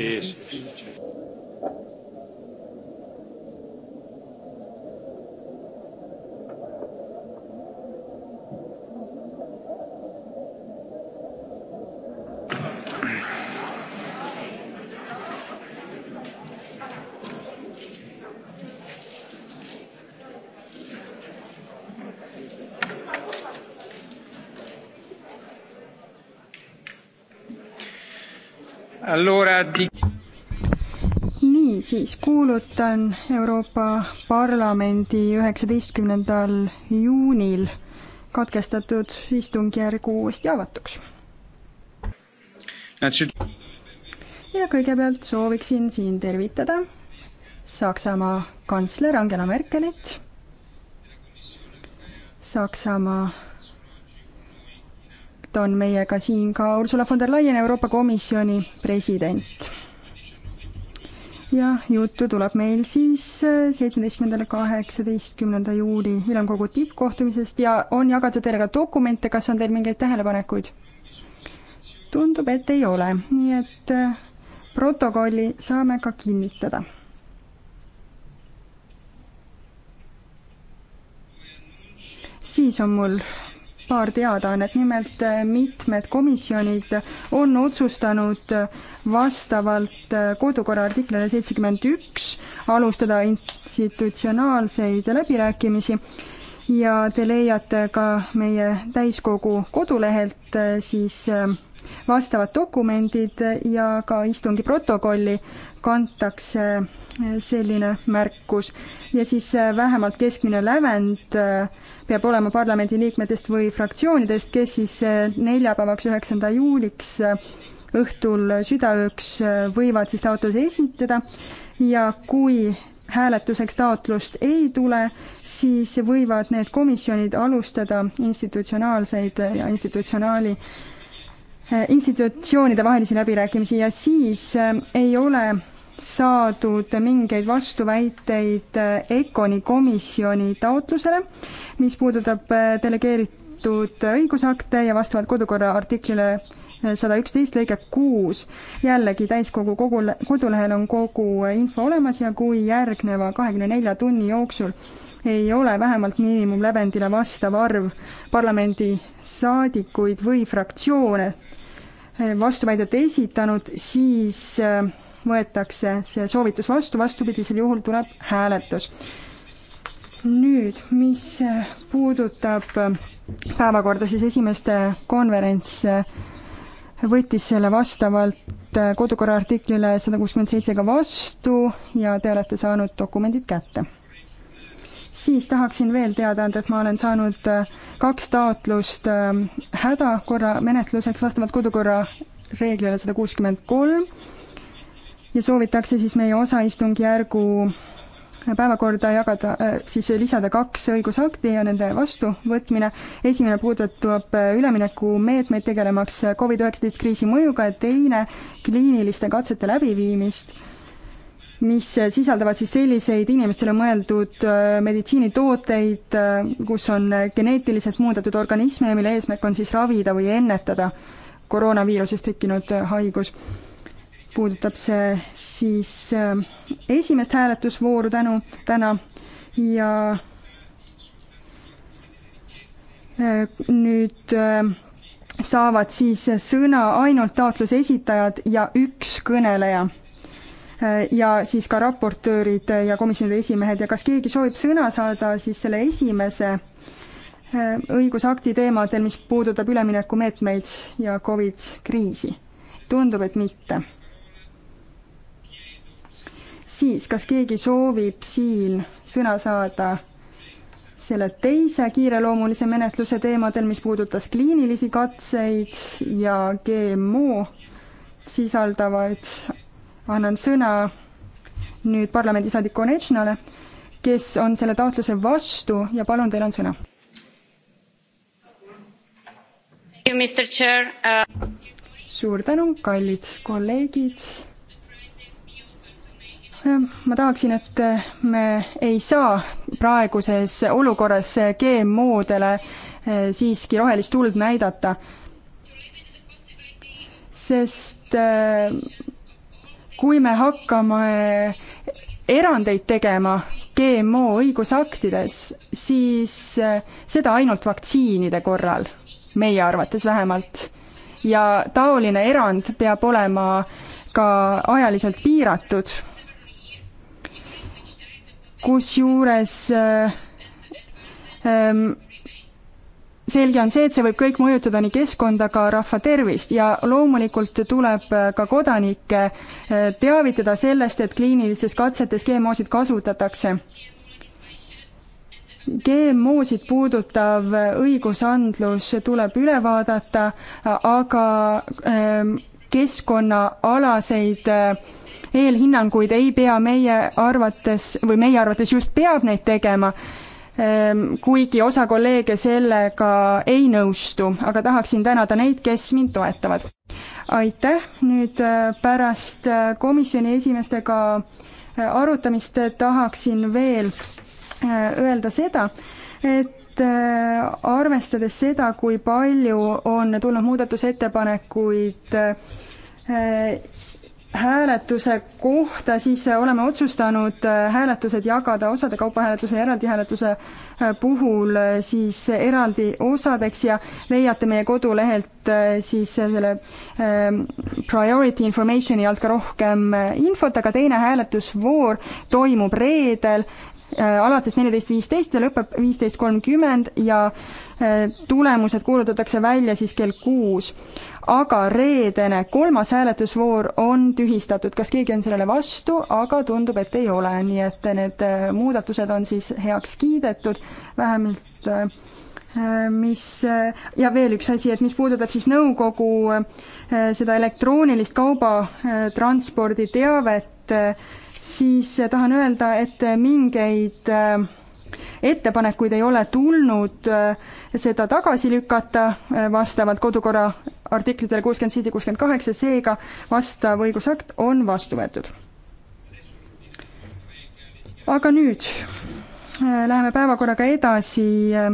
edasi ees. nii, siis kuulutan Euroopa Parlamendi üheksateistkümnendal juunil katkestatud istungjärgu uuesti avatuks. ja kõigepealt sooviksin siin tervitada Saksamaa kantsler Angela Merkelit, Saksamaa et on meiega siin ka Ursula von der Leyen, Euroopa Komisjoni president. ja juttu tuleb meil siis äh, seitsmeteistkümnendal ja kaheksateistkümnenda juuli ülemkogu tippkohtumisest ja on jagatud teile ka dokumente, kas on teil mingeid tähelepanekuid? tundub, et ei ole, nii et äh, protokolli saame ka kinnitada siis on mul paar teadaannet, nimelt eh, mitmed komisjonid on otsustanud vastavalt eh, kodukorra artiklile seitsekümmend üks alustada institutsionaalseid läbirääkimisi ja te leiate ka meie täiskogu kodulehelt eh, siis vastavad dokumendid ja ka istungi protokolli kantakse selline märkus. ja siis äh, vähemalt keskmine lävend äh, peab olema parlamendiliikmetest või fraktsioonidest, kes siis äh, neljapäevaks, üheksanda juuliks õhtul südaööks võivad siis taotluse esitada ja kui hääletuseks taotlust ei tule, siis võivad need komisjonid alustada institutsionaalseid ja institutsionaali institutsioonide vahelisi läbirääkimisi ja siis ei ole saadud mingeid vastuväiteid ECONi komisjoni taotlusele, mis puudutab äh, delegeeritud õigusakte ja vastavalt kodukorra artiklile äh, sada üksteist lõige kuus. jällegi täiskogu kogul, kodulehel on kogu info olemas ja kui järgneva kahekümne nelja tunni jooksul ei ole vähemalt miinimumlävendile vastav arv parlamendisaadikuid või fraktsioone äh, vastuväidet esitanud, siis võetakse see soovitus vastu, vastupidisel juhul tuleb hääletus. nüüd, mis puudutab päevakorda, siis esimeste konverents võttis selle vastavalt kodukorra artiklile sada kuuskümmend seitse ka vastu ja te olete saanud dokumendid kätte siis tahaksin veel teada anda, et ma olen saanud kaks taotlust ähm, hädakorra menetluseks vastavalt kodukorra reeglile sada kuuskümmend kolm ja soovitakse siis meie osaistungjärgu päevakorda jagada, äh, siis lisada kaks õigusakti ja nende vastuvõtmine. esimene puudutab äh, üleminekumeetmeid tegelemaks äh, Covid-19 kriisi mõjuga ja teine kliiniliste katsete läbiviimist, mis sisaldavad siis selliseid inimestele mõeldud meditsiinitooteid, kus on geneetiliselt muundatud organisme ja mille eesmärk on siis ravida või ennetada koroonaviirusest tekkinud haigus puudutab see siis äh, esimest hääletusvooru tänu, täna ja äh, nüüd äh, saavad siis sõna ainult taotluse esitajad ja üks kõneleja. ja siis ka raportöörid ja komisjonide esimehed ja kas keegi soovib sõna saada siis selle esimese õigusakti teemadel, mis puudutab üleminekumeetmeid ja Covid kriisi? tundub, et mitte siis, kas keegi soovib siin sõna saada selle teise kiireloomulise menetluse teemadel, mis puudutas kliinilisi katseid ja GMO sisaldavaid, annan sõna nüüd parlamendisaadik Konechnale, kes on selle taotluse vastu ja palun, teil on sõna. Uh, suur tänu, kallid kolleegid ma tahaksin, et me ei saa praeguses olukorras GMO-dele eh, siiski rohelist tuld näidata. sest eh, kui me hakkame eh, erandeid tegema GMO õigusaktides, siis seda ainult vaktsiinide korral, meie arvates vähemalt. ja taoline erand peab olema ka ajaliselt piiratud kusjuures äh, ähm, selge on see, et see võib kõik mõjutada nii keskkonda, ka rahva tervist ja loomulikult tuleb äh, ka kodanikke äh, teavitada sellest, et kliinilistes katsetes GMO-sid kasutatakse. GMO-sid puudutav õigusandlus tuleb üle vaadata, aga ähm, keskkonnaalaseid eelhinnanguid ei pea meie arvates või meie arvates just peab neid tegema, ehm, kuigi osa kolleege sellega ei nõustu, aga tahaksin tänada neid, kes mind toetavad. aitäh, nüüd äh, pärast äh, komisjoni esimeestega äh, arutamist tahaksin veel öelda seda, et arvestades seda, kui palju on tulnud muudatusettepanekuid hääletuse kohta, siis äh, oleme otsustanud äh, hääletused jagada osade kaupa hääletuse ja eraldi hääletuse äh, puhul siis eraldi osadeks ja leiate meie kodulehelt siis selle ähm, priority information'i alt ka rohkem infot, aga teine hääletusvoor toimub reedel alates neliteist viisteist ja lõpeb viisteist kolmkümmend ja tulemused kuulutatakse välja siis kell kuus aga reedene kolmas hääletusvoor on tühistatud, kas keegi on sellele vastu, aga tundub, et ei ole, nii et need äh, muudatused on siis heaks kiidetud, vähemalt äh, mis, äh, ja veel üks asi, et mis puudutab siis nõukogu seda elektroonilist kaubatranspordi teavet, siis tahan öelda, et mingeid ettepanekuid ei ole tulnud seda tagasi lükata vastavalt kodukorra artiklitele kuuskümmend seitse, kuuskümmend kaheksa, seega vastav õigusakt on vastu võetud. aga nüüd äh, Läheme päevakorraga edasi,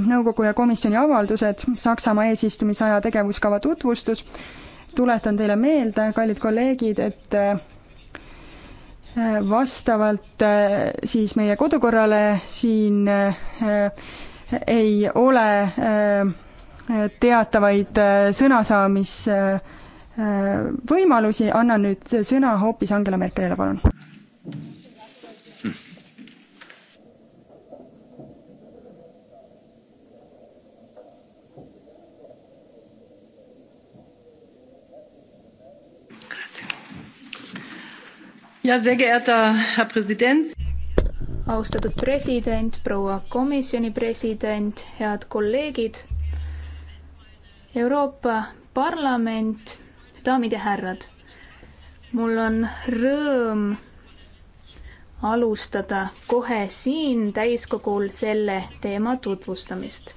nõukogu ja komisjoni avaldused, Saksamaa eesistumisaja tegevuskava tutvustus, tuletan teile meelde, kallid kolleegid, et äh, vastavalt äh, siis meie kodukorrale siin ei ole teatavaid äh, sõnasaamisvõimalusi, äh, äh, annan nüüd sõna hoopis Angela Merkelile, palun. ja, sehr geehrter Herr Präsident austatud president, proua komisjoni president, head kolleegid. Euroopa Parlament, daamid ja härrad, mul on rõõm alustada kohe siin täiskogul selle teema tutvustamist.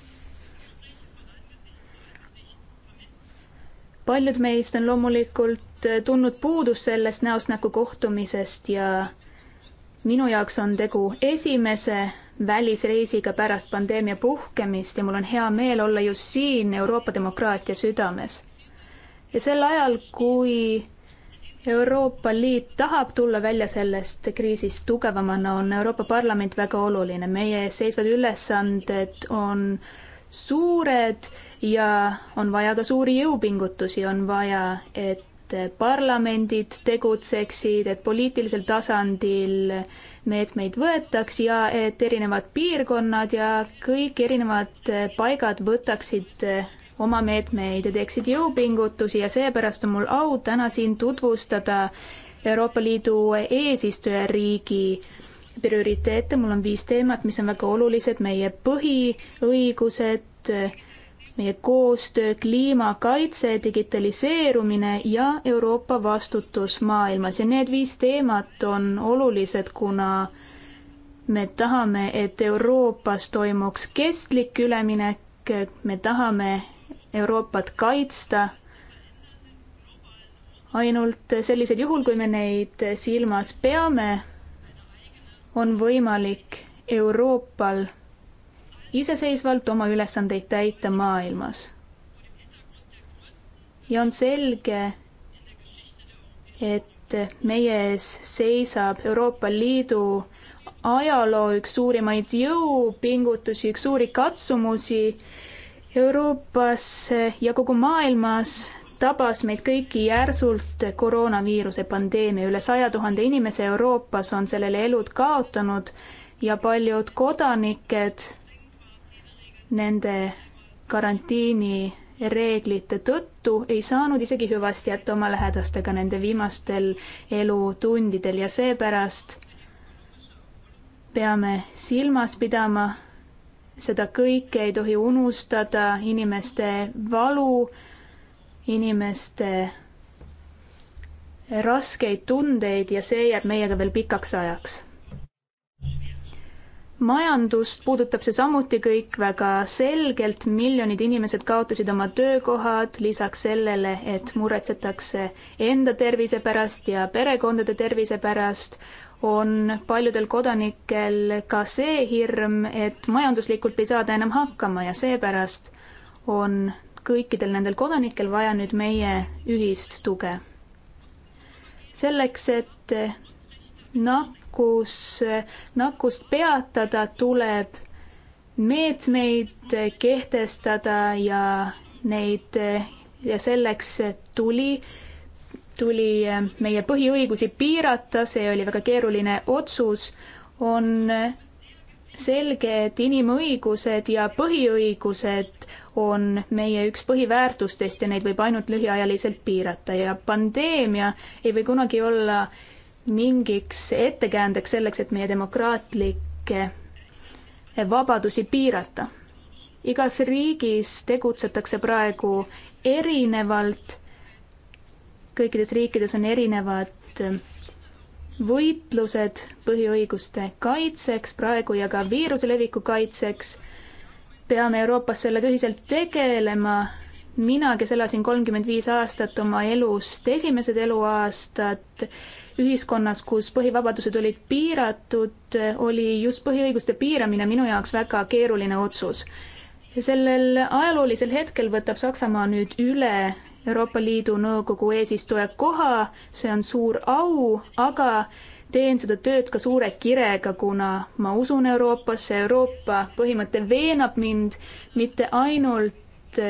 paljud meist on loomulikult tundnud puudust sellest näost näkku nagu kohtumisest ja minu jaoks on tegu esimese välisreisiga pärast pandeemia puhkemist ja mul on hea meel olla just siin Euroopa demokraatia südames. ja sel ajal, kui Euroopa Liit tahab tulla välja sellest kriisist tugevamana, on Euroopa Parlament väga oluline. meie ees seisvad ülesanded on suured ja on vaja ka suuri jõupingutusi, on vaja, et parlamendid tegutseksid, et poliitilisel tasandil äh, meetmeid võetaks ja et erinevad piirkonnad ja kõik erinevad paigad võtaksid eh, oma meetmeid ja teeksid jõupingutusi ja seepärast on mul au täna siin tutvustada Euroopa Liidu eesistujariigi prioriteete, mul on viis teemat, mis on väga olulised, meie põhiõigused, meie koostöö, kliimakaitse, digitaliseerumine ja Euroopa vastutus maailmas ja need viis teemat on olulised, kuna me tahame, et Euroopas toimuks kestlik üleminek, me tahame Euroopat kaitsta ainult sellisel juhul, kui me neid silmas peame, on võimalik Euroopal iseseisvalt oma ülesandeid täita maailmas. ja on selge, et meie ees seisab Euroopa Liidu ajaloo üks suurimaid jõupingutusi, üks suuri katsumusi Euroopas ja kogu maailmas tabas meid kõiki järsult koroonaviiruse pandeemia. üle saja tuhande inimese Euroopas on sellele elud kaotanud ja paljud kodanikud nende karantiini reeglite tõttu ei saanud isegi hüvasti jätta oma lähedastega nende viimastel elutundidel ja seepärast peame silmas pidama, seda kõike ei tohi unustada, inimeste valu, inimeste raskeid tundeid ja see jääb meiega veel pikaks ajaks majandust puudutab see samuti kõik väga selgelt, miljonid inimesed kaotasid oma töökohad, lisaks sellele, et muretsetakse enda tervise pärast ja perekondade tervise pärast, on paljudel kodanikel ka see hirm, et majanduslikult ei saada enam hakkama ja seepärast on kõikidel nendel kodanikel vaja nüüd meie ühist tuge. selleks, et NAP kus nakkust peatada, tuleb meetmeid kehtestada ja neid ja selleks tuli, tuli meie põhiõigusi piirata, see oli väga keeruline otsus, on selge, et inimõigused ja põhiõigused on meie üks põhiväärtustest ja neid võib ainult lühiajaliselt piirata ja pandeemia ei või kunagi olla äh, mingiks ettekäändeks selleks, et meie demokraatlikke vabadusi piirata. igas riigis tegutsetakse praegu erinevalt, kõikides riikides on erinevad võitlused põhiõiguste kaitseks praegu ja ka viiruse leviku kaitseks. peame Euroopas sellega ühiselt tegelema. mina, kes elasin kolmkümmend viis aastat oma elust esimesed eluaastad, ühiskonnas, kus põhivabadused olid piiratud, oli just põhiõiguste piiramine minu jaoks väga keeruline otsus. sellel ajaloolisel hetkel võtab Saksamaa nüüd üle Euroopa Liidu Nõukogu eesistuja koha, see on suur au, aga teen seda tööd ka suure kirega, kuna ma usun Euroopasse, Euroopa põhimõte veenab mind mitte ainult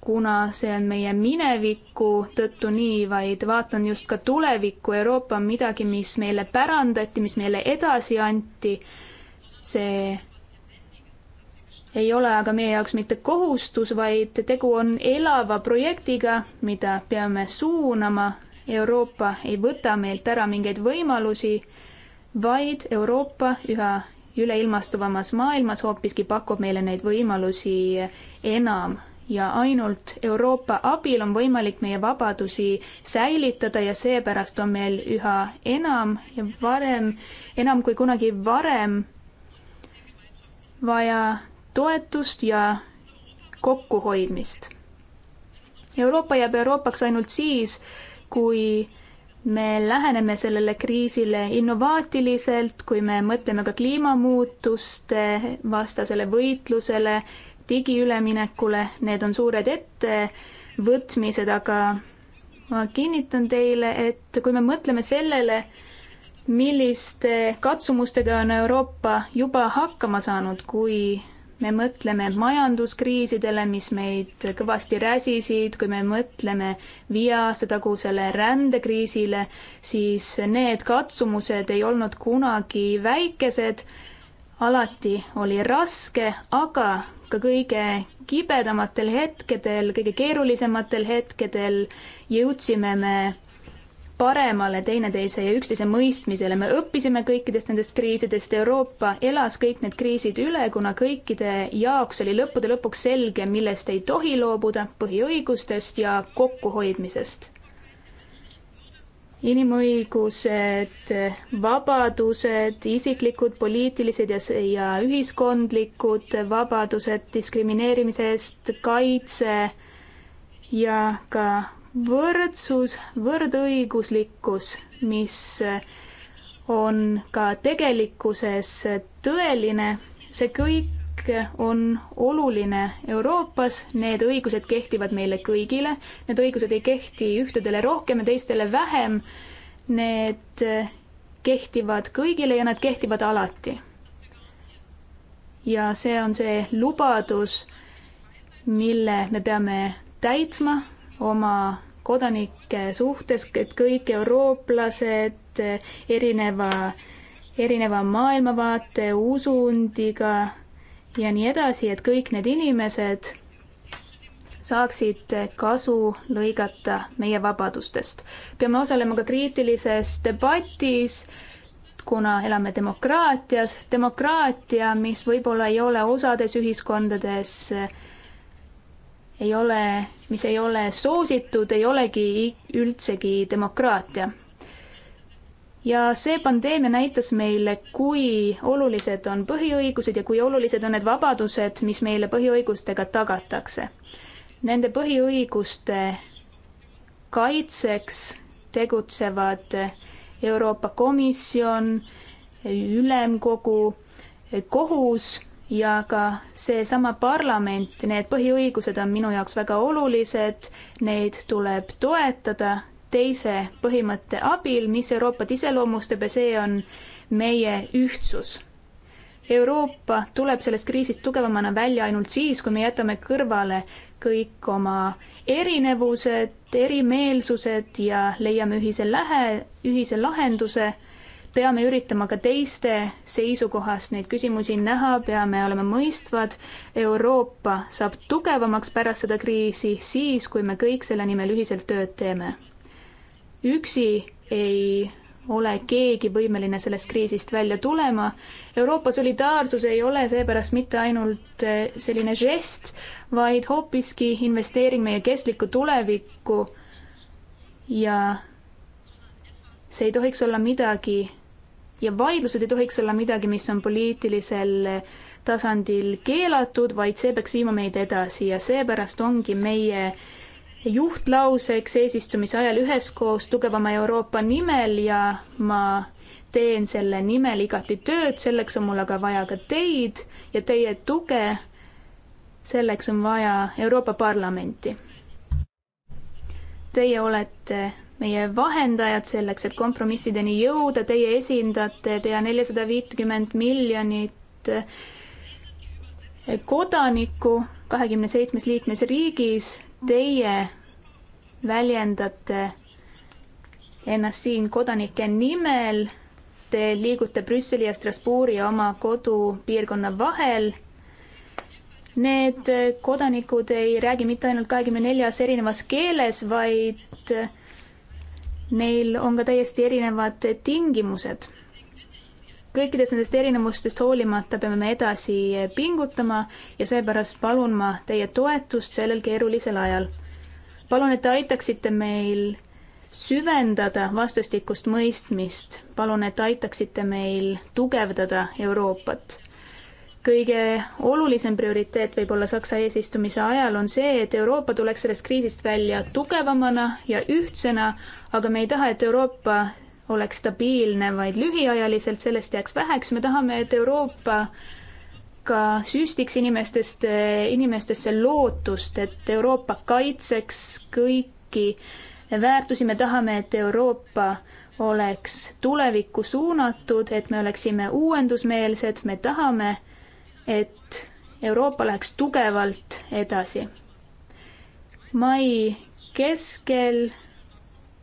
kuna see on meie mineviku tõttu nii, vaid vaatan just ka tulevikku. Euroopa on midagi, mis meile pärandati, mis meile edasi anti. see ei ole aga meie jaoks mitte kohustus, vaid tegu on elava projektiga, mida peame suunama. Euroopa ei võta meilt ära mingeid võimalusi, vaid Euroopa üha üleilmastuvamas maailmas hoopiski pakub meile neid võimalusi enam ja ainult Euroopa abil on võimalik meie vabadusi säilitada ja seepärast on meil üha enam ja varem, enam kui kunagi varem vaja toetust ja kokkuhoidmist. Euroopa jääb Euroopaks ainult siis, kui me läheneme sellele kriisile innovaatiliselt, kui me mõtleme ka kliimamuutuste vastasele võitlusele digiüleminekule, need on suured ettevõtmised, aga ma kinnitan teile, et kui me mõtleme sellele, milliste katsumustega on Euroopa juba hakkama saanud, kui me mõtleme majanduskriisidele, mis meid kõvasti räsisid, kui me mõtleme viie aasta tagusele rändekriisile, siis need katsumused ei olnud kunagi väikesed. alati oli raske, aga ka kõige kibedamatel hetkedel, kõige keerulisematel hetkedel jõudsime me paremale teineteise ja üksteise mõistmisele. me õppisime kõikidest nendest kriisidest, Euroopa elas kõik need kriisid üle, kuna kõikide jaoks oli lõppude lõpuks selge, millest ei tohi loobuda, põhiõigustest ja kokkuhoidmisest inimõigused, vabadused, isiklikud, poliitilised ja, ja ühiskondlikud vabadused, diskrimineerimise eest kaitse ja ka võrdsus, võrdõiguslikkus, mis on ka tegelikkuses tõeline, see kõik kõik on oluline Euroopas, need õigused kehtivad meile kõigile, need õigused ei kehti ühtedele rohkem ja teistele vähem. Need kehtivad kõigile ja nad kehtivad alati. ja see on see lubadus, mille me peame täitma oma kodanike suhtes, et kõik eurooplased erineva, erineva maailmavaate, usundiga ja nii edasi, et kõik need inimesed saaksid kasu lõigata meie vabadustest. peame osalema ka kriitilises debatis, kuna elame demokraatias, demokraatia, mis võib-olla ei ole osades ühiskondades, ei ole, mis ei ole soositud, ei olegi üldsegi demokraatia ja see pandeemia näitas meile, kui olulised on põhiõigused ja kui olulised on need vabadused, mis meile põhiõigustega tagatakse. Nende põhiõiguste kaitseks tegutsevad Euroopa Komisjon, Ülemkogu, kohus ja ka seesama parlament, need põhiõigused on minu jaoks väga olulised, neid tuleb toetada teise põhimõtte abil, mis Euroopat iseloomustab ja see on meie ühtsus. Euroopa tuleb sellest kriisist tugevamana välja ainult siis, kui me jätame kõrvale kõik oma erinevused, erimeelsused ja leiame ühise lähe, ühise lahenduse. peame üritama ka teiste seisukohast neid küsimusi näha, peame olema mõistvad. Euroopa saab tugevamaks pärast seda kriisi siis, kui me kõik selle nimel ühiselt tööd teeme üksi ei ole keegi võimeline sellest kriisist välja tulema. Euroopa solidaarsus ei ole seepärast mitte ainult eh, selline žest, vaid hoopiski investeering meie kestlikku tulevikku. ja see ei tohiks olla midagi ja vaidlused ei tohiks olla midagi, mis on poliitilisel eh, tasandil keelatud, vaid see peaks viima meid edasi ja seepärast ongi meie äh, juhtlauseks eesistumise ajal üheskoos tugevama Euroopa nimel ja ma teen selle nimel igati tööd, selleks on mul aga vaja ka teid ja teie tuge. selleks on vaja Euroopa Parlamenti. Teie olete meie vahendajad selleks, et kompromissideni jõuda, teie esindate pea nelisada viitkümmend miljonit kodanikku kahekümne seitsmes liikmesriigis teie väljendate ennast siin kodanike nimel, te liigute Brüsseli ja Strasbourgi oma kodupiirkonna vahel. Need kodanikud ei räägi mitte ainult kahekümne neljas erinevas keeles, vaid neil on ka täiesti erinevad tingimused kõikidest nendest erinevustest hoolimata peame me edasi pingutama ja seepärast palun ma teie toetust sellel keerulisel ajal. palun, et te aitaksite meil süvendada vastastikust mõistmist, palun, et aitaksite meil tugevdada Euroopat. kõige olulisem prioriteet võib-olla Saksa eesistumise ajal on see, et Euroopa tuleks sellest kriisist välja tugevamana ja ühtsena, aga me ei taha, et Euroopa oleks stabiilne vaid lühiajaliselt, sellest jääks väheks, me tahame, et Euroopa ka süstiks inimestest, inimestesse lootust, et Euroopa kaitseks kõiki väärtusi, me tahame, et Euroopa oleks tulevikku suunatud, et me oleksime uuendusmeelsed, me tahame, et Euroopa läheks tugevalt edasi. mai keskel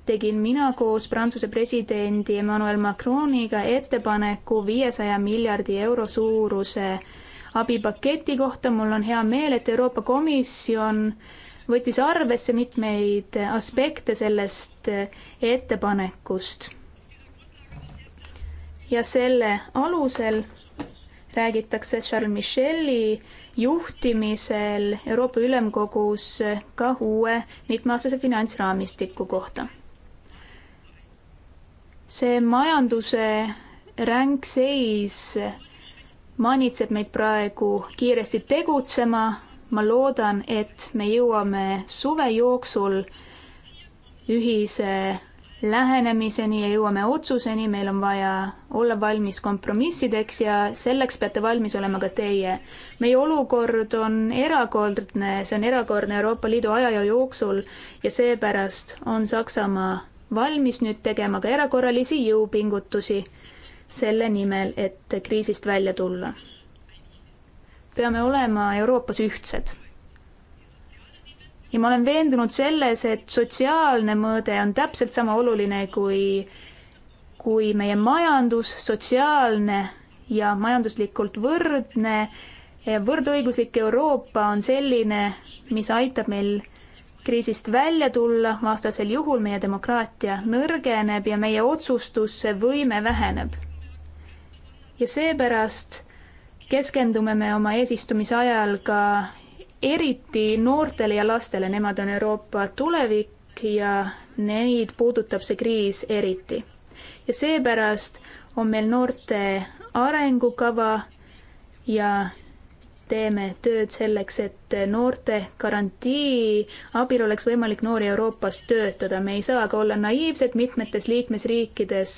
tegin mina koos Prantsuse presidendi Emmanuel Macroniga ettepaneku viiesaja miljardi euro suuruse abipaketi kohta. mul on hea meel, et Euroopa Komisjon võttis arvesse mitmeid aspekte sellest ettepanekust. ja selle alusel räägitakse Charles Micheli juhtimisel Euroopa Ülemkogus ka uue mitmeaastase finantsraamistiku kohta see majanduse ränk seis manitseb meid praegu kiiresti tegutsema. ma loodan, et me jõuame suve jooksul ühise lähenemiseni ja jõuame otsuseni, meil on vaja olla valmis kompromissideks ja selleks peate valmis olema ka teie. meie olukord on erakordne, see on erakordne Euroopa Liidu aja jooksul ja seepärast on Saksamaa valmis nüüd tegema ka erakorralisi jõupingutusi selle nimel, et kriisist välja tulla. peame olema Euroopas ühtsed. ja ma olen veendunud selles, et sotsiaalne mõõde on täpselt sama oluline kui, kui meie majandus, sotsiaalne ja majanduslikult võrdne, võrdõiguslik Euroopa on selline, mis aitab meil kriisist välja tulla, vastasel juhul meie demokraatia nõrgeneb ja meie otsustusvõime väheneb. ja seepärast keskendume me oma eesistumise ajal ka eriti noortele ja lastele, nemad on Euroopa tulevik ja neid puudutab see kriis eriti. ja seepärast on meil noorte arengukava ja teeme tööd selleks, et noorte garantii abil oleks võimalik noori Euroopas töötada. me ei saa aga olla naiivsed, mitmetes liikmesriikides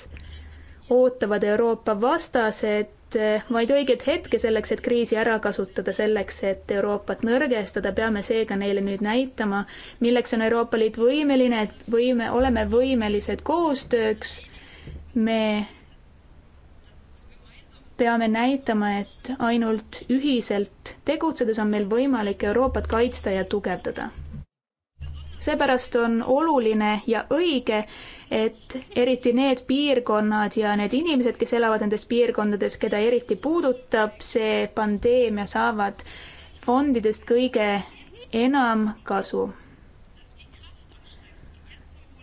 ootavad Euroopa vastased vaid õiget hetke selleks, et kriisi ära kasutada, selleks, et Euroopat nõrgestada, peame seega neile nüüd näitama, milleks on Euroopa Liit võimeline, et võime, oleme võimelised koostööks. me peame näitama, et ainult ühiselt tegutsedes on meil võimalik Euroopat kaitsta ja tugevdada. seepärast on oluline ja õige, et eriti need piirkonnad ja need inimesed, kes elavad nendes piirkondades, keda eriti puudutab see pandeemia, saavad fondidest kõige enam kasu.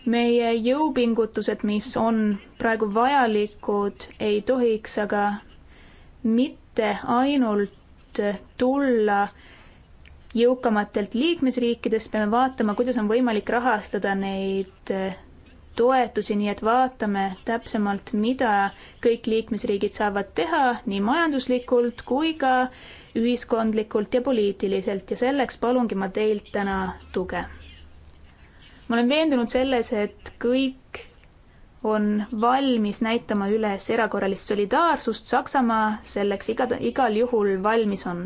meie jõupingutused, mis on praegu vajalikud, ei tohiks aga mitte ainult tulla jõukamatelt liikmesriikidest, peame vaatama, kuidas on võimalik rahastada neid eh, toetusi, nii et vaatame täpsemalt, mida kõik liikmesriigid saavad teha nii majanduslikult kui ka ühiskondlikult ja poliitiliselt ja selleks palungi ma teilt täna tuge. ma olen veendunud selles, et kõik on valmis näitama üles erakorralist solidaarsust, Saksamaa selleks iga, igal juhul valmis on.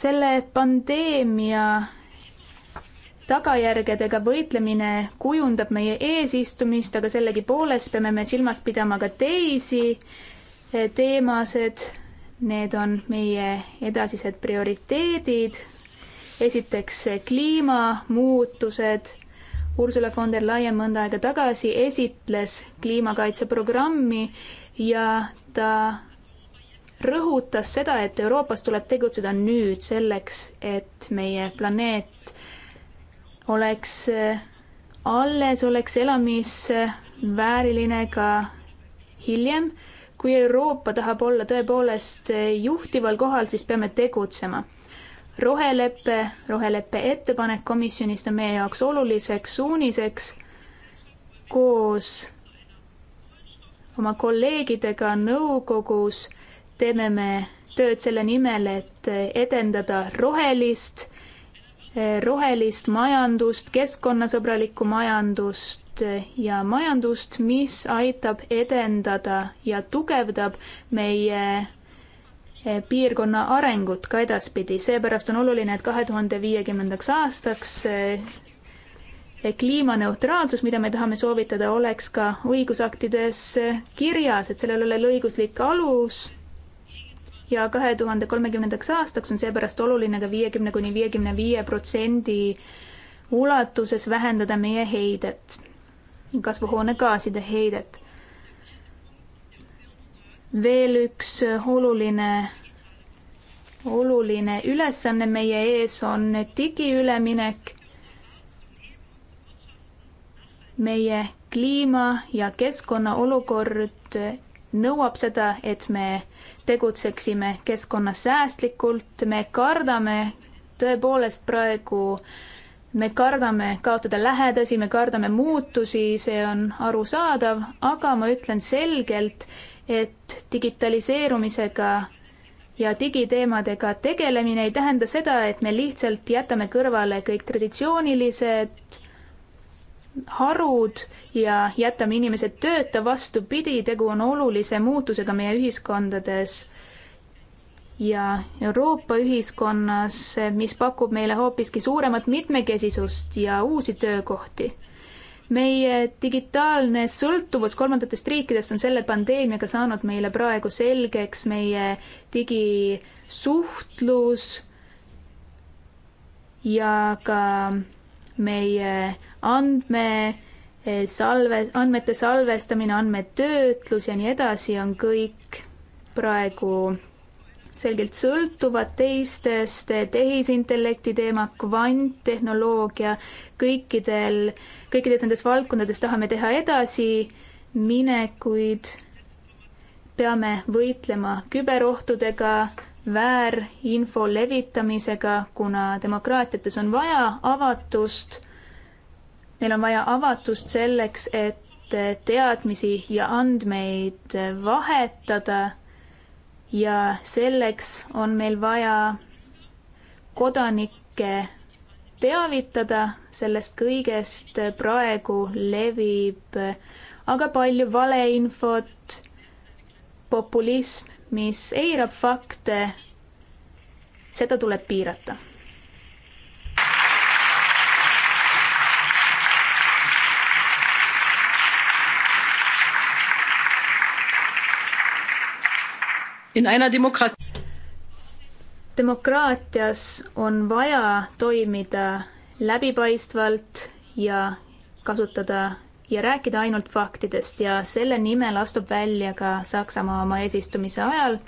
selle pandeemia tagajärgedega võitlemine kujundab meie eesistumist, aga sellegipoolest peame me silmas pidama ka teisi eh, teemasid. Need on meie edasised prioriteedid. esiteks kliimamuutused Ursula von der Leyen mõnda aega tagasi esitles kliimakaitseprogrammi ja ta rõhutas seda, et Euroopas tuleb tegutseda nüüd selleks, et meie planeet oleks alles, oleks elamisvääriline ka hiljem. kui Euroopa tahab olla tõepoolest juhtival kohal, siis peame tegutsema roheleppe, roheleppe ettepanek komisjonist on meie jaoks oluliseks suuniseks koos oma kolleegidega nõukogus teeme me tööd selle nimel, et edendada rohelist, rohelist majandust, keskkonnasõbralikku majandust ja majandust, mis aitab edendada ja tugevdab meie Eh, piirkonna arengut ka edaspidi, seepärast on oluline, et kahe tuhande viiekümnendaks aastaks eh, eh, kliimaneutraalsus, mida me tahame soovitada, oleks ka õigusaktides kirjas, et sellel oleks õiguslik alus ja kahe tuhande kolmekümnendaks aastaks on seepärast oluline ka viiekümne kuni viiekümne viie protsendi ulatuses vähendada meie heidet, kasvuhoonegaaside heidet veel üks oluline, oluline ülesanne meie ees on digiüleminek. meie kliima ja keskkonna olukord nõuab seda, et me tegutseksime keskkonnasäästlikult, me kardame tõepoolest praegu, me kardame kaotada lähedasi, me kardame muutusi, see on arusaadav, aga ma ütlen selgelt, et digitaliseerumisega ja digiteemadega tegelemine ei tähenda seda, et me lihtsalt jätame kõrvale kõik traditsioonilised harud ja jätame inimesed tööta, vastupidi, tegu on olulise muutusega meie ühiskondades ja Euroopa ühiskonnas, mis pakub meile hoopiski suuremat mitmekesisust ja uusi töökohti meie digitaalne sõltuvus kolmandatest riikidest on selle pandeemiaga saanud meile praegu selgeks, meie digisuhtlus ja ka meie andmesalve, eh, andmete salvestamine, andmetöötlus ja nii edasi on kõik praegu selgelt sõltuvad teistest, tehisintellekti teema, kvanttehnoloogia, kõikidel, kõikides nendes valdkondades tahame teha edasiminekuid. peame võitlema küberohtudega, väärinfo levitamisega, kuna demokraatiates on vaja avatust. meil on vaja avatust selleks, et teadmisi ja andmeid vahetada ja selleks on meil vaja kodanikke teavitada sellest kõigest. praegu levib aga palju valeinfot, populism, mis eirab fakte. seda tuleb piirata In einer Demokrat demokraatias on vaja toimida läbipaistvalt ja kasutada ja rääkida ainult faktidest ja selle nimel astub välja ka Saksamaa oma eesistumise ajal.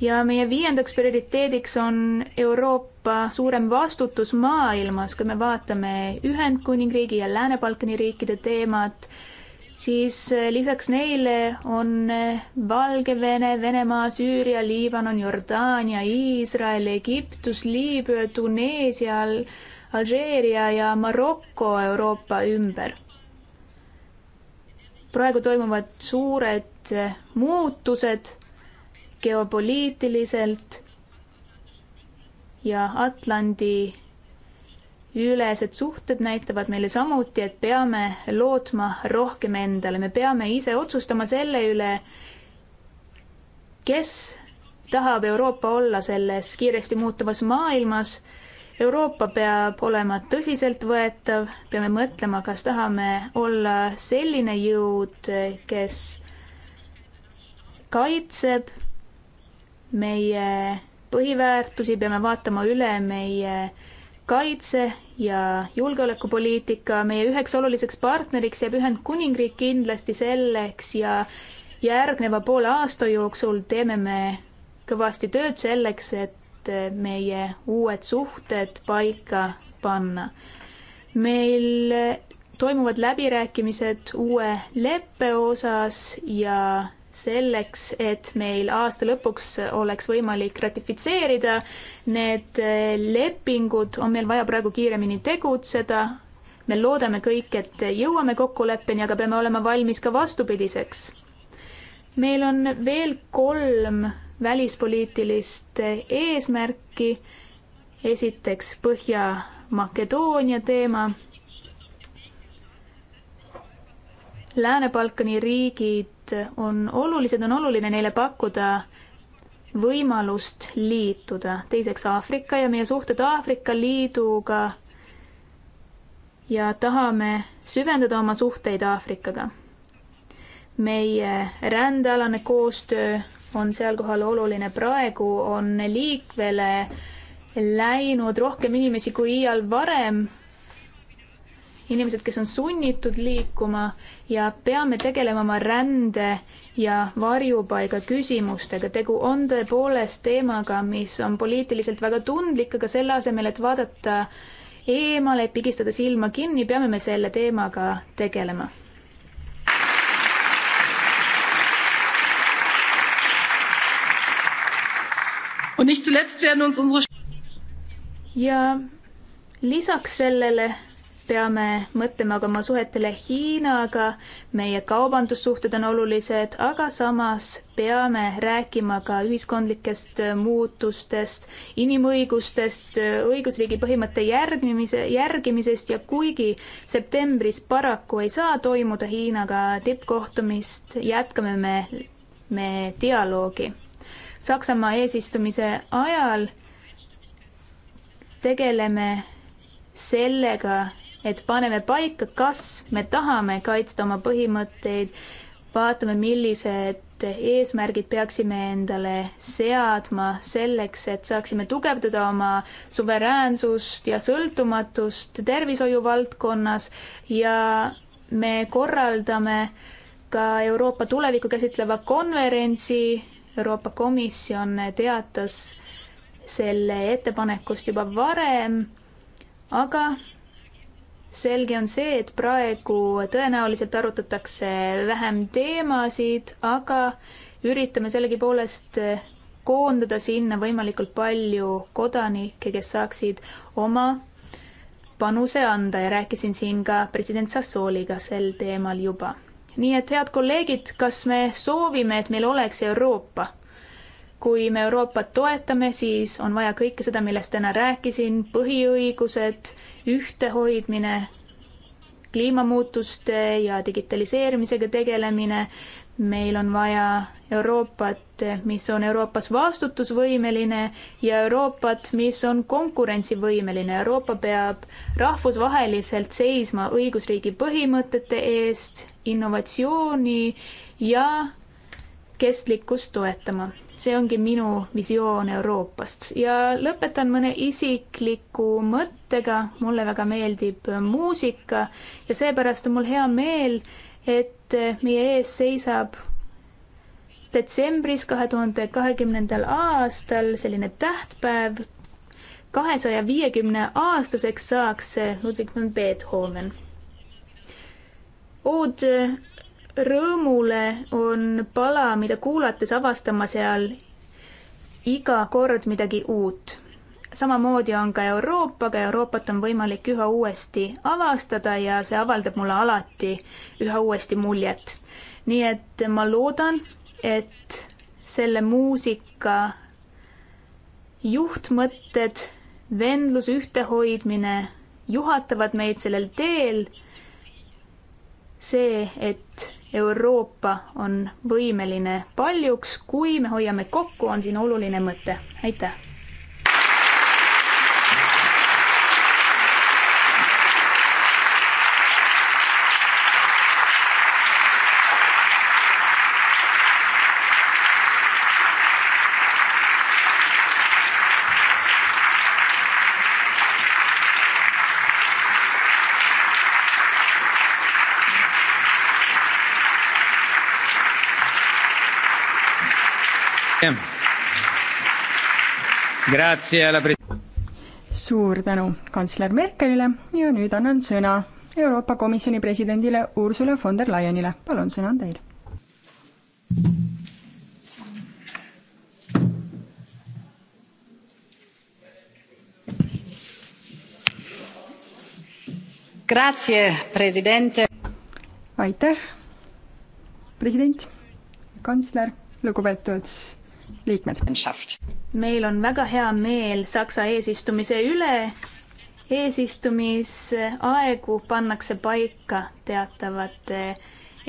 ja meie viiendaks prioriteediks on Euroopa suurem vastutus maailmas, kui me vaatame Ühendkuningriigi ja Lääne-Balkani riikide teemat siis eh, lisaks neile on eh, Valgevene, Venemaa, Süüria, Liibanon, Jordaania, Iisrael, Egiptus, Liibüa, Tuneesia, Alžeeria ja Maroko Euroopa ümber. praegu toimuvad suured eh, muutused geopoliitiliselt ja Atlandi ülesed suhted näitavad meile samuti, et peame lootma rohkem endale, me peame ise otsustama selle üle, kes tahab Euroopa olla selles kiiresti muutuvas maailmas. Euroopa peab olema tõsiseltvõetav, peame mõtlema, kas tahame olla selline jõud, kes kaitseb meie põhiväärtusi, peame vaatama üle meie äh, kaitse- ja julgeolekupoliitika meie üheks oluliseks partneriks jääb Ühendkuningriik kindlasti selleks ja järgneva poole aasta jooksul teeme me kõvasti tööd selleks, et meie uued suhted paika panna. meil toimuvad läbirääkimised uue leppe osas ja selleks, et meil aasta lõpuks oleks võimalik ratifitseerida need eh, lepingud, on meil vaja praegu kiiremini tegutseda. me loodame kõik, et jõuame kokkuleppeni, aga peame olema valmis ka vastupidiseks. meil on veel kolm välispoliitilist eesmärki. esiteks Põhja-Makedoonia teema. Lääne-Balkani riigid nad on olulised, on oluline neile pakkuda võimalust liituda. teiseks Aafrika ja meie suhted Aafrika Liiduga. ja tahame süvendada oma suhteid Aafrikaga. meie rändealane koostöö on seal kohal oluline. praegu on liikvele läinud rohkem inimesi kui iial varem inimesed, kes on sunnitud liikuma ja peame tegelema oma rände ja varjupaiga küsimustega. tegu on tõepoolest teemaga, mis on poliitiliselt väga tundlik, aga selle asemel, et vaadata eemale, et pigistada silma kinni, peame me selle teemaga tegelema. ja lisaks sellele peame mõtlema ka oma suhetele Hiinaga, meie kaubandussuhted on olulised, aga samas peame rääkima ka ühiskondlikest muutustest, inimõigustest, õigusriigi põhimõtte järgimise, järgimisest ja kuigi septembris paraku ei saa toimuda Hiinaga tippkohtumist, jätkame me, me dialoogi. Saksamaa eesistumise ajal tegeleme sellega, et paneme paika, kas me tahame kaitsta oma põhimõtteid, vaatame, millised eesmärgid peaksime endale seadma selleks, et saaksime tugevdada oma suveräänsust ja sõltumatust tervishoiu valdkonnas ja me korraldame ka Euroopa tulevikku käsitleva konverentsi. Euroopa Komisjon teatas selle ettepanekust juba varem, aga selge on see, et praegu tõenäoliselt arutatakse vähem teemasid, aga üritame sellegipoolest koondada sinna võimalikult palju kodanikke, kes saaksid oma panuse anda ja rääkisin siin ka president Sassooliga sel teemal juba. nii et head kolleegid, kas me soovime, et meil oleks Euroopa? kui me Euroopat toetame, siis on vaja kõike seda, millest täna rääkisin, põhiõigused ühtehoidmine, kliimamuutuste ja digitaliseerimisega tegelemine, meil on vaja Euroopat, mis on Euroopas vastutusvõimeline ja Euroopat, mis on konkurentsivõimeline. Euroopa peab rahvusvaheliselt seisma õigusriigi põhimõtete eest, innovatsiooni ja kestlikkust toetama see ongi minu visioon Euroopast ja lõpetan mõne isikliku mõttega. mulle väga meeldib muusika ja seepärast on mul hea meel, et meie ees seisab detsembris kahe tuhande kahekümnendal aastal selline tähtpäev. kahesaja viiekümne aastaseks saaks Ludwig van Beethoven. ood rõõmule on pala, mida kuulates avastama seal iga kord midagi uut. samamoodi on ka Euroopaga, Euroopat on võimalik üha uuesti avastada ja see avaldab mulle alati üha uuesti muljet. nii et ma loodan, et selle muusika juhtmõtted, vendluse ühtehoidmine juhatavad meid sellel teel. see, et Euroopa on võimeline paljuks, kui me hoiame kokku, on siin oluline mõte. aitäh! suur tänu kantsler Merkelile ja nüüd annan sõna Euroopa Komisjoni presidendile Ursula von der Leyenile, palun, sõna on teil. Grazie, president. aitäh, president, kantsler, lugupeetud liikmed. meil on väga hea meel Saksa eesistumise üle. eesistumisaegu pannakse paika teatavate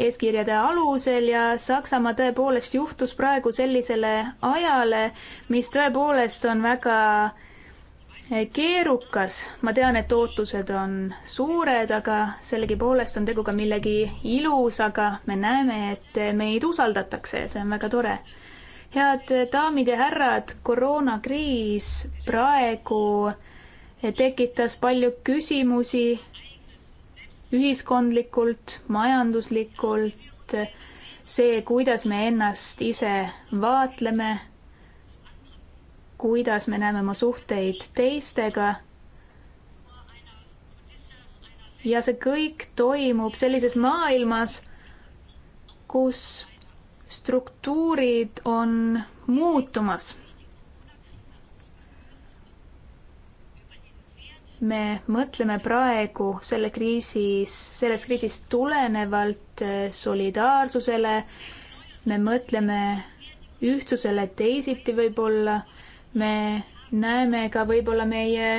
eeskirjade alusel ja Saksamaa tõepoolest juhtus praegu sellisele ajale, mis tõepoolest on väga keerukas, ma tean, et ootused on suured, aga sellegipoolest on tegu ka millegi ilusaga. me näeme, et meid usaldatakse ja see on väga tore head daamid ja härrad, koroonakriis praegu tekitas palju küsimusi ühiskondlikult, majanduslikult, see, kuidas me ennast ise vaatleme, kuidas me näeme oma suhteid teistega. ja see kõik toimub sellises maailmas, kus struktuurid on muutumas. me mõtleme praegu selle kriisis, sellest kriisist tulenevalt solidaarsusele, me mõtleme ühtsusele teisiti võib-olla, me näeme ka võib-olla meie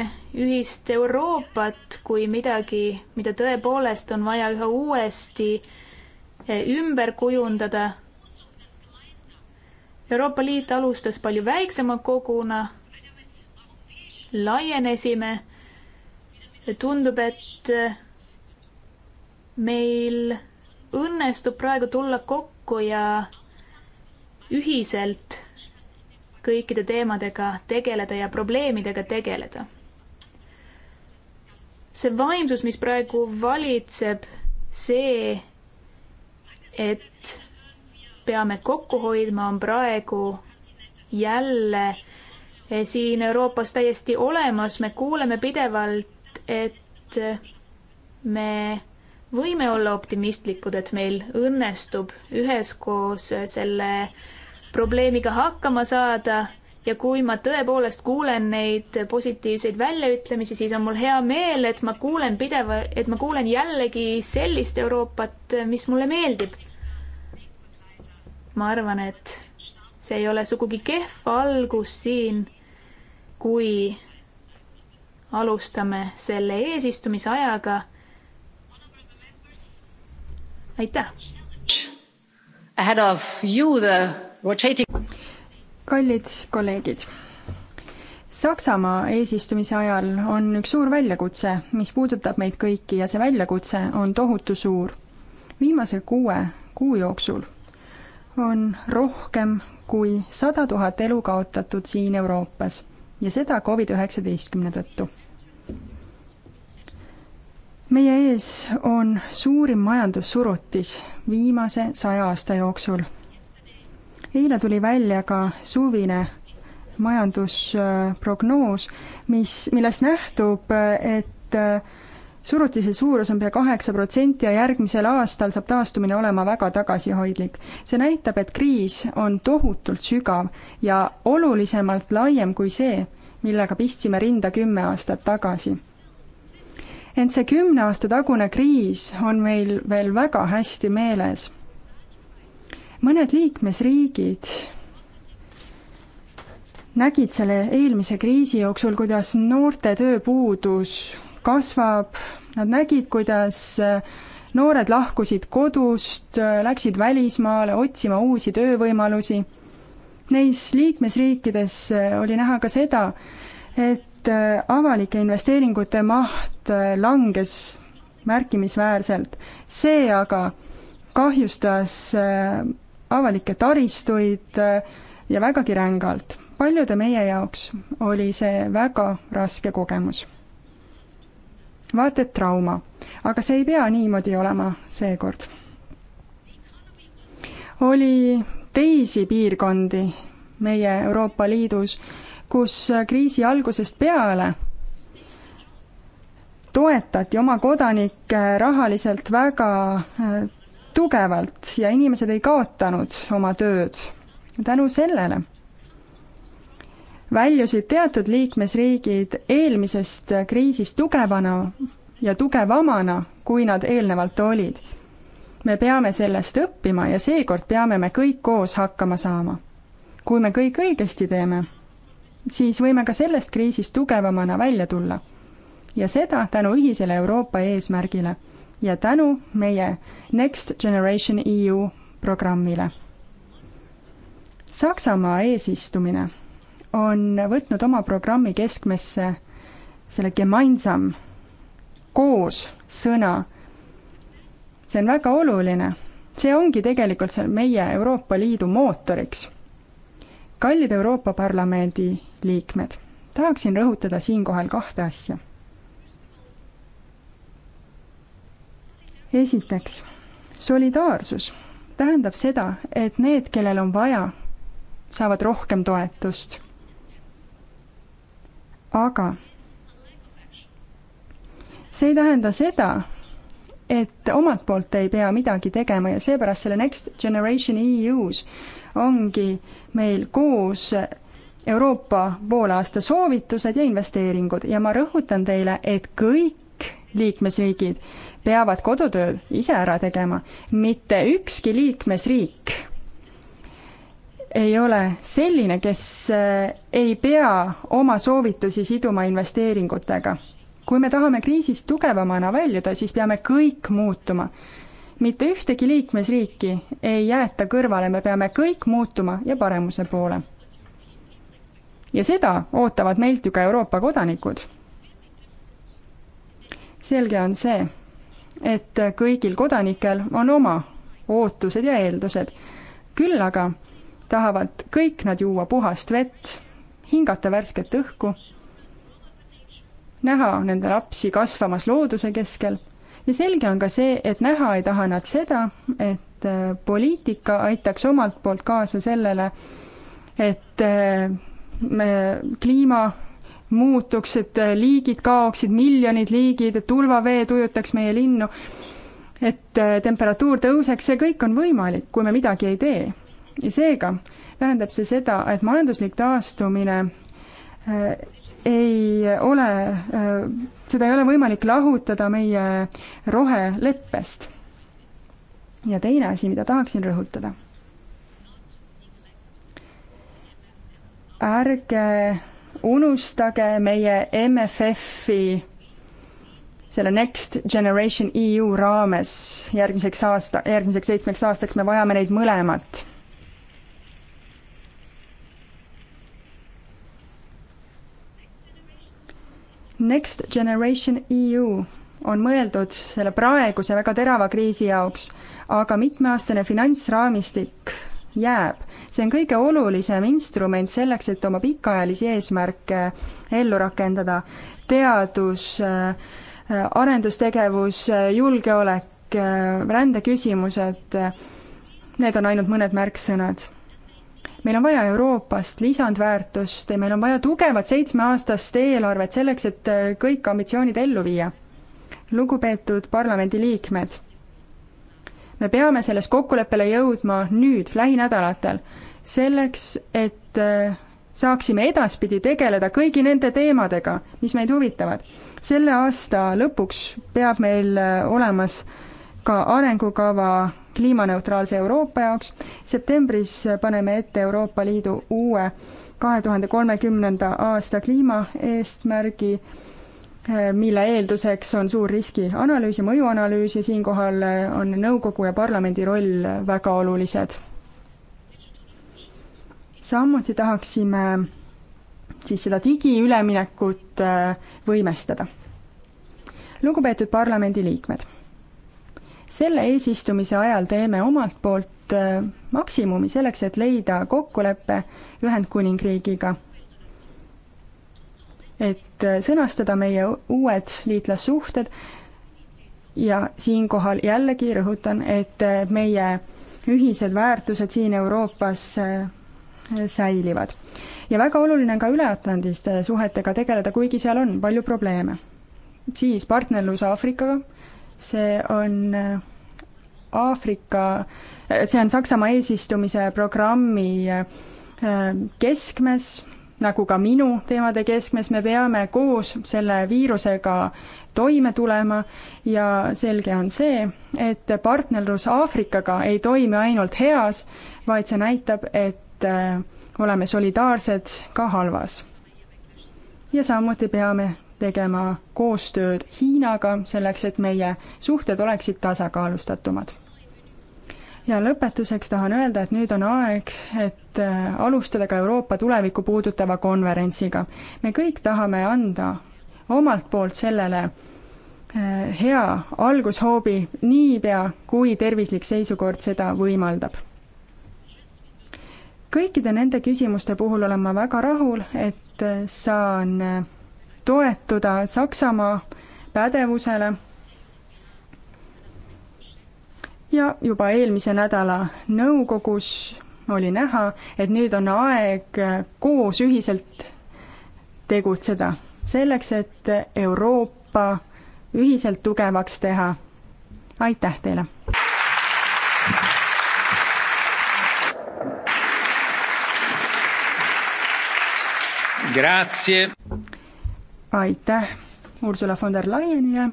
ühist Euroopat kui midagi, mida tõepoolest on vaja üha uuesti eh, ümber kujundada Euroopa Liit alustas palju väiksema koguna, laienesime. tundub, et meil õnnestub praegu tulla kokku ja ühiselt kõikide teemadega tegeleda ja probleemidega tegeleda. see vaimsus, mis praegu valitseb, see, et peame kokku hoidma, on praegu jälle eh, siin Euroopas täiesti olemas, me kuuleme pidevalt, et me võime olla optimistlikud, et meil õnnestub üheskoos selle probleemiga hakkama saada ja kui ma tõepoolest kuulen neid positiivseid väljaütlemisi, siis on mul hea meel, et ma kuulen pideva, et ma kuulen jällegi sellist Euroopat, mis mulle meeldib ma arvan, et see ei ole sugugi kehv algus siin, kui alustame selle eesistumise ajaga. aitäh. Ahead of you the rotating. kallid kolleegid. Saksamaa eesistumise ajal on üks suur väljakutse, mis puudutab meid kõiki ja see väljakutse on tohutu suur. viimase kuue kuu jooksul on rohkem kui sada tuhat elu kaotatud siin Euroopas ja seda Covid-19 tõttu. meie ees on suurim majandussurutis viimase saja aasta jooksul. eile tuli välja ka suvine majandusprognoos, mis, millest nähtub, et surutise suurus on pea kaheksa protsenti ja järgmisel aastal saab taastumine olema väga tagasihoidlik. see näitab, et kriis on tohutult sügav ja olulisemalt laiem kui see, millega pistsime rinda kümme aastat tagasi. ent see kümne aasta tagune kriis on meil veel väga hästi meeles. mõned liikmesriigid nägid selle eelmise kriisi jooksul, kuidas noorte tööpuudus kasvab, nad nägid, kuidas noored lahkusid kodust, läksid välismaale otsima uusi töövõimalusi. Neis liikmesriikides oli näha ka seda, et avalike investeeringute maht langes märkimisväärselt. see aga kahjustas avalikke taristuid ja vägagi rängalt. paljude meie jaoks oli see väga raske kogemus vaat et trauma. aga see ei pea niimoodi olema seekord. oli teisi piirkondi meie Euroopa Liidus, kus kriisi algusest peale toetati oma kodanikke rahaliselt väga äh, tugevalt ja inimesed ei kaotanud oma tööd tänu sellele väljusid teatud liikmesriigid eelmisest kriisist tugevana ja tugevamana, kui nad eelnevalt olid. me peame sellest õppima ja seekord peame me kõik koos hakkama saama. kui me kõik õigesti teeme, siis võime ka sellest kriisist tugevamana välja tulla. ja seda tänu ühisele Euroopa eesmärgile ja tänu meie Next Generation EU programmile. Saksamaa eesistumine on võtnud oma programmi keskmesse selle gemeinsam, koos sõna. see on väga oluline, see ongi tegelikult seal meie Euroopa Liidu mootoriks. kallid Euroopa Parlamendi liikmed, tahaksin rõhutada siinkohal kahte asja. esiteks, solidaarsus tähendab seda, et need, kellel on vaja, saavad rohkem toetust aga see ei tähenda seda, et omalt poolt ei pea midagi tegema ja seepärast selle Next Generation EU-s ongi meil koos Euroopa poolaasta soovitused ja investeeringud ja ma rõhutan teile, et kõik liikmesriigid peavad kodutöö ise ära tegema, mitte ükski liikmesriik ei ole selline, kes äh, ei pea oma soovitusi siduma investeeringutega. kui me tahame kriisist tugevamana väljuda, siis peame kõik muutuma. mitte ühtegi liikmesriiki ei jäeta kõrvale, me peame kõik muutuma ja paremuse poole. ja seda ootavad meilt ju ka Euroopa kodanikud. selge on see, et kõigil kodanikel on oma ootused ja eeldused. küll aga tahavad kõik nad juua puhast vett, hingata värsket õhku, näha nende lapsi kasvamas looduse keskel ja selge on ka see, et näha ei taha nad seda, et äh, poliitika aitaks omalt poolt kaasa sellele, et äh, me kliima muutuks, et äh, liigid kaoksid, miljonid liigid, et tulvavee tujutaks meie linnu, et temperatuur tõuseks, see kõik on võimalik, kui me midagi ei tee ja seega tähendab see seda, et majanduslik taastumine äh, ei ole, äh, seda ei ole võimalik lahutada meie roheleppest. ja teine asi, mida tahaksin rõhutada. ärge unustage meie MFF-i selle Next Generation EU raames järgmiseks aasta, järgmiseks seitsmeks aastaks me vajame neid mõlemat Next Generation EU on mõeldud selle praeguse väga terava kriisi jaoks, aga mitmeaastane finantsraamistik jääb. see on kõige olulisem instrument selleks, et oma pikaajalisi eesmärke ellu rakendada. teadus, äh, arendustegevus, äh, julgeolek, äh, rändeküsimused, need on ainult mõned märksõnad meil on vaja Euroopast lisandväärtust ja meil on vaja tugevat seitsmeaastast eelarvet selleks, et äh, kõik ambitsioonid ellu viia. lugupeetud parlamendiliikmed, me peame selles kokkuleppele jõudma nüüd, lähinädalatel, selleks, et äh, saaksime edaspidi tegeleda kõigi nende teemadega, mis meid huvitavad. selle aasta lõpuks peab meil äh, olemas äh, ka arengukava kliimaneutraalse Euroopa jaoks. septembris paneme ette Euroopa Liidu uue kahe tuhande kolmekümnenda aasta kliimaeesmärgi, eh, mille eelduseks on suur riskianalüüs ja mõjuanalüüs ja siinkohal eh, on nõukogu ja parlamendi roll väga olulised. samuti tahaksime siis seda digiüleminekut eh, võimestada. lugupeetud parlamendiliikmed selle eesistumise ajal teeme omalt poolt äh, maksimumi selleks, et leida kokkulepe Ühendkuningriigiga. et äh, sõnastada meie uued liitlassuhted ja siinkohal jällegi rõhutan, et äh, meie ühised väärtused siin Euroopas säilivad. ja väga oluline on ka üleatlandiste suhetega tegeleda, kuigi seal on palju probleeme. siis partnerlus Aafrikaga see on äh, Aafrika, äh, see on Saksamaa eesistumise programmi äh, keskmes, nagu ka minu teemade keskmes, me peame koos selle viirusega toime tulema ja selge on see, et partnerlus Aafrikaga ei toimi ainult heas, vaid see näitab, et oleme solidaarsed ka halvas. ja samuti peame tegema koostööd Hiinaga, selleks et meie suhted oleksid tasakaalustatumad. ja lõpetuseks tahan öelda, et nüüd on aeg, et äh, alustada ka Euroopa tulevikku puudutava konverentsiga. me kõik tahame anda omalt poolt sellele äh, hea algushoobi niipea, kui tervislik seisukord seda võimaldab kõikide nende küsimuste puhul olen ma väga rahul, et äh, saan toetuda Saksamaa pädevusele. ja juba eelmise nädala nõukogus oli näha, et nüüd on aeg koos ühiselt tegutseda, selleks et Euroopa ühiselt tugevaks teha. aitäh teile! Grazie aitäh Ursula von der Leyenile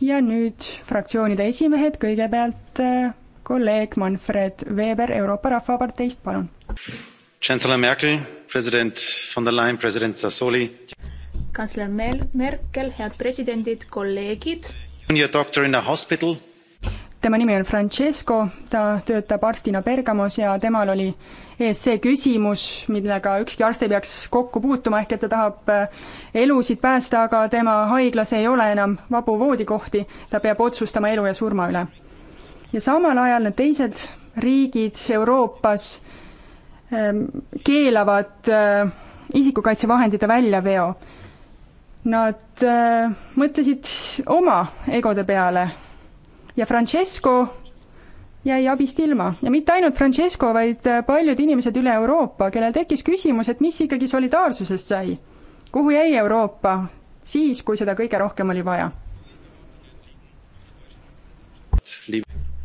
ja nüüd fraktsioonide esimehed, kõigepealt äh, kolleeg Manfred Weber Euroopa Rahvaparteist, palun. Chancellor Merkel, president von der Leyen, president Sassoli. kantsler Mel-, Merkel, head presidendid, kolleegid. Your doctor in a hospital tema nimi on Francesco, ta töötab arstina Bergamos ja temal oli ees see küsimus, millega ükski arst ei peaks kokku puutuma, ehk et ta tahab äh, elusid päästa, aga tema haiglas ei ole enam vabu voodikohti, ta peab otsustama elu ja surma üle. ja samal ajal need teised riigid Euroopas ähm, keelavad äh, isikukaitsevahendite väljaveo. Nad äh, mõtlesid oma egode peale ja Francesco jäi abist ilma ja mitte ainult Francesco, vaid äh, paljud inimesed üle Euroopa, kellel tekkis küsimus, et mis ikkagi solidaarsusest sai. kuhu jäi Euroopa siis, kui seda kõige rohkem oli vaja?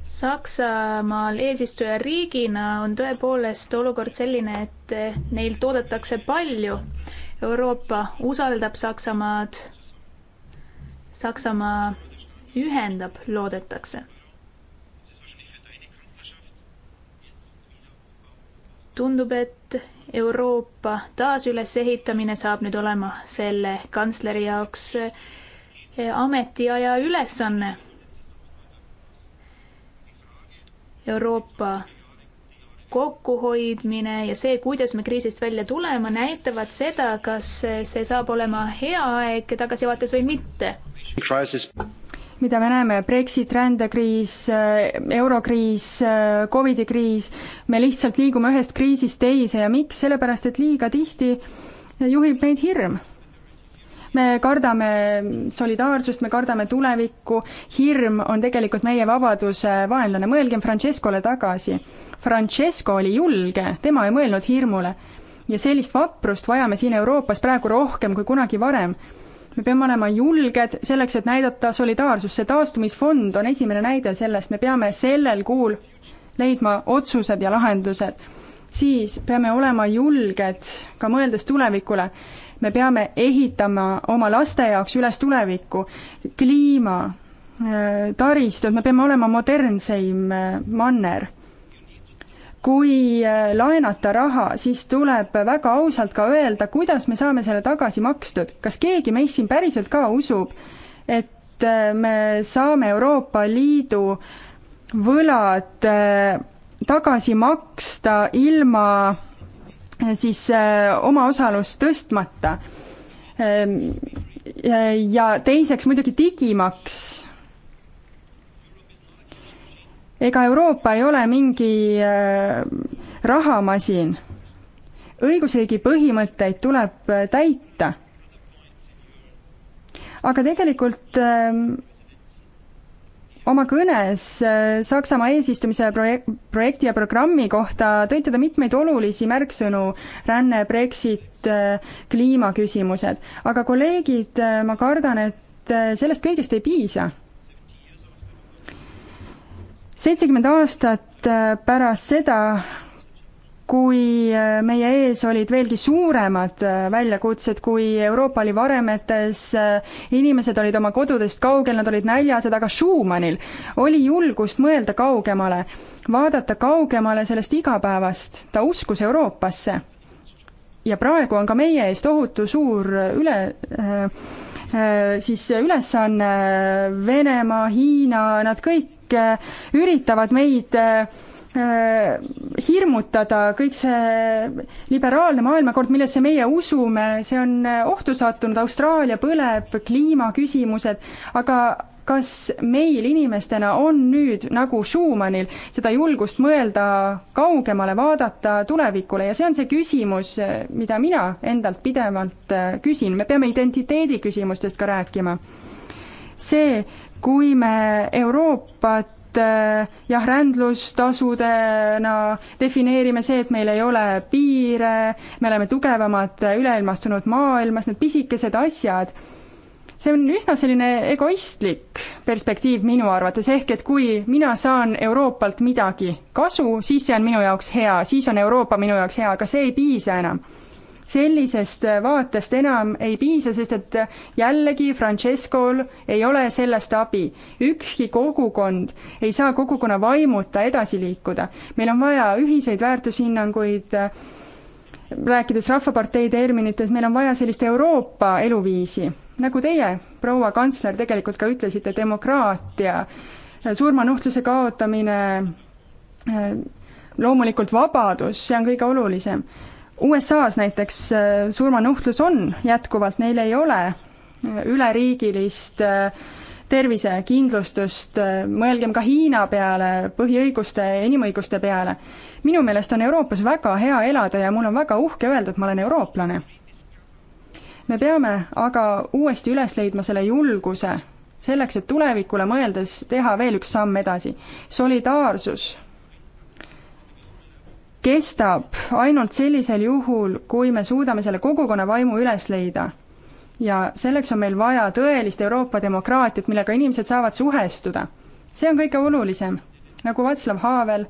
Saksamaal eesistujariigina on tõepoolest olukord selline, et eh, neil toodetakse palju. Euroopa usaldab Saksamaad. Saksamaa ühendab, loodetakse. tundub, et Euroopa taasülesehitamine saab nüüd olema selle kantsleri jaoks eh, ametiaja ülesanne. Euroopa kokkuhoidmine ja see, kuidas me kriisist välja tulema, näitavad seda, kas see saab olema hea aeg tagasi vaadates või mitte mida me näeme, Brexit, rändekriis, äh, eurokriis, äh, Covidi kriis, me lihtsalt liigume ühest kriisist teise ja miks, sellepärast et liiga tihti juhib meid hirm. me kardame solidaarsust, me kardame tulevikku, hirm on tegelikult meie vabaduse vaenlane, mõelgem Francescole tagasi. Francesco oli julge, tema ei mõelnud hirmule. ja sellist vaprust vajame siin Euroopas praegu rohkem kui kunagi varem me peame olema julged selleks, et näidata solidaarsust, see taastumisfond on esimene näide sellest, me peame sellel kuul leidma otsused ja lahendused. siis peame olema julged ka mõeldes tulevikule, me peame ehitama oma laste jaoks üles tulevikku, kliima, äh, taristud, me peame olema modernseim äh, manner kui äh, laenata raha, siis tuleb väga ausalt ka öelda, kuidas me saame selle tagasi makstud. kas keegi meist siin päriselt ka usub, et äh, me saame Euroopa Liidu võlad äh, tagasi maksta ilma siis omaosalust tõstmata? Ehm, ja teiseks muidugi digimaks ega Euroopa ei ole mingi äh, rahamasin. õigusriigi põhimõtteid tuleb äh, täita. aga tegelikult ähm, oma kõnes äh, Saksamaa eesistumise projek-, projekti ja programmi kohta tõite te mitmeid olulisi märksõnu, ränne, Brexit, kliimaküsimused, aga kolleegid, ma kardan, et sellest kõigest ei piisa seitsekümmend aastat äh, pärast seda, kui äh, meie ees olid veelgi suuremad äh, väljakutsed, kui Euroopa oli varemetes, inimesed olid oma kodudest kaugel, nad olid näljased, aga Schumannil oli julgust mõelda kaugemale, vaadata kaugemale sellest igapäevast, ta uskus Euroopasse. ja praegu on ka meie ees tohutu suur üle äh, äh, siis ülesanne Venemaa, Hiina, nad kõik Eh, üritavad meid eh, eh, hirmutada, kõik see liberaalne maailmakord, millesse meie usume, see on ohtu sattunud, Austraalia põleb, kliimaküsimused, aga kas meil inimestena on nüüd nagu Schumannil seda julgust mõelda kaugemale, vaadata tulevikule ja see on see küsimus, mida mina endalt pidevalt küsin, me peame identiteedi küsimustest ka rääkima. see, kui me Euroopat eh, jah, rändlustasudena defineerime see, et meil ei ole piire, me oleme tugevamad üleilmastunud maailmas, need pisikesed asjad, see on üsna selline egoistlik perspektiiv minu arvates, ehk et kui mina saan Euroopalt midagi kasu, siis see on minu jaoks hea, siis on Euroopa minu jaoks hea, aga see ei piisa enam sellisest vaatest enam ei piisa, sest et jällegi Francescol ei ole sellest abi. ükski kogukond ei saa kogukonna vaimuta edasi liikuda. meil on vaja ühiseid väärtushinnanguid, rääkides Rahvapartei terminites, meil on vaja sellist Euroopa eluviisi. nagu teie, proua kantsler, tegelikult ka ütlesite, demokraatia, surmanuhtluse kaotamine, loomulikult vabadus, see on kõige olulisem USA-s näiteks äh, surmanuhtlus on jätkuvalt, neil ei ole äh, üleriigilist äh, tervisekindlustust, mõelgem ka Hiina peale, põhiõiguste ja inimõiguste peale. minu meelest on Euroopas väga hea elada ja mul on väga uhke öelda, et ma olen eurooplane. me peame aga uuesti üles leidma selle julguse, selleks et tulevikule mõeldes teha veel üks samm edasi. solidaarsus kestab ainult sellisel juhul, kui me suudame selle kogukonna vaimu üles leida. ja selleks on meil vaja tõelist Euroopa demokraatiat, millega inimesed saavad suhestuda. see on kõige olulisem, nagu Václav Havel,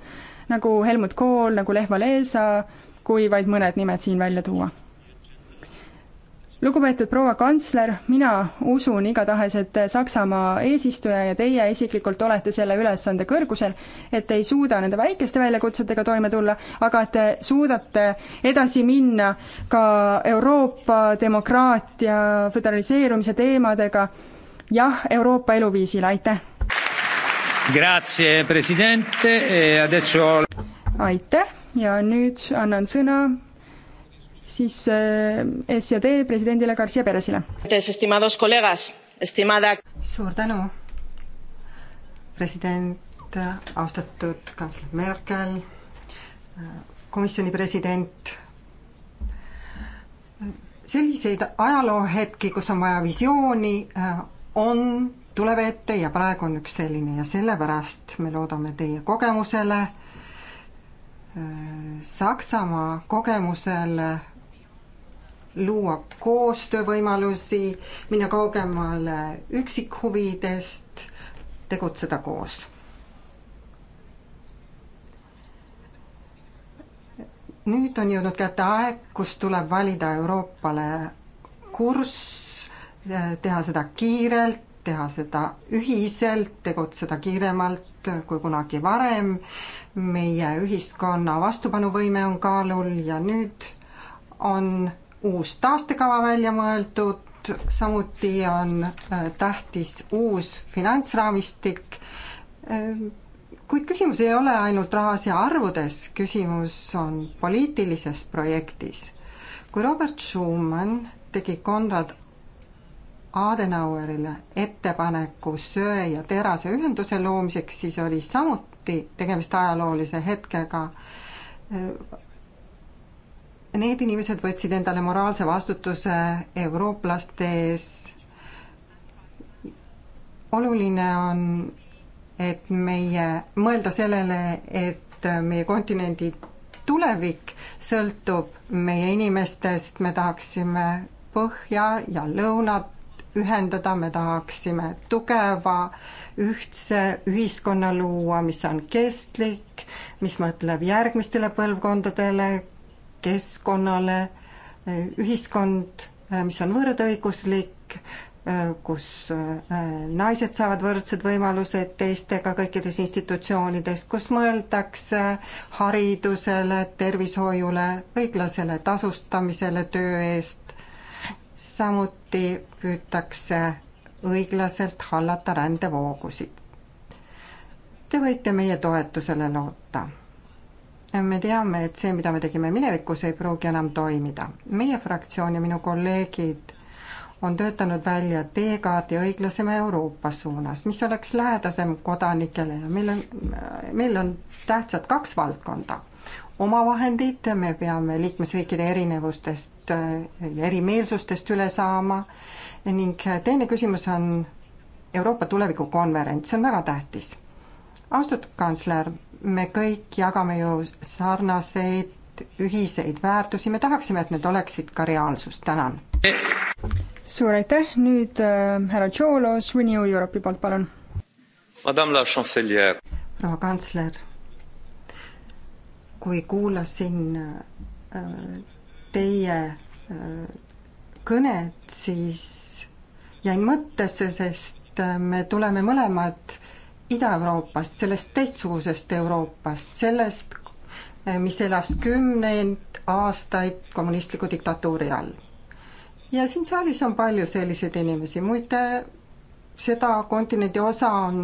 nagu Helmut Kohl, nagu Lech Walesa, kui vaid mõned nimed siin välja tuua lugupeetud proua kantsler, mina usun igatahes, et Saksamaa eesistuja ja teie isiklikult olete selle ülesande kõrgusel, et te ei suuda nende väikeste väljakutsetega toime tulla, aga et te suudate edasi minna ka Euroopa demokraatia föderaliseerumise teemadega, jah, Euroopa eluviisile, aitäh! E aitäh ja nüüd annan sõna siis eh, SED presidendile Garcia Peresile. suur tänu, president, austatud kantsler Merkel, komisjoni president, selliseid ajaloohetki, kus on vaja visiooni, on, tuleb ette ja praegu on üks selline ja sellepärast me loodame teie kogemusele, Saksamaa kogemusele luua koostöövõimalusi, minna kaugemale üksikhuvidest, tegutseda koos. nüüd on jõudnud kätte aeg, kus tuleb valida Euroopale kurss, teha seda kiirelt, teha seda ühiselt, tegutseda kiiremalt kui kunagi varem. meie ühiskonna vastupanuvõime on kaalul ja nüüd on uus taastekava välja mõeldud, samuti on äh, tähtis uus finantsraamistik, ähm, kuid küsimus ei ole ainult rahas ja arvudes, küsimus on poliitilises projektis. kui Robert Schumann tegi Konrad Adenauerile ettepaneku söe ja terase ühenduse loomiseks, siis oli samuti tegemist ajaloolise hetkega. Äh, Need inimesed võtsid endale moraalse vastutuse eurooplaste ees. oluline on, et meie, mõelda sellele, et meie kontinendi tulevik sõltub meie inimestest, me tahaksime põhja ja lõunat ühendada, me tahaksime tugeva, ühtse ühiskonna luua, mis on kestlik, mis mõtleb järgmistele põlvkondadele, keskkonnale, ühiskond, mis on võrdõiguslik, kus äh, naised saavad võrdsed võimalused teistega kõikides institutsioonides, kus mõeldakse haridusele, tervishoiule, õiglasele tasustamisele töö eest. samuti püütakse õiglaselt hallata rändevoogusid. Te võite meie toetusele loota me teame, et see, mida me tegime minevikus, ei pruugi enam toimida. meie fraktsioon ja minu kolleegid on töötanud välja teekaardi õiglasema Euroopa suunas, mis oleks lähedasem kodanikele ja meil on, meil on tähtsad kaks valdkonda. omavahendid, me peame liikmesriikide erinevustest, äh, erimeelsustest üle saama ning teine küsimus on Euroopa tulevikukonverents, see on väga tähtis. austatud kantsler me kõik jagame ju sarnaseid ühiseid väärtusi, me tahaksime, et need oleksid ka reaalsus, tänan. suur aitäh, nüüd äh, härra Tšoolos Renew Europe'i poolt, palun. proua kantsler, kui kuulasin äh, teie äh, kõnet, siis jäin mõttesse, sest äh, me tuleme mõlemad Ida-Euroopast, sellest teistsugusest Euroopast, sellest, mis elas kümneid aastaid kommunistliku diktatuuri all. ja siin saalis on palju selliseid inimesi, muide seda kontinendi osa on,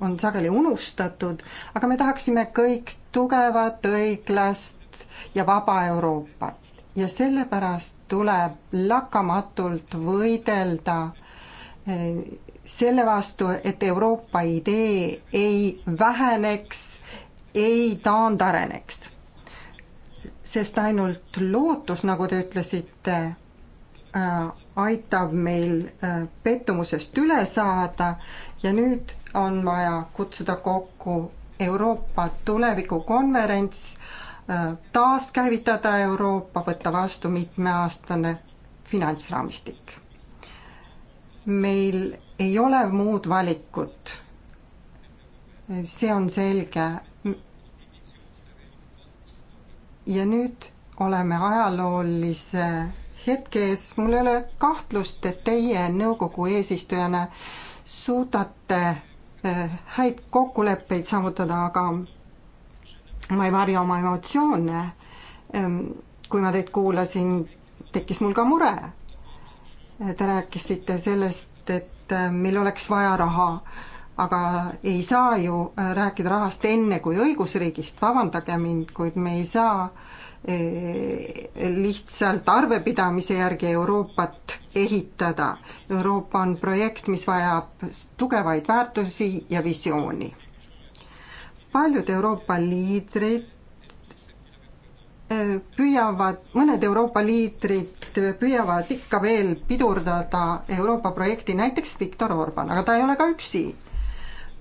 on sageli unustatud, aga me tahaksime kõik tugevat, õiglast ja vaba Euroopat. ja sellepärast tuleb lakkamatult võidelda eh, selle vastu, et Euroopa idee ei väheneks, ei taandareneks. sest ainult lootus, nagu te ütlesite, äh, aitab meil äh, pettumusest üle saada ja nüüd on vaja kutsuda kokku Euroopa tulevikukonverents, äh, taaskäivitada Euroopa, võtta vastu mitmeaastane finantsraamistik. meil ei ole muud valikut. see on selge. ja nüüd oleme ajaloolise hetke ees, mul ei ole kahtlust, et teie nõukogu eesistujana suudate eh, häid kokkuleppeid saavutada, aga ma ei varja oma emotsioone. Ehm, kui ma teid kuulasin, tekkis mul ka mure. Te rääkisite sellest, et Äh, meil oleks vaja raha, aga ei saa ju äh, rääkida rahast enne kui õigusriigist, vabandage mind, kuid me ei saa äh, lihtsalt arvepidamise järgi Euroopat ehitada. Euroopa on projekt, mis vajab tugevaid väärtusi ja visiooni. paljud Euroopa liidrid püüavad, mõned Euroopa liidrid püüavad ikka veel pidurdada Euroopa projekti, näiteks Viktor Orban, aga ta ei ole ka üksi.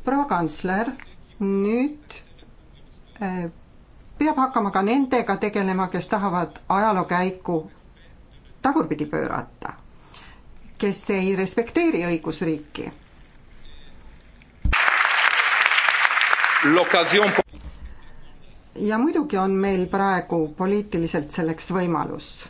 proua kantsler nüüd eh, peab hakkama ka nendega tegelema, kes tahavad ajaloo käiku tagurpidi pöörata, kes ei respekteeri õigusriiki ja muidugi on meil praegu poliitiliselt selleks võimalus.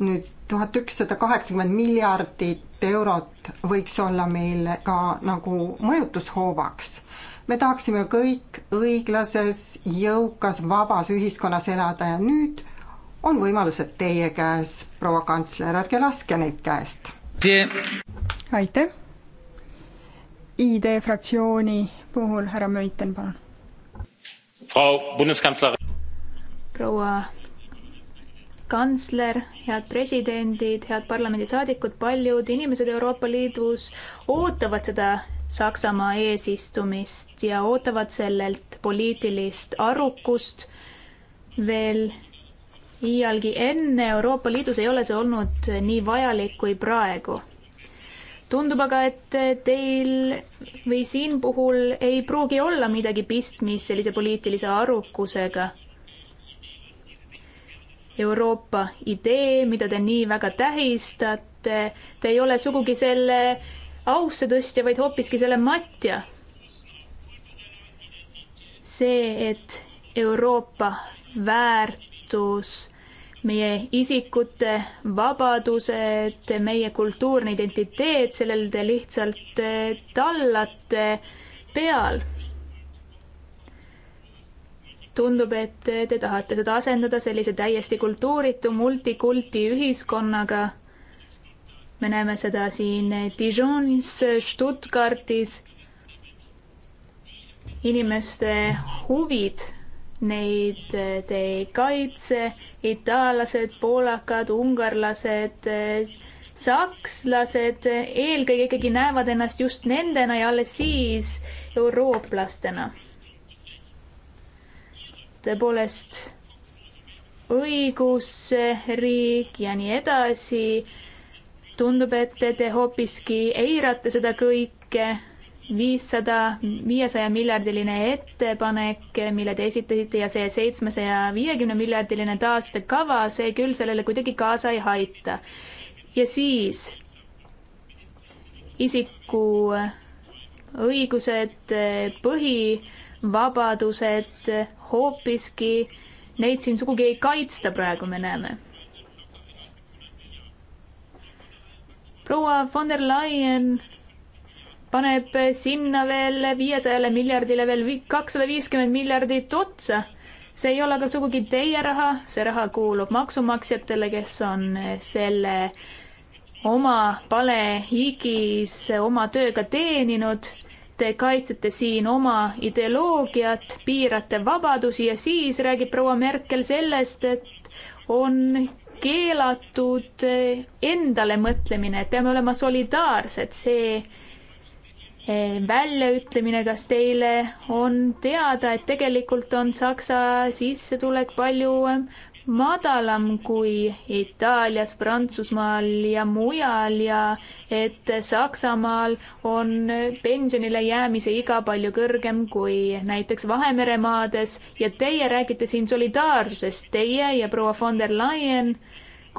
nüüd tuhat ükssada kaheksakümmend miljardit eurot võiks olla meile ka nagu mõjutushoovaks. me tahaksime kõik õiglases, jõukas, vabas ühiskonnas elada ja nüüd on võimalused teie käes, proua kantsler, ärge laske neid käest. aitäh. ID fraktsiooni puhul härra Möyten, palun proua kantsler, head presidendid, head parlamendisaadikud, paljud inimesed Euroopa Liidus ootavad seda Saksamaa eesistumist ja ootavad sellelt poliitilist arukust veel iialgi enne Euroopa Liidus ei ole see olnud nii vajalik kui praegu tundub aga, et teil või siin puhul ei pruugi olla midagi pistmist sellise poliitilise arukusega. Euroopa idee, mida te nii väga tähistate, te ei ole sugugi selle ausse tõstja, vaid hoopiski selle matja. see, et Euroopa väärtus meie isikute vabadused, meie kultuurne identiteet, sellel te lihtsalt eh, tallate peal. tundub, et te tahate seda asendada sellise täiesti kultuuritu multikulti ühiskonnaga. me näeme seda siin Dijonis, Stuttgartis. inimeste huvid neid eh, te ei kaitse. itaallased, poolakad, ungarlased, eh, sakslased eh, eelkõige ikkagi näevad ennast just nendena ja alles siis eurooplastena. tõepoolest, õigusriik ja nii edasi. tundub, et te hoopiski eirate seda kõike viissada, viiesaja miljardiline ettepanek, mille te esitasite ja see seitsmesaja viiekümne miljardiline taastekava, see küll sellele kuidagi kaasa ei aita. ja siis isiku õigused, põhivabadused hoopiski, neid siin sugugi ei kaitsta, praegu me näeme proua von der Leyen paneb sinna veel viiesajale miljardile veel kakssada viiskümmend miljardit otsa. see ei ole ka sugugi teie raha, see raha kuulub maksumaksjatele, kes on selle oma palehigis oma tööga teeninud. Te kaitsete siin oma ideoloogiat, piirate vabadusi ja siis räägib proua Merkel sellest, et on keelatud endale mõtlemine, et peame olema solidaarsed, see Eh, väljaütlemine, kas teile on teada, et tegelikult on Saksa sissetulek palju eh, madalam kui Itaalias, Prantsusmaal ja mujal ja et Saksamaal on eh, pensionile jäämise iga palju kõrgem kui näiteks Vahemeremaades ja teie räägite siin solidaarsusest, teie ja proua von der Leyen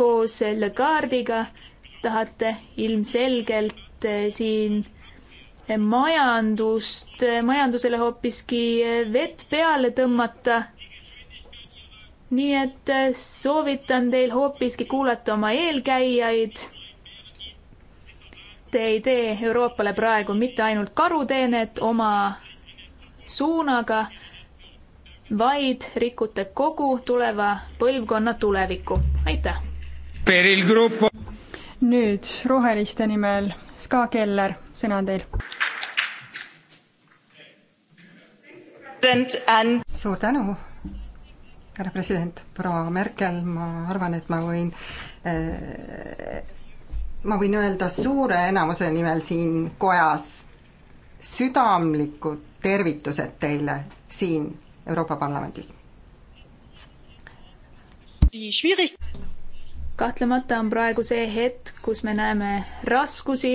koos Le Gardiga tahate ilmselgelt siin äh, majandust, majandusele hoopiski vett peale tõmmata. nii et soovitan teil hoopiski kuulata oma eelkäijaid. Te ei tee Euroopale praegu mitte ainult karuteenet oma suunaga, vaid rikute kogu tuleva põlvkonna tulevikku. aitäh! nüüd roheliste nimel Ska Keller, sõna on teil. suur tänu, härra president, proua Merkel, ma arvan, et ma võin eh, ma võin öelda suure enamuse nimel siin kojas südamlikud tervitused teile siin Euroopa Parlamendis kahtlemata on praegu see hetk, kus me näeme raskusi.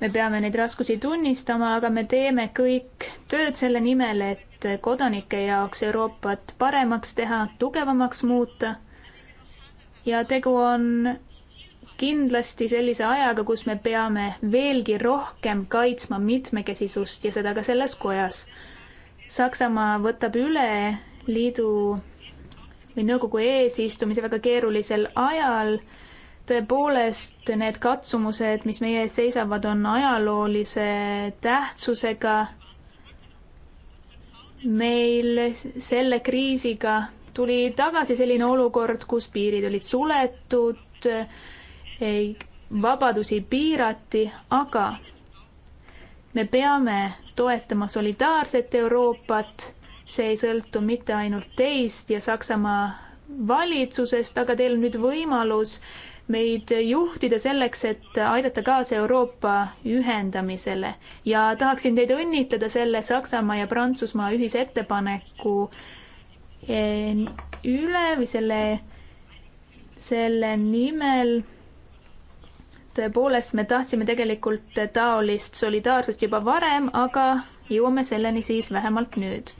me peame neid raskusi tunnistama, aga me teeme kõik tööd selle nimel, et kodanike jaoks Euroopat paremaks teha, tugevamaks muuta. ja tegu on kindlasti sellise ajaga, kus me peame veelgi rohkem kaitsma mitmekesisust ja seda ka selles kojas. Saksamaa võtab üle liidu nõukogu eesistumise väga keerulisel ajal. tõepoolest, need katsumused, mis meie ees seisavad, on ajaloolise tähtsusega. meil selle kriisiga tuli tagasi selline olukord, kus piirid olid suletud, vabadusi piirati, aga me peame toetama solidaarset Euroopat see ei sõltu mitte ainult teist ja Saksamaa valitsusest, aga teil on nüüd võimalus meid juhtida selleks, et aidata kaasa Euroopa ühendamisele ja tahaksin teid õnnitleda selle Saksamaa ja Prantsusmaa ühise ettepaneku e, üle või selle, selle nimel tõepoolest, me tahtsime tegelikult taolist solidaarsust juba varem, aga jõuame selleni siis vähemalt nüüd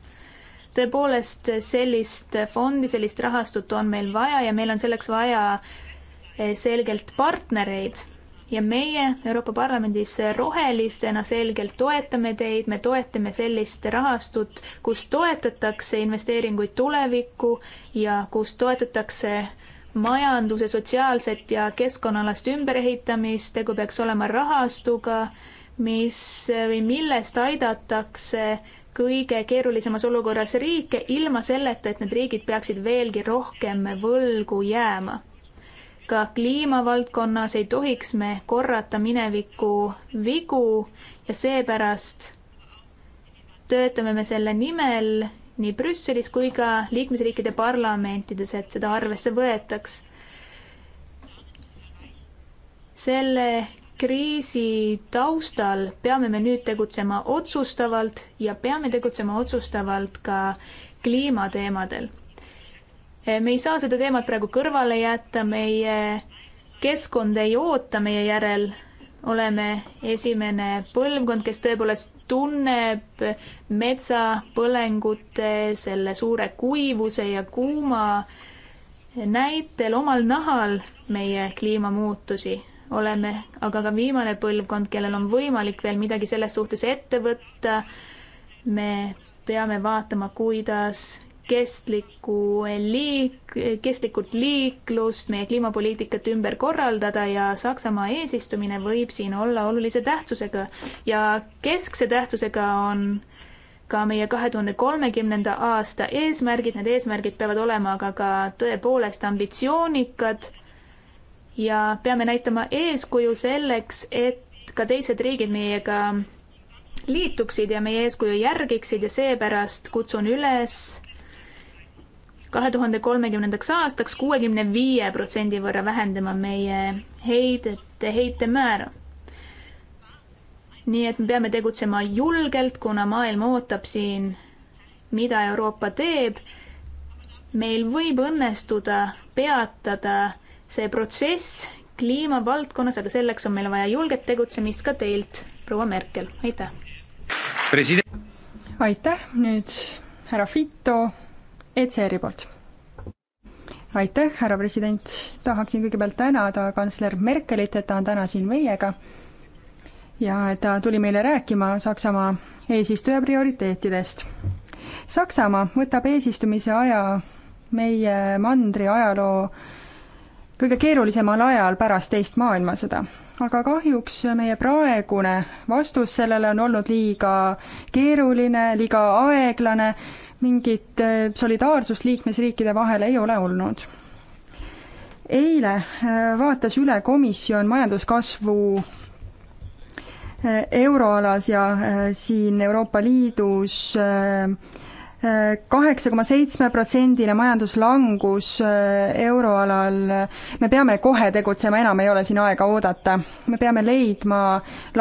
tõepoolest sellist fondi, sellist rahastut on meil vaja ja meil on selleks vaja eh, selgelt partnereid ja meie Euroopa Parlamendis rohelisena selgelt toetame teid, me toetame sellist rahastut, kus toetatakse investeeringuid tulevikku ja kus toetatakse majanduse sotsiaalset ja keskkonnaalast ümberehitamist, tegu peaks olema rahastuga, mis või millest aidatakse kõige keerulisemas olukorras riike ilma selleta, et need riigid peaksid veelgi rohkem võlgu jääma. ka kliimavaldkonnas ei tohiks me korrata mineviku vigu ja seepärast töötame me selle nimel nii Brüsselis kui ka liikmesriikide parlamentides, et seda arvesse võetaks. selle kriisi taustal peame me nüüd tegutsema otsustavalt ja peame tegutsema otsustavalt ka kliimateemadel. Eh, me ei saa seda teemat praegu kõrvale jätta, meie keskkond ei oota meie järel, oleme esimene põlvkond, kes tõepoolest tunneb metsapõlengute, selle suure kuivuse ja kuuma näitel omal nahal meie kliimamuutusi oleme aga ka viimane põlvkond, kellel on võimalik veel midagi selles suhtes ette võtta. me peame vaatama, kuidas kestlikku liik-, kestlikult liiklust, meie kliimapoliitikat ümber korraldada ja Saksamaa eesistumine võib siin olla olulise tähtsusega. ja keskse tähtsusega on ka meie kahe tuhande kolmekümnenda aasta eesmärgid, need eesmärgid peavad olema aga ka tõepoolest ambitsioonikad ja peame näitama eeskuju selleks, et ka teised riigid meiega liituksid ja meie eeskuju järgiksid ja seepärast kutsun üles kahe tuhande kolmekümnendaks aastaks kuuekümne viie protsendi võrra vähendama meie heidete, heitemäära. nii et me peame tegutsema julgelt, kuna maailm ootab siin, mida Euroopa teeb. meil võib õnnestuda peatada see protsess kliimavaldkonnas, aga selleks on meil vaja julget tegutsemist ka teilt, proua Merkel, aitäh! aitäh, nüüd härra Fitto ECR-i poolt. aitäh, härra president, tahaksin kõigepealt tänada kantsler Merkelit, et ta on täna siin meiega ja et ta tuli meile rääkima Saksamaa eesistuja prioriteetidest. Saksamaa võtab eesistumise aja meie mandri ajaloo kõige keerulisemal ajal pärast teist maailmasõda. aga kahjuks meie praegune vastus sellele on olnud liiga keeruline, liiga aeglane, mingit eh, solidaarsust liikmesriikide vahel ei ole olnud. eile eh, vaatas üle komisjon majanduskasvu eh, euroalas ja siin Euroopa Liidus äh, kaheksa koma seitsme protsendine majanduslangus äh, euroalal, me peame kohe tegutsema, enam ei ole siin aega oodata. me peame leidma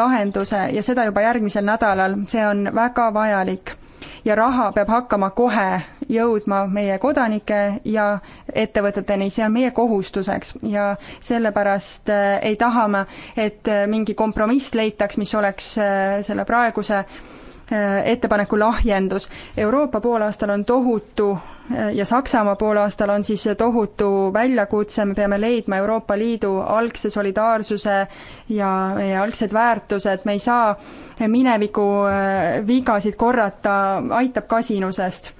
lahenduse ja seda juba järgmisel nädalal, see on väga vajalik. ja raha peab hakkama kohe jõudma meie kodanike ja ettevõteteni, see on meie kohustuseks ja sellepärast äh, ei taha me, et äh, mingi kompromiss leitaks, mis oleks selle praeguse Äh, ettepaneku lahjendus. Euroopa poolaastal on tohutu äh, ja Saksamaa poolaastal on siis tohutu väljakutse, me peame leidma Euroopa Liidu algse solidaarsuse ja meie algsed väärtused, me ei saa mineviku äh, vigasid korrata, aitab kasinusest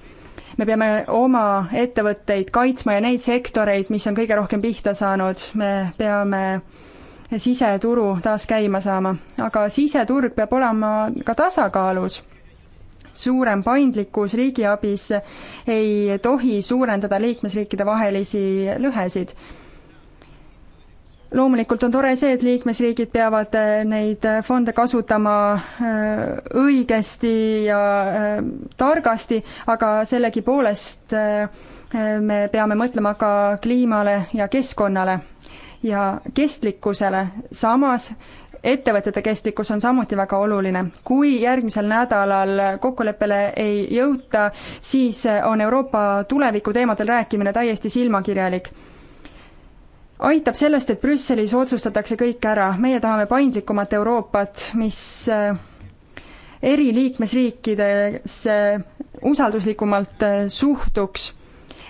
me peame oma ettevõtteid kaitsma ja neid sektoreid, mis on kõige rohkem pihta saanud, me peame äh, siseturu taas käima saama. aga siseturg peab olema ka tasakaalus suurem paindlikkus riigiabis ei tohi suurendada liikmesriikide vahelisi lõhesid. loomulikult on tore see, et liikmesriigid peavad neid fonde kasutama äh, õigesti ja äh, targasti, aga sellegipoolest äh, me peame mõtlema ka kliimale ja keskkonnale ja kestlikkusele, samas ettevõtete kestlikkus on samuti väga oluline. kui järgmisel nädalal kokkuleppele ei jõuta, siis on Euroopa tuleviku teemadel rääkimine täiesti silmakirjalik aitab sellest, et Brüsselis otsustatakse kõik ära, meie tahame paindlikumat Euroopat, mis eh, eri liikmesriikides eh, usalduslikumalt eh, suhtuks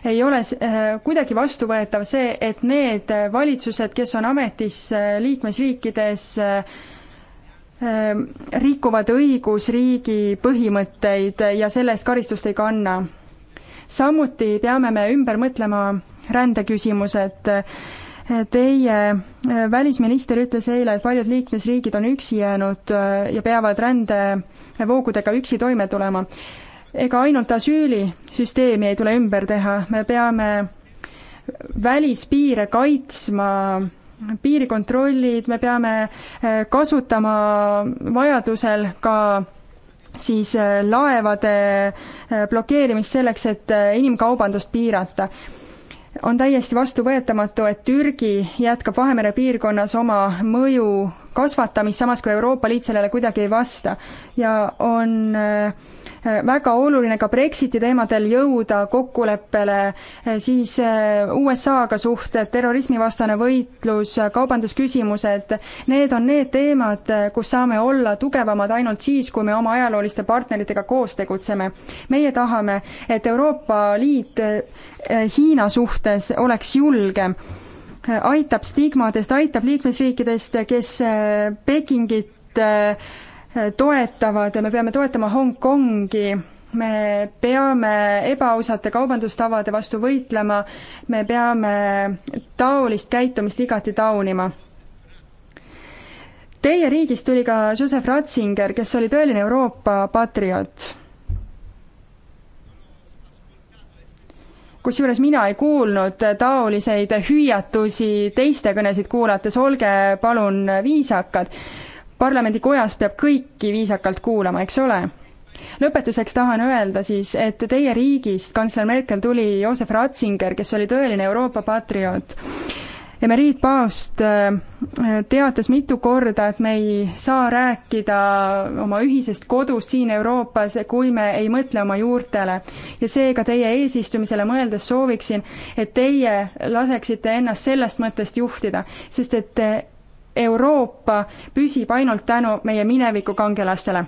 ei ole äh, kuidagi vastuvõetav see, et need valitsused, kes on ametis äh, liikmesriikides, äh, ähm, rikuvad õigusriigi põhimõtteid ja selle eest karistust ei kanna. samuti peame me ümber mõtlema rändeküsimused. Teie välisminister ütles eile, et paljud liikmesriigid on üksi jäänud ja peavad rändevoogudega üksi toime tulema ega ainult asüülisüsteemi ei tule ümber teha, me peame välispiire kaitsma, piirikontrollid, me peame eh, kasutama vajadusel ka siis eh, laevade eh, blokeerimist selleks, et inimkaubandust piirata. on täiesti vastuvõetamatu, et Türgi jätkab Vahemere piirkonnas oma mõju kasvatamist, samas kui Euroopa Liit sellele kuidagi ei vasta. ja on äh, väga oluline ka Brexiti teemadel jõuda kokkuleppele, äh, siis äh, USA-ga suhted, terrorismivastane võitlus, kaubandusküsimused, need on need teemad, kus saame olla tugevamad ainult siis, kui me oma ajalooliste partneritega koos tegutseme. meie tahame, et Euroopa Liit Hiina suhtes oleks julgem aitab stigmadest, aitab liikmesriikidest, kes äh, Pekingit äh, toetavad ja me peame toetama Hongkongi, me peame ebaausate kaubandustavade vastu võitlema, me peame taolist käitumist igati taunima Teie riigist tuli ka Joseph Ratzinger, kes oli tõeline Euroopa patrioot. kusjuures mina ei kuulnud taoliseid hüüatusi teiste kõnesid kuulates, olge palun viisakad. parlamendikojas peab kõiki viisakalt kuulama, eks ole? lõpetuseks tahan öelda siis, et teie riigist kantsler Merkel tuli Josef Ratzinger, kes oli tõeline Euroopa patrioot emeriitpaavst äh, teatas mitu korda, et me ei saa rääkida oma ühisest kodust siin Euroopas, kui me ei mõtle oma juurtele. ja seega teie eesistumisele mõeldes sooviksin, et teie laseksite ennast sellest mõttest juhtida, sest et äh, Euroopa püsib ainult tänu meie mineviku kangelastele.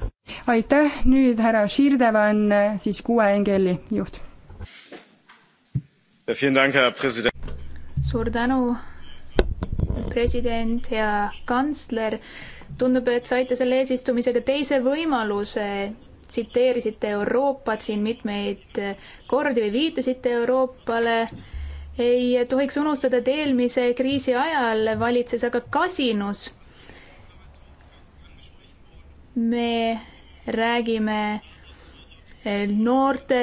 aitäh, nüüd härra Širdevan, äh, siis kuue NGL-i juht. suur tänu president, hea kantsler. tundub, et saite selle eesistumisega teise võimaluse. tsiteerisite Euroopat siin mitmeid kordi või viitasite Euroopale. ei tohiks unustada, et eelmise kriisi ajal valitses aga kasinus. me räägime Eh, noorte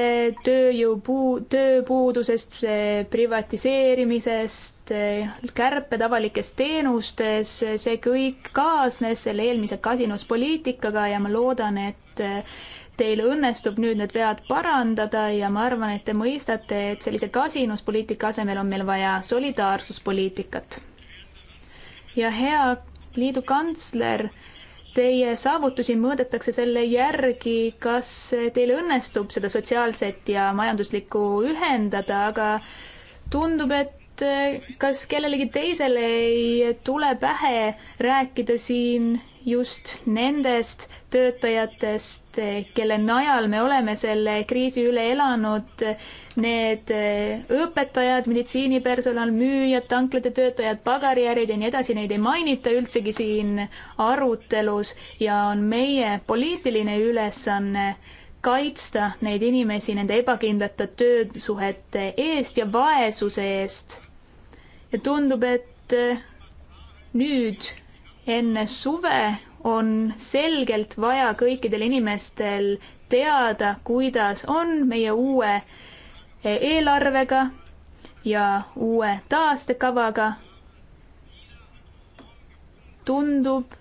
tööjõupuu, tööpuudusest, eh, privatiseerimisest, eh, kärped avalikes teenustes, see kõik kaasnes selle eelmise kasinuspoliitikaga ja ma loodan, et teil õnnestub nüüd need vead parandada ja ma arvan, et te mõistate, et sellise kasinuspoliitika asemel on meil vaja solidaarsuspoliitikat. ja hea liidu kantsler Teie saavutusi mõõdetakse selle järgi, kas teil õnnestub seda sotsiaalset ja majanduslikku ühendada, aga tundub, et eh, kas kellelegi teisele ei tule pähe rääkida siin just nendest töötajatest, kelle najal me oleme selle kriisi üle elanud. Need eh, õpetajad, meditsiinipersonal, müüjad, tanklate töötajad, pagariärid ja nii edasi, neid ei mainita üldsegi siin arutelus ja on meie poliitiline ülesanne kaitsta neid inimesi nende ebakindlate töösuhete eest ja vaesuse eest. ja tundub, et eh, nüüd enne suve on selgelt vaja kõikidel inimestel teada, kuidas on meie uue e, eelarvega ja uue taastekavaga. tundub,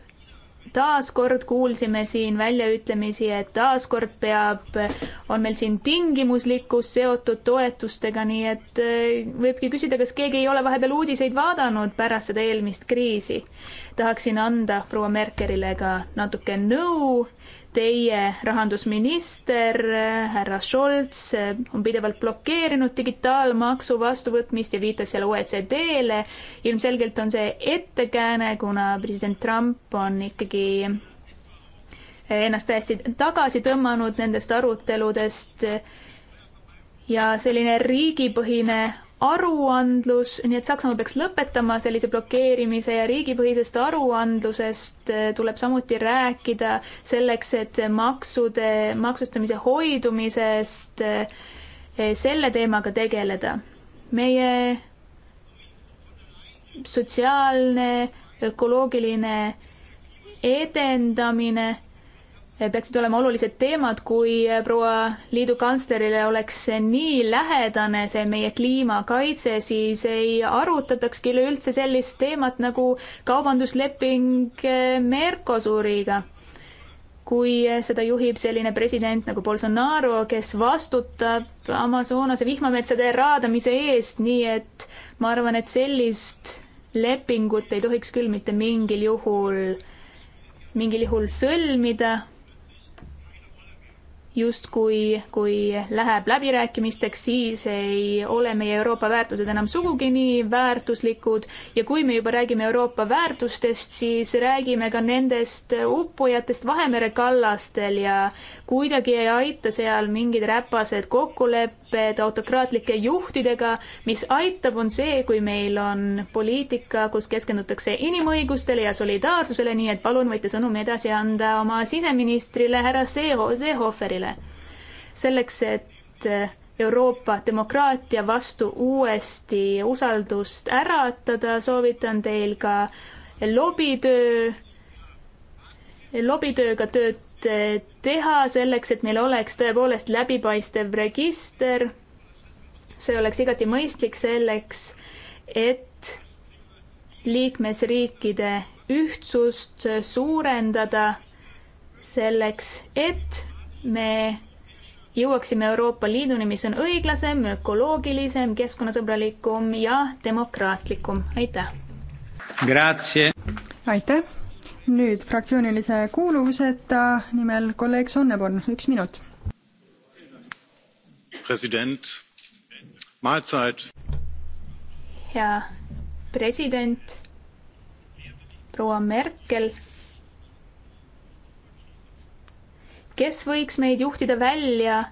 taaskord kuulsime siin väljaütlemisi, et taaskord peab, on meil siin tingimuslikkus seotud toetustega, nii et e, võibki küsida, kas keegi ei ole vahepeal uudiseid vaadanud pärast seda eelmist kriisi tahaksin anda proua Merkelile ka natuke nõu. Teie rahandusminister härra Scholz on pidevalt blokeerinud digitaalmaksu vastuvõtmist ja viitab seal OECD-le. ilmselgelt on see ettekääne, kuna president Trump on ikkagi ennast täiesti tagasi tõmmanud nendest aruteludest ja selline riigipõhine aruandlus, nii et Saksamaa peaks lõpetama sellise blokeerimise ja riigipõhisest aruandlusest eh, tuleb samuti rääkida selleks, et maksude, maksustamise hoidumisest eh, selle teemaga tegeleda. meie sotsiaalne, ökoloogiline edendamine peaksid olema olulised teemad, kui proua liidu kantslerile oleks nii lähedane see meie kliimakaitse, siis ei arutatakski üleüldse sellist teemat nagu kaubandusleping eh, Mercosuriga. kui seda juhib selline president nagu Bolsonaro, kes vastutab Amazonase vihmametsade raadamise eest, nii et ma arvan, et sellist lepingut ei tohiks küll mitte mingil juhul mingil juhul sõlmida, justkui, kui läheb läbirääkimisteks, siis ei ole meie Euroopa väärtused enam sugugi nii väärtuslikud ja kui me juba räägime Euroopa väärtustest, siis räägime ka nendest uppujatest Vahemere kallastel ja kuidagi ei aita seal mingid räpased kokkulepped autokraatlike juhtidega. mis aitab, on see, kui meil on poliitika, kus keskendutakse inimõigustele ja solidaarsusele, nii et palun võite sõnumi edasi anda oma siseministrile härra Seehoferile. selleks, et Euroopa demokraatia vastu uuesti usaldust äratada, soovitan teil ka lobitöö, lobitööga tööd teha selleks, et meil oleks tõepoolest läbipaistev register. see oleks igati mõistlik selleks, et liikmesriikide ühtsust suurendada selleks, et me jõuaksime Euroopa Liiduni, mis on õiglasem, ökoloogilisem, keskkonnasõbralikum ja demokraatlikum. aitäh! aitäh! nüüd fraktsioonilise kuuluvuseta nimel kolleeg Sonneborn, üks minut. president, maitsaid. hea president, proua Merkel. kes võiks meid juhtida välja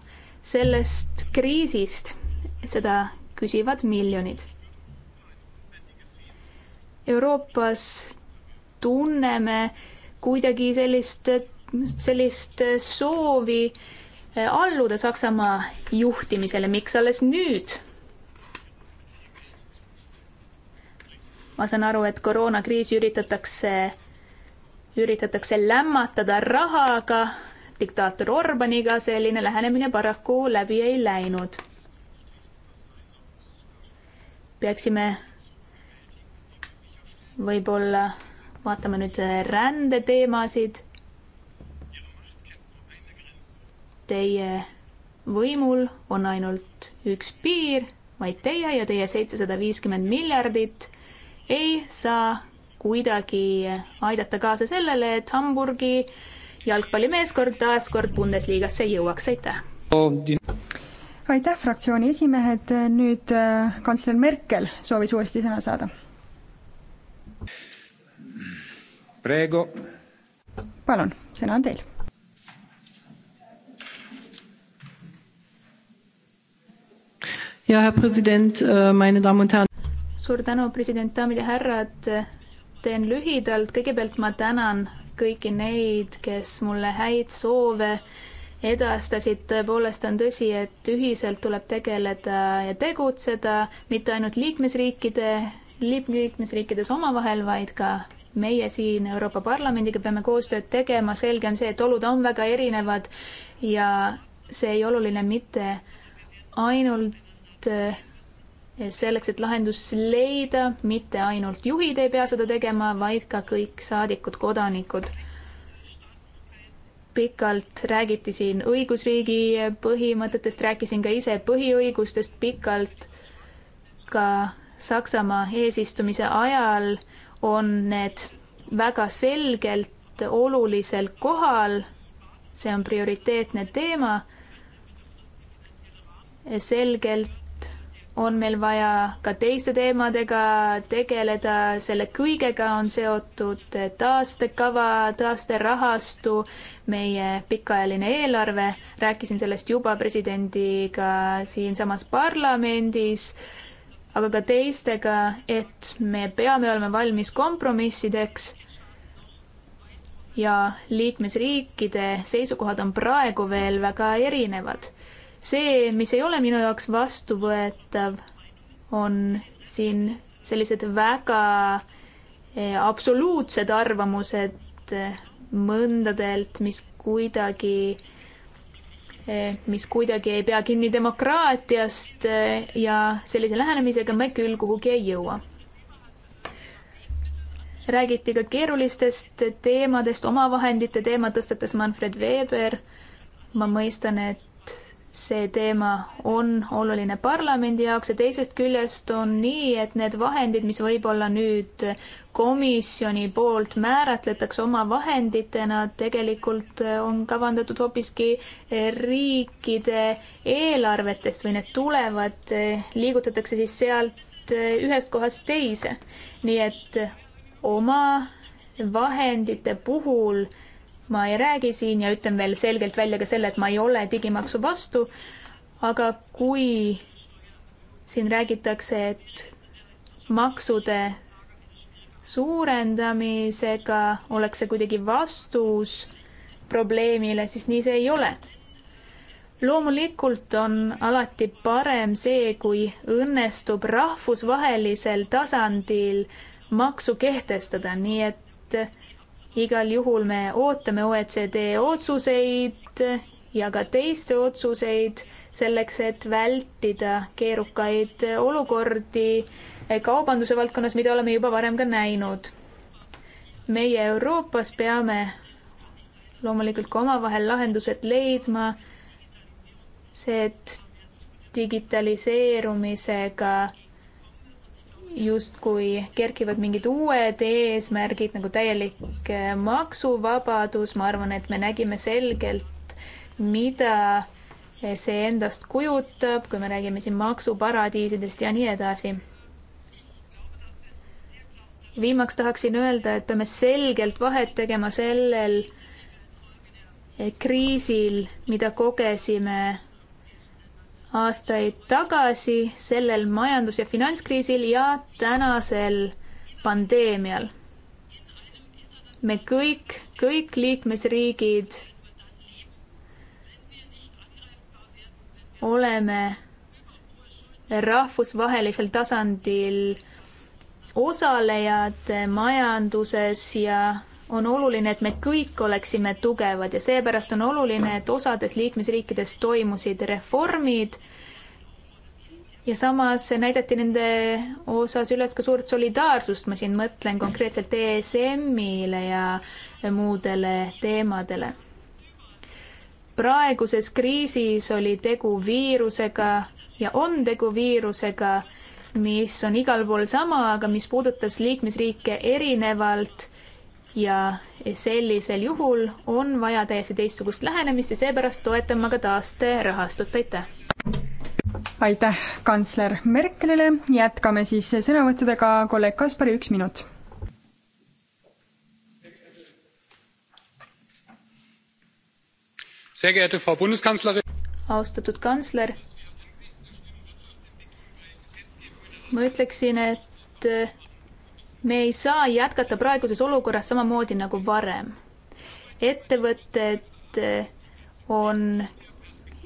sellest kriisist, seda küsivad miljonid. Euroopas tunneme kuidagi sellist, sellist soovi eh, alluda Saksamaa juhtimisele, miks alles nüüd? ma saan aru, et koroonakriisi üritatakse, üritatakse lämmatada rahaga, diktaator Orbaniga selline lähenemine paraku läbi ei läinud. peaksime võib-olla vaatame nüüd äh, rändeteemasid. Teie võimul on ainult üks piir, vaid teie ja teie seitsesada viiskümmend miljardit ei saa kuidagi aidata kaasa sellele, et Hamburgi jalgpallimeeskond taas kord Bundesliga-sse jõuaks, aitäh! aitäh, fraktsiooni esimehed, nüüd äh, kantsler Merkel soovis uuesti sõna saada. Prego. palun, sõna on teil. ja härra president, äh, meine damen und herren. suur tänu, president, daamid ja härrad. teen lühidalt, kõigepealt ma tänan kõiki neid, kes mulle häid soove edastasid, tõepoolest on tõsi, et ühiselt tuleb tegeleda ja tegutseda mitte ainult liikmesriikide, liikmesriikides omavahel, vaid ka meie siin Euroopa Parlamendiga peame koostööd tegema, selge on see, et olud on väga erinevad ja see ei oluline mitte ainult eh, selleks, et lahendus leida, mitte ainult juhid ei pea seda tegema, vaid ka kõik saadikud, kodanikud. pikalt räägiti siin õigusriigi põhimõtetest, rääkisin ka ise põhiõigustest pikalt, ka Saksamaa eesistumise ajal on need väga selgelt olulisel kohal. see on prioriteetne teema. selgelt on meil vaja ka teiste teemadega tegeleda, selle kõigega on seotud taastekava, taasterahastu, meie pikaajaline eelarve. rääkisin sellest juba presidendiga siinsamas parlamendis aga ka teistega, et me peame olema valmis kompromissideks. ja liikmesriikide seisukohad on praegu veel väga erinevad. see, mis ei ole minu jaoks vastuvõetav, on siin sellised väga eh, absoluutsed arvamused eh, mõndadelt, mis kuidagi Eh, mis kuidagi ei pea kinni demokraatiast eh, ja sellise lähenemisega me küll kuhugi ei jõua. räägiti ka keerulistest teemadest, omavahendite teema tõstatas Manfred Weber. ma mõistan, et see teema on oluline parlamendi jaoks ja teisest küljest on nii, et need vahendid, mis võib-olla nüüd komisjoni poolt määratletakse oma vahenditena, tegelikult on kavandatud hoopiski riikide eelarvetest või need tulevad, liigutatakse siis sealt ühest kohast teise. nii et oma vahendite puhul äh, ma ei räägi siin ja ütlen veel selgelt välja ka selle, et ma ei ole digimaksu vastu. aga kui siin räägitakse, et maksude suurendamisega oleks see kuidagi vastus probleemile, siis nii see ei ole. loomulikult on alati parem see, kui õnnestub rahvusvahelisel tasandil maksu kehtestada, nii et igal juhul me ootame OECD otsuseid ja ka teiste otsuseid selleks, et vältida keerukaid olukordi kaubanduse valdkonnas, mida oleme juba varem ka näinud. meie Euroopas peame loomulikult ka omavahel lahendused leidma. see, et digitaliseerumisega justkui kerkivad mingid uued eesmärgid nagu täielik eh, maksuvabadus, ma arvan, et me nägime selgelt, mida eh, see endast kujutab, kui me räägime siin maksuparadiisidest ja nii edasi. viimaks tahaksin öelda, et peame selgelt vahet tegema sellel eh, kriisil, mida kogesime aastaid tagasi sellel majandus- ja finantskriisil ja tänasel pandeemial. me kõik, kõik liikmesriigid oleme rahvusvahelisel tasandil osalejad majanduses ja on oluline, et me kõik oleksime tugevad ja seepärast on oluline, et osades liikmesriikides toimusid reformid ja samas näidati nende osas üles ka suurt solidaarsust, ma siin mõtlen konkreetselt ESM-ile ja muudele teemadele. praeguses kriisis oli tegu viirusega ja on tegu viirusega, mis on igal pool sama, aga mis puudutas liikmesriike erinevalt ja sellisel juhul on vaja täiesti teistsugust lähenemist ja seepärast toetan ma ka taasterahastut, aitäh! aitäh kantsler Merkelile, jätkame siis sõnavõttudega, kolleeg Kaspari, üks minut. austatud kantsler, ma ütleksin, et me ei saa jätkata praeguses olukorras samamoodi nagu varem. ettevõtted eh, on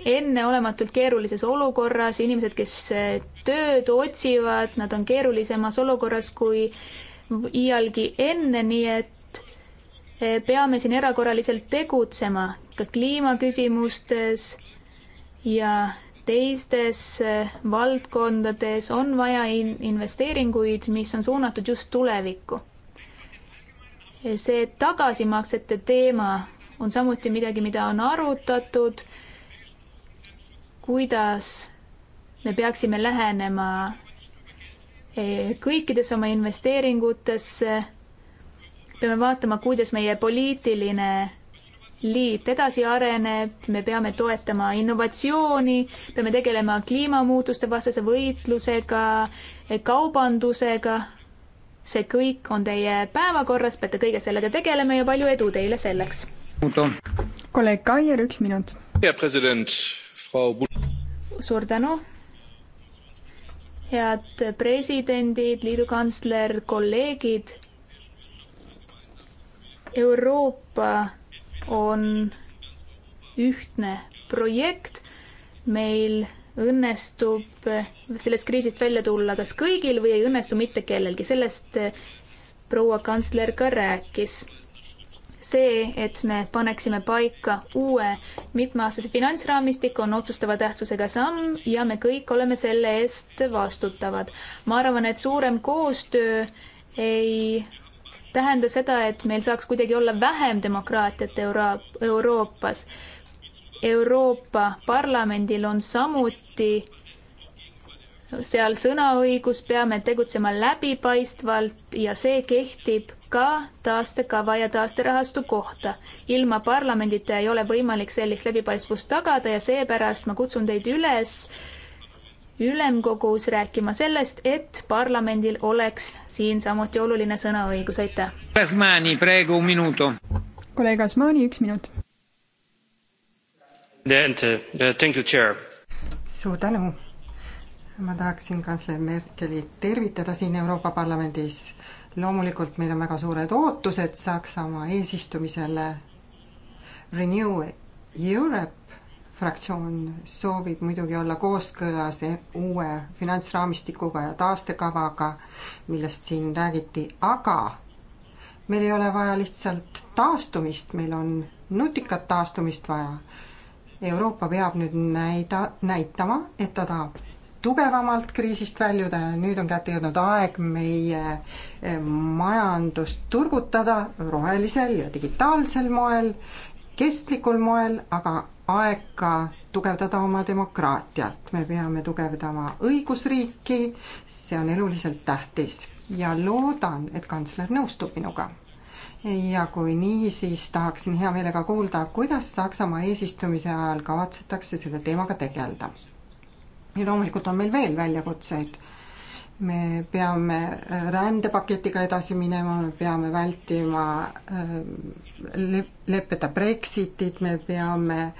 enneolematult keerulises olukorras, inimesed, kes eh, tööd otsivad, nad on keerulisemas olukorras kui iialgi enne, nii et eh, peame siin erakorraliselt tegutsema ka kliimaküsimustes ja teistes eh, valdkondades on vaja in investeeringuid, mis on suunatud just tulevikku. see tagasimaksete teema on samuti midagi, mida on arutatud, kuidas me peaksime lähenema eh, kõikides oma investeeringutesse. peame vaatama, kuidas meie poliitiline liit edasi areneb, me peame toetama innovatsiooni, peame tegelema kliimamuutuste vastase võitlusega, kaubandusega. see kõik on teie päevakorras, peate kõige sellega tegelema ja palju edu teile selleks. kolleeg Kaier, üks minut. suur tänu head presidendid, liidu kantsler, kolleegid. Euroopa on ühtne projekt. meil õnnestub sellest kriisist välja tulla kas kõigil või ei õnnestu mitte kellelgi, sellest eh, proua kantsler ka rääkis. see, et me paneksime paika uue mitmeaastase finantsraamistiku, on otsustava tähtsusega samm ja me kõik oleme selle eest vastutavad. ma arvan, et suurem koostöö ei tähenda seda, et meil saaks kuidagi olla vähem demokraatiat Euro Euroopas. Euroopa Parlamendil on samuti seal sõnaõigus, peame tegutsema läbipaistvalt ja see kehtib ka taastekava ja taasterahastu kohta. ilma parlamendita ei ole võimalik sellist läbipaistvust tagada ja seepärast ma kutsun teid üles äh, ülemkogus rääkima sellest, et parlamendil oleks siin samuti oluline sõnaõigus, aitäh. kolleeg Asmani, üks minut. Uh, uh, suur tänu. ma tahaksin kantsler Merkelit tervitada siin Euroopa Parlamendis. loomulikult meil on väga suured ootused Saksamaa eesistumisele. Renew Europe fraktsioon soovib muidugi olla kooskõlas e-, uue finantsraamistikuga ja taastekavaga, millest siin räägiti, aga meil ei ole vaja lihtsalt taastumist, meil on nutikat taastumist vaja. Euroopa peab nüüd näida, näitama, et ta tahab tugevamalt kriisist väljuda ja nüüd on kätte jõudnud aeg meie e, majandust turgutada rohelisel ja digitaalsel moel, kestlikul moel, aga aeg ka tugevdada oma demokraatiat, me peame tugevdama õigusriiki, see on eluliselt tähtis ja loodan, et kantsler nõustub minuga. ja kui nii, siis tahaksin hea meelega kuulda, kuidas Saksamaa eesistumise ajal kavatsetakse selle teemaga tegeleda. ja loomulikult on meil veel väljakutseid me peame rändepaketiga edasi minema, me peame vältima ähm, leppida Brexitit, me peame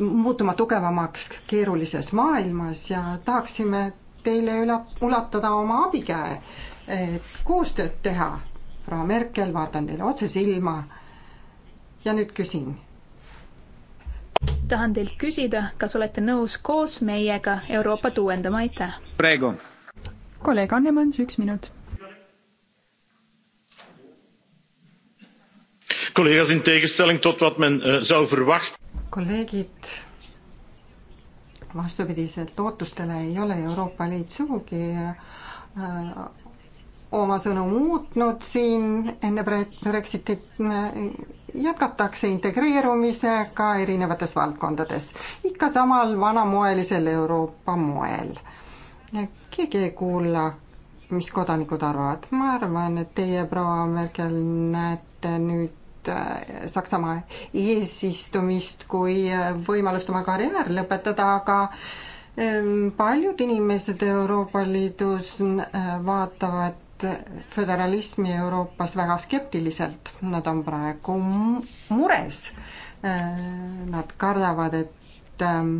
muutuma tugevamaks keerulises maailmas ja tahaksime teile üla-, ulatada oma abikäe, et koostööd teha. proua Merkel, vaatan teile otse silma ja nüüd küsin. tahan teilt küsida, kas olete nõus koos meiega Euroopat uuendama, aitäh! kolleeg Annemann, üks minut Collega's, in tegenstelling tot wat men uh, zou verwachten. Kolleegid, vastupidiselt ootustele ei ole Euroopa Liit sugugi äh, oma sõnu muutnud siin enne Brexitit jätkatakse integreerumisega erinevates valdkondades, ikka samal vanamoelisel Euroopa moel. keegi ei kuula, mis kodanikud arvavad, ma arvan, et teie, proua Merkel, näete nüüd Äh, Saksamaa eesistumist kui äh, võimalust oma karjäär lõpetada, aga ähm, paljud inimesed Euroopa Liidus äh, vaatavad föderalismi Euroopas väga skeptiliselt, nad on praegu mures. Nad kardavad, et ähm,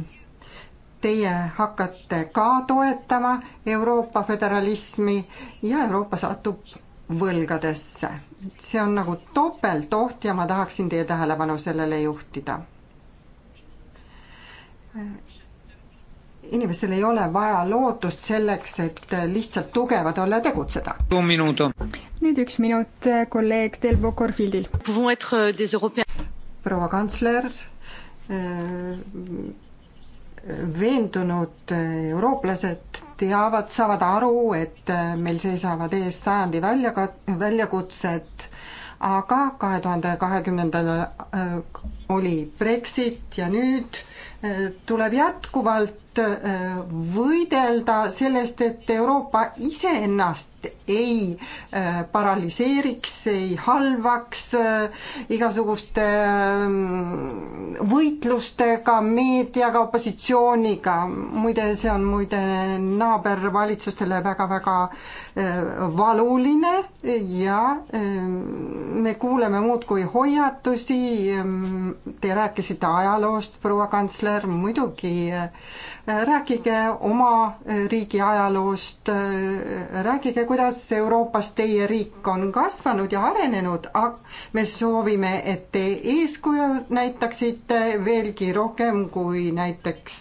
teie hakkate ka toetama Euroopa föderalismi ja Euroopa satub võlgadesse see on nagu topeltoht ja ma tahaksin teie tähelepanu sellele juhtida. inimestel ei ole vaja lootust selleks, et lihtsalt tugevad olla ja tegutseda. nüüd üks minut eh, kolleeg Delbo Korfildil. Euh, proua kantsler äh,, veendunud eh, eurooplased teavad, saavad aru, et äh, meil seisavad ees sajandi välja, väljakutsed, aga kahe tuhande kahekümnendal äh, oli Brexit ja nüüd äh, tuleb jätkuvalt võidelda sellest, et Euroopa iseennast ei äh, paraliseeriks, ei halvaks äh, igasuguste ähm, võitlustega, meediaga, opositsiooniga. muide, see on muide naabervalitsustele väga-väga äh, valuline ja me kuuleme muudkui hoiatusi. Ähm, te rääkisite ajaloost, proua kantsler, muidugi rääkige oma riigi ajaloost, rääkige, kuidas Euroopas teie riik on kasvanud ja arenenud, me soovime, et te eeskuju näitaksite veelgi rohkem kui näiteks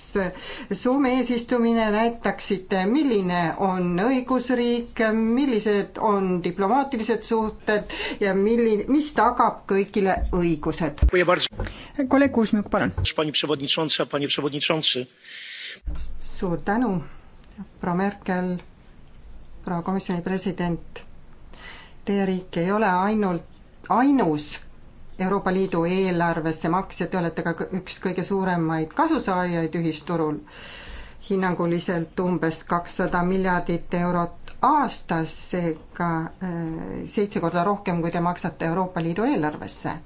Soome eesistumine, näitaksite, milline on õigusriik, millised on diplomaatilised suhted ja milli-, mis tagab kõigile õigused. kolleeg Kuusmjuk, palun. suur tänu, proua Merkel proua komisjoni president, teie riik ei ole ainult, ainus Euroopa Liidu eelarvesse maksja, te olete ka üks kõige suuremaid kasusaajaid ühisturul, hinnanguliselt umbes kakssada miljardit eurot aastas, seega äh, seitse korda rohkem, kui te maksate Euroopa Liidu eelarvesse.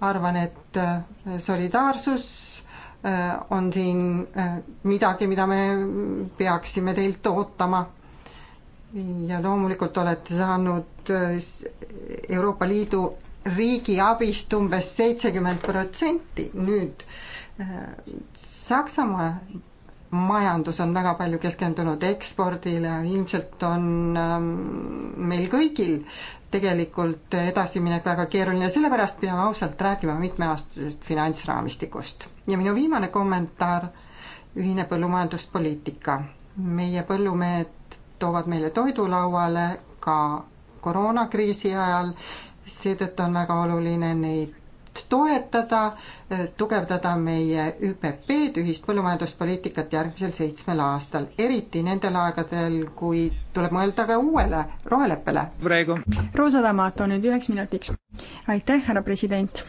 arvan, et äh, solidaarsus äh, on siin midagi, mida me peaksime teilt ootama ja loomulikult olete saanud äh, Euroopa Liidu riigiabist umbes seitsekümmend protsenti, nüüd äh, Saksamaa majandus on väga palju keskendunud ekspordile, ilmselt on ähm, meil kõigil tegelikult edasiminek väga keeruline, sellepärast peame ausalt rääkima mitmeaastasest finantsraamistikust. ja minu viimane kommentaar, ühine põllumajanduspoliitika. meie põllumehed toovad meile toidulauale ka koroonakriisi ajal, seetõttu on väga oluline neid toetada, tugevdada meie ÜPP-d, ühist põllumajanduspoliitikat järgmisel seitsmel aastal, eriti nendel aegadel, kui tuleb mõelda ka uuele roheleppele. praegu. Roosa Tamato nüüd üheks minutiks. aitäh, härra president.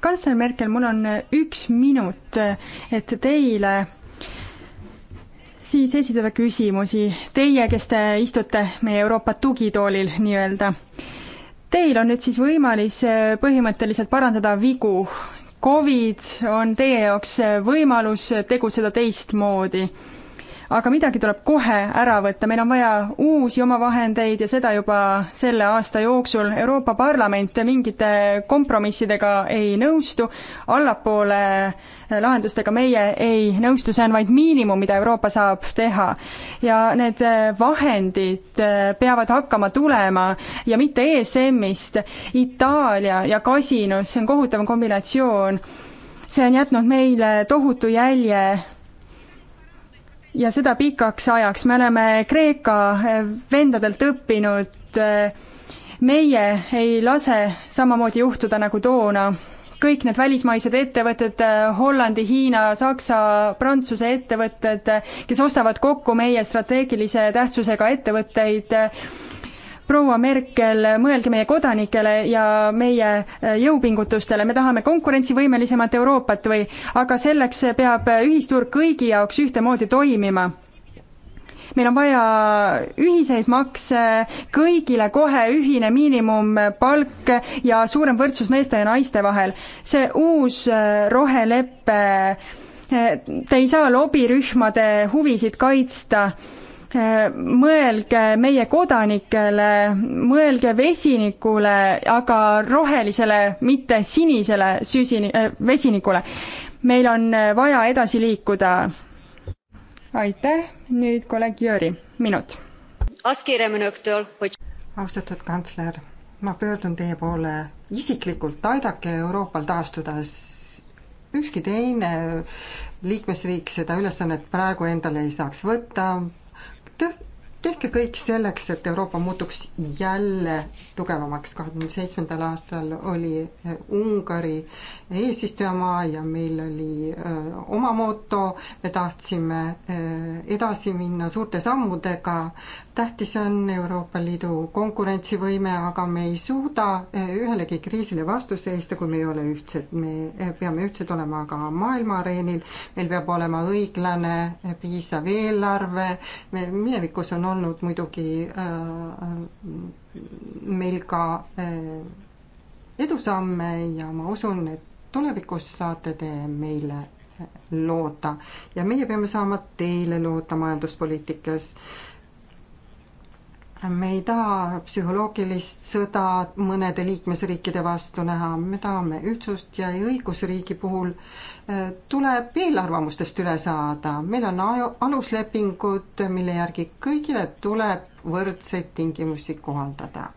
kantsler Merkel, mul on üks minut, et teile siis esitada küsimusi. Teie, kes te istute meie Euroopa tugitoolil nii-öelda, teil on nüüd siis võimalus äh, põhimõtteliselt parandada vigu. Covid on teie jaoks äh, võimalus äh, tegutseda teistmoodi aga midagi tuleb kohe ära võtta, meil on vaja uusi omavahendeid ja seda juba selle aasta jooksul. Euroopa Parlament mingite kompromissidega ei nõustu, allapoole lahendustega meie ei nõustu, see on vaid miinimum, mida Euroopa saab teha. ja need vahendid peavad hakkama tulema ja mitte ESM-ist, Itaalia ja kasinus, see on kohutav kombinatsioon, see on jätnud meile tohutu jälje ja seda pikaks ajaks, me oleme Kreeka eh, vendadelt õppinud, eh, meie ei lase samamoodi juhtuda nagu toona. kõik need välismaised ettevõtted, eh, Hollandi, Hiina, Saksa, Prantsuse ettevõtted, kes ostavad kokku meie strateegilise tähtsusega ettevõtteid, proua Merkel, mõelge meie kodanikele ja meie äh, jõupingutustele, me tahame konkurentsivõimelisemat Euroopat või, aga selleks peab ühisturg kõigi jaoks ühtemoodi toimima meil on vaja ühiseid makse, kõigile kohe ühine miinimumpalk ja suurem võrdsus meeste ja naiste vahel. see uus äh, rohelepe, äh, te ei saa lobirühmade huvisid kaitsta mõelge meie kodanikele, mõelge vesinikule, aga rohelisele, mitte sinisele süsini- äh,, vesinikule. meil on äh, vaja edasi liikuda. aitäh, nüüd kolleeg Jüri, minut. austatud kantsler, ma pöördun teie poole isiklikult, aidake Euroopal taastuda ükski teine liikmesriik seda ülesannet praegu endale ei saaks võtta, aitäh tehke kõik selleks, et Euroopa muutuks jälle tugevamaks. kahe tuhande seitsmendal aastal oli eh, Ungari eesistujamaa ja meil oli öö, eh, oma moto, me tahtsime öö, eh, edasi minna suurte sammudega. tähtis on Euroopa Liidu konkurentsivõime, aga me ei suuda ühelegi kriisile vastu seista, kui me ei ole ühtsed. me peame ühtsed olema ka maailma areenil, meil peab olema õiglane, piisav eelarve, me minevikus on olnud olnud muidugi äh, meil ka äh, edusamme ja ma usun, et tulevikus saate te meile äh, loota ja meie peame saama teile loota majanduspoliitikas äh, me ei taha psühholoogilist sõda mõnede liikmesriikide vastu näha, me tahame ühtsust ja õigusriigi puhul äh, tuleb eelarvamustest üle saada. meil on aluslepingud, mille järgi kõigile tuleb võrdseid tingimusi kohaldada.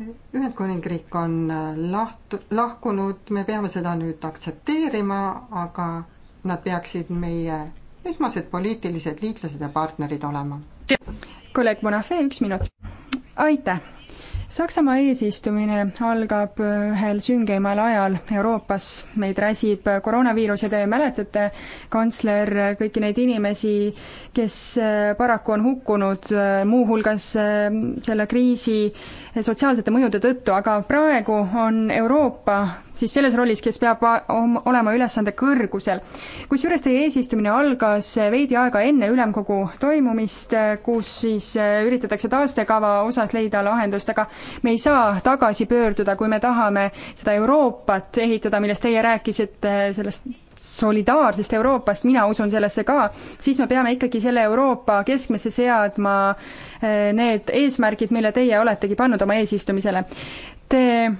Ühendkuningriik on äh, laht-, lahkunud, me peame seda nüüd aktsepteerima, aga nad peaksid meie esmased poliitilised liitlased ja partnerid olema kolleeg Bonafé, üks minut. aitäh! Saksamaa eesistumine algab äh, ühel süngeimal ajal Euroopas, meid räsib äh, koroonaviirus ja te mäletate, kantsler, äh, kõiki neid inimesi, kes paraku on hukkunud muuhulgas selle kriisi sotsiaalsete mõjude tõttu, aga praegu on Euroopa siis selles rollis, kes peab olema ülesande kõrgusel. kusjuures teie eesistumine algas veidi aega enne ülemkogu toimumist, kus siis eh, üritatakse taastekava osas leida lahendust, aga me ei saa tagasi pöörduda, kui me tahame seda Euroopat ehitada, millest teie rääkisite, sellest solidaarsest Euroopast, mina usun sellesse ka, siis me peame ikkagi selle Euroopa keskmesse seadma eh, need eesmärgid, mille teie oletegi pannud oma eesistumisele. Te äh,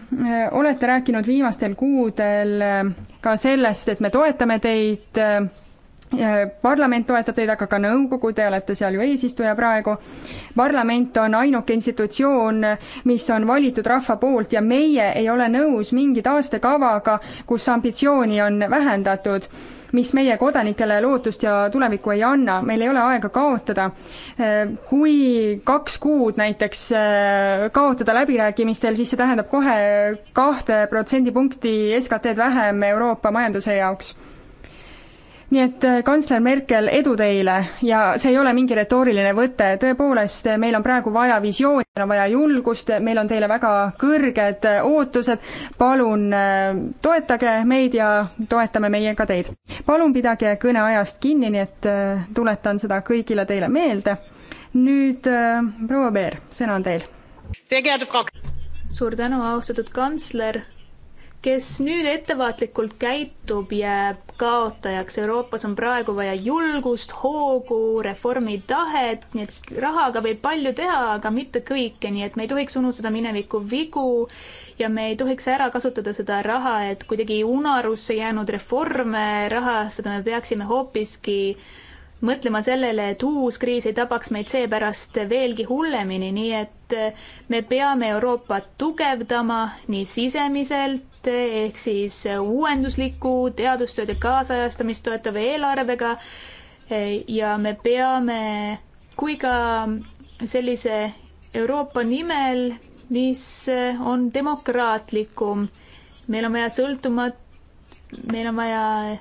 olete rääkinud viimastel kuudel äh, ka sellest, et me toetame teid, äh, parlament toetab teid, aga ka nõukogu, te olete seal ju eesistuja praegu. parlament on ainuke institutsioon, mis on valitud rahva poolt ja meie ei ole nõus mingi taastekavaga, kus ambitsiooni on vähendatud mis meie kodanikele lootust ja tulevikku ei anna, meil ei ole aega kaotada. kui kaks kuud näiteks eh, kaotada läbirääkimistel, siis see tähendab kohe kahte protsendipunkti SKT-d vähem Euroopa majanduse jaoks nii et äh, kantsler Merkel, edu teile ja see ei ole mingi retooriline võte, tõepoolest, meil on praegu vaja visiooni, meil on vaja julgust, meil on teile väga kõrged äh, ootused, palun äh, toetage meid ja toetame meie ka teid. palun pidage kõneajast kinni, nii et tuletan seda kõigile teile meelde. nüüd proua Beer, sõna on teil. suur tänu, austatud kantsler kes nüüd ettevaatlikult käitub, jääb kaotajaks. Euroopas on praegu vaja julgust, hoogu, reformitahet, nii et rahaga võib palju teha, aga mitte kõike, nii et me ei tohiks unustada mineviku vigu ja me ei tohiks ära kasutada seda raha, et kuidagi unarusse jäänud reforme rahastada, me peaksime hoopiski mõtlema sellele, et uus kriis ei tabaks meid seepärast veelgi hullemini, nii et me peame Euroopat tugevdama nii sisemiselt meetmete ehk siis uuendusliku teadustööde kaasajastamist toetava eelarvega. ja me peame kui ka sellise Euroopa nimel, mis on demokraatlikum. meil on vaja sõltumat, meil on vaja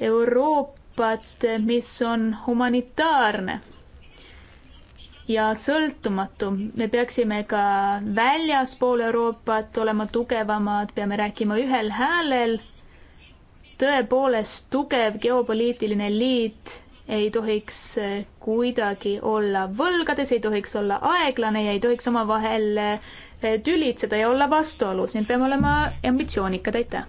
Euroopat, mis on humanitaarne ja sõltumatu. me peaksime ka väljaspool Euroopat olema tugevamad, peame rääkima ühel häälel. tõepoolest, tugev geopoliitiline liit ei tohiks eh, kuidagi olla võlgades, ei tohiks olla aeglane ja ei tohiks omavahel eh, tülitseda ja olla vastuolus, nii et peame olema ambitsioonikad, aitäh!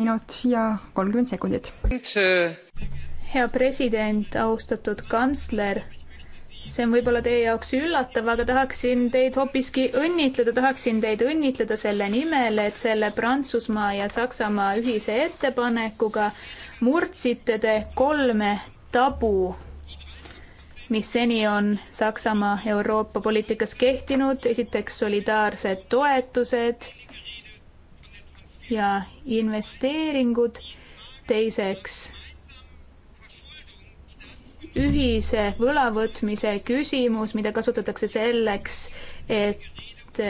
minut ja kolmkümmend sekundit. hea president, austatud kantsler, see on võib-olla teie jaoks üllatav, aga tahaksin teid hoopiski õnnitleda, tahaksin teid õnnitleda selle nimel, et selle Prantsusmaa ja Saksamaa ühise ettepanekuga murdsite te kolme tabu mis seni on Saksamaa Euroopa poliitikas kehtinud, esiteks solidaarsed toetused, ja investeeringud. teiseks ühise võlavõtmise küsimus, mida kasutatakse selleks, et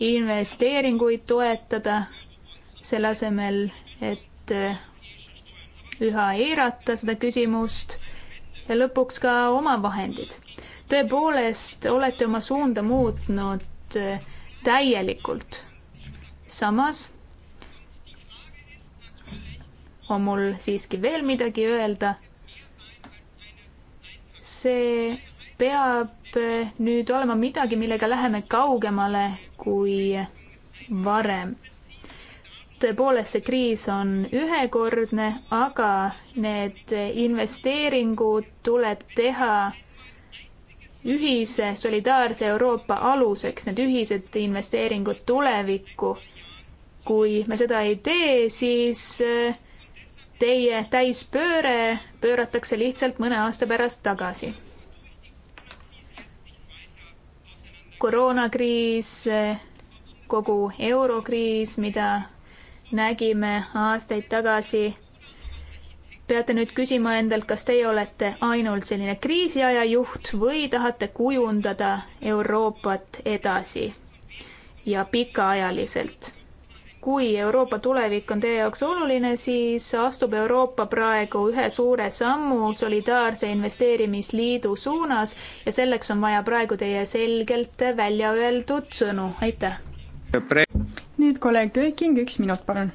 investeeringuid toetada, selle asemel, et üha eirata seda küsimust ja lõpuks ka omavahendid. tõepoolest olete oma suunda muutnud täielikult. samas on mul siiski veel midagi öelda. see peab nüüd olema midagi, millega läheme kaugemale kui varem. tõepoolest, see kriis on ühekordne, aga need investeeringud tuleb teha ühise solidaarse Euroopa aluseks, need ühised investeeringud tulevikku. kui me seda ei tee, siis äh, teie täispööre pööratakse lihtsalt mõne aasta pärast tagasi. koroonakriis, kogu eurokriis, mida nägime aastaid tagasi. peate nüüd küsima endalt, kas teie olete ainult selline kriisiaja juht või tahate kujundada Euroopat edasi ja pikaajaliselt kui Euroopa tulevik on teie jaoks oluline, siis astub Euroopa praegu ühe suure sammu solidaarse investeerimisliidu suunas ja selleks on vaja praegu teie selgelt välja öeldud sõnu, aitäh. nüüd kolleeg Kööking, üks minut, palun.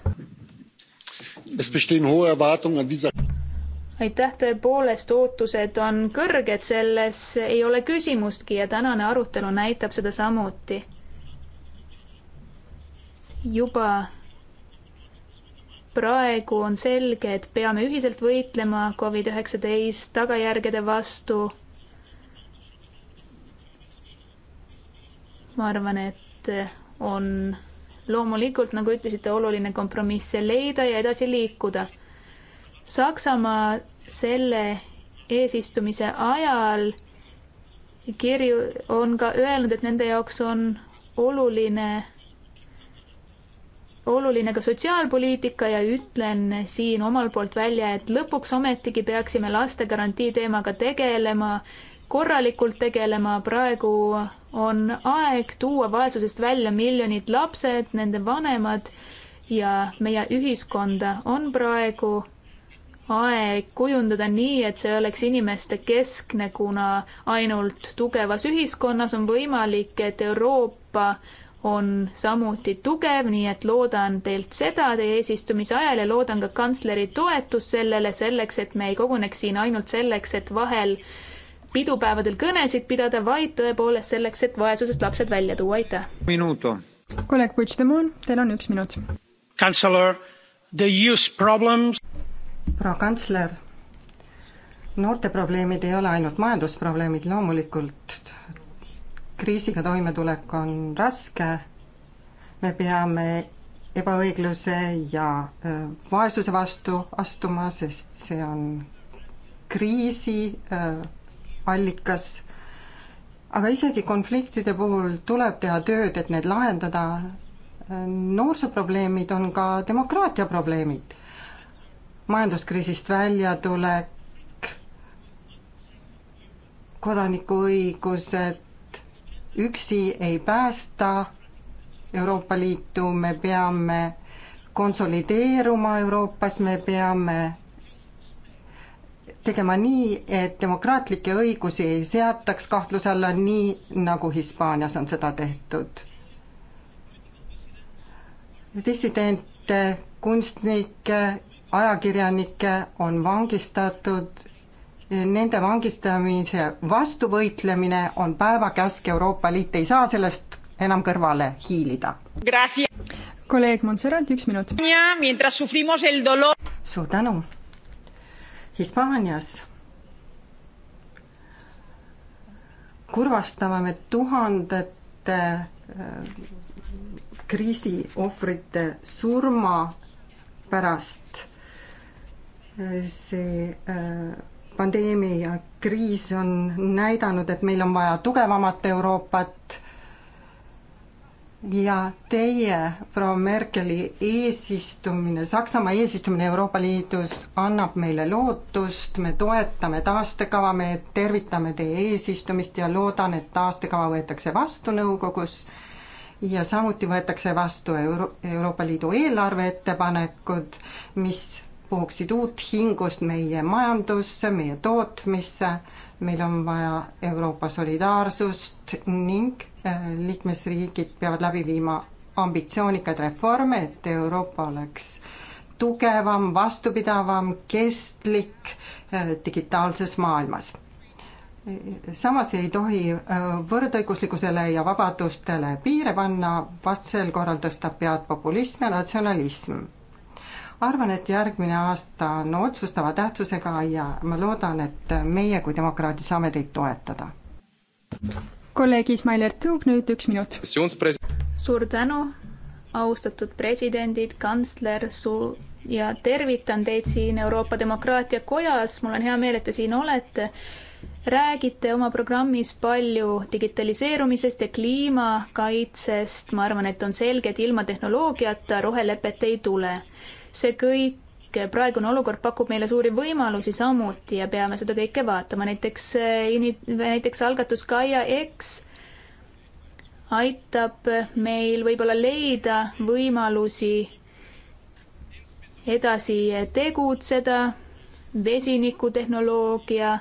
aitäh, tõepoolest ootused on kõrged, selles ei ole küsimustki ja tänane arutelu näitab seda samuti juba praegu on selge, et peame ühiselt võitlema Covid-19 tagajärgede vastu. ma arvan, et on loomulikult, nagu ütlesite, oluline kompromisse leida ja edasi liikuda. Saksamaa selle eesistumise ajal kirju on ka öelnud, et nende jaoks on oluline oluline ka sotsiaalpoliitika ja ütlen siin omalt poolt välja, et lõpuks ometigi peaksime laste garantii teemaga tegelema, korralikult tegelema, praegu on aeg tuua vaesusest välja miljonid lapsed, nende vanemad ja meie ühiskonda on praegu aeg kujundada nii, et see oleks inimeste keskne, kuna ainult tugevas ühiskonnas on võimalik, et Euroopa on samuti tugev, nii et loodan teilt seda teie eesistumise ajal ja loodan ka kantsleri toetust sellele, selleks et me ei koguneks siin ainult selleks, et vahel pidupäevadel kõnesid pidada, vaid tõepoolest selleks, et vaesusest lapsed välja tuua, aitäh! minuto. kolleeg Puigdemont, teil on üks minut. kantsler, the youth problems. proua kantsler, noorte probleemid ei ole ainult majandusprobleemid, loomulikult kriisiga toimetulek on raske, me peame ebaõigluse ja vaesuse vastu astuma, sest see on kriisi allikas. aga isegi konfliktide puhul tuleb teha tööd, et need lahendada. noorsooprobleemid on ka demokraatia probleemid. majanduskriisist väljatulek, kodanikuõigused, üksi ei päästa Euroopa Liitu, me peame konsolideeruma Euroopas, me peame tegema nii, et demokraatlikke õigusi ei seataks kahtluse alla, nii nagu Hispaanias on seda tehtud. dissidente, kunstnikke, ajakirjanikke on vangistatud nende vangistamise vastu võitlemine on päevakäsk, Euroopa Liit ei saa sellest enam kõrvale hiilida. kolleeg Montserrat, üks minut. suur tänu. Hispaanias kurvastame me tuhandete äh, kriisiohvrite surma pärast äh, see äh, pandeemia kriis on näidanud, et meil on vaja tugevamat Euroopat ja teie, proua Merkeli eesistumine, Saksamaa eesistumine Euroopa Liidus annab meile lootust, me toetame taastekava, me tervitame teie eesistumist ja loodan, et taastekava võetakse vastu nõukogus ja samuti võetakse vastu Euro-, Euroopa Liidu eelarve ettepanekud, mis puhuksid uut hingust meie majandusse, meie tootmisse, meil on vaja Euroopa solidaarsust ning äh, liikmesriigid peavad läbi viima ambitsioonikaid reforme, et Euroopa oleks tugevam, vastupidavam, kestlik äh, digitaalses maailmas. samas ei tohi äh, võrdõiguslikkusele ja vabadustele piire panna, vastasel korral tõstab pead populism ja natsionalism arvan, et järgmine aasta on otsustava tähtsusega ja ma loodan, et meie kui demokraadid saame teid toetada. kolleeg Ismail Ertug, nüüd üks minut. suur tänu, austatud presidendid, kantsler, su- ja tervitan teid siin Euroopa Demokraatia Kojas, mul on hea meel, et te siin olete räägite oma programmis palju digitaliseerumisest ja kliimakaitsest. ma arvan, et on selge, et ilma tehnoloogiata rohelepet ei tule see kõik praegune olukord pakub meile suuri võimalusi samuti ja peame seda kõike vaatama, näiteks, eh, näiteks algatus Gaia X aitab meil võib-olla leida võimalusi edasi tegutseda, vesinikutehnoloogia,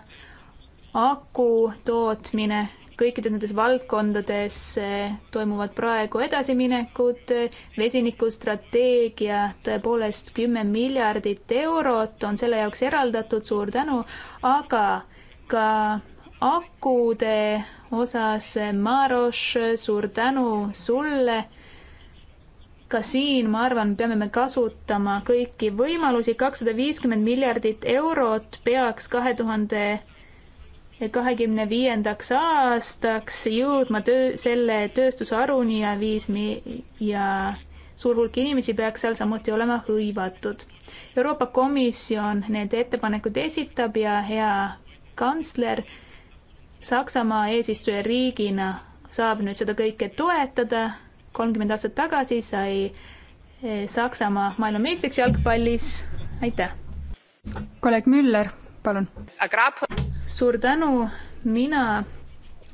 aku tootmine kõikides nendes valdkondades eh, toimuvad praegu edasiminekud, vesinikustrateegia tõepoolest kümme miljardit eurot on selle jaoks eraldatud, suur tänu, aga ka akude osas, eh, Maroš, suur tänu sulle ka siin, ma arvan, peame me kasutama kõiki võimalusi, kakssada viiskümmend miljardit eurot peaks kahe tuhande kahekümne viiendaks aastaks jõudma töö, selle tööstusharuni ja viis mi- ja suur hulk inimesi peaks seal samuti olema hõivatud. Euroopa Komisjon need ettepanekud esitab ja hea kantsler Saksamaa eesistujariigina saab nüüd seda kõike toetada. kolmkümmend aastat tagasi sai eh, Saksamaa maailmameistriks jalgpallis. aitäh! kolleeg Müller, palun suur tänu, mina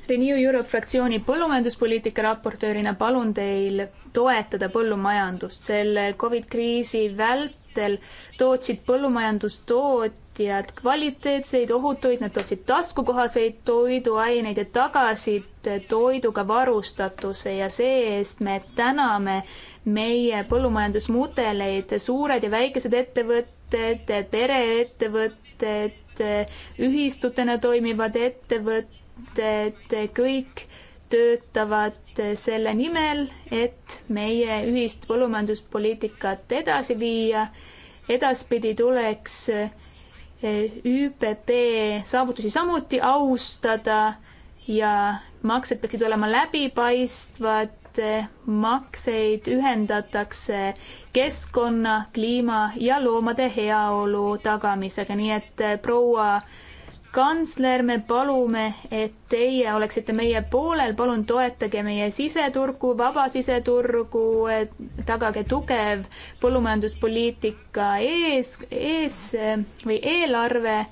Renew Europe fraktsiooni põllumajanduspoliitika raportöörina palun teil toetada põllumajandust. selle Covid kriisi vältel tootsid põllumajandustootjad kvaliteetseid, ohutuid, nad tootsid taskukohaseid toiduaineid ja tagasid toiduga varustatuse ja see-eest me täname meie põllumajandusmudeleid, suured ja väikesed ettevõtted, pereettevõtted, Äh, ühistutena toimivad ettevõtted äh, kõik töötavad äh, selle nimel, et meie ühist põllumajanduspoliitikat edasi viia. edaspidi tuleks ÜPP saavutusi samuti austada ja maksed peaksid olema läbipaistvad makseid ühendatakse keskkonna, kliima ja loomade heaolu tagamisega, nii et eh, proua kantsler, me palume, et teie oleksite meie poolel, palun toetage meie siseturgu, vaba siseturgu, tagage tugev põllumajanduspoliitika ees, ees eh, või eelarve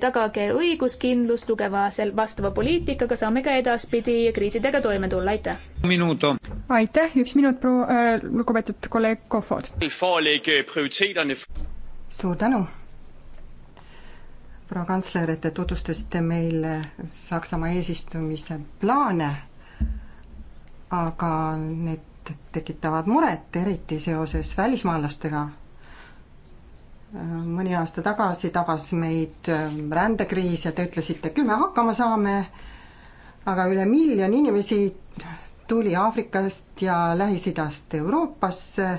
tagage õiguskindlus tugeva sel-, vastava poliitikaga, saame ka edaspidi kriisidega toime tulla, aitäh! minuto. aitäh, üks minut, proua äh,, lugupeetud kolleeg Kofod. suur tänu! proua kantsler, et te tutvustasite meile Saksamaa eesistumise plaane, aga need tekitavad muret, eriti seoses välismaalastega mõni aasta tagasi tabas meid äh, rändekriis ja te ütlesite, küll me hakkama saame, aga üle miljoni inimesi tuli Aafrikast ja Lähis-Idast Euroopasse.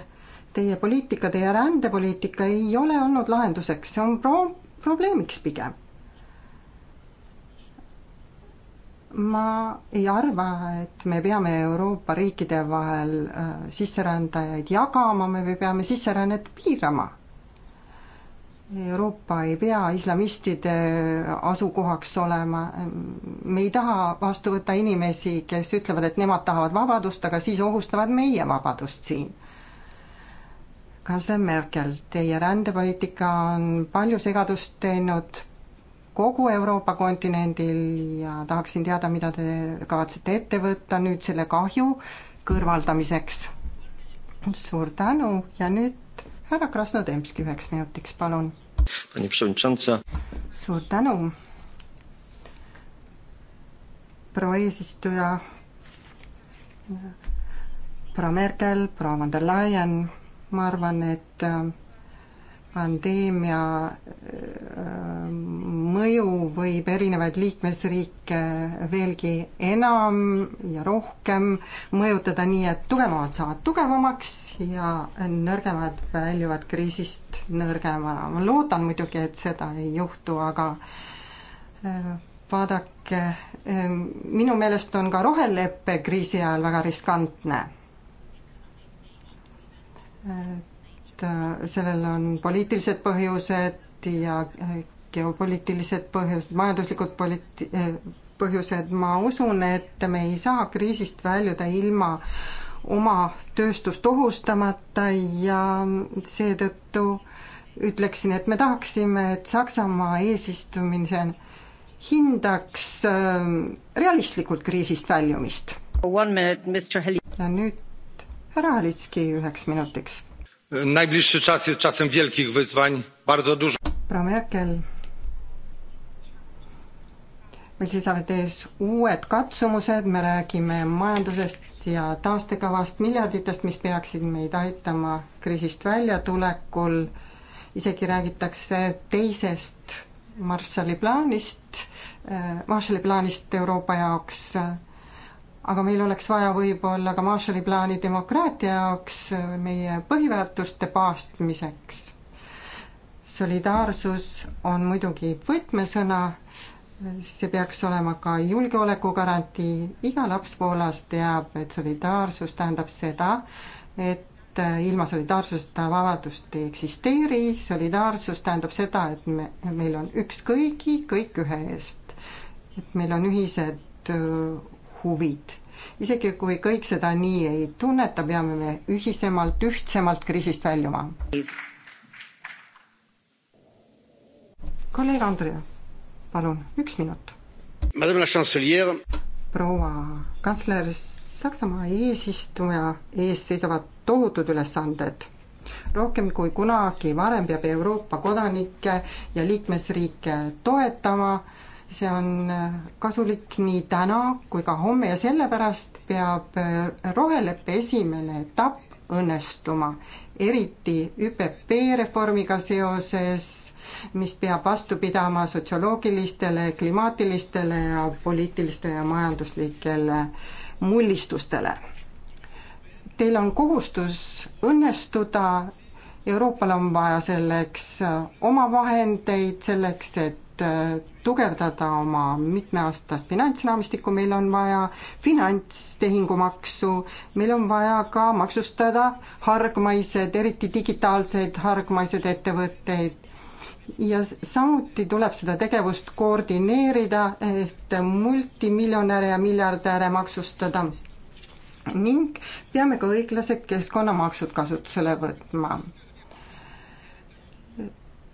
Teie poliitika, teie rändepoliitika ei ole olnud lahenduseks, see on pro-, probleemiks pigem. ma ei arva, et me peame Euroopa riikide vahel äh, sisserändajaid jagama, me peame sisserännet piirama Euroopa ei pea islamistide asukohaks olema, me ei taha vastu võtta inimesi, kes ütlevad, et nemad tahavad vabadust, aga siis ohustavad meie vabadust siin. kantsler Merkel, teie rändepoliitika on palju segadust teinud kogu Euroopa kontinendil ja tahaksin teada, mida te kavatsete ette võtta nüüd selle kahju kõrvaldamiseks. suur tänu ja nüüd härra Krasnodemski üheks minutiks, palun. suur tänu. proua eesistuja, proua Merkel, proua von der Leyen, ma arvan, et äh, pandeemia äh, mõju võib erinevaid liikmesriike veelgi enam ja rohkem mõjutada nii, et tugevamad saavad tugevamaks ja nõrgemad väljuvad kriisist nõrgemana. ma loodan muidugi, et seda ei juhtu, aga äh, vaadake, äh, minu meelest on ka roheleppe kriisi ajal väga riskantne Äh, sellel on poliitilised põhjused ja äh, geopoliitilised põhjused, majanduslikud poliit-, äh, põhjused, ma usun, et me ei saa kriisist väljuda ilma oma tööstust ohustamata ja seetõttu ütleksin, et me tahaksime, et Saksamaa eesistumine hindaks realistlikult kriisist väljumist. ja nüüd härra Halitski üheks minutiks Najbliższy czas jest czasem wielkich wyzwań, bardzo dużo. proua Merkel, meil seisavad ees uued katsumused, me räägime majandusest ja taastekavast, miljarditest, mis peaksid meid aitama kriisist väljatulekul. isegi räägitakse teisest Marshalli plaanist, eh, Marshalli plaanist Euroopa jaoks aga meil oleks vaja võib-olla ka Marshalli plaani demokraatia jaoks, äh, meie põhiväärtuste paastmiseks. solidaarsus on muidugi võtmesõna, see peaks olema ka julgeoleku garantii, iga laps Poolas teab, et solidaarsus tähendab seda, et äh, ilma solidaarsuseta vabadust ei eksisteeri, solidaarsus tähendab seda, et me, meil on üks kõigi, kõik ühe eest. et meil on ühised äh, huvid. isegi kui kõik seda nii ei tunneta, peame me ühisemalt, ühtsemalt kriisist väljuma. kolleeg Andrea, palun, üks minut. proua kantsler, Saksamaa eesistuja ees seisavad tohutud ülesanded rohkem kui kunagi varem peab Euroopa kodanikke ja liikmesriike toetama see on äh, kasulik nii täna kui ka homme ja sellepärast peab äh, roheleppe esimene etapp õnnestuma, eriti ÜPP reformiga seoses, mis peab vastu pidama sotsioloogilistele, klimaatilistele ja poliitilistele ja majanduslikele mullistustele. Teil on kohustus õnnestuda Euroopal on vaja selleks äh, omavahendeid, selleks, et Äh, tugevdada oma mitmeaastast finantsraamistikku, meil on vaja finantstehingumaksu, meil on vaja ka maksustada hargmaised, eriti digitaalseid hargmaised ettevõtteid. ja samuti tuleb seda tegevust koordineerida, et multimiljonäre ja miljardäre maksustada ning peame ka õiglased keskkonnamaksud kasutusele võtma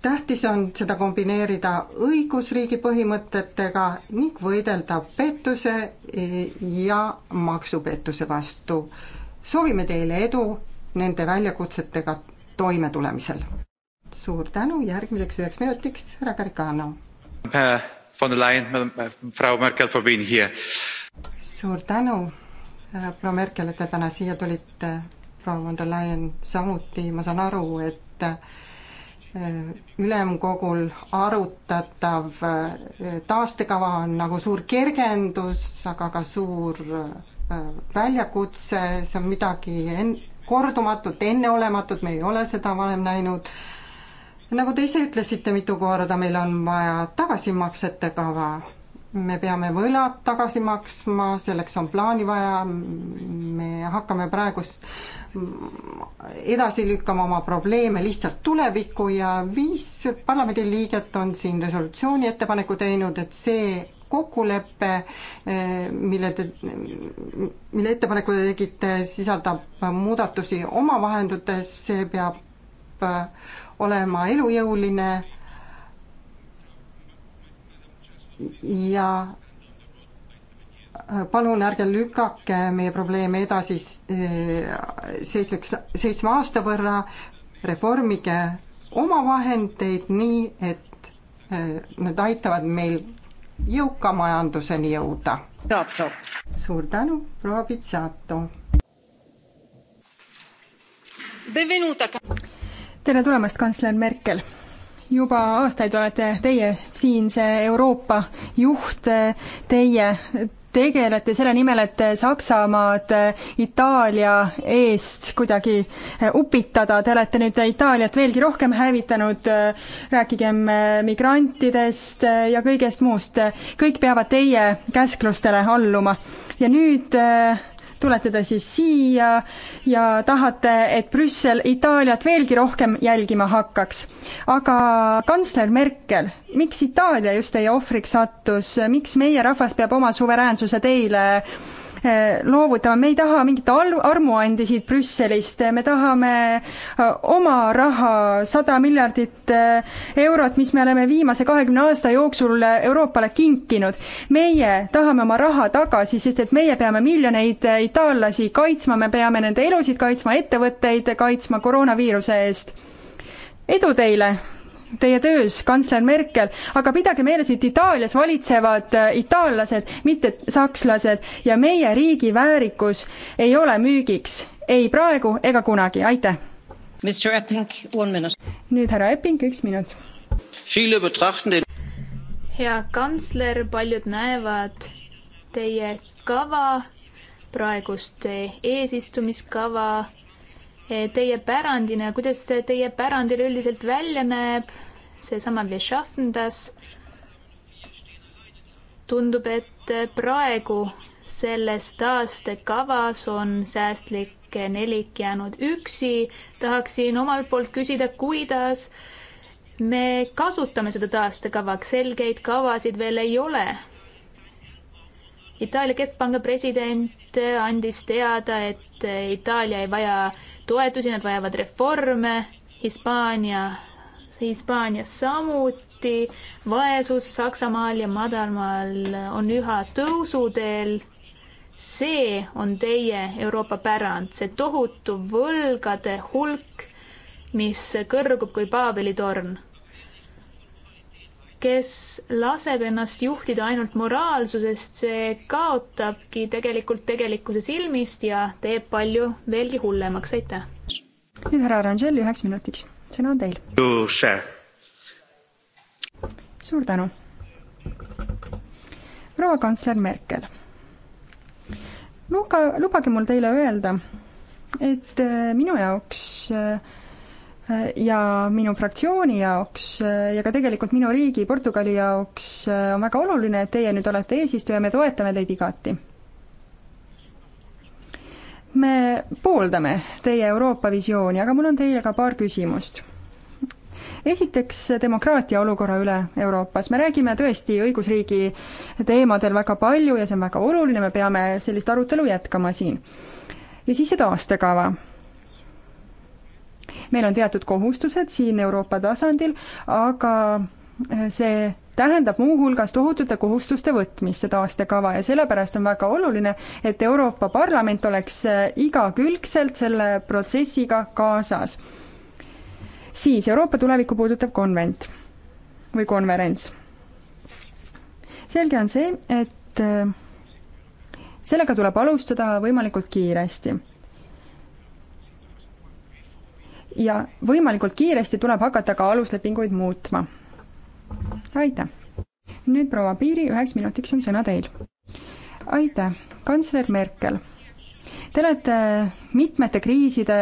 tähtis on seda kombineerida õigusriigi põhimõtetega ning võidelda pettuse e, ja maksupettuse vastu. soovime teile edu nende väljakutsetega toimetulemisel. suur tänu, järgmiseks üheks minutiks härra Garicano. Äh, von der Leyen, äh, Frau Merkel for being here. suur tänu, proua Merkel, et te täna siia tulite, proua von der Leyen samuti, ma saan aru, et ülemkogul arutatav eh, taastekava on nagu suur kergendus, aga ka suur eh, väljakutse, see on midagi en-, kordumatut, enneolematut, me ei ole seda varem näinud. nagu te ise ütlesite mitu korda, meil on vaja tagasimaksete kava, me peame võlad tagasi maksma, selleks on plaani vaja, me hakkame praegust edasi lükkama oma probleeme lihtsalt tulevikku ja viis parlamendiliiget on siin resolutsiooni ettepaneku teinud, et see kokkulepe, mille te, mille ettepaneku te tegite, sisaldab muudatusi omavahendutes, see peab olema elujõuline ja palun ärge lükake meie probleeme edasi eh, seitsmeks, seitsme aasta võrra, reformige oma vahendeid nii, et eh, need aitavad meil jõuka majanduseni jõuda. suur tänu, proua Pitsato. tere tulemast, kantsler Merkel juba aastaid olete teie siinse Euroopa juht, teie tegelete selle nimel, et Saksamaad äh, Itaalia eest kuidagi äh, upitada, te olete nüüd Itaaliat veelgi rohkem hävitanud, äh, rääkigem migrantidest ja kõigest muust, kõik peavad teie käsklustele alluma. ja nüüd tulete te siis siia ja tahate, et Brüssel Itaaliat veelgi rohkem jälgima hakkaks. aga kantsler Merkel, miks Itaalia just teie ohvriks sattus, miks meie rahvas peab oma suveräänsuse teile Eh, loovutama, me ei taha mingit armuandi siit Brüsselist, me tahame eh, oma raha, sada miljardit eh, eurot, mis me oleme viimase kahekümne aasta jooksul Euroopale kinkinud. meie tahame oma raha tagasi, sest et meie peame miljoneid itaallasi kaitsma, me peame nende elusid kaitsma, ettevõtteid kaitsma koroonaviiruse eest. edu teile teie töös, kantsler Merkel, aga pidage meeles, et Itaalias valitsevad äh, itaallased, mitte sakslased ja meie riigi väärikus ei ole müügiks ei praegu ega kunagi, aitäh. nüüd härra Epping, üks minut. hea kantsler, paljud näevad teie kava, praegust eesistumiskava Eh, teie pärandina, kuidas teie pärand üleüldiselt välja näeb, seesama Wir schaffen das. tundub, et praegu selles taastekavas on säästlik nelik jäänud üksi. tahaksin omalt poolt küsida, kuidas me kasutame seda taastekava, selgeid kavasid veel ei ole Itaalia keskpanga president andis teada, et Itaalia ei vaja toetusi, nad vajavad reforme, Hispaania, Hispaanias samuti, vaesus Saksamaal ja madalmaal on üha tõusuteel see on teie Euroopa pärand, see tohutu võlgade hulk, mis kõrgub kui Paabeli torn kes laseb ennast juhtida ainult moraalsusest, see kaotabki tegelikult tegelikkuse silmist ja teeb palju veelgi hullemaks, aitäh. nüüd härra Rangel üheks minutiks, sõna on teil. suur tänu. proua kantsler Merkel, luga, lubage mul teile öelda, et äh, minu jaoks äh, ja minu fraktsiooni jaoks äh, ja ka tegelikult minu riigi, Portugali jaoks äh, on väga oluline, et teie nüüd olete eesistuja, me toetame teid igati. me pooldame teie Euroopa visiooni, aga mul on teile ka paar küsimust esiteks demokraatia olukorra üle Euroopas, me räägime tõesti õigusriigi teemadel väga palju ja see on väga oluline, me peame sellist arutelu jätkama siin. ja siis see taastekava meil on teatud kohustused siin Euroopa tasandil, aga eh, see tähendab muuhulgas tohutute kohustuste võtmist, see taastekava, ja sellepärast on väga oluline, et Euroopa Parlament oleks eh, igakülgselt selle protsessiga kaasas. siis Euroopa tulevikku puudutav konvent või konverents. selge on see, et eh, sellega tuleb alustada võimalikult kiiresti ja võimalikult kiiresti tuleb hakata ka aluslepinguid muutma. aitäh! nüüd proua Piiri, üheks minutiks on sõna teil. aitäh, kantsler Merkel Te olete mitmete kriiside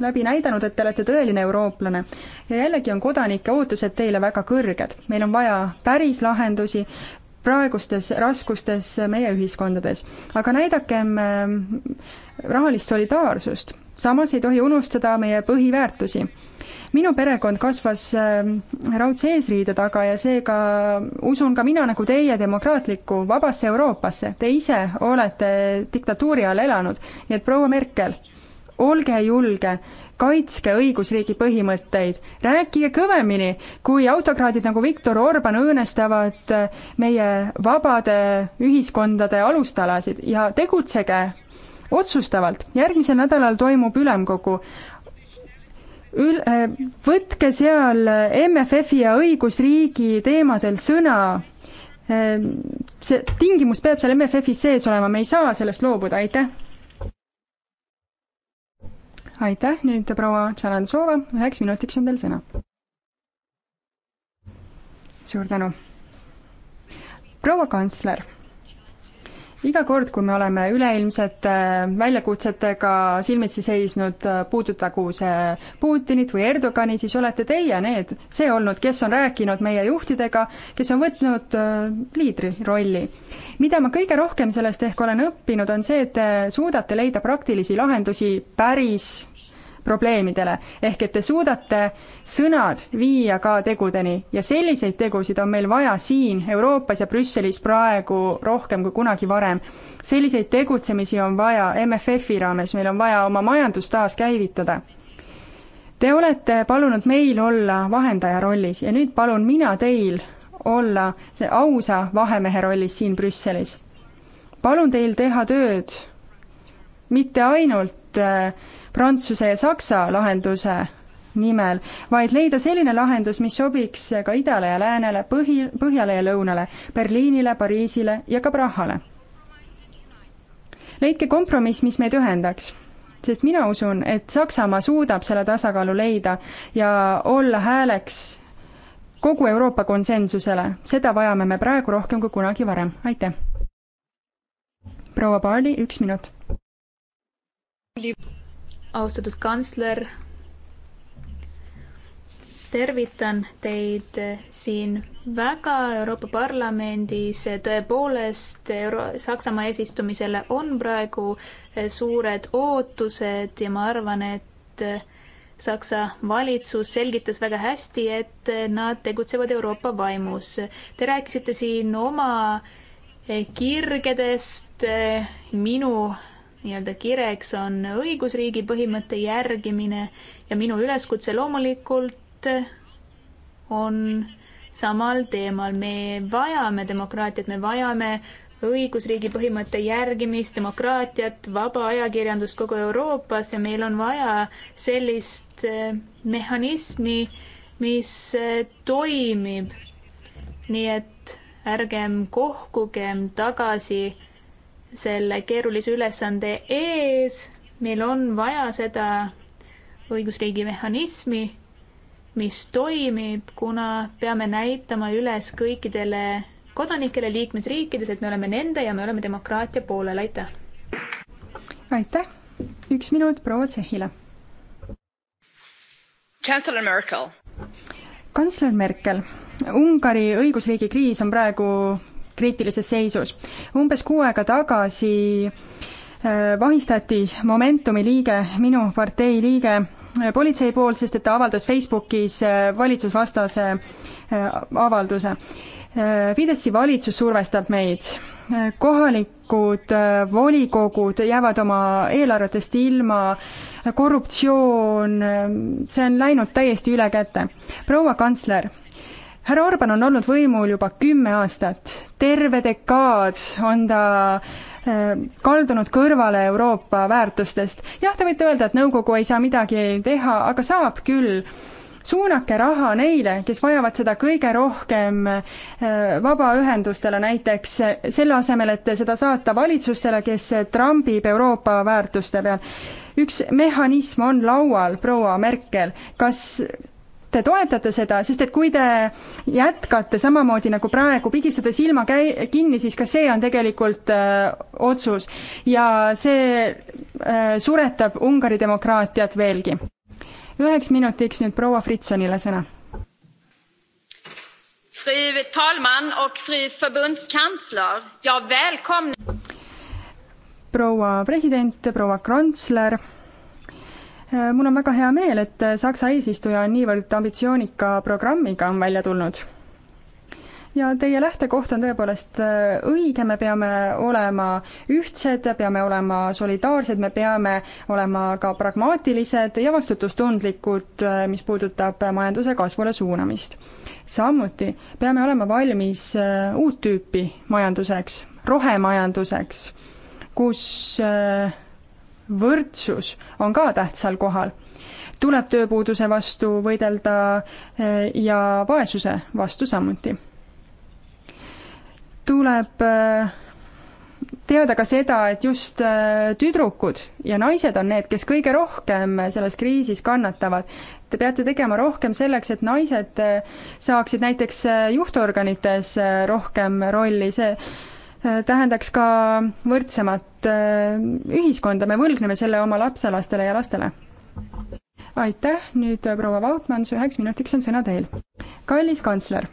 läbi näidanud, et te olete tõeline eurooplane ja jällegi on kodanike ootused teile väga kõrged. meil on vaja päris lahendusi praegustes raskustes meie ühiskondades, aga näidakem ähm, rahalist solidaarsust samas ei tohi unustada meie põhiväärtusi. minu perekond kasvas ähm, raudse eesriide taga ja seega usun ka mina nagu teie demokraatlikku vabasse Euroopasse. Te ise olete diktatuuri all elanud, nii et proua Merkel, olge julge, kaitske õigusriigi põhimõtteid, rääkige kõvemini, kui autokraadid nagu Viktor Orban õõnestavad äh, meie vabade ühiskondade alustalasid ja tegutsege otsustavalt. järgmisel nädalal toimub ülemkogu ül-, äh, võtke seal MFF-i ja õigusriigi teemadel sõna. Ähm, see tingimus peab seal MFF-is sees olema, me ei saa sellest loobuda, aitäh. aitäh, nüüd proua Tšarantsova, üheks minutiks on teil sõna. suur tänu. proua kantsler iga kord, kui me oleme üleilmsete äh, väljakutsetega silmitsi seisnud, äh, puudutagu see Putinit või Erdogani, siis olete teie need, see olnud, kes on rääkinud meie juhtidega, kes on võtnud äh, liidri rolli. mida ma kõige rohkem sellest ehk olen õppinud, on see, et te suudate leida praktilisi lahendusi päris probleemidele. ehk et te suudate sõnad viia ka tegudeni ja selliseid tegusid on meil vaja siin Euroopas ja Brüsselis praegu rohkem kui kunagi varem. selliseid tegutsemisi on vaja MFF-i raames, meil on vaja oma majandust taaskäivitada. Te olete palunud meil olla vahendaja rollis ja nüüd palun mina teil olla see ausa vahemehe rollis siin Brüsselis. palun teil teha tööd mitte ainult äh, Prantsuse ja Saksa lahenduse nimel, vaid leida selline lahendus, mis sobiks ka idale ja läänele, põhi, põhjale ja lõunale, Berliinile, Pariisile ja ka Prahale. leidke kompromiss, mis meid ühendaks, sest mina usun, et Saksamaa suudab selle tasakaalu leida ja olla hääleks kogu Euroopa konsensusele, seda vajame me praegu rohkem kui kunagi varem, aitäh! proua Paali, üks minut austatud kantsler. tervitan teid siin väga Euroopa Parlamendis. tõepoolest, Euro-, Saksamaa eesistumisele on praegu suured ootused ja ma arvan, et Saksa valitsus selgitas väga hästi, et nad tegutsevad Euroopa vaimus. Te rääkisite siin oma kirgedest, minu nii-öelda kireks on õigusriigi põhimõtte järgimine ja minu üleskutse loomulikult on samal teemal. me vajame demokraatiat, me vajame õigusriigi põhimõtte järgimist, demokraatiat, vaba ajakirjandust kogu Euroopas ja meil on vaja sellist eh, mehhanismi, mis eh, toimib. nii et ärgem kohkugem tagasi selle keerulise ülesande ees. meil on vaja seda õigusriigi mehhanismi, mis toimib, kuna peame näitama üles kõikidele kodanikele liikmesriikides, et me oleme nende ja me oleme demokraatia poolel, aitäh! aitäh! üks minut proua Tšehhile. kantsler Merkel. kantsler Merkel, Ungari õigusriigi kriis on praegu kriitilises seisus. umbes kuu aega tagasi äh, vahistati Momentumi liige, minu partei liige, äh, politsei poolt, sest et ta avaldas Facebookis äh, valitsusvastase avalduse. Fideszi valitsus survestab meid, kohalikud volikogud jäävad oma eelarvetest ilma, korruptsioon, see on läinud täiesti üle käte. proua kantsler härra Orban on olnud võimul juba kümme aastat, terve dekaad on ta äh, kaldunud kõrvale Euroopa väärtustest. jah, te võite öelda, et nõukogu ei saa midagi teha, aga saab küll. suunake raha neile, kes vajavad seda kõige rohkem, äh, vabaühendustele näiteks, selle asemel, et seda saata valitsustele, kes trambib Euroopa väärtuste peal. üks mehhanism on laual, proua Merkel, kas te toetate seda, sest et kui te jätkate samamoodi nagu praegu, pigistades ilma käi-, kinni, siis ka see on tegelikult äh, otsus. ja see äh, suretab Ungari demokraatiat veelgi. üheks minutiks nüüd proua Fritsonile sõna. Fru talman och fru förbundskansler, jag välkomnar proua president, proua kantsler Äh, mul on väga hea meel, et äh, Saksa eesistuja on niivõrd ambitsioonika programmiga on välja tulnud. ja teie lähtekoht on tõepoolest äh, õige, me peame olema ühtsed, peame olema solidaarsed, me peame olema ka pragmaatilised ja vastutustundlikud, mis puudutab majanduse kasvule suunamist samuti peame olema valmis uut tüüpi majanduseks, rohemajanduseks, kus äh, võrdsus on ka tähtsal kohal. tuleb tööpuuduse vastu võidelda eh, ja vaesuse vastu samuti. tuleb eh, teada ka seda, et just eh, tüdrukud ja naised on need, kes kõige rohkem selles kriisis kannatavad. Te peate tegema rohkem selleks, et naised saaksid näiteks juhtorganites rohkem rolli, see tähendaks ka võrdsemat äh, ühiskonda, me võlgneme selle oma lapselastele ja lastele. aitäh, nüüd äh, proua Vautmans, üheks minutiks on sõna teil. kallis kantsler,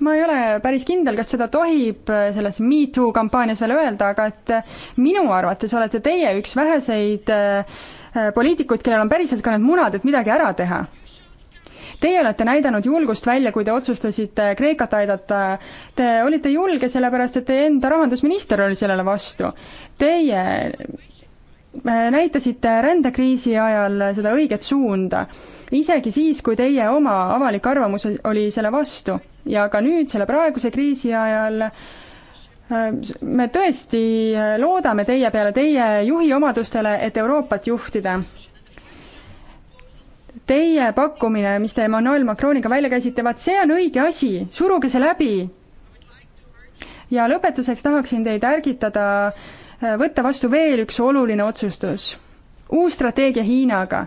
ma ei ole päris kindel, kas seda tohib äh, selles MeToo kampaanias veel öelda, aga et minu arvates olete teie üks väheseid poliitikuid, kellel on päriselt ka need munad, et midagi ära teha Teie olete näidanud julgust välja, kui te otsustasite Kreekat aidata. Te olite julge, sellepärast et teie enda rahandusminister oli sellele vastu. Teie äh, näitasite rändekriisi ajal seda õiget suunda, isegi siis, kui teie oma avalik arvamus oli selle vastu ja ka nüüd, selle praeguse kriisi ajal äh, me tõesti äh, loodame teie peale, teie juhi omadustele, et Euroopat juhtida teie pakkumine, mis te Emmanuel Macroniga välja käisite, vaat see on õige asi, suruge see läbi. ja lõpetuseks tahaksin teid ärgitada äh, võtta vastu veel üks oluline otsustus. uus strateegia Hiinaga.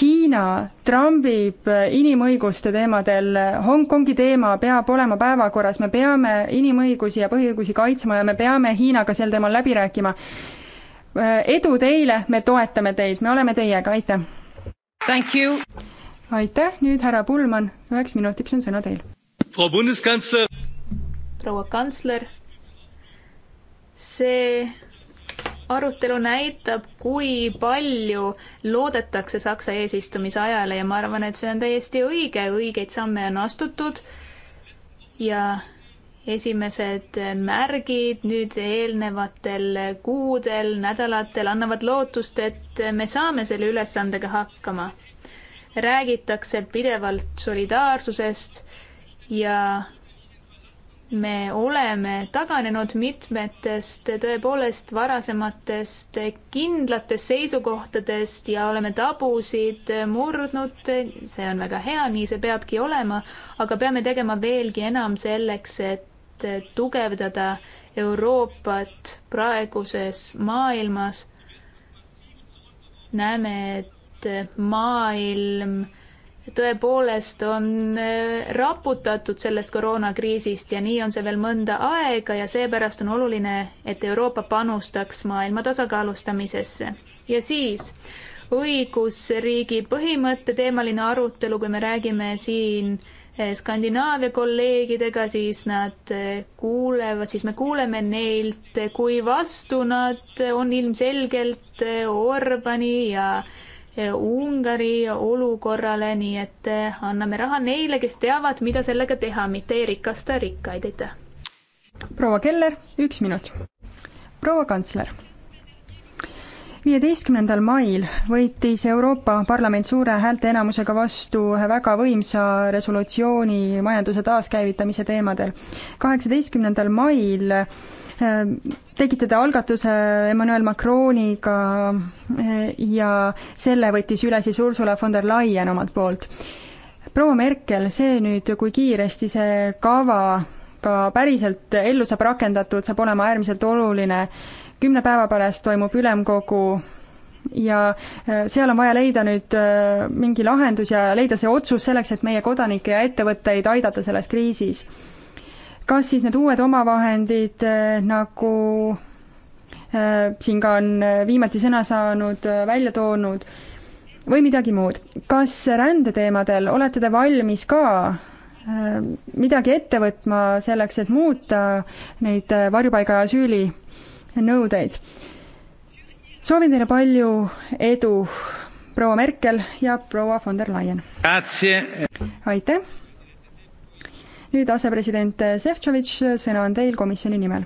Hiina trambib äh, inimõiguste teemadel, Hongkongi teema peab olema päevakorras, me peame inimõigusi ja põhiõigusi kaitsma ja me peame Hiinaga sel teemal läbi rääkima. Äh, edu teile, me toetame teid, me oleme teiega, aitäh! aitäh, nüüd härra Pullmann, üheks minutiks on sõna teil. proua kantsler, see arutelu näitab, kui palju loodetakse Saksa eesistumise ajale ja ma arvan, et see on täiesti õige, õigeid samme on astutud ja esimesed märgid nüüd eelnevatel kuudel, nädalatel annavad lootust, et me saame selle ülesandega hakkama. räägitakse pidevalt solidaarsusest ja me oleme taganenud mitmetest tõepoolest varasematest kindlatest seisukohtadest ja oleme tabusid murdnud. see on väga hea, nii see peabki olema, aga peame tegema veelgi enam selleks, et et tugevdada Euroopat praeguses maailmas. näeme, et maailm tõepoolest on äh, raputatud sellest koroonakriisist ja nii on see veel mõnda aega ja seepärast on oluline, et Euroopa panustaks maailma tasakaalustamisesse. ja siis õigusriigi põhimõtte teemaline arutelu, kui me räägime siin äh, Eh, Skandinaavia kolleegidega, siis nad eh, kuulevad, siis me kuuleme neilt, eh, kui vastu nad on ilmselgelt Orbani ja Ungari olukorrale, nii et anname raha neile, kes teavad, mida sellega teha, mitte ei rikasta rikkaid, aitäh. proua Keller, üks minut. proua kantsler viieteistkümnendal mail võitis Euroopa Parlament suure häälteenamusega vastu väga võimsa resolutsiooni majanduse taaskäivitamise teemadel. kaheksateistkümnendal mail eh, tegite te algatuse Emmanuel Macroniga eh, ja selle võttis üle siis Ursula von der Leyen omalt poolt. proua Merkel, see nüüd, kui kiiresti see kava ka päriselt ellu saab rakendatud, saab olema äärmiselt oluline kümne päeva pärast toimub ülemkogu ja äh, seal on vaja leida nüüd äh, mingi lahendus ja leida see otsus selleks, et meie kodanikke ja ettevõtteid aidata selles kriisis. kas siis need uued omavahendid äh, nagu siin ka on viimati sõna saanud, välja toonud, või midagi muud. kas rändeteemadel olete te valmis ka midagi ette võtma selleks, et muuta neid varjupaiga asüüli nõudeid. soovin teile palju edu, proua Merkel ja proua von der Leyen. aitäh. nüüd asepresident Šefčovitš, sõna on teil komisjoni nimel.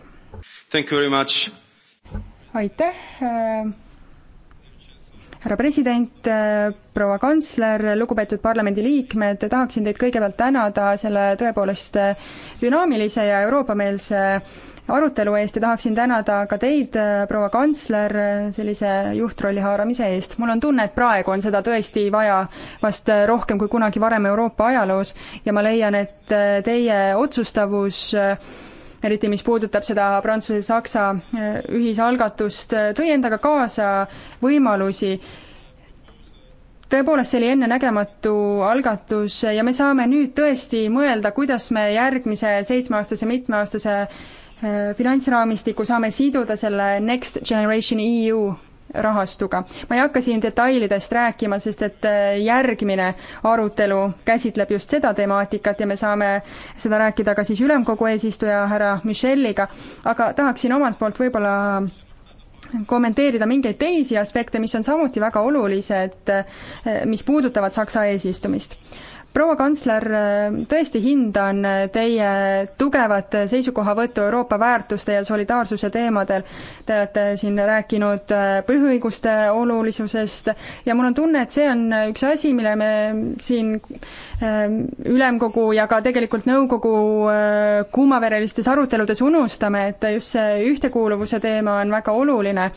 aitäh äh, härra president, äh, proua kantsler, lugupeetud parlamendiliikmed, tahaksin teid kõigepealt tänada selle tõepoolest dünaamilise ja Euroopa-meelse arutelu eest ja tahaksin tänada ka teid, proua kantsler, sellise juhtrolli haaramise eest. mul on tunne, et praegu on seda tõesti vaja vast rohkem kui kunagi varem Euroopa ajaloos ja ma leian, et teie otsustavus eriti mis puudutab seda Prantsuse-Saksa äh, ühisalgatust, tõi endaga kaasa võimalusi tõepoolest, see oli ennenägematu algatus ja me saame nüüd tõesti mõelda, kuidas me järgmise seitsmeaastase, mitmeaastase Äh, finantsraamistiku saame siduda selle Next Generation EU rahastuga. ma ei hakka siin detailidest rääkima, sest et äh, järgmine arutelu käsitleb just seda temaatikat ja me saame seda rääkida ka siis ülemkogu eesistuja härra Michelliga, aga tahaksin omalt poolt võib-olla kommenteerida mingeid teisi aspekte, mis on samuti väga olulised, äh, mis puudutavad Saksa eesistumist proua kantsler, tõesti hindan teie tugevat seisukohavõttu Euroopa väärtuste ja solidaarsuse teemadel. Te olete siin rääkinud äh, põhiõiguste olulisusest ja mul on tunne, et see on üks asi, mille me siin ähm, ülemkogu ja ka tegelikult nõukogu äh, kuumaverelistes aruteludes unustame, et just see ühtekuuluvuse teema on väga oluline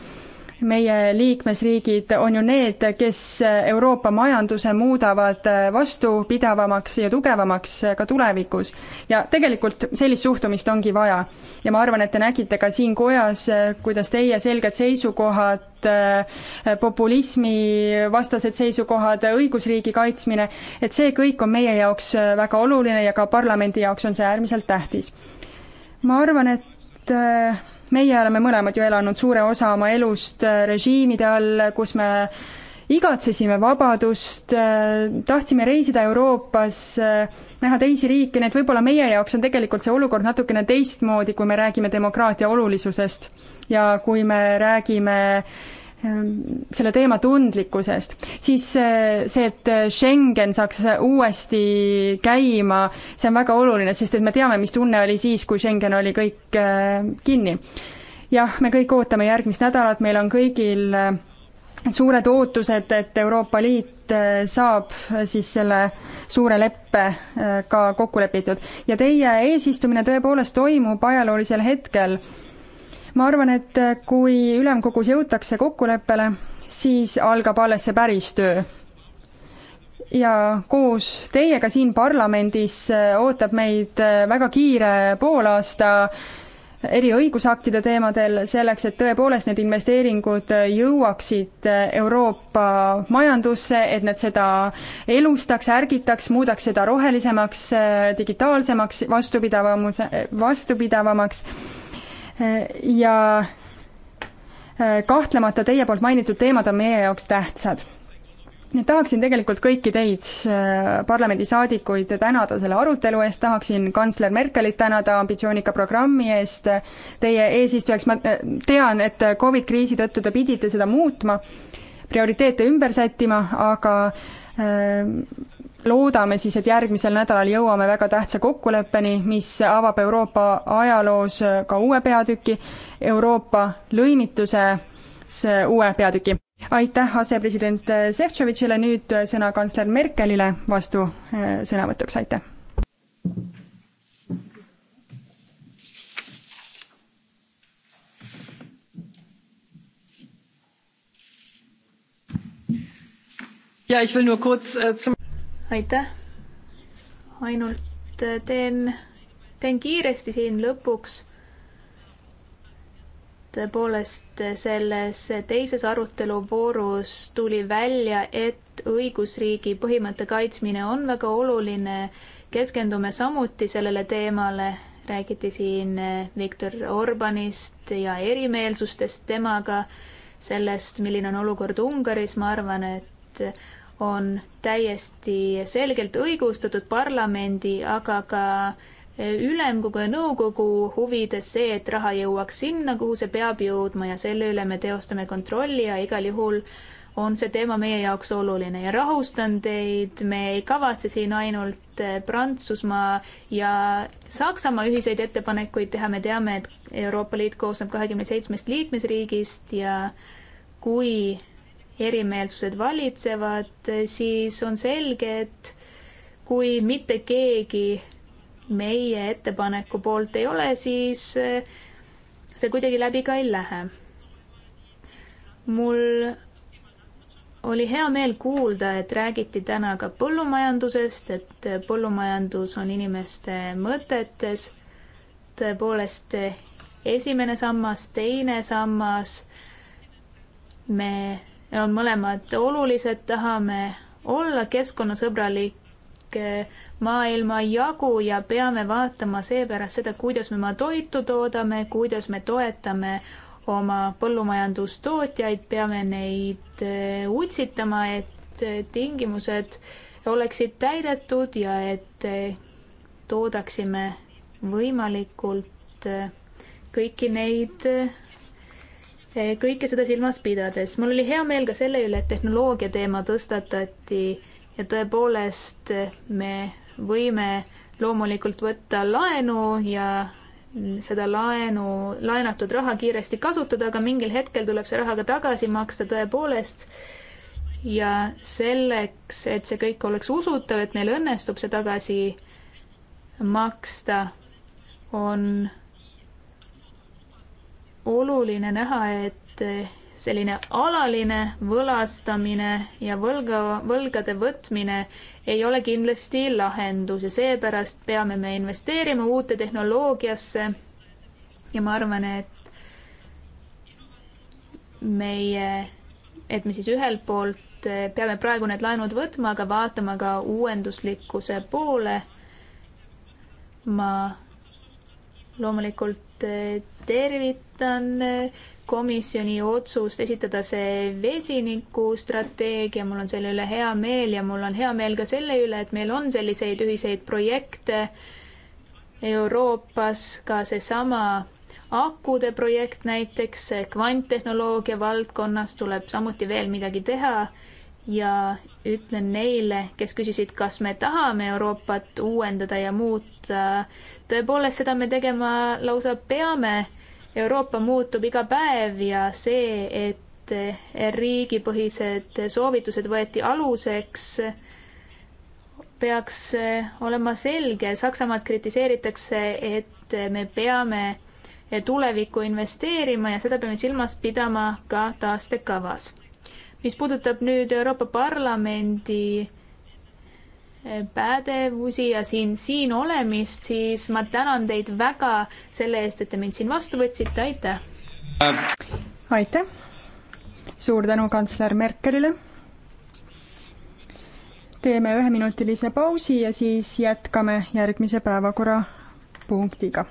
meie liikmesriigid on ju need, kes Euroopa majanduse muudavad vastupidavamaks ja tugevamaks ka tulevikus. ja tegelikult sellist suhtumist ongi vaja. ja ma arvan, et te nägite ka siin kojas, kuidas teie selged seisukohad, populismi vastased seisukohad, õigusriigi kaitsmine, et see kõik on meie jaoks väga oluline ja ka parlamendi jaoks on see äärmiselt tähtis. ma arvan, et meie oleme mõlemad ju elanud suure osa oma elust äh, režiimide all, kus me igatsesime vabadust, äh, tahtsime reisida Euroopas, äh, näha teisi riike, nii et võib-olla meie jaoks on tegelikult see olukord natukene teistmoodi, kui me räägime demokraatia olulisusest. ja kui me räägime Ehm, selle teema tundlikkusest, siis see, et Schengen saaks uuesti käima, see on väga oluline, sest et me teame, mis tunne oli siis, kui Schengen oli kõik ehm, kinni. jah, me kõik ootame järgmist nädalat, meil on kõigil ehm, suured ootused, et Euroopa Liit saab siis selle suure leppe ka kokku lepitud. ja teie eesistumine tõepoolest toimub ajaloolisel hetkel ma arvan, et äh, kui ülemkogus jõutakse kokkuleppele, siis algab alles see päris töö. ja koos teiega siin parlamendis äh, ootab meid äh, väga kiire poolaasta eriõigusaktide teemadel, selleks et tõepoolest need investeeringud jõuaksid Euroopa majandusse, et nad seda elustaks, ärgitaks, muudaks seda rohelisemaks, digitaalsemaks, vastupidavamuse, vastupidavamaks, vastupidavamaks ja äh, kahtlemata teie poolt mainitud teemad on meie jaoks tähtsad. nii et tahaksin tegelikult kõiki teid, äh, parlamendisaadikuid, tänada selle arutelu eest, tahaksin kantsler Merkelit tänada ambitsioonika programmi eest, teie eesistujaks ma äh, tean, et Covid kriisi tõttu te pidite seda muutma, prioriteete ümber sättima, aga äh, loodame siis, et järgmisel nädalal jõuame väga tähtsa kokkuleppeni, mis avab Euroopa ajaloos ka uue peatüki, Euroopa lõimituses uue peatüki. aitäh asepresident Šefčovitšile, nüüd sõna kantsler Merkelile vastu eh, sõnavõtuks, aitäh! ja ich will nur kurz äh, zum aitäh. ainult äh, teen, teen kiiresti siin lõpuks. tõepoolest äh, selles teises aruteluvoorus tuli välja, et õigusriigi põhimõtte kaitsmine on väga oluline. keskendume samuti sellele teemale räägiti siin äh, Viktor Orbanist ja erimeelsustest temaga, sellest, milline on olukord Ungaris, ma arvan, et on täiesti selgelt õigustatud parlamendi, aga ka eh, ülemkogu ja nõukogu huvides see, et raha jõuaks sinna, kuhu see peab jõudma ja selle üle me teostame kontrolli ja igal juhul on see teema meie jaoks oluline ja rahustan teid, me ei kavatse siin ainult eh, Prantsusmaa ja Saksamaa ühiseid ettepanekuid teha, me teame, et Euroopa Liit koosneb kahekümne seitsmest liikmesriigist ja kui erimeelsused valitsevad, siis on selge, et kui mitte keegi meie ettepaneku poolt ei ole, siis eh, see kuidagi läbi ka ei lähe. mul oli hea meel kuulda, et räägiti täna ka põllumajandusest, et põllumajandus on inimeste mõtetes. tõepoolest esimene sammas, teine sammas. me on mõlemad olulised, tahame olla keskkonnasõbralik eh, maailma jagu ja peame vaatama seepärast seda, kuidas me oma toitu toodame, kuidas me toetame oma põllumajandustootjaid, peame neid eh, utsitama, et eh, tingimused oleksid täidetud ja et toodaksime võimalikult kõiki neid Eh, kõike seda silmas pidades. mul oli hea meel ka selle üle, et tehnoloogia teema tõstatati ja tõepoolest eh, me võime loomulikult võtta laenu ja seda laenu, laenatud raha kiiresti kasutada, aga mingil hetkel tuleb see raha ka tagasi maksta tõepoolest. ja selleks, et see kõik oleks usutav, et meil õnnestub see tagasi maksta, on oluline näha, et selline alaline võlastamine ja võlga, võlgade võtmine ei ole kindlasti lahendus ja seepärast peame me investeerima uute tehnoloogiasse. ja ma arvan, et meie, et me siis ühelt poolt peame praegu need laenud võtma, aga vaatama ka uuenduslikkuse poole. ma loomulikult eh, tervitan eh, komisjoni otsust esitada see vesinikustrateegia, mul on selle üle hea meel ja mul on hea meel ka selle üle, et meil on selliseid ühiseid projekte Euroopas, ka seesama akude projekt näiteks kvanttehnoloogia valdkonnas tuleb samuti veel midagi teha ja ütlen neile, kes küsisid, kas me tahame Euroopat uuendada ja muuta, tõepoolest, seda me tegema lausa peame. Euroopa muutub iga päev ja see, et riigipõhised soovitused võeti aluseks, peaks olema selge. Saksamaad kritiseeritakse, et me peame tulevikku investeerima ja seda peame silmas pidama ka taastekavas mis puudutab nüüd Euroopa Parlamendi eh, pädevusi ja siin, siin olemist, siis ma tänan teid väga selle eest, et te mind siin vastu võtsite, aitäh! aitäh! suur tänu kantsler Merkelile! teeme üheminutilise pausi ja siis jätkame järgmise päevakorrapunktiga.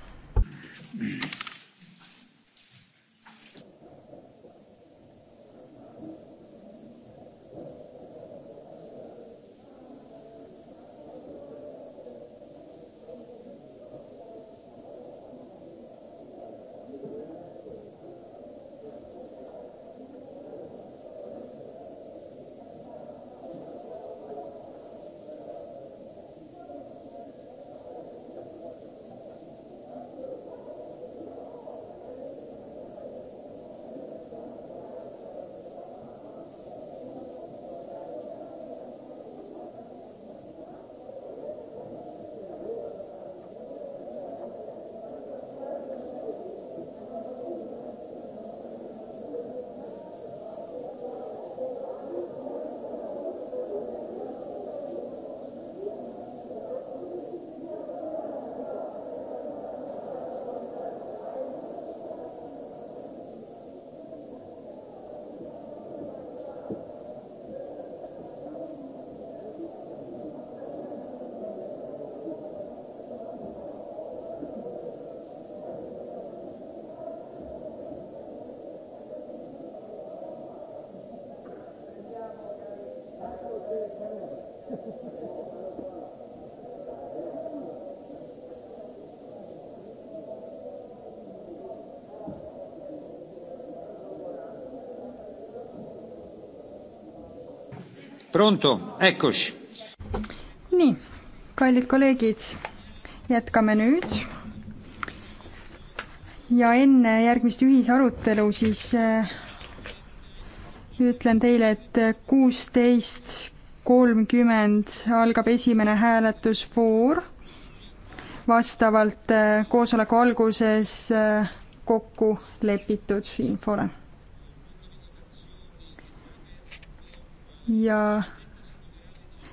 Pronto, eccoci. nii, kallid kolleegid, jätkame nüüd. ja enne järgmist ühisarutelu siis äh, ütlen teile, et kuusteist kolmkümmend algab esimene hääletusvoor vastavalt äh, koosoleku alguses äh, kokku lepitud infole ja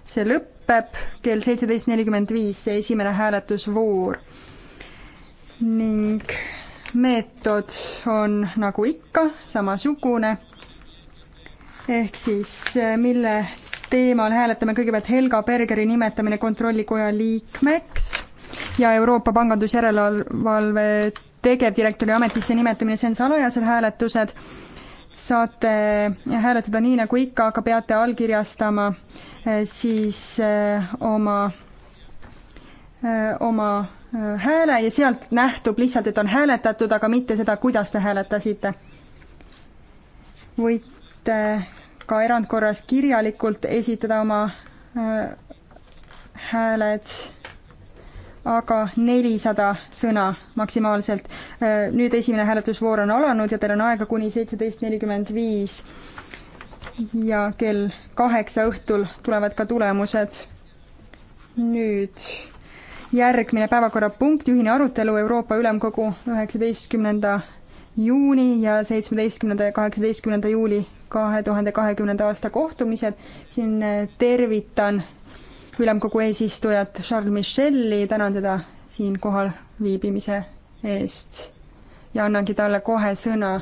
see lõpeb kell seitseteist nelikümmend viis, see esimene hääletusvoor. ning meetod on nagu ikka samasugune, ehk siis mille teemal hääletame kõigepealt Helga Bergeri nimetamine Kontrollikoja liikmeks ja Euroopa Pangandusjärelevalve tegevdirektori ametisse nimetamine, see on salajased hääletused saate hääletada nii nagu ikka, aga peate allkirjastama eh, siis eh, oma, eh, oma hääle ja sealt nähtub lihtsalt, et on hääletatud, aga mitte seda, kuidas te hääletasite. võite ka erandkorras kirjalikult esitada oma hääled aga nelisada sõna maksimaalselt. Äh, nüüd esimene hääletusvoor on alanud ja teil on aega kuni seitseteist nelikümmend viis. ja kell kaheksa õhtul tulevad ka tulemused. nüüd järgmine päevakorrapunkt, ühine arutelu Euroopa Ülemkogu üheksateistkümnenda juuni ja seitsmeteistkümnenda ja kaheksateistkümnenda juuli kahe tuhande kahekümnenda aasta kohtumised. siin äh, tervitan ülemkogu eesistujat Charles Michel'i, tänan teda siin kohal viibimise eest ja annangi talle kohe sõna.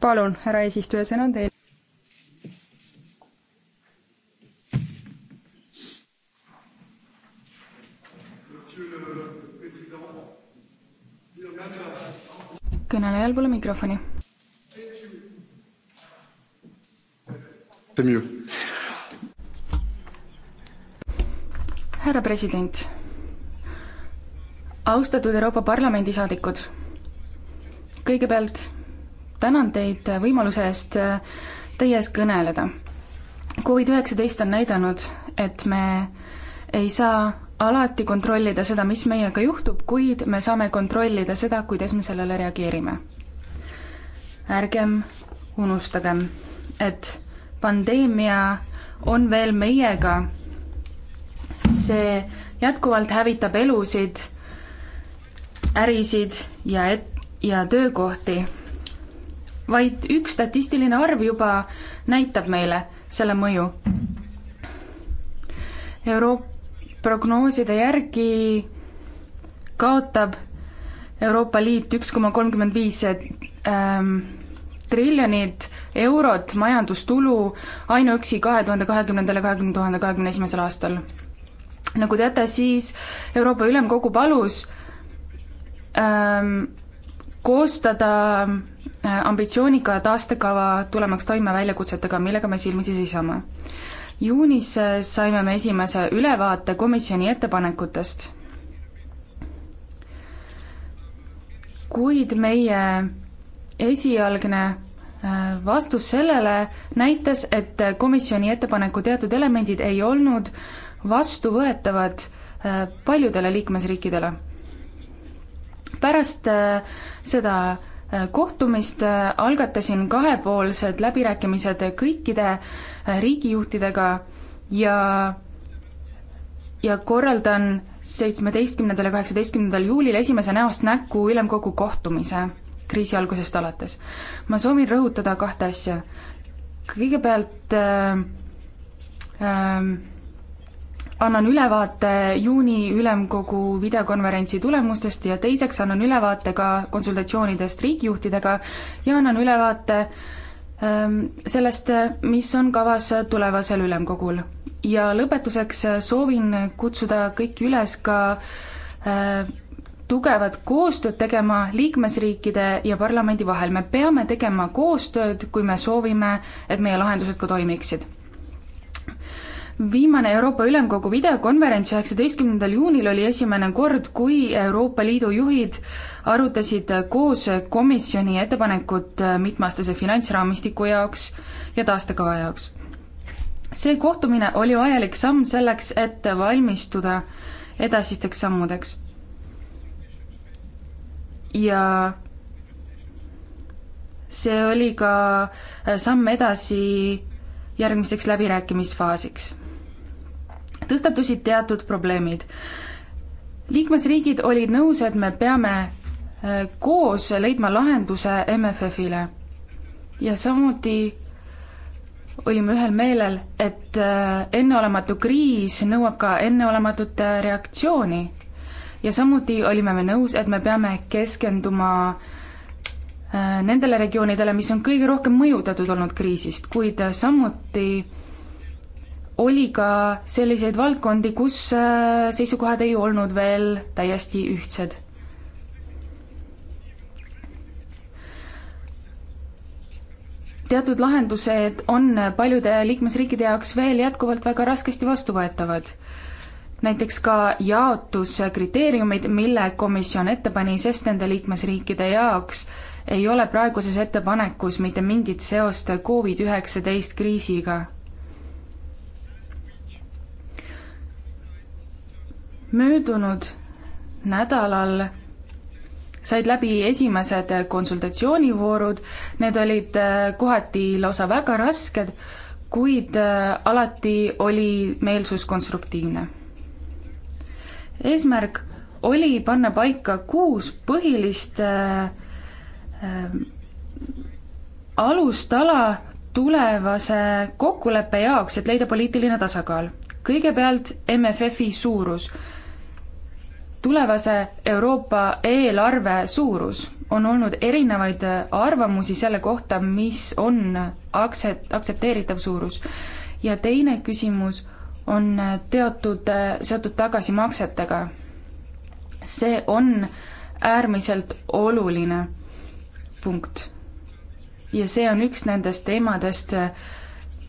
palun, härra eesistuja, sõna on teil. kõnelejal pole mikrofoni tant mieux. härra president, austatud Euroopa Parlamendi saadikud, kõigepealt tänan teid võimaluse eest teie ees kõneleda. Covid-19 on näidanud, et me ei saa alati kontrollida seda, mis meiega juhtub, kuid me saame kontrollida seda, kuidas me sellele reageerime. ärgem unustagem, et pandeemia on veel meiega. see jätkuvalt hävitab elusid, ärisid ja et-, ja töökohti. vaid üks statistiline arv juba näitab meile selle mõju. Euroop-, prognooside järgi kaotab Euroopa Liit üks koma kolmkümmend viis ähm, triljonit eurot majandustulu ainuüksi kahe tuhande kahekümnendal ja kahekümne tuhande kahekümne esimesel aastal. nagu teate, siis Euroopa Ülemkogu palus ähm, koostada äh, ambitsioonika taastekava tulemaks toime väljakutsetega, millega me silmitsi seisame. juunis äh, saime me esimese ülevaate komisjoni ettepanekutest, kuid meie esialgne äh, vastus sellele näitas, et komisjoni ettepaneku teatud elemendid ei olnud vastuvõetavad äh, paljudele liikmesriikidele. pärast äh, seda kohtumist algatasin kahepoolsed läbirääkimised kõikide riigijuhtidega ja, ja korraldan seitsmeteistkümnendal ja kaheksateistkümnendal juulil esimese näost näkku ülemkogu kohtumise kriisi algusest alates. ma soovin rõhutada kahte asja. kõigepealt äh, äh, annan ülevaate juuni ülemkogu videokonverentsi tulemustest ja teiseks annan ülevaate ka konsultatsioonidest riigijuhtidega ja annan ülevaate ähm, sellest, mis on kavas tulevasel ülemkogul. ja lõpetuseks soovin kutsuda kõiki üles ka äh, tugevat koostööd tegema liikmesriikide ja parlamendi vahel, me peame tegema koostööd, kui me soovime, et meie lahendused ka toimiksid. viimane Euroopa Ülemkogu videokonverents üheksateistkümnendal juunil oli esimene kord, kui Euroopa Liidu juhid arutasid koos komisjoni ettepanekut mitmeaastase finantsraamistiku jaoks ja taastekava jaoks. see kohtumine oli vajalik samm selleks, et valmistuda edasisteks sammudeks ja see oli ka äh, samm edasi järgmiseks läbirääkimisfaasiks. tõstatusid teatud probleemid. liikmesriigid olid nõus, et me peame äh, koos leidma lahenduse MFF-ile ja samuti olime ühel meelel, et äh, enneolematu kriis nõuab ka enneolematut reaktsiooni ja samuti olime me nõus, et me peame keskenduma äh, nendele regioonidele, mis on kõige rohkem mõjutatud olnud kriisist, kuid samuti oli ka selliseid valdkondi, kus äh, seisukohad ei olnud veel täiesti ühtsed teatud lahendused on paljude liikmesriikide jaoks veel jätkuvalt väga raskesti vastuvõetavad näiteks ka jaotuskriteeriumid, mille komisjon ette pani, sest nende liikmesriikide jaoks ei ole praeguses ettepanekus mitte mingit seost Covid-19 kriisiga. möödunud nädalal said läbi esimesed konsultatsioonivoorud, need olid äh, kohati lausa väga rasked, kuid äh, alati oli meelsus konstruktiivne eesmärk oli panna paika kuus põhilist äh, äh, alustala tulevase kokkuleppe jaoks, et leida poliitiline tasakaal. kõigepealt MFF-i suurus. tulevase Euroopa eelarve suurus on olnud erinevaid äh, arvamusi selle kohta, mis on aktsept-, aktsepteeritav suurus. ja teine küsimus on teatud, seotud tagasimaksetega. see on äärmiselt oluline punkt. ja see on üks nendest teemadest,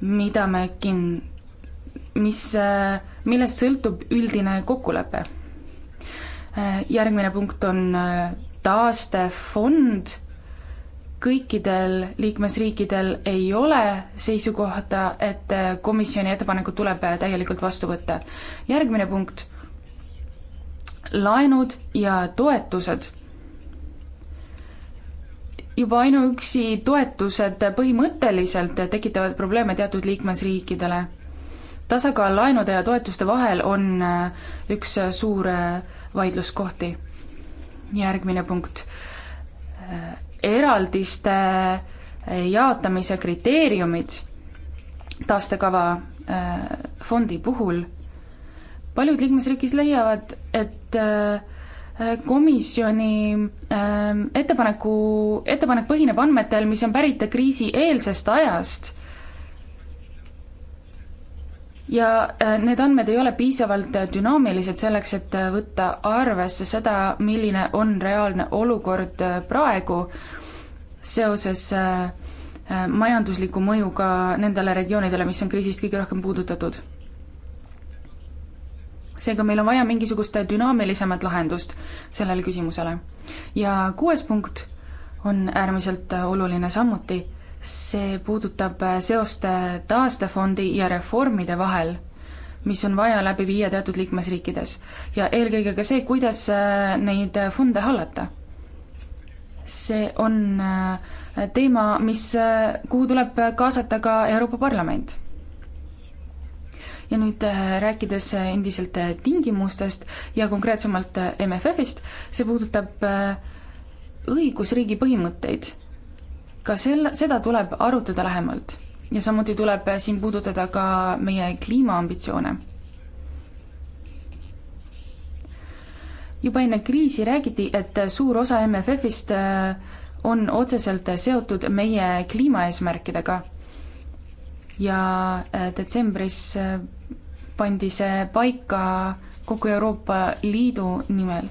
mida me kin-, mis, millest sõltub üldine kokkulepe. järgmine punkt on taastefond kõikidel liikmesriikidel ei ole seisukohta, et äh, komisjoni ettepanekud tuleb äh, täielikult vastu võtta. järgmine punkt, laenud ja toetused. juba ainuüksi toetused põhimõtteliselt tekitavad probleeme teatud liikmesriikidele. tasakaal laenude ja toetuste vahel on äh, üks suur vaidluskohti. järgmine punkt eraldiste jaotamise kriteeriumid taastekava äh, fondi puhul, paljud liikmesriigis leiavad, et äh, komisjoni äh, ettepaneku, ettepanek põhineb andmetel, mis on pärit kriisieelsest ajast ja äh, need andmed ei ole piisavalt äh, dünaamilised selleks, et äh, võtta arvesse seda, milline on reaalne olukord praegu seoses majandusliku mõjuga nendele regioonidele, mis on kriisist kõige rohkem puudutatud. seega meil on vaja mingisugust dünaamilisemat lahendust sellele küsimusele. ja kuues punkt on äärmiselt oluline samuti see puudutab äh, seost taastefondi ja reformide vahel, mis on vaja läbi viia teatud liikmesriikides. ja eelkõige ka see, kuidas äh, neid fonde hallata. see on äh, teema, mis, kuhu tuleb kaasata ka Euroopa Parlament. ja nüüd rääkides endiselt tingimustest ja konkreetsemalt MFF-ist, see puudutab õigusriigi põhimõtteid ka selle, seda tuleb arutada lähemalt ja samuti tuleb eh, siin puudutada ka meie kliimaambitsioone. juba enne kriisi räägiti, et suur osa MFF-ist eh, on otseselt seotud meie kliimaeesmärkidega. ja eh, detsembris pandi see paika kogu Euroopa Liidu nimel.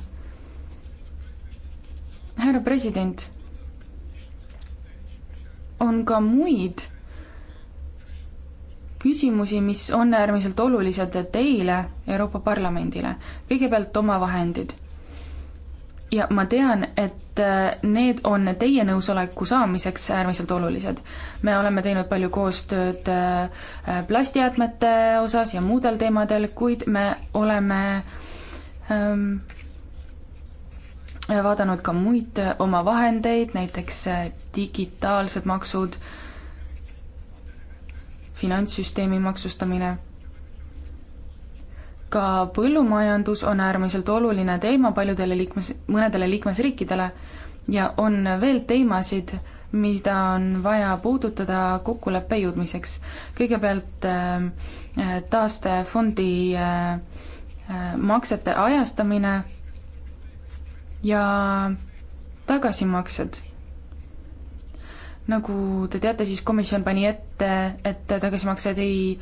härra president on ka muid küsimusi, mis on äärmiselt olulised teile, Euroopa Parlamendile. kõigepealt omavahendid. ja ma tean, et äh, need on teie nõusoleku saamiseks äärmiselt olulised. me oleme teinud palju koostööd äh, äh, plastijäätmete osas ja muudel teemadel, kuid me oleme ähm, vaadanud ka muid äh, oma vahendeid, näiteks äh, digitaalsed maksud, finantssüsteemi maksustamine. ka põllumajandus on äärmiselt oluline teema paljudele liikmes, mõnedele liikmesriikidele ja on veel teemasid, mida on vaja puudutada kokkuleppe jõudmiseks. kõigepealt äh, taastefondi maksete ajastamine ja tagasimaksed. nagu te teate, siis komisjon pani ette, et tagasimaksed ei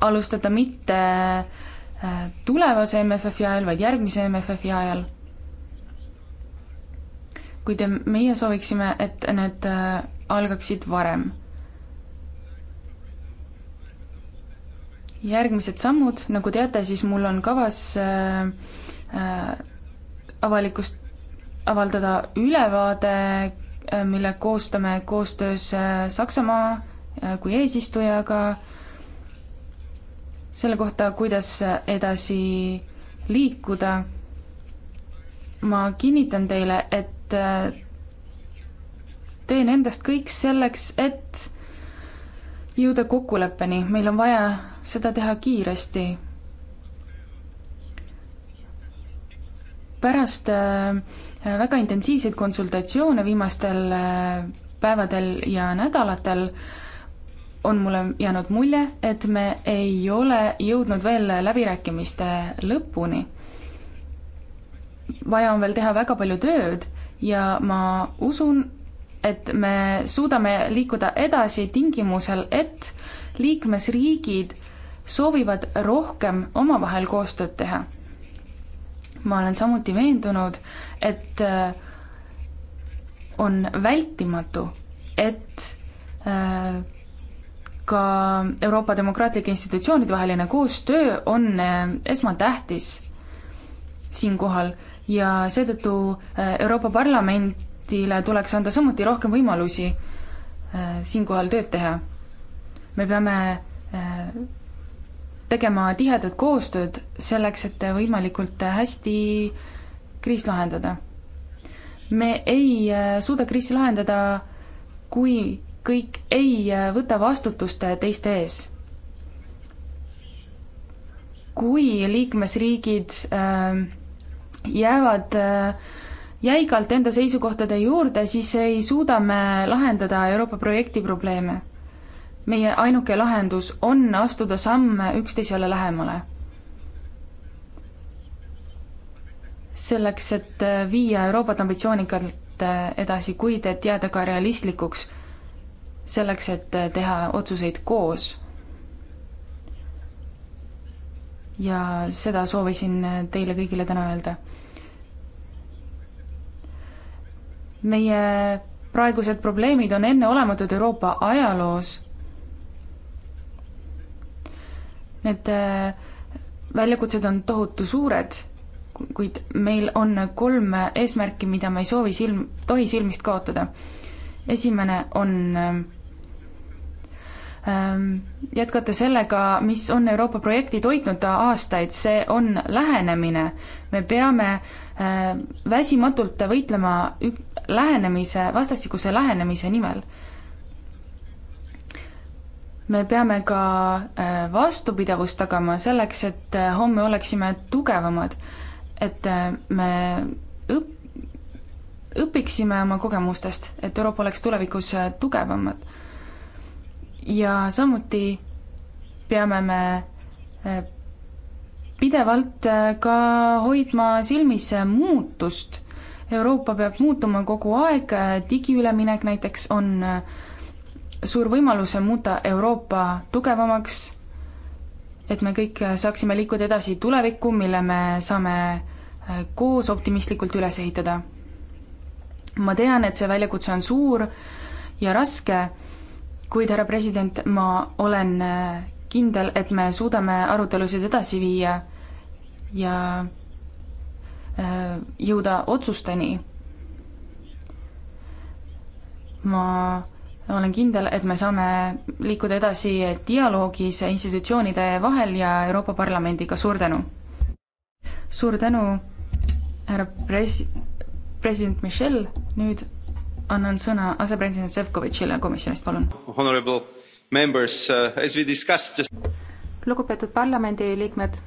alustata mitte äh, tulevase MFF-i ajal, vaid järgmise MFF-i ajal. kuid meie sooviksime, et need äh, algaksid varem. järgmised sammud, nagu teate, siis mul on kavas äh, äh, avalikust, avaldada ülevaade, äh, mille koostame koostöös äh, Saksamaa äh, kui eesistujaga selle kohta, kuidas edasi liikuda. ma kinnitan teile, et teen endast kõik selleks, et jõuda kokkuleppeni, meil on vaja seda teha kiiresti pärast äh, väga intensiivseid konsultatsioone viimastel äh, päevadel ja nädalatel on mulle jäänud mulje, et me ei ole jõudnud veel läbirääkimiste lõpuni. vaja on veel teha väga palju tööd ja ma usun, et me suudame liikuda edasi tingimusel, et liikmesriigid soovivad rohkem omavahel koostööd teha ma olen samuti veendunud, et äh, on vältimatu, et äh, ka Euroopa demokraatlike institutsioonide vaheline koostöö on äh, esmatähtis siinkohal ja seetõttu Euroopa Parlamendile tuleks anda samuti rohkem võimalusi siinkohal tööd teha. me peame tegema tihedat koostööd selleks, et võimalikult hästi kriis lahendada. me ei äh, suuda kriisi lahendada, kui kõik ei äh, võta vastutust äh, teiste ees. kui liikmesriigid jäävad jäigalt enda seisukohtade juurde, siis ei suuda me lahendada Euroopa projekti probleeme meie ainuke lahendus on astuda samme üksteisele lähemale. selleks, et viia Euroopat ambitsioonikalt edasi, kuid et jääda ka realistlikuks, selleks, et teha otsuseid koos. ja seda soovisin teile kõigile täna öelda. meie praegused probleemid on enneolematud Euroopa ajaloos Need äh, väljakutsed on tohutu suured, kuid meil on kolm eesmärki, mida me ei soovi silm, tohi silmist kaotada. esimene on äh, ähm, jätkata sellega, mis on Euroopa projekti toitnud aastaid, see on lähenemine. me peame äh, väsimatult võitlema lähenemise, vastastikuse lähenemise nimel me peame ka äh, vastupidavust tagama selleks, et äh, homme oleksime tugevamad, et äh, me õp-, õpiksime oma kogemustest, et Euroopa oleks tulevikus tugevamad. ja samuti peame me pidevalt ka hoidma silmis muutust. Euroopa peab muutuma kogu aeg, digiüleminek näiteks on äh, suur võimalus muuta Euroopa tugevamaks, et me kõik saaksime liikuda edasi tulevikku, mille me saame äh, koos optimistlikult üles ehitada. ma tean, et see väljakutse on suur ja raske, kuid härra president, ma olen äh, kindel, et me suudame arutelusid edasi viia ja äh, jõuda otsusteni. ma olen kindel, et me saame liikuda edasi dialoogis institutsioonide vahel ja Euroopa Parlamendiga, suur tänu! suur tänu, härra pres-, president Michel, nüüd annan sõna asepresident Šefkovitšile komisjonist, palun. Honorable members uh,, as we discussed just lugupeetud parlamendiliikmed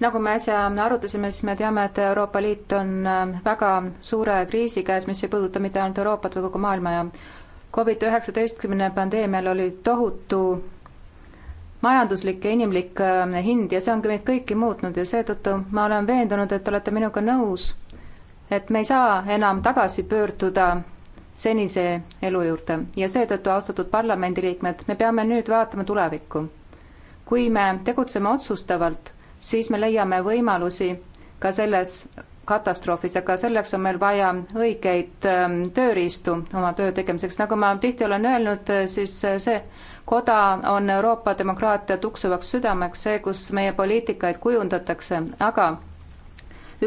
nagu me äsja arutasime, siis me teame, et Euroopa Liit on ähm, väga suure kriisi käes, mis ei puuduta mitte ainult Euroopat või kogu maailma ja Covid üheksateistkümne pandeemial oli tohutu majanduslik ja inimlik ähm, hind ja see on meid kõiki muutnud ja seetõttu ma olen veendunud, et olete minuga nõus, et me ei saa enam tagasi pöörduda senise elu juurde ja seetõttu, austatud parlamendiliikmed, me peame nüüd vaatama tulevikku. kui me tegutseme otsustavalt siis me leiame võimalusi ka selles katastroofis, aga selleks on meil vaja õigeid ähm, tööriistu oma töö tegemiseks. nagu ma tihti olen öelnud, äh, siis äh, see koda on Euroopa demokraatia tuksuvaks südameks, see, kus meie poliitikaid kujundatakse, aga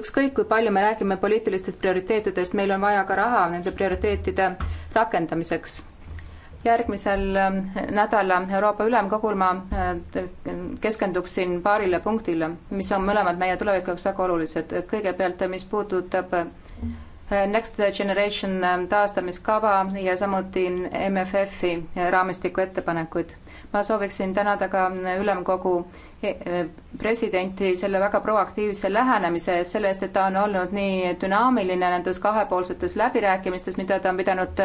ükskõik, kui palju me räägime poliitilistest prioriteetidest, meil on vaja ka raha nende prioriteetide rakendamiseks järgmisel ähm, nädala Euroopa Ülemkogul ma äh, keskenduksin paarile punktile, mis on mõlemad meie tuleviku jaoks väga olulised. kõigepealt, mis puudutab äh, Next Generation ähm, taastamiskava ja samuti MFF-i raamistiku ettepanekuid. ma sooviksin tänada ka äh, Ülemkogu e, presidenti selle väga proaktiivse lähenemise eest, selle eest, et ta on olnud nii dünaamiline nendes kahepoolsetes läbirääkimistes, mida ta on pidanud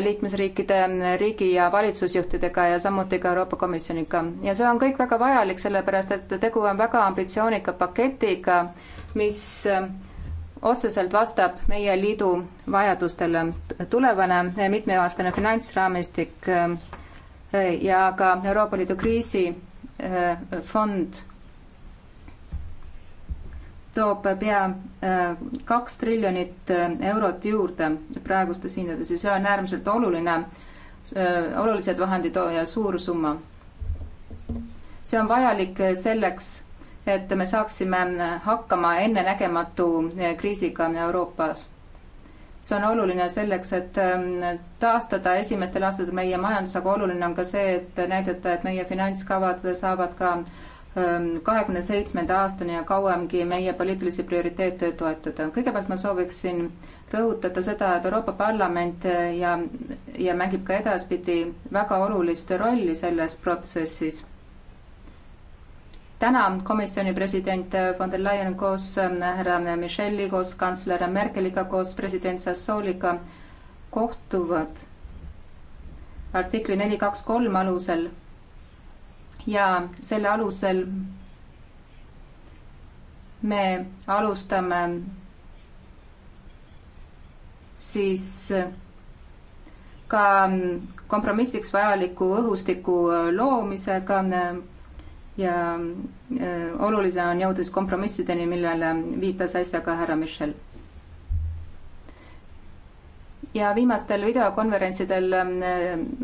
liikmesriikide riigi- ja valitsusjuhtidega ja samuti ka Euroopa Komisjoniga. ja see on kõik väga vajalik, sellepärast et tegu on väga ambitsioonika paketiga, mis äh, otseselt vastab meie liidu vajadustele. tulevane mitmeaastane finantsraamistik äh, ja ka Euroopa Liidu kriisifond toob pea äh, kaks triljonit äh, eurot juurde praegustes hindades ja see on äärmiselt oluline, äh, olulised vahendid ja suur summa. see on vajalik selleks, et me saaksime hakkama ennenägematu kriisiga Euroopas. see on oluline selleks, et ähm, taastada esimestel aastatel meie majandus, aga oluline on ka see, et näidata, et meie finantskavad saavad ka äh, Ehm, kahekümne seitsmenda aastani ja kauemgi meie poliitilisi prioriteete toetada. kõigepealt ma sooviksin rõhutada seda, et Euroopa Parlament eh, ja, ja mängib ka edaspidi väga olulist rolli selles protsessis. täna komisjoni president eh, von der Leyen koos ehm, härra Michelli, koos kantsler Merkeliga, koos president Sassooliga kohtuvad artikli neli kaks kolm alusel ja selle alusel me alustame siis ka kompromissiks vajaliku õhustiku loomisega ja äh, oluline on jõuda siis kompromissideni, millele viitas äsja ka härra Michel ja viimastel videokonverentsidel ähm,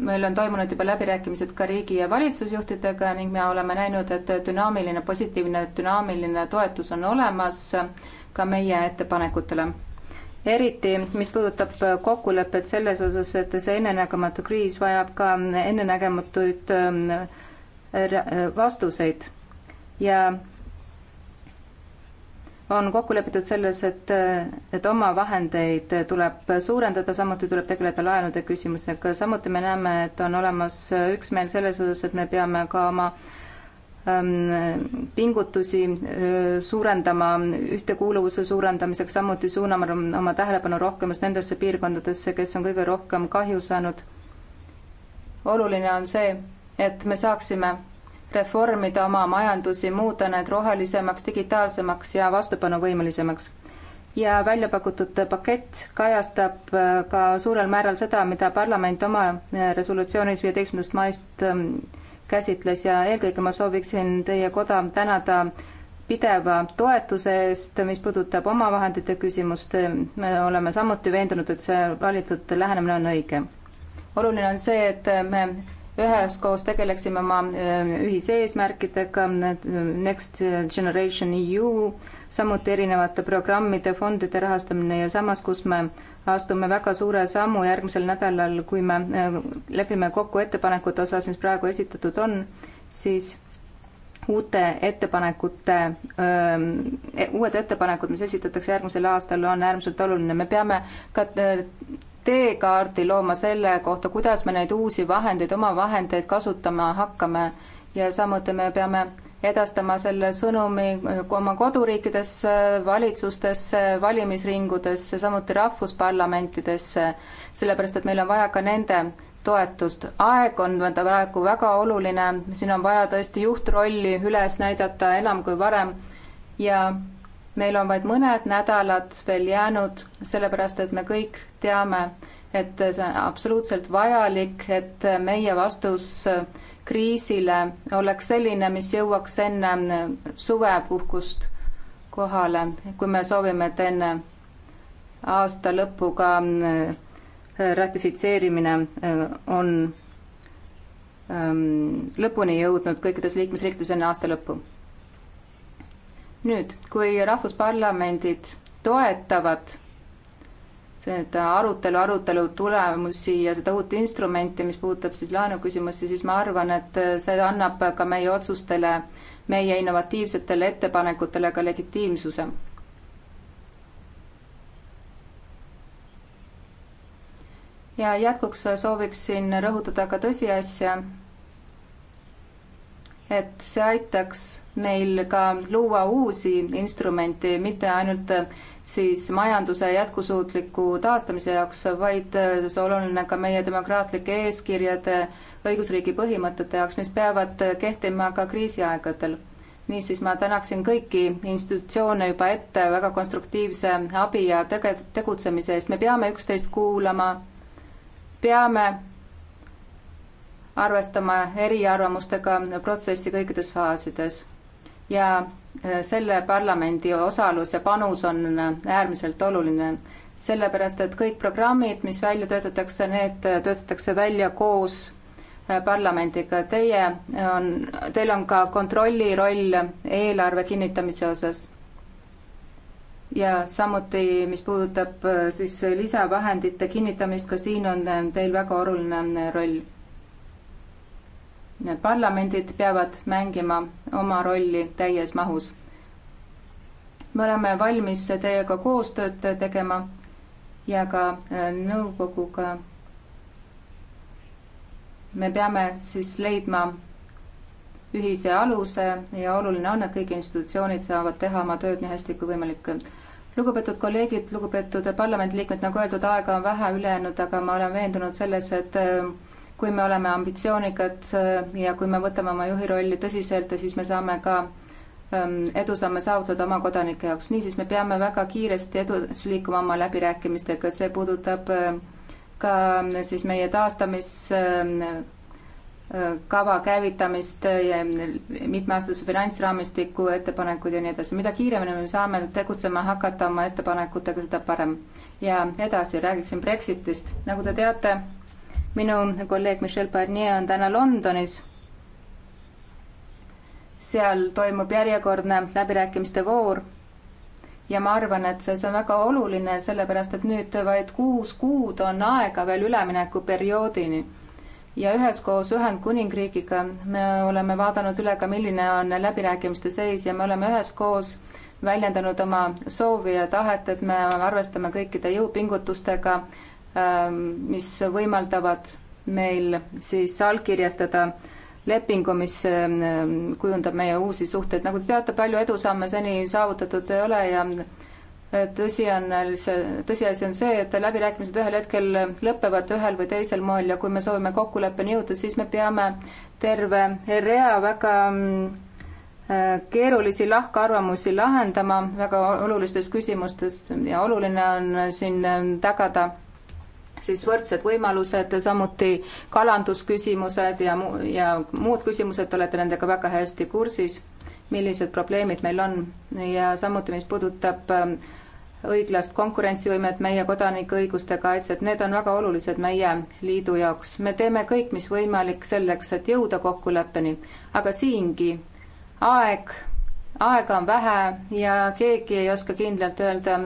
meil on toimunud juba läbirääkimised ka riigi ja valitsusjuhtidega ning me oleme näinud, et dünaamiline, positiivne dünaamiline toetus on olemas äh, ka meie ettepanekutele. eriti, mis puudutab äh, kokkulepet selles osas, et see ennenägematu kriis vajab ka ennenägematuid ähm, vastuseid ja on kokku lepitud selles, et, et omavahendeid tuleb suurendada, samuti tuleb tegeleda laenude küsimusega, samuti me näeme, et on olemas üksmeel selles osas, et me peame ka oma ähm, pingutusi äh, suurendama ühtekuuluvuse suurendamiseks, samuti suunama oma tähelepanu rohkem just nendesse piirkondadesse, kes on kõige rohkem kahju saanud. oluline on see, et me saaksime reformida oma majandusi, muuta need rohelisemaks, digitaalsemaks ja vastupanuvõimelisemaks. ja välja pakutud pakett kajastab äh, ka suurel määral seda, mida parlament oma äh, resolutsioonis viieteistkümnendast maist ähm, käsitles ja eelkõige ma sooviksin teie koda tänada pideva toetuse eest, mis puudutab omavahendite küsimust, me oleme samuti veendunud, et see valitud lähenemine on õige. oluline on see, et me üheskoos tegeleksime oma äh, ühise eesmärkidega, Next Generation EU, samuti erinevate programmide, fondide rahastamine ja samas, kus me astume väga suure sammu järgmisel nädalal, kui me äh, lepime kokku ettepanekute osas, mis praegu esitatud on, siis uute ettepanekute, ähm, e, uued ettepanekud, mis esitatakse järgmisel aastal, on äärmiselt oluline. me peame ka äh, teekaardi looma selle kohta, kuidas me neid uusi vahendeid, oma vahendeid kasutama hakkame ja samuti me peame edastama selle sõnumi oma koduriikidesse, valitsustesse, valimisringudesse, samuti rahvusparlamentidesse, sellepärast et meil on vaja ka nende toetust. aeg on praegu väga oluline, siin on vaja tõesti juhtrolli üles näidata enam kui varem ja meil on vaid mõned nädalad veel jäänud, sellepärast et me kõik teame, et see on absoluutselt vajalik, et meie vastus kriisile oleks selline, mis jõuaks enne suvepuhkust kohale, kui me soovime, et enne aasta lõppu ka ratifitseerimine äh, on ähm, lõpuni jõudnud kõikides liikmesriikides enne aasta lõppu nüüd, kui rahvusparlamendid toetavad seda arutelu, arutelu tulemusi ja seda uut instrumenti, mis puudutab siis laenuküsimusi, siis ma arvan, et see annab ka meie otsustele, meie innovatiivsetele ettepanekutele ka legitiimsuse. ja jätkuks sooviksin rõhutada ka tõsiasja, et see aitaks meil ka luua uusi instrumenti, mitte ainult äh, siis majanduse jätkusuutliku taastamise jaoks, vaid äh, see oluline ka meie demokraatlike eeskirjade, õigusriigi põhimõtete jaoks, mis peavad äh, kehtima ka kriisiaegadel. niisiis ma tänaksin kõiki institutsioone juba ette väga konstruktiivse abi ja tege-, tegutsemise eest, me peame üksteist kuulama, peame arvestama eriarvamustega protsessi kõikides faasides ja äh, selle parlamendi osalus ja panus on äh, äärmiselt oluline, sellepärast et kõik programmid, mis välja töötatakse, need äh, töötatakse välja koos parlamendiga. Teie on, teil on ka kontrolli roll eelarve kinnitamise osas. ja samuti, mis puudutab siis lisavahendite kinnitamist, ka siin on teil väga oluline roll Need parlamendid peavad mängima oma rolli täies mahus. me oleme valmis teiega koostööd tegema ja ka äh, nõukoguga. me peame siis leidma ühise aluse ja oluline on, et kõik institutsioonid saavad teha oma tööd nii hästi kui võimalik. lugupeetud kolleegid, lugupeetud parlamendiliikmed, nagu öeldud, aega on vähe üle jäänud, aga ma olen veendunud selles, et äh, kui me oleme ambitsioonikad äh, ja kui me võtame oma juhi rolli tõsiselt, siis me saame ka ähm, edu saame saavutada oma kodanike jaoks. niisiis, me peame väga kiiresti edasi liikuma oma läbirääkimistega, see puudutab äh, ka ähm, siis meie taastamiskava ähm, äh, käivitamist, mitmeaastase finantsraamistiku ettepanekuid ja nii edasi. mida kiiremini me saame tegutsema hakata oma ettepanekutega, seda parem. ja edasi räägiksin Brexitist. nagu te teate, minu kolleeg Michel Barnier on täna Londonis. seal toimub järjekordne läbirääkimiste voor ja ma arvan, et see on väga oluline, sellepärast et nüüd vaid kuus kuud on aega veel üleminekuperioodini. ja üheskoos Ühendkuningriigiga me oleme vaadanud üle ka, milline on läbirääkimiste seis ja me oleme üheskoos väljendanud oma soovi ja tahet, et me arvestame kõikide jõupingutustega Ähm, mis võimaldavad meil siis allkirjastada lepingu, mis ähm, kujundab meie uusi suhteid. nagu te teate, palju edusamme seni saavutatud ei ole ja äh, tõsi on, tõsiasi on see, et läbirääkimised ühel hetkel lõpevad ühel või teisel moel ja kui me soovime kokkuleppeni jõuda, siis me peame terve rea väga mm, äh, keerulisi lahkarvamusi lahendama väga olulistes küsimustes ja oluline on siin äh, tagada siis võrdsed võimalused, samuti kalandusküsimused ja muu, ja muud küsimused, olete nendega väga hästi kursis, millised probleemid meil on ja samuti, mis puudutab ähm, õiglast konkurentsivõimet, meie kodanike õiguste kaitset, need on väga olulised meie liidu jaoks. me teeme kõik, mis võimalik selleks, et jõuda kokkuleppeni, aga siingi aeg, aega on vähe ja keegi ei oska kindlalt öelda,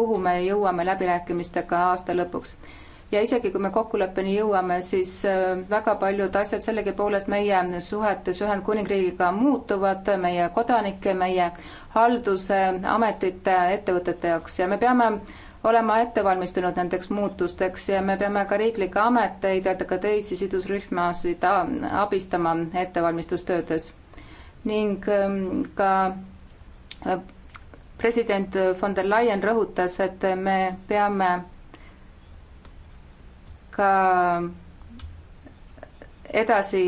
kuhu me jõuame läbirääkimistega aasta lõpuks ja isegi kui me kokkuleppeni jõuame, siis äh, väga paljud asjad sellegipoolest meie suhetes Ühendkuningriigiga muutuvad meie kodanike, meie halduse, ametite, ettevõtete jaoks ja me peame olema ettevalmistunud nendeks muutusteks ja me peame ka riiklikke ameteid ja ka teisi sidusrühmasid abistama ettevalmistustöödes. ning ähm, ka äh, president von der Leyen rõhutas, et me peame ka edasi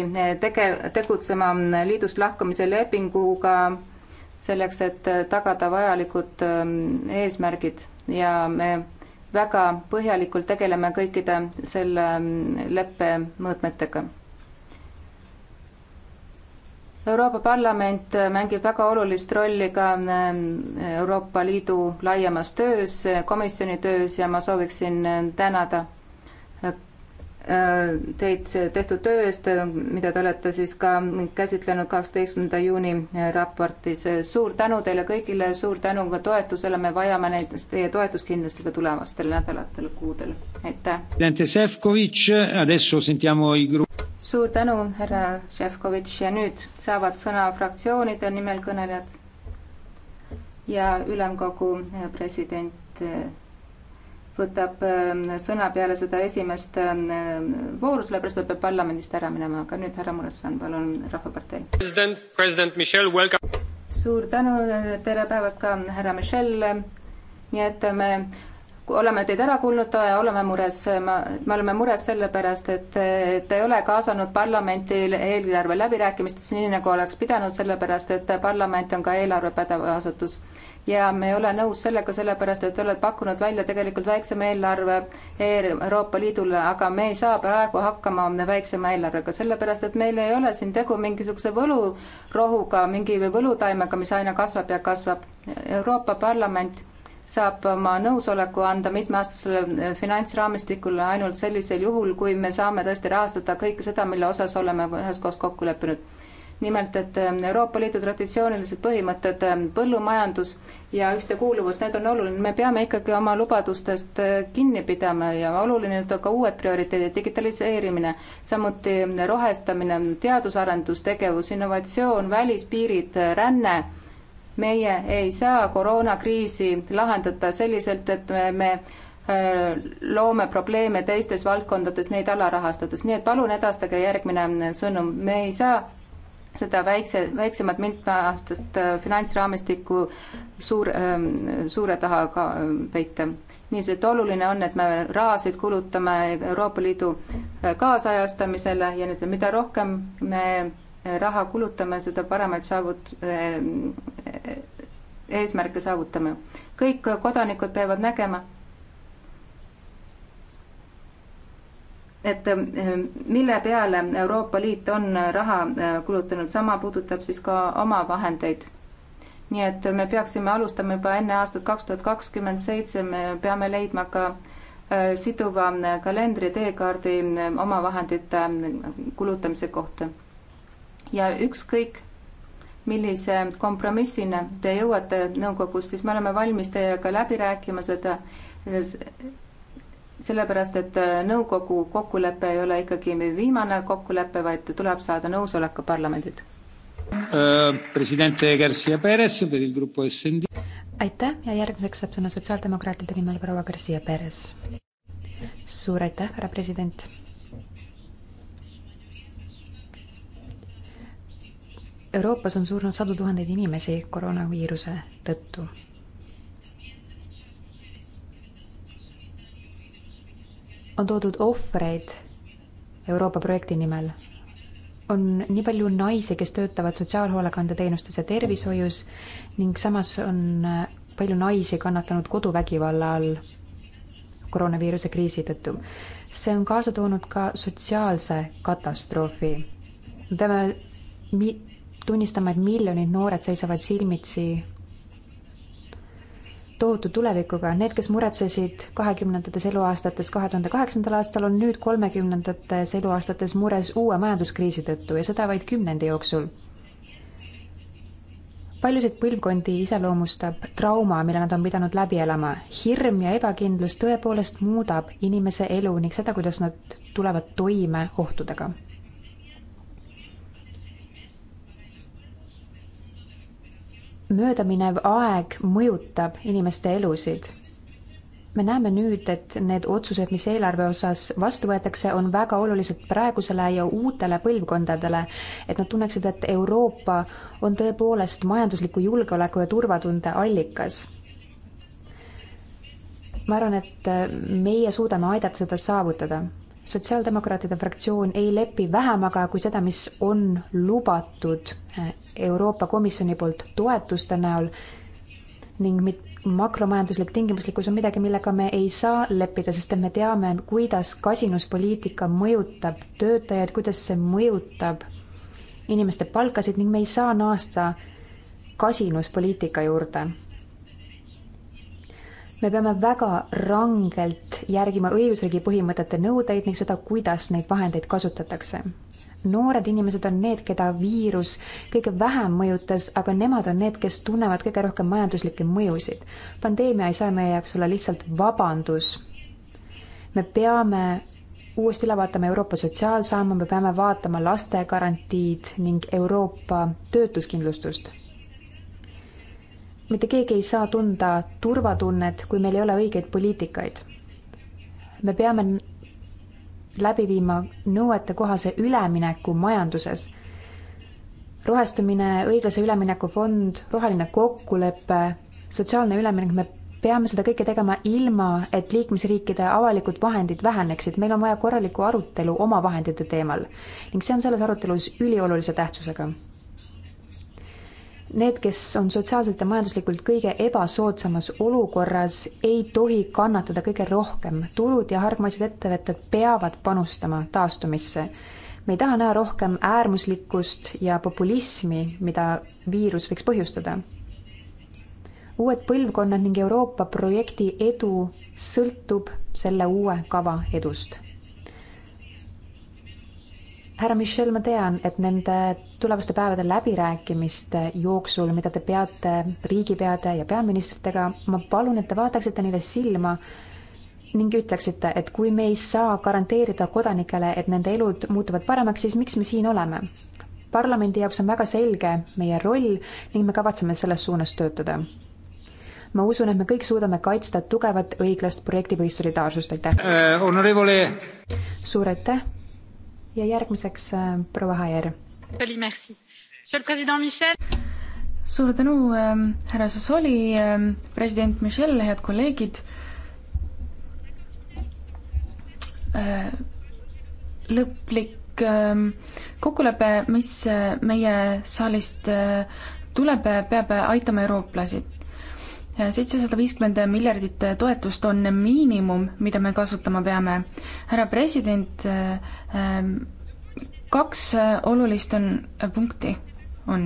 tege-, tegutsema liidust lahkumise lepinguga selleks, et tagada vajalikud ähm, eesmärgid ja me väga põhjalikult tegeleme kõikide selle ähm, leppe mõõtmetega. Euroopa Parlament mängib väga olulist rolli ka ähm, Euroopa Liidu laiemas töös, komisjoni töös ja ma sooviksin tänada Äh, teid tehtud töö eest, äh, mida te olete siis ka käsitlenud kaheksateistkümnenda juuni äh, raportis. suur tänu teile kõigile, suur tänu ka toetusele, me vajame neid, teie toetust kindlasti ka tulevastel nädalatel, kuudel, aitäh. suur tänu, härra Šefkovitš ja nüüd saavad sõna fraktsioonide nimel kõnelejad ja ülemkogu president võtab ähm, sõna peale seda esimest ähm, vooru, sellepärast ta peab parlamendist ära minema, aga nüüd härra Muressan, palun, Rahvapartei. president, president Michel, welcome. suur tänu, tere päevast ka härra Michel. nii et me oleme teid ära kuulnud ja oleme mures, me oleme mures sellepärast, et te ei ole kaasanud parlamenti eelarve läbirääkimistesse, nii nagu oleks pidanud, sellepärast et parlament on ka eelarvepädev asutus ja me ei ole nõus sellega, sellepärast et oled pakkunud välja tegelikult väiksema eelarve Euroopa Liidule, aga me ei saa praegu hakkama väiksema eelarvega, sellepärast et meil ei ole siin tegu mingisuguse võlurohuga, mingi võlutaimega, mis aina kasvab ja kasvab. Euroopa Parlament saab oma nõusoleku anda mitmeaastasele finantsraamistikule ainult sellisel juhul, kui me saame tõesti rahastada kõike seda, mille osas oleme üheskoos kokku leppinud nimelt, et ähm, Euroopa Liidu traditsioonilised põhimõtted, ähm, põllumajandus ja ühtekuuluvus, need on oluline, me peame ikkagi oma lubadustest äh, kinni pidama ja oluline on ka uued prioriteedid, digitaliseerimine, samuti ähm, rohestamine, teadus-arendustegevus, innovatsioon, välispiirid, äh, ränne meie ei saa koroonakriisi lahendada selliselt, et me, me äh, loome probleeme teistes valdkondades neid alarahastades, nii et palun edastage järgmine sõnum, me ei saa seda väikse, väiksemat mitmeaastast äh, finantsraamistikku suur, ähm, suure taha ka ähm, peita. nii et oluline on, et me rahasid kulutame Euroopa Liidu äh, kaasajastamisele ja nüüd, mida rohkem me äh, raha kulutame, seda paremaid saavut-, ähm, eesmärke saavutame. kõik kodanikud peavad nägema et ähm, mille peale Euroopa Liit on äh, raha äh, kulutanud, sama puudutab siis ka omavahendeid. nii et me peaksime alustama juba enne aastat kaks tuhat kakskümmend seitse, me peame leidma ka äh, siduva kalendri teekaardi omavahendite kulutamise kohta. ja ükskõik, millise kompromissina te jõuate nõukogus, siis me oleme valmis teiega läbi rääkima seda sellepärast, et äh, nõukogu kokkulepe ei ole ikkagi viimane kokkulepe, vaid tuleb saada nõusolek ka parlamendilt. Äh, presidente Garcia Perez per il gruppo SND. aitäh ja järgmiseks saab sõna sotsiaaldemokraatide nimel proua Garcia Perez. suur aitäh, härra president. Euroopas on surnud sadu tuhandeid inimesi koroonaviiruse tõttu on toodud ohvreid Euroopa projekti nimel. on nii palju naisi, kes töötavad sotsiaalhoolekandeteenustes ja tervishoius ning samas on äh, palju naisi kannatanud koduvägivalla all koroonaviiruse kriisi tõttu. see on kaasa toonud ka sotsiaalse katastroofi. me peame mi-, tunnistama, et miljonid noored seisavad silmitsi tohutu tulevikuga. Need, kes muretsesid kahekümnendates eluaastates kahe tuhande kaheksandal aastal, on nüüd kolmekümnendates eluaastates mures uue majanduskriisi tõttu ja seda vaid kümnendi jooksul. paljusid põlvkondi iseloomustab trauma, mille nad on pidanud läbi elama. hirm ja ebakindlus tõepoolest muudab inimese elu ning seda, kuidas nad tulevad toime ohtudega möödaminev aeg mõjutab inimeste elusid. me näeme nüüd, et need otsused, mis eelarve osas vastu võetakse, on väga olulised praegusele ja uutele põlvkondadele, et nad tunneksid, et Euroopa on tõepoolest majandusliku julgeoleku ja turvatunde allikas ma arvan, et meie suudame aidata seda saavutada. sotsiaaldemokraatide fraktsioon ei lepi vähemaga kui seda, mis on lubatud Euroopa Komisjoni poolt toetuste näol ning mit-, makromajanduslik tingimuslikkus on midagi, millega me ei saa leppida, sest et me teame, kuidas kasinuspoliitika mõjutab töötajaid, kuidas see mõjutab inimeste palkasid ning me ei saa naasta kasinuspoliitika juurde. me peame väga rangelt järgima õigusriigi põhimõtete nõudeid ning seda, kuidas neid vahendeid kasutatakse noored inimesed on need, keda viirus kõige vähem mõjutas, aga nemad on need, kes tunnevad kõige rohkem majanduslikke mõjusid. pandeemia ei saa meie jaoks olla lihtsalt vabandus. me peame uuesti üle vaatama Euroopa sotsiaalsaama, me peame vaatama laste garantiid ning Euroopa töötuskindlustust. mitte keegi ei saa tunda turvatunnet, kui meil ei ole õigeid poliitikaid. me peame läbi viima nõuetekohase ülemineku majanduses. rohestumine, õiglase ülemineku fond, roheline kokkulepe, sotsiaalne üleminek, me peame seda kõike tegema ilma, et liikmesriikide avalikud vahendid väheneksid, meil on vaja korralikku arutelu omavahendite teemal ning see on selles arutelus üliolulise tähtsusega. Need, kes on sotsiaalselt ja majanduslikult kõige ebasoodsamas olukorras, ei tohi kannatada kõige rohkem. turud ja hargmaised ettevõtted peavad panustama taastumisse. me ei taha näha rohkem äärmuslikkust ja populismi, mida viirus võiks põhjustada. uued põlvkonnad ning Euroopa projekti edu sõltub selle uue kava edust härra Michel, ma tean, et nende tulevaste päevade läbirääkimiste jooksul, mida te peate riigipeade ja peaministritega, ma palun, et te vaataksite neile silma ning ütleksite, et kui me ei saa garanteerida kodanikele, et nende elud muutuvad paremaks, siis miks me siin oleme? parlamendi jaoks on väga selge meie roll ning me kavatseme selles suunas töötada. ma usun, et me kõik suudame kaitsta tugevat õiglast projektipõhist solidaarsust, aitäh äh,! suur aitäh! ja järgmiseks äh, proua Haier. suur tänu, ähm, härra Sassoli, ähm, president Michel, head kolleegid äh, lõplik ähm, kokkulepe, mis äh, meie saalist tuleb, peab aitama eurooplasid seitsesada viiskümmend miljardit toetust on miinimum, mida me kasutama peame. härra president, kaks olulist on, punkti on,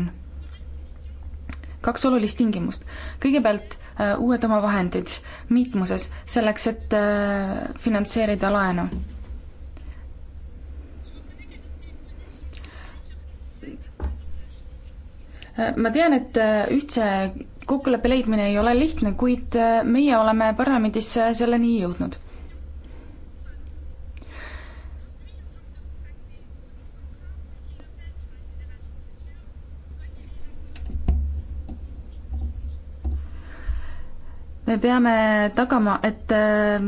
kaks olulist tingimust. kõigepealt uued omavahendid mitmuses, selleks et finantseerida laenu ma tean, et ühtse kokkuleppe leidmine ei ole lihtne, kuid äh, meie oleme parlamendis äh, selleni jõudnud. me peame tagama, et äh,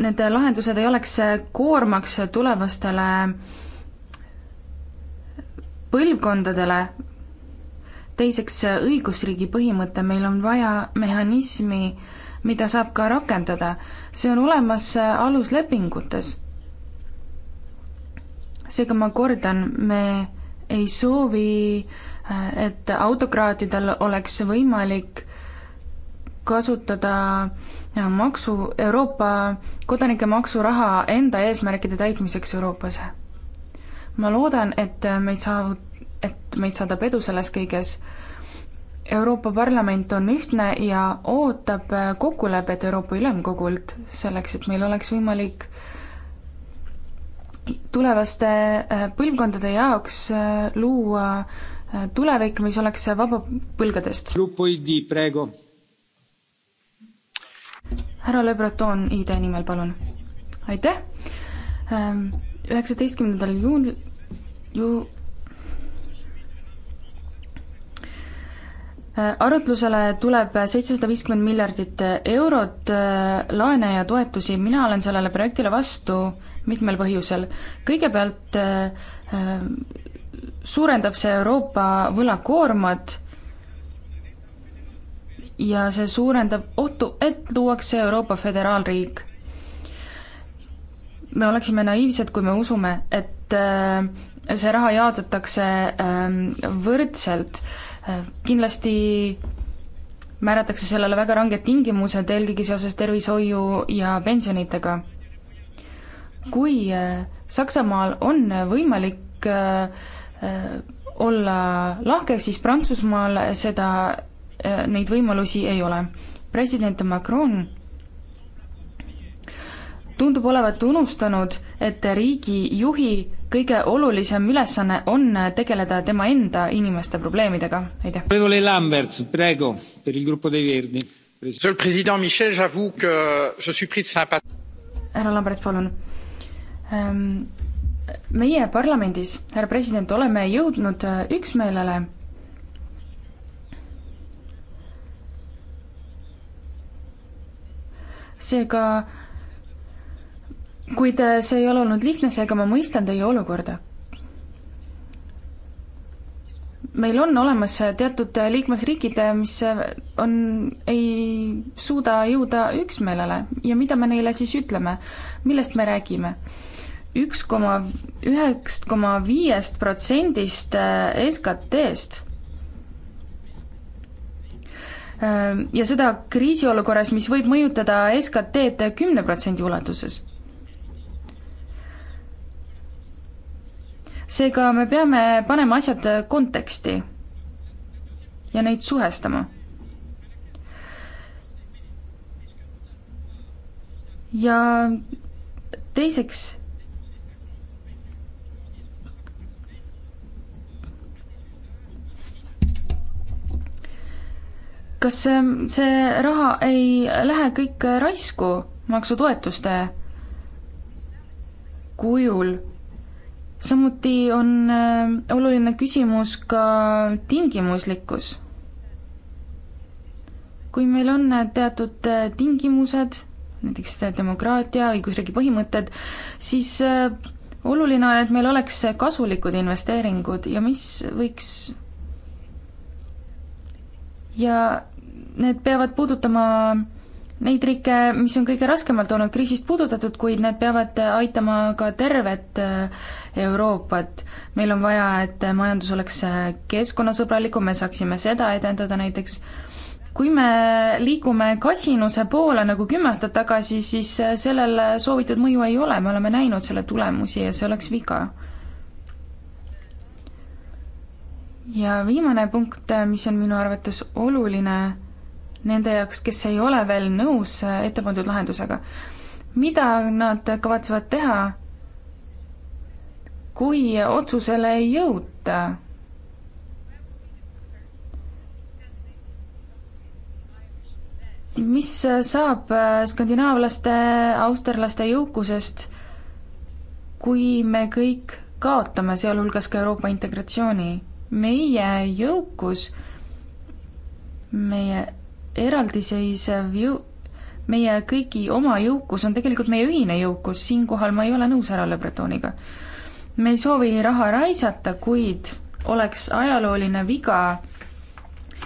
need lahendused ei oleks koormaks tulevastele põlvkondadele, teiseks, õigusriigi põhimõte, meil on vaja mehhanismi, mida saab ka rakendada. see on olemas äh, aluslepingutes. seega ma kordan, me ei soovi, äh, et autokraatidel oleks võimalik kasutada äh, maksu, Euroopa kodanike maksuraha enda eesmärkide täitmiseks Euroopas. ma loodan, et meid saavut-, et meid saadab edu selles kõiges. Euroopa Parlament on ühtne ja ootab kokkulepet Euroopa Ülemkogult selleks, et meil oleks võimalik tulevaste äh, põlvkondade jaoks äh, luua äh, tulevik, mis oleks vaba põlgedest. härra Le Breton ID nimel, palun. aitäh. Ähm, üheksateistkümnendal juun-, ju-, arutlusele tuleb seitsesada viiskümmend miljardit eurot äh, laene ja toetusi, mina olen sellele projektile vastu mitmel põhjusel. kõigepealt äh, äh, suurendab see Euroopa võlakoormat ja see suurendab ohtu, et luuakse Euroopa föderaalriik. me oleksime naiivsed, kui me usume, et see raha jaotatakse ähm, võrdselt Äh, kindlasti määratakse sellele väga ranged tingimused, eelkõige seoses tervishoiu ja pensionitega. kui äh, Saksamaal on võimalik äh, olla lahke, siis Prantsusmaal seda, neid võimalusi ei ole. president Macron tundub olevat unustanud, et riigijuhi kõige olulisem ülesanne on tegeleda tema enda inimeste probleemidega, aitäh. härra Lamberts, palun. Ehm, meie parlamendis, härra president, oleme jõudnud äh, üksmeelele seega kuid äh, see ei ole olnud lihtne, seega ma mõistan teie olukorda. meil on olemas äh, teatud äh, liikmesriigid, mis on, ei suuda jõuda üksmeelele ja mida me neile siis ütleme, millest me räägime? üks koma üheksast koma viiest protsendist SKT-st ja seda kriisiolukorras, mis võib mõjutada SKT-d kümne protsendi ulatuses seega me peame panema asjad konteksti ja neid suhestama. ja teiseks, kas ähm, see raha ei lähe kõik raisku maksutoetuste kujul? samuti on äh, oluline küsimus ka tingimuslikkus. kui meil on teatud äh, tingimused, näiteks äh, demokraatia, õigusriigi põhimõtted, siis oluline on, et meil oleks kasulikud investeeringud ja mis võiks ja need peavad puudutama neid riike, mis on kõige raskemalt olnud kriisist puudutatud, kuid need peavad aitama ka tervet äh, Euroopat. meil on vaja, et majandus oleks äh, keskkonnasõbralikum, me saaksime seda edendada näiteks, kui me liigume kasinuse poole nagu kümme aastat tagasi, siis äh, sellel soovitud mõju ei ole, me oleme näinud selle tulemusi ja see oleks viga. ja viimane punkt, mis on minu arvates oluline nende jaoks, kes ei ole veel nõus äh, ette pandud lahendusega. mida nad kavatsevad teha, kui otsusele ei jõuta? mis saab äh, skandinaavlaste, austerlaste jõukusest, kui me kõik kaotame, sealhulgas ka Euroopa integratsiooni? meie jõukus, meie eraldiseisev jõu-, meie kõigi oma jõukus on tegelikult meie ühine jõukus, siinkohal ma ei ole nõus härra Le Bretoniga. me ei soovi raha raisata, kuid oleks ajalooline viga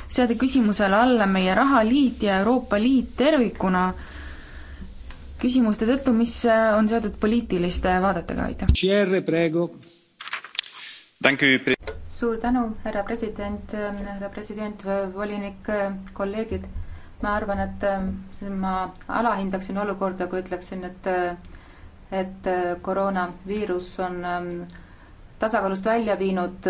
seada küsimusele alla meie rahaliit ja Euroopa Liit tervikuna küsimuste tõttu, mis on seotud poliitiliste vaadetega, aitäh suur tänu, härra president, härra president, volinik, kolleegid. ma arvan, et äh, ma alahindaksin olukorda, kui ütleksin, et, äh, et äh, koroonaviirus on ähm, tasakaalust välja viinud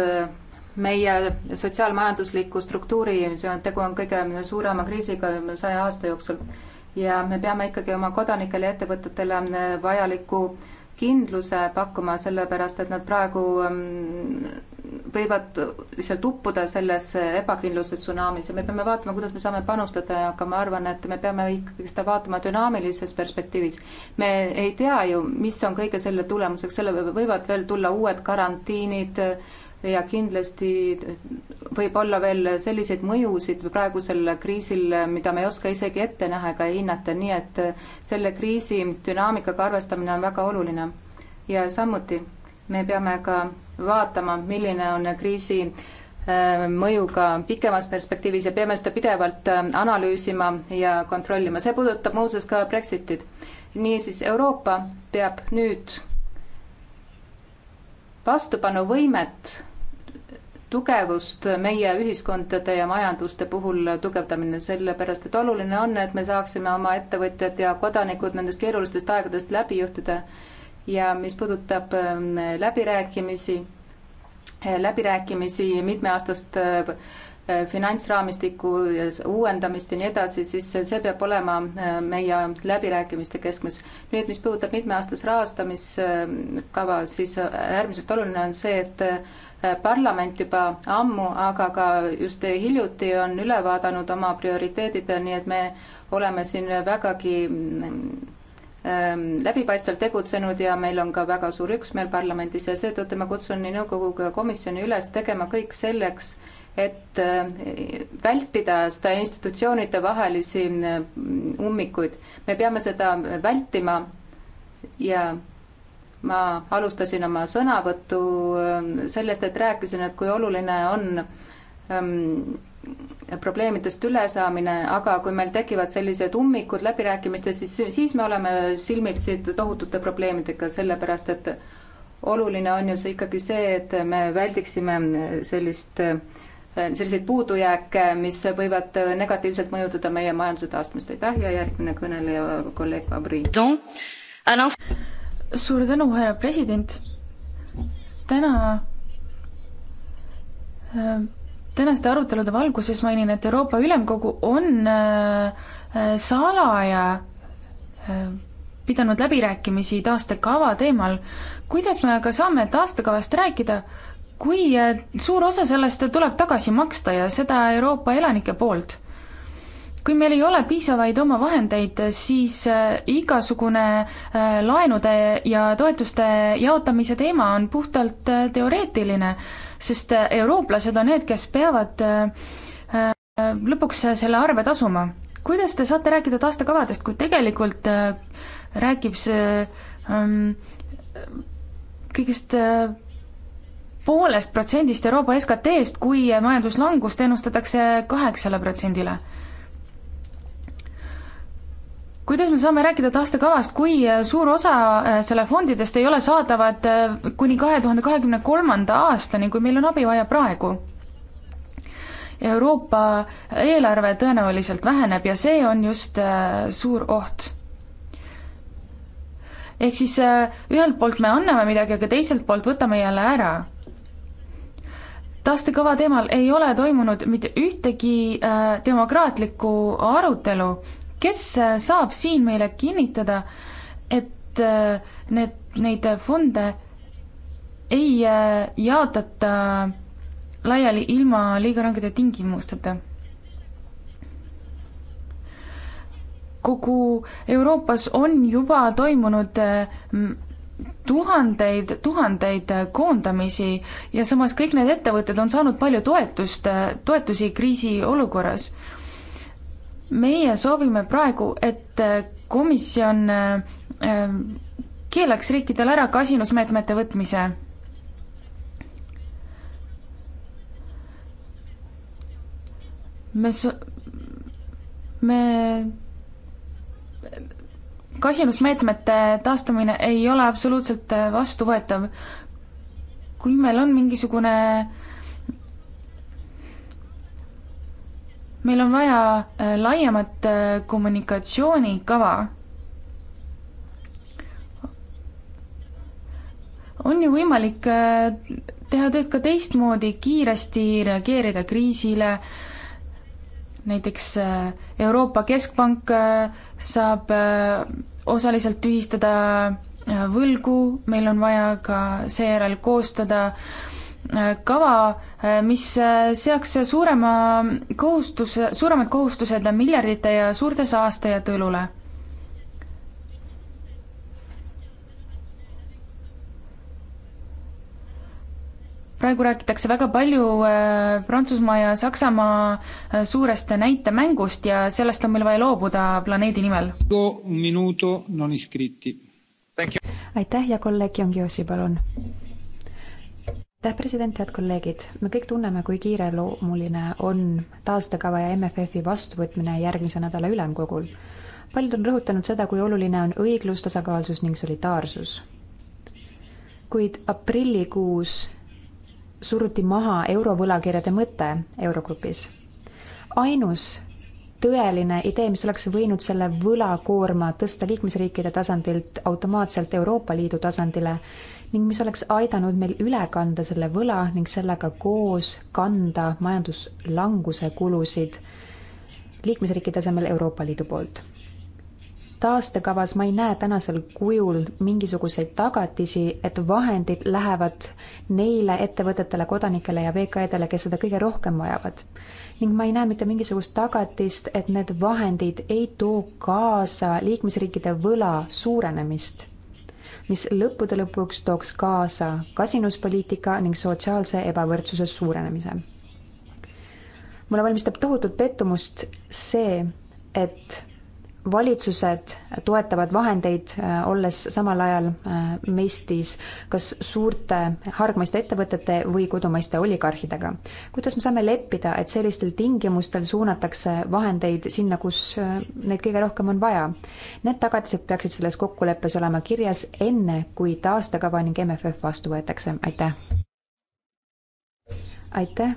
meie sotsiaalmajandusliku struktuuri, see on, tegu on kõige suurema kriisiga saja aasta jooksul ja me peame ikkagi oma kodanikele ja ettevõtetele vajaliku äh, kindluse pakkuma, sellepärast et nad praegu mm, võivad lihtsalt uppuda selles ebakindluse tsunamis ja me peame vaatama, kuidas me saame panustada, aga ma arvan, et me peame ikkagi seda vaatama dünaamilises perspektiivis. me ei tea ju, mis on kõige selle tulemuseks, selle võivad veel tulla uued karantiinid, ja kindlasti võib olla veel selliseid mõjusid praegusel kriisil, mida me ei oska isegi ette näha ega hinnata, nii et selle kriisi dünaamikaga arvestamine on väga oluline. ja samuti me peame ka vaatama, milline on kriisi äh, mõju ka pikemas perspektiivis ja peame seda pidevalt äh, analüüsima ja kontrollima. see puudutab muuseas ka Brexitit. niisiis, Euroopa peab nüüd vastupanuvõimet tugevust meie ühiskondade ja majanduste puhul tugevdamine, sellepärast et oluline on, et me saaksime oma ettevõtjad ja kodanikud nendest keerulistest aegadest läbi juhtida. ja mis puudutab ähm, läbirääkimisi, äh, läbirääkimisi mitmeaastast äh, finantsraamistiku äh, uuendamist ja nii edasi, siis see peab olema meie läbirääkimiste keskmes. nüüd, mis puudutab mitmeaastast rahastamiskava, siis äärmiselt oluline on see, et Äh, parlament juba ammu, aga ka just hiljuti on üle vaadanud oma prioriteedid, nii et me oleme siin vägagi mm, ähm, läbipaistvalt tegutsenud ja meil on ka väga suur üksmeel parlamendis ja seetõttu ma kutsun nii nõukogu kui komisjoni üles tegema kõik selleks, et äh, vältida seda institutsioonide vahelisi mm, ummikuid. me peame seda vältima ja ma alustasin oma sõnavõttu ähm, sellest, et rääkisin, et kui oluline on ähm, probleemidest ülesaamine, aga kui meil tekivad sellised ummikud läbirääkimistes, siis, siis me oleme silmitsi tohutute probleemidega, sellepärast et oluline on ju see ikkagi see, et me väldiksime sellist, äh, selliseid puudujääke, mis võivad äh, negatiivselt mõjutada meie majanduse taastumist. aitäh ja järgmine kõneleja, kolleeg Fabri. Alain suur tänu, härra president. täna äh, tänaste arutelude valguses mainin, et Euroopa Ülemkogu on äh, äh, salaja pidanud läbirääkimisi taastekava teemal. kuidas me aga saame taastekavast rääkida, kui suur osa sellest tuleb tagasi maksta ja seda Euroopa elanike poolt? kui meil ei ole piisavaid omavahendeid, siis äh, igasugune äh, laenude ja toetuste jaotamise teema on puhtalt äh, teoreetiline, sest eurooplased on need, kes peavad lõpuks selle arve tasuma. kuidas te saate rääkida taastekavadest, kui tegelikult räägib see ähm, kõigest poolest protsendist Euroopa SKT-st, kui majanduslangust ennustatakse kaheksale protsendile kuidas me saame rääkida taastekavast, kui äh, suur osa äh, selle fondidest ei ole saadavad äh, kuni kahe tuhande kahekümne kolmanda aastani, kui meil on abi vaja praegu? Euroopa eelarve tõenäoliselt väheneb ja see on just suur oht. ehk siis ühelt poolt me anname midagi, aga teiselt poolt võtame jälle ära taastekava teemal ei ole toimunud mitte ühtegi äh, demokraatlikku arutelu kes äh, saab siin meile kinnitada, et äh, need, neid fonde ei äh, jaotata laiali ilma liiga rangede tingimusteta? kogu Euroopas on juba toimunud tuhandeid, tuhandeid koondamisi ja samas kõik need ettevõtted on saanud palju toetust, toetusi kriisiolukorras meie soovime praegu, et äh, komisjon äh, äh, keelaks riikidel ära kasinusmeetmete võtmise me so-, me kasinusmeetmete taastamine ei ole absoluutselt vastuvõetav. kui meil on mingisugune meil on vaja äh, laiemat äh, kommunikatsioonikava. on ju võimalik äh, teha tööd ka teistmoodi, kiiresti reageerida kriisile, näiteks Euroopa Keskpank saab osaliselt tühistada võlgu, meil on vaja ka seejärel koostada äh, kava, äh, mis äh, seaks suurema kohustuse, suuremad kohustused miljardite ja suurte saastajate õlule. praegu räägitakse väga palju äh, Prantsusmaa ja Saksamaa suurest näitemängust ja sellest on meil vaja loobuda planeedi nimel. aitäh ja kolleeg Jongi Ossi, palun aitäh, president, head kolleegid, me kõik tunneme, kui kiireloomuline on taastekava ja MFF-i vastuvõtmine järgmise nädala ülemkogul. paljud on rõhutanud seda, kui oluline on õiglus, tasakaalsus ning solidaarsus. kuid aprillikuus suruti maha eurovõlakirjade mõte Eurogrupis. ainus tõeline idee, mis oleks võinud selle võlakoorma tõsta liikmesriikide tasandilt automaatselt Euroopa Liidu tasandile, ning mis oleks aidanud meil üle kanda selle võla ning sellega koos kanda majanduslanguse kulusid liikmesriigi tasemel Euroopa Liidu poolt. taastekavas ma ei näe tänasel kujul mingisuguseid tagatisi, et vahendid lähevad neile ettevõtetele, kodanikele ja VKE-dele, kes seda kõige rohkem vajavad. ning ma ei näe mitte mingisugust tagatist, et need vahendid ei too kaasa liikmesriikide võla suurenemist mis lõppude lõpuks tooks kaasa kasinuspoliitika ning sotsiaalse ebavõrdsuse suurenemise. mulle valmistab tohutut pettumust see, et valitsused toetavad vahendeid, äh, olles samal ajal äh, mestis kas suurte hargmaiste ettevõtete või kodumaiste oligarhidega. kuidas me saame leppida, et sellistel tingimustel suunatakse vahendeid sinna, kus äh, neid kõige rohkem on vaja? Need tagatised peaksid selles kokkuleppes olema kirjas enne, kui taastekava ning MFF vastu võetakse, aitäh! aitäh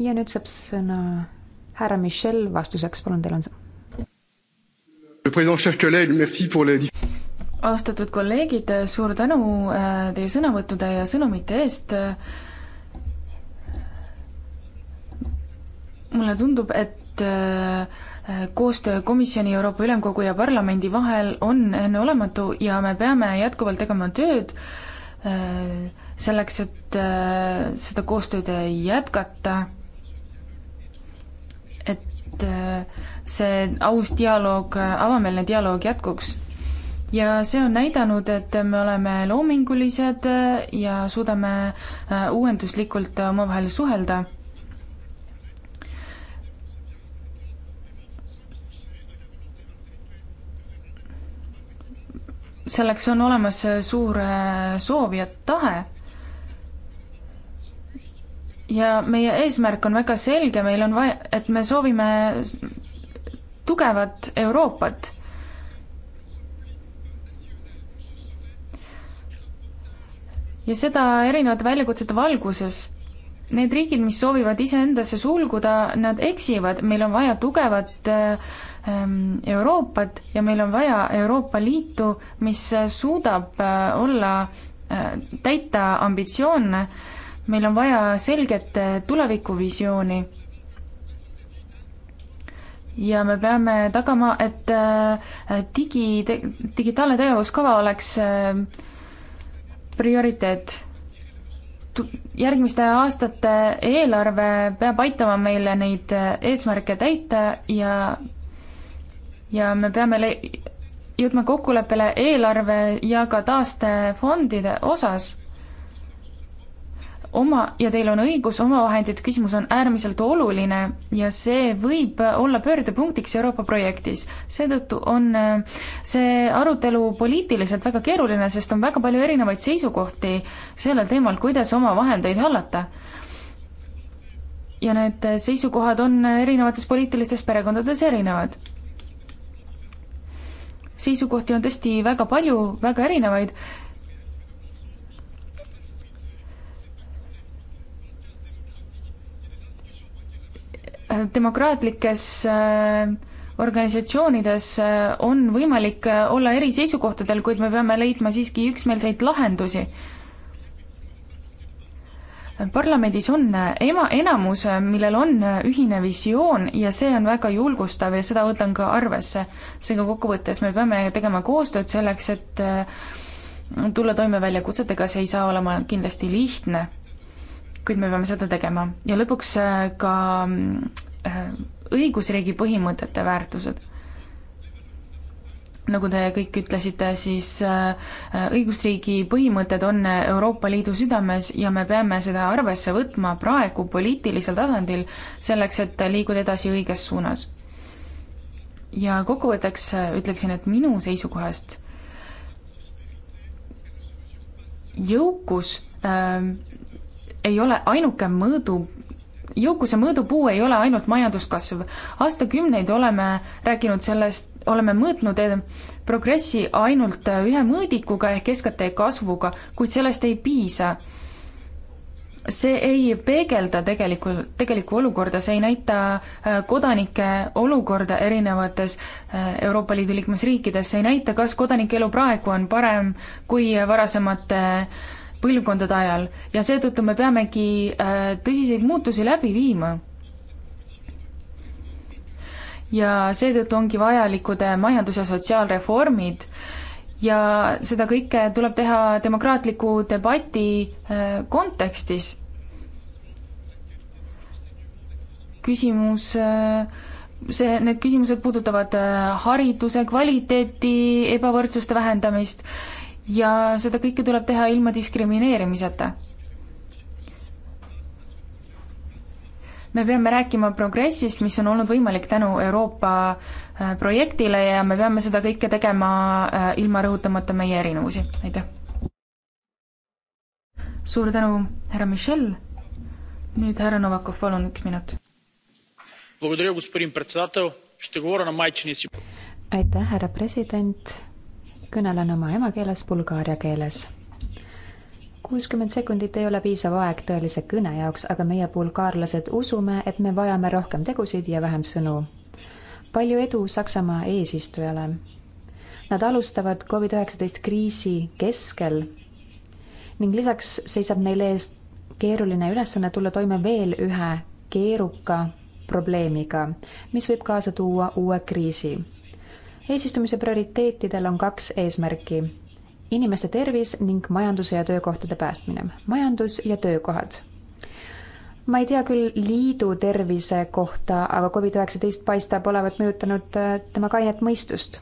ja nüüd saab sõna härra Michel vastuseks, palun, teil on sõna austatud kolleegid, suur tänu äh, teie sõnavõttude ja sõnumite eest. mulle tundub, et äh, koostöö komisjoni, Euroopa Ülemkogu ja parlamendi vahel on enneolematu ja me peame jätkuvalt tegema tööd äh, selleks, et seda koostööd jätkata, et see aus dialoog, avameelne dialoog jätkuks. ja see on näidanud, et me oleme loomingulised äh, ja suudame äh, uuenduslikult äh, omavahel suhelda. selleks on olemas suur soov ja tahe ja meie eesmärk on väga selge, meil on vaja, et me soovime tugevat Euroopat. ja seda erinevate väljakutsete valguses. Need riigid, mis soovivad iseendasse sulguda, nad eksivad, meil on vaja tugevat ähm, Euroopat ja meil on vaja Euroopa Liitu, mis suudab äh, olla äh,, täita ambitsioone, meil on vaja selget äh, tulevikuvisiooni ja me peame tagama, et äh, digi, digitaalne tegevuskava oleks äh, prioriteet. järgmiste aastate eelarve peab aitama meile neid äh, eesmärke täita ja, ja me peame jõudma kokkuleppele eelarve ja ka taastefondide osas oma, ja teil on õigus, omavahendite küsimus on äärmiselt oluline ja see võib olla pöördepunktiks Euroopa projektis. seetõttu on äh, see arutelu poliitiliselt väga keeruline, sest on väga palju erinevaid seisukohti sellel teemal, kuidas omavahendeid hallata. ja need seisukohad on erinevates poliitilistes perekondades erinevad seisukohti on tõesti väga palju, väga erinevaid demokraatlikes äh, organisatsioonides äh, on võimalik äh, olla eri seisukohtadel, kuid me peame leidma siiski üksmeelseid lahendusi. parlamendis on ema, enamus, millel on ühine visioon ja see on väga julgustav ja seda võtan ka arvesse. seega kokkuvõttes me peame tegema koostööd selleks, et tulla toime väljakutsetega, see ei saa olema kindlasti lihtne kuid me peame seda tegema ja lõpuks äh, ka äh, õigusriigi põhimõtete väärtused. nagu te kõik ütlesite, siis äh, õigusriigi põhimõtted on Euroopa Liidu südames ja me peame seda arvesse võtma praegu poliitilisel tasandil, selleks et liiguda edasi õiges suunas. ja kokkuvõtteks ütleksin, et minu seisukohast jõukus äh, ei ole ainuke mõõdu, jõukuse mõõdupuu ei ole ainult majanduskasv. aastakümneid oleme rääkinud sellest, oleme mõõtnud eh, progressi ainult eh, ühe mõõdikuga ehk SKT kasvuga, kuid sellest ei piisa. see ei peegelda tegelikku, tegelikku olukorda, see ei näita eh, kodanike olukorda erinevates Euroopa Liidu liikmesriikides, see ei näita, kas kodanike elu praegu on parem kui varasemate äh, põlvkondade ajal ja seetõttu me peamegi äh, tõsiseid muutusi läbi viima. ja seetõttu ongi vajalikud äh, majandus- ja sotsiaalreformid ja seda kõike tuleb teha demokraatliku debati äh, kontekstis. küsimus see, need küsimused puudutavad hariduse kvaliteeti, ebavõrdsuste vähendamist ja seda kõike tuleb teha ilma diskrimineerimiseta. me peame rääkima progressist, mis on olnud võimalik tänu Euroopa äh, projektile ja me peame seda kõike tegema äh, ilma rõhutamata meie erinevusi, aitäh. suur tänu, härra Michel. nüüd härra Novakov, palun üks minut. aitäh, härra president kõnelen oma emakeeles bulgaaria keeles. kuuskümmend sekundit ei ole piisav aeg tõelise kõne jaoks, aga meie bulgaarlased usume, et me vajame rohkem tegusid ja vähem sõnu. palju edu Saksamaa eesistujale. Nad alustavad Covid-19 kriisi keskel ning lisaks seisab neil ees keeruline ülesanne tulla toime veel ühe keeruka probleemiga, mis võib kaasa tuua uue kriisi eesistumise prioriteetidel on kaks eesmärki. inimeste tervis ning majanduse ja töökohtade päästmine. majandus ja töökohad. ma ei tea küll liidu tervise kohta, aga Covid-19 paistab olevat mõjutanud äh, tema kainet mõistust.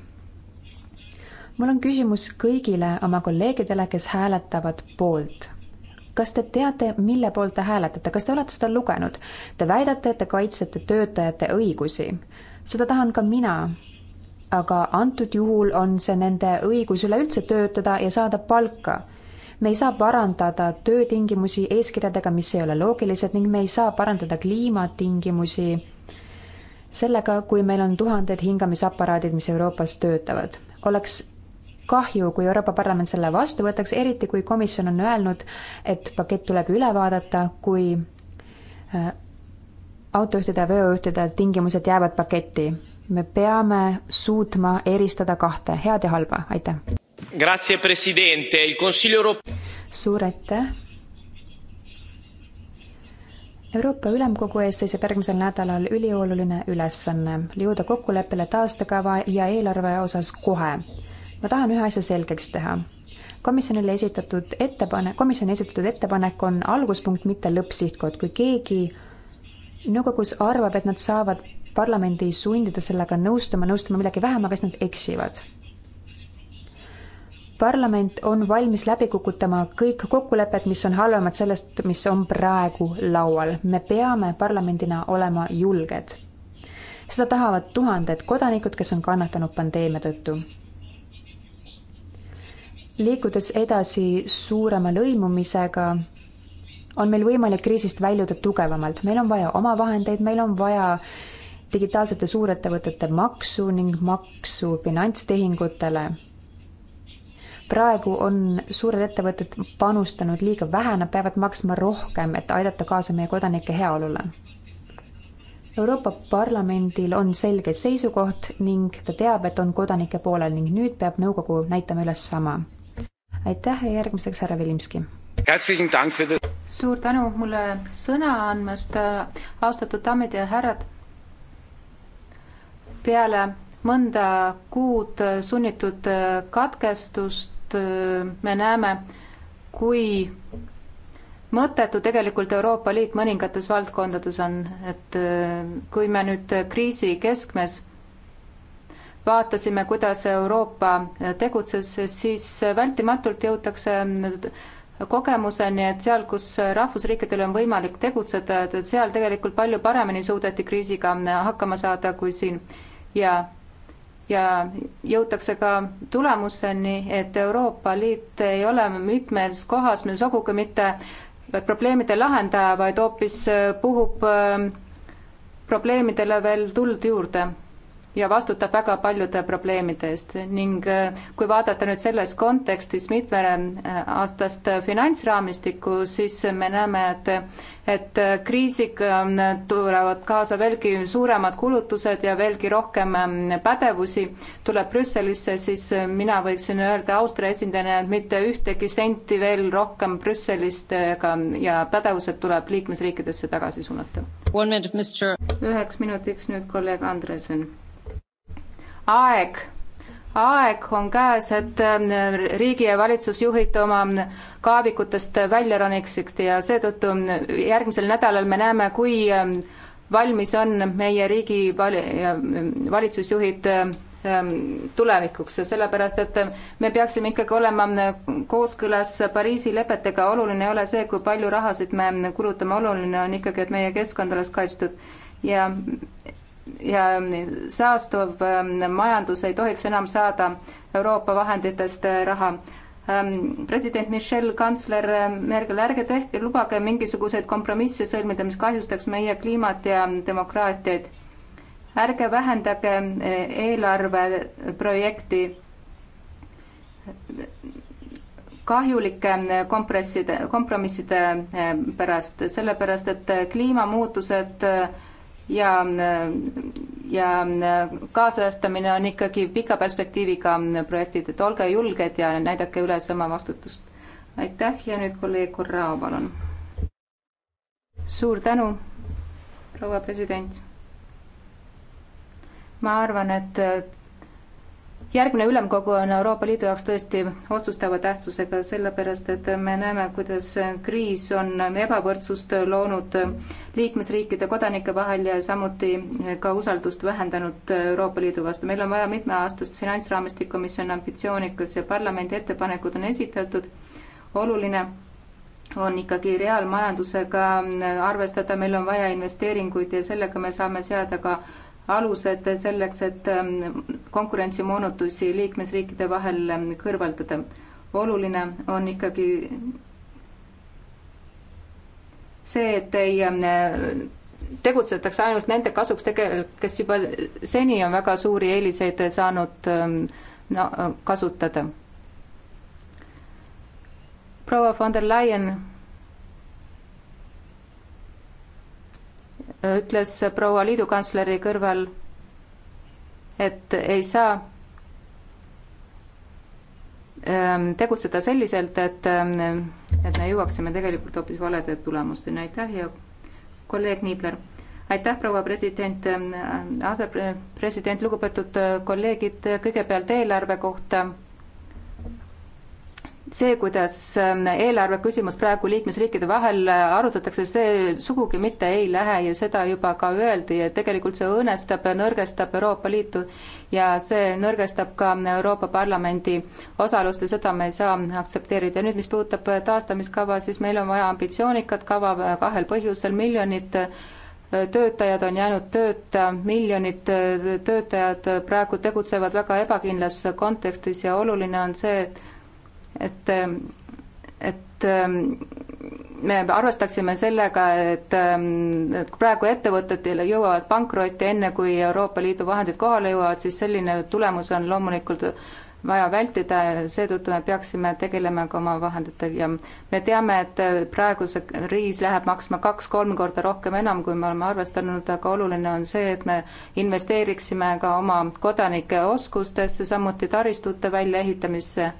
mul on küsimus kõigile oma kolleegidele, kes hääletavad poolt kas te teate, mille poolt te hääletate, kas te olete seda lugenud? Te väidate, et te kaitsete töötajate õigusi. seda tahan ka mina, aga antud juhul on see nende õigus üleüldse töötada ja saada palka. me ei saa parandada töötingimusi eeskirjadega, mis ei ole loogilised ning me ei saa parandada kliimatingimusi sellega, kui meil on tuhanded hingamisaparaadid, mis Euroopas töötavad. oleks kahju, kui Euroopa Parlament selle vastu võtaks, eriti kui komisjon on öelnud, et pakett tuleb üle vaadata, kui äh, autojuhtide ja veojuhtide tingimused jäävad paketti me peame suutma eristada kahte, head ja halba, aitäh. suur aitäh. Euroopa Ülemkogu ees seisab järgmisel nädalal ülioluline ülesanne jõuda kokkuleppele taastekava ja eelarve osas kohe. ma tahan ühe asja selgeks teha. komisjonile esitatud ettepanek, komisjoni esitatud ettepanek on alguspunkt, mitte lõppsihtkond, kui keegi nõukogus arvab, et nad saavad parlamendi sundida sellega nõustuma, nõustuma millegi vähem, aga siis nad eksivad. parlament on valmis läbi kukutama kõik kokkulepped, mis on halvemad sellest, mis on praegu laual. me peame parlamendina olema julged. seda tahavad tuhanded kodanikud, kes on kannatanud pandeemia tõttu liikudes edasi suurema lõimumisega, on meil võimalik kriisist väljuda tugevamalt, meil on vaja omavahendeid, meil on vaja digitaalsete suurettevõtete maksu ning maksu finantstehingutele. praegu on suured ettevõtted panustanud liiga vähe, nad peavad maksma rohkem, et aidata kaasa meie kodanike heaolule. Euroopa Parlamendil on selge seisukoht ning ta teab, et on kodanike poolel ning nüüd peab nõukogu näitama üles sama. aitäh ja järgmiseks härra Vilimski suur tänu mulle sõna andmast, austatud daamid ja härrad peale mõnda kuud sunnitud katkestust me näeme, kui mõttetu tegelikult Euroopa Liit mõningates valdkondades on, et äh, kui me nüüd kriisi keskmes vaatasime, kuidas Euroopa tegutses, siis vältimatult jõutakse kogemuseni, et seal, kus rahvusriikidel on võimalik tegutseda, et seal tegelikult palju paremini suudeti kriisiga hakkama saada kui siin ja, ja jõutakse ka tulemuseni, et Euroopa Liit ei ole mitmes kohas meil sugugi mitte probleemide lahendaja, vaid hoopis äh, puhub äh, probleemidele veel tuld juurde ja vastutab väga paljude probleemide eest ning äh, kui vaadata nüüd selles kontekstis mitmeaastast äh, finantsraamistikku, siis me näeme, et et äh, kriisiga tulevad kaasa veelgi suuremad kulutused ja veelgi rohkem ähm, pädevusi tuleb Brüsselisse, siis mina võiksin öelda Austria esindajana, et mitte ühtegi senti veel rohkem Brüsselist ega ja pädevused tuleb liikmesriikidesse tagasi suunata. üheks minutiks nüüd kolleeg Andresen aeg, aeg on käes, et ähm, riigi ja valitsusjuhid oma ähm, kaevikutest välja roniksid ja seetõttu ähm, järgmisel nädalal me näeme, kui valmis on meie riigi vali-, valitsusjuhid tulevikuks, sellepärast et me peaksime ikkagi olema kooskõlas Pariisi lepetega, oluline ei ole see, kui palju rahasid me kulutame, oluline on ikkagi, et meie keskkond oleks kaitstud ja ja ähm, saastuv ähm, majandus ei tohiks enam saada Euroopa vahenditest äh, raha. Ähm, president Michel, kantsler Merkel, ärge tehke, lubage mingisuguseid kompromisse sõlmida, mis kahjustaks meie kliimat ja demokraatiaid. ärge vähendage äh, eelarveprojekti kahjulike äh, kompresside, kompromisside pärast, sellepärast et kliimamuutused ja, ja kaasajastamine on ikkagi pika perspektiiviga projektid, et olge julged ja näidake üles oma vastutust. aitäh ja nüüd kolleeg Korrao, palun. suur tänu, proua president. ma arvan, et järgmine ülemkogu on Euroopa Liidu jaoks tõesti otsustava tähtsusega, sellepärast et me näeme, kuidas kriis on ebavõrdsust loonud liikmesriikide kodanike vahel ja samuti ka usaldust vähendanud Euroopa Liidu vastu. meil on vaja mitmeaastast finantsraamistikku, mis on ambitsioonikas ja parlamendi ettepanekud on esitatud. oluline on ikkagi reaalmajandusega arvestada, meil on vaja investeeringuid ja sellega me saame seada ka alused selleks, et ähm, konkurentsimoonutusi liikmesriikide vahel ähm, kõrvaldada. oluline on ikkagi see, et ei ähm, tegutsetakse ainult nende kasuks tegel-, kes juba seni on väga suuri eeliseid saanud no, kasutada. proua von der Leyen ütles proua liidukantsleri kõrval, et ei saa ähm, tegutseda selliselt, et, ähm, et me jõuaksime tegelikult hoopis valede tulemusteni. aitäh ja kolleeg Niibler. aitäh, proua president, ähm, asepresident, lugupeetud äh, kolleegid, kõigepealt eelarve kohta see, kuidas ähm, eelarve küsimus praegu liikmesriikide vahel äh, arutatakse, see sugugi mitte ei lähe ja seda juba ka öeldi, et tegelikult see õõnestab ja nõrgestab Euroopa Liitu ja see nõrgestab ka Euroopa Parlamendi osalust ja seda me ei saa aktsepteerida. nüüd, mis puudutab äh, taastamiskava, siis meil on vaja ambitsioonikat kava äh, kahel põhjusel, miljonid töötajad on jäänud tööta, miljonid töötajad praegu tegutsevad väga ebakindlas kontekstis ja oluline on see, et et, et ähm, me arvestaksime sellega, et, ähm, et praegu ettevõtetele jõuavad pankrotti enne, kui Euroopa Liidu vahendid kohale jõuavad, siis selline tulemus on loomulikult vaja vältida ja seetõttu me peaksime tegelema ka oma vahenditega ja me teame, et praegu see kriis läheb maksma kaks-kolm korda rohkem enam, kui me oleme arvestanud, aga oluline on see, et me investeeriksime ka oma kodanike oskustesse, samuti taristute väljaehitamisse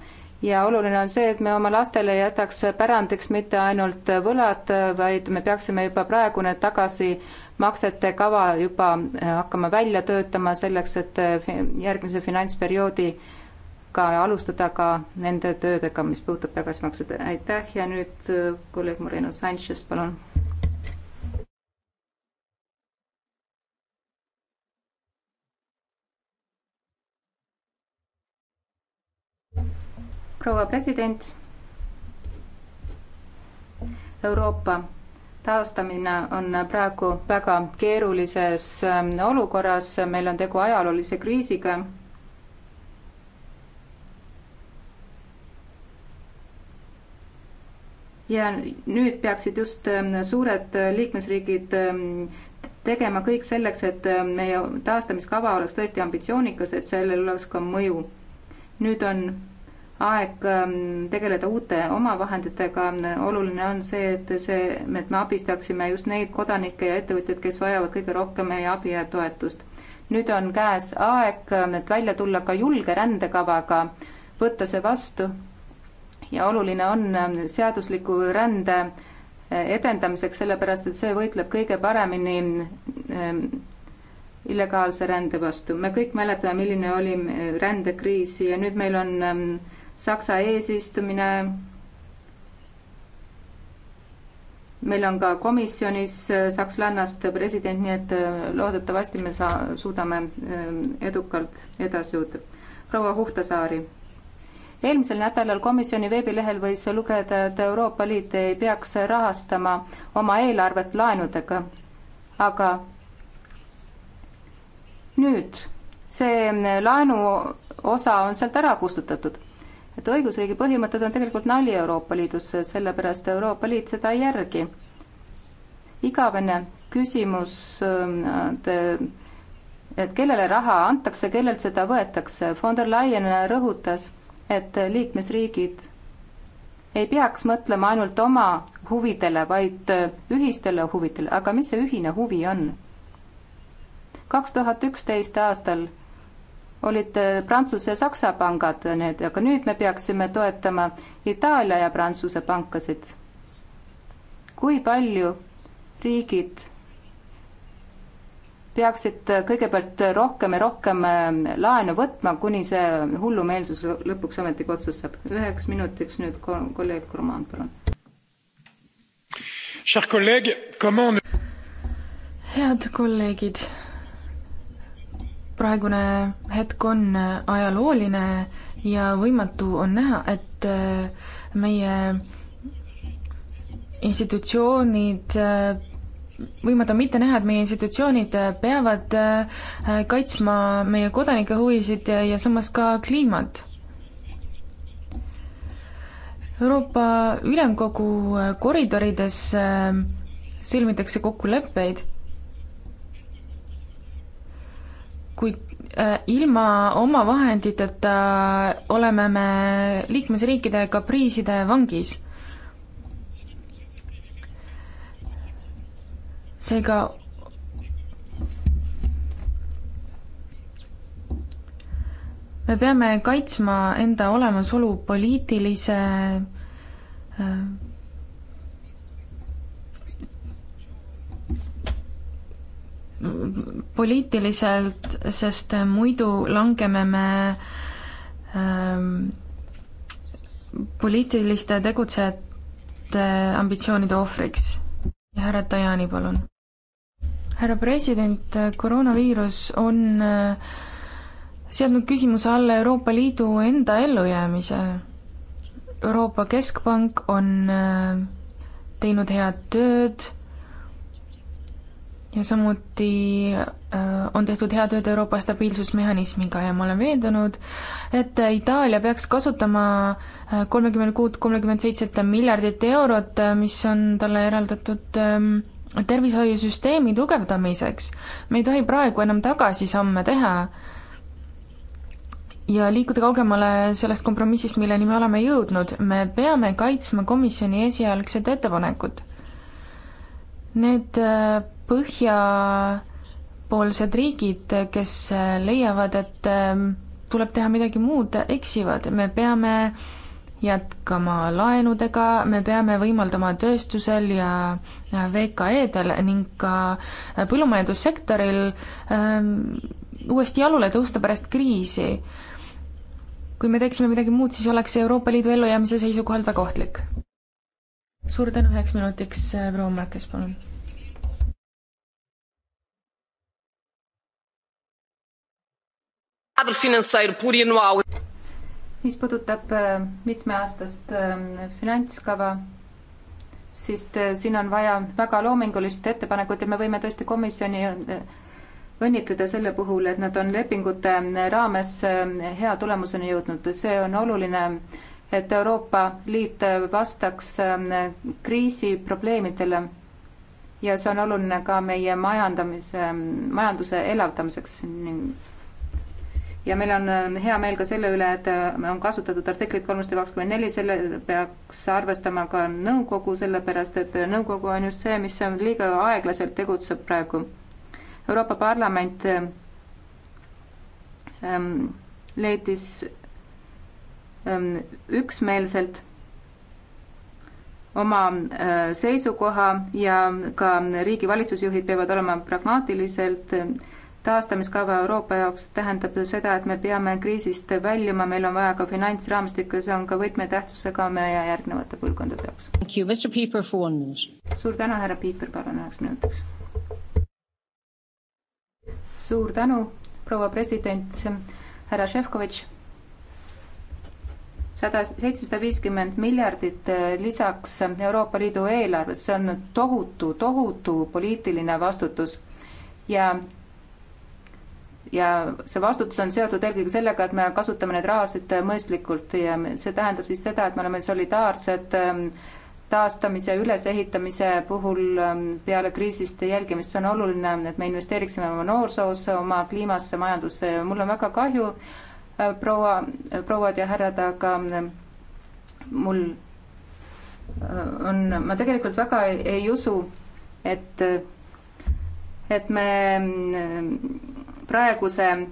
ja oluline on see, et me oma lastele ei jätaks pärandiks mitte ainult võlad, vaid me peaksime juba praegu need tagasimaksete kava juba eh, hakkama välja töötama selleks, et eh, järgmise finantsperioodi ka alustada ka nende töödega, mis puudutab tagasimaksed. aitäh ja nüüd eh, kolleeg Moreno Sanchez, palun proua president, Euroopa taastamine on praegu väga keerulises ähm, olukorras, meil on tegu ajaloolise kriisiga ja nüüd peaksid just ähm, suured äh, liikmesriigid ähm, tegema kõik selleks, et meie taastamiskava oleks tõesti ambitsioonikas, et sellel oleks ka mõju. nüüd on aeg ähm, tegeleda uute omavahenditega. oluline on see, et see, et me abistaksime just neid kodanikke ja ettevõtjaid, kes vajavad kõige rohkem meie abi ja toetust. nüüd on käes aeg, ähm, et välja tulla ka julge rändekavaga, võtta see vastu ja oluline on ähm, seadusliku rände äh, edendamiseks, sellepärast et see võitleb kõige paremini illegaalse rände vastu. me kõik mäletame, milline oli äh, rändekriis ja nüüd meil on Saksa eesistumine. meil on ka komisjonis äh, sakslannast president, nii et äh, loodetavasti me saa-, suudame äh, edukalt edasi jõuda. proua Huhtasaari. eelmisel nädalal komisjoni veebilehel võis lugeda, et Euroopa Liit ei peaks rahastama oma eelarvet laenudega, aga nüüd see laenu osa on sealt ära kustutatud et õigusriigi põhimõtted on tegelikult nali Euroopa Liidus, sellepärast Euroopa Liit seda ei järgi. igavene küsimus, ähm, et, et kellele raha antakse, kellelt seda võetakse. von der Leyen rõhutas, et liikmesriigid ei peaks mõtlema ainult oma huvidele, vaid ühistele huvidele, aga mis see ühine huvi on? kaks tuhat üksteist aastal olid äh, Prantsuse ja Saksa pangad need, aga nüüd me peaksime toetama Itaalia ja Prantsuse pankasid. kui palju riigid peaksid äh, kõigepealt rohkem ja rohkem äh, laenu võtma, kuni see hullumeelsus lõpuks ometigi otsas saab. üheks minutiks nüüd kolleeg Roman, palun. head kolleegid praegune hetk on äh, ajalooline ja võimatu on näha, et äh, meie institutsioonid äh, võimatu on mitte näha, et meie institutsioonid peavad kaitsma meie kodanike huvisid ja samas ka kliimat. Euroopa Ülemkogu koridorides sõlmitakse kokkuleppeid kuid äh, ilma oma vahenditeta oleme me liikmesriikide kapriiside vangis. seega me peame kaitsma enda olemasolu poliitilise äh, poliitiliselt, sest muidu langeme me ähm, poliitiliste tegutsejate ambitsioonide ohvriks. ja härra Tajani, palun. härra president, koroonaviirus on äh, seadnud küsimuse alla Euroopa Liidu enda ellujäämise. Euroopa Keskpank on äh, teinud head tööd ja samuti äh, on tehtud head tööd Euroopa stabiilsusmehhanismiga ja ma olen veendunud, et Itaalia peaks kasutama äh, kolmekümmend kuut, kolmkümmend seitset miljardit eurot, äh, mis on talle eraldatud ähm, tervishoiusüsteemi tugevdamiseks. me ei tohi praegu enam tagasisamme teha ja liikuda kaugemale sellest kompromissist, milleni me oleme jõudnud. me peame kaitsma komisjoni esialgset ettepanekut Need äh, põhjapoolsed riigid, kes äh, leiavad, et ähm, tuleb teha midagi muud, eksivad, me peame jätkama laenudega, me peame võimaldama tööstusel ja VKE-del ning ka äh, põllumajandussektoril ähm, uuesti jalule tõusta pärast kriisi. kui me teeksime midagi muud, siis oleks Euroopa Liidu ellujäämise seisukohalt väga ohtlik suur tänu üheks minutiks, äh, proua Markes, palun. mis puudutab äh, mitmeaastast ähm, finantskava, siis äh, siin on vaja väga loomingulist ettepanekut ja me võime tõesti komisjoni õnnitleda selle puhul, et nad on lepingute raames hea tulemuseni jõudnud, see on oluline et Euroopa Liit vastaks ähm, kriisi probleemidele ja see on oluline ka meie majandamise, ähm, majanduse elavdamiseks ja meil on ähm, hea meel ka selle üle, et äh, on kasutatud artiklit kolmsada kakskümmend neli, selle peaks arvestama ka nõukogu, sellepärast et äh, nõukogu on just see, mis on liiga aeglaselt tegutseb praegu. Euroopa Parlament ähm, leidis, Ähm, üksmeelselt oma äh, seisukoha ja ka riigi valitsusjuhid peavad olema pragmaatiliselt taastamiskava Euroopa jaoks tähendab seda, et me peame kriisist väljuma, meil on vaja ka finantsraamistikku ja see on ka võtmetähtsusega meie järgnevate põlvkondade jaoks. suur tänu, härra Piiper, palun üheks minutiks. suur tänu, proua president, härra Šefkovitš sada, seitsesada viiskümmend miljardit eh, lisaks eh, Euroopa Liidu eelarvest, see on tohutu, tohutu poliitiline vastutus ja ja see vastutus on seotud eelkõige sellega, et me kasutame neid rahasid eh, mõistlikult ja see tähendab siis seda, et me oleme solidaarsed taastamise, ülesehitamise puhul peale kriisist jälgimist, see on oluline, et me investeeriksime oma noorsoosse, oma kliimasse, majandusse ja mul on väga kahju, proua, prouad ja härrad, aga mul äh, on, ma tegelikult väga ei, ei usu, et, et me mm, praeguse äh,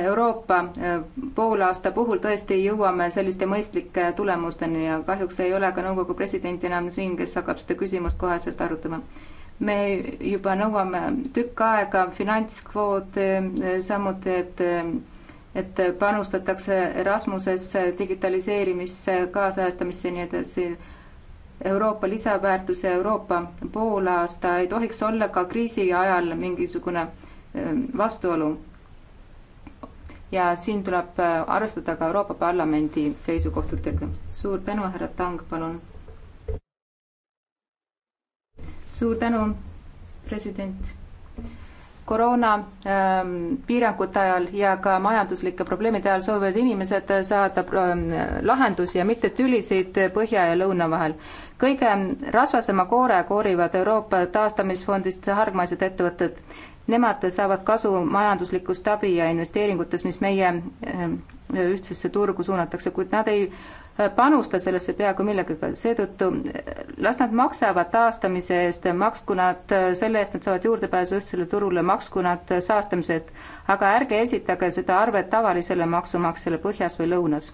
Euroopa äh, poolaasta puhul tõesti jõuame selliste mõistlike tulemusteni ja kahjuks ei ole ka nõukogu president enam siin, kes hakkab seda küsimust koheselt arutama. me juba nõuame tükk aega finantskvoote, samuti, et et panustatakse Erasmusesse, digitaliseerimisse, kaasajastamisse ja nii edasi. Euroopa lisaväärtus ja Euroopa poolaasta ei tohiks olla ka kriisi ajal mingisugune ähm, vastuolu. ja siin tuleb äh, arvestada ka Euroopa Parlamendi seisukohtadega. suur tänu, härra Tang, palun. suur tänu, president koroonapiirangute ähm, ajal ja ka majanduslike probleemide ajal soovivad inimesed saada ähm, lahendusi ja mitte tülisid põhja ja lõuna vahel. kõige rasvasema koore koorivad Euroopa taastamisfondist hargmaised ettevõtted. Nemad saavad kasu majanduslikust abi ja investeeringutest, mis meie ähm, ühtsesse turgu suunatakse, kuid nad ei panusta sellesse peaaegu millegagi, seetõttu las nad maksavad taastamise eest, maksku nad selle eest, nad saavad juurdepääsu ühtsele turule, maksku nad saastamise eest, aga ärge esitage seda arvet tavalisele maksumaksjale põhjas või lõunas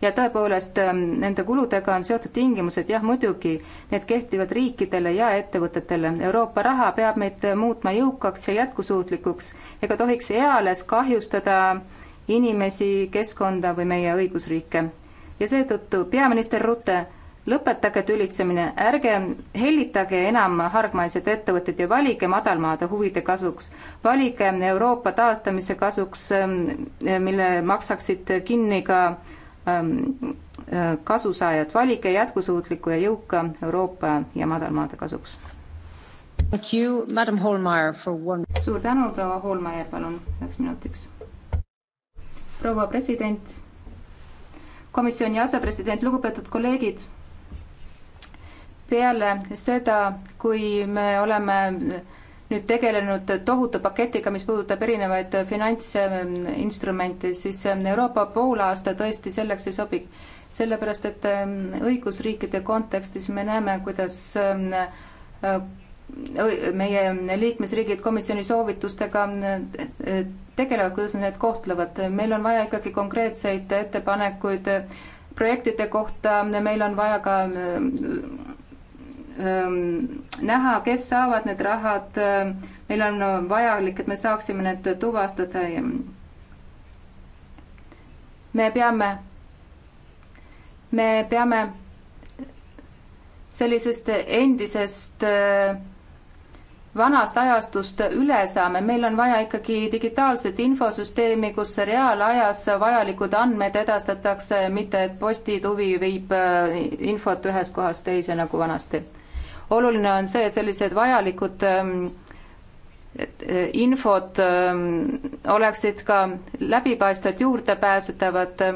ja tõepoolest nende kuludega on seotud tingimused, jah muidugi, need kehtivad riikidele ja ettevõtetele. Euroopa raha peab meid muutma jõukaks ja jätkusuutlikuks ega tohiks eales kahjustada inimesi, keskkonda või meie õigusriike ja seetõttu peaminister Rutte, lõpetage tülitsemine, ärge hellitage enam hargmaised ettevõtted ja valige madalmaade huvide kasuks. valige Euroopa taastamise kasuks, ähm, mille maksaksid kinni ka ähm, äh, kasusaajad, valige jätkusuutliku ja jõuka Euroopa ja madalmaade kasuks. One... suur tänu, proua Holmeier, palun üheks minutiks. proua president komisjoni asepresident, lugupeetud kolleegid, peale seda, kui me oleme nüüd tegelenud tohutu paketiga, mis puudutab erinevaid finantsinstrumente, siis Euroopa poolaasta tõesti selleks ei sobi. sellepärast, et õigusriikide kontekstis me näeme, kuidas meie liikmesriigid komisjoni soovitustega eh, tegelevad, kuidas nad neid kohtlevad. meil on vaja ikkagi konkreetseid ettepanekuid projektide kohta, meil on vaja ka eh, ehm, näha, kes saavad need rahad, meil on vajalik, et me saaksime need tuvastada ja me peame, me peame sellisest endisest äh, vanast ajastust üle saame, meil on vaja ikkagi digitaalset infosüsteemi, kus reaalajas vajalikud andmed edastatakse, mitte et postituvi viib äh, infot ühest kohast teise nagu vanasti. oluline on see, et sellised vajalikud ähm, äh, infod ähm, oleksid ka läbipaistvad, juurdepääsetavad äh,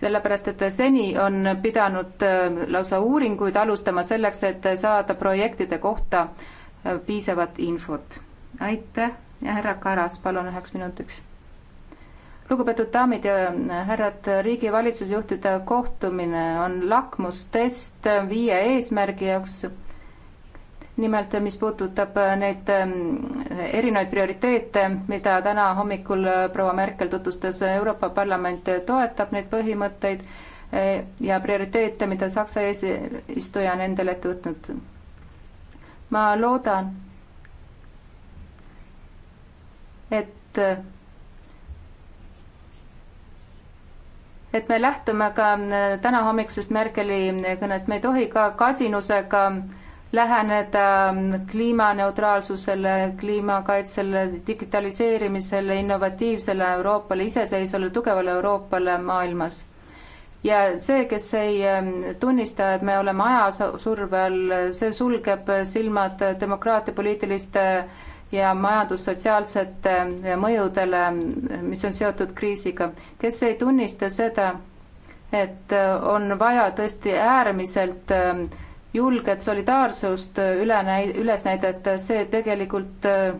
sellepärast, et seni on pidanud äh, lausa uuringuid alustama selleks, et saada projektide kohta äh, piisavat infot. aitäh ja härra Karas, palun üheks minutiks. lugupeetud daamid ja äh, härrad, riigi valitsusjuhtide kohtumine on lakmustest viie eesmärgi jaoks nimelt, mis puudutab äh, neid ähm, erinevaid prioriteete, mida täna hommikul äh, proua Merkel tutvustas, äh, Euroopa Parlament toetab neid põhimõtteid ja prioriteete, mida Saksa eesistuja on endale ette võtnud. ma loodan, et et me lähtume ka täna hommikusest Merkeli kõnest, me ei tohi ka kasinusega äh, läheneda ähm, kliimaneutraalsusele, kliimakaitsele, digitaliseerimisele, innovatiivsele Euroopale, iseseisvale, tugevale Euroopale maailmas. ja see, kes ei ähm, tunnista, et me oleme ajasurve all, see sulgeb silmad demokraatia poliitiliste ja majandussotsiaalsete äh, mõjudele, mis on seotud kriisiga. kes ei tunnista seda, et äh, on vaja tõesti äärmiselt äh, julget solidaarsust äh, üle näi-, üles näidata, äh, see tegelikult äh,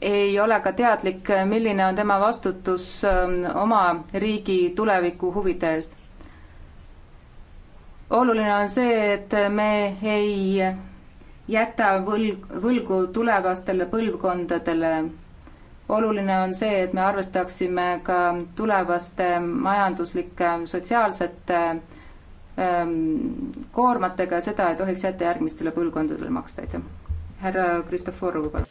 ei ole ka teadlik, milline on tema vastutus ähm, oma riigi tuleviku huvide eest. oluline on see, et me ei jäta võlg, võlgu tulevastele põlvkondadele. oluline on see, et me arvestaksime ka tulevaste majanduslike, sotsiaalsete Ähm, koormatega ja seda ei tohiks jätta järgmistele põlvkondadele maksta, aitäh. härra Kristoforu, palun.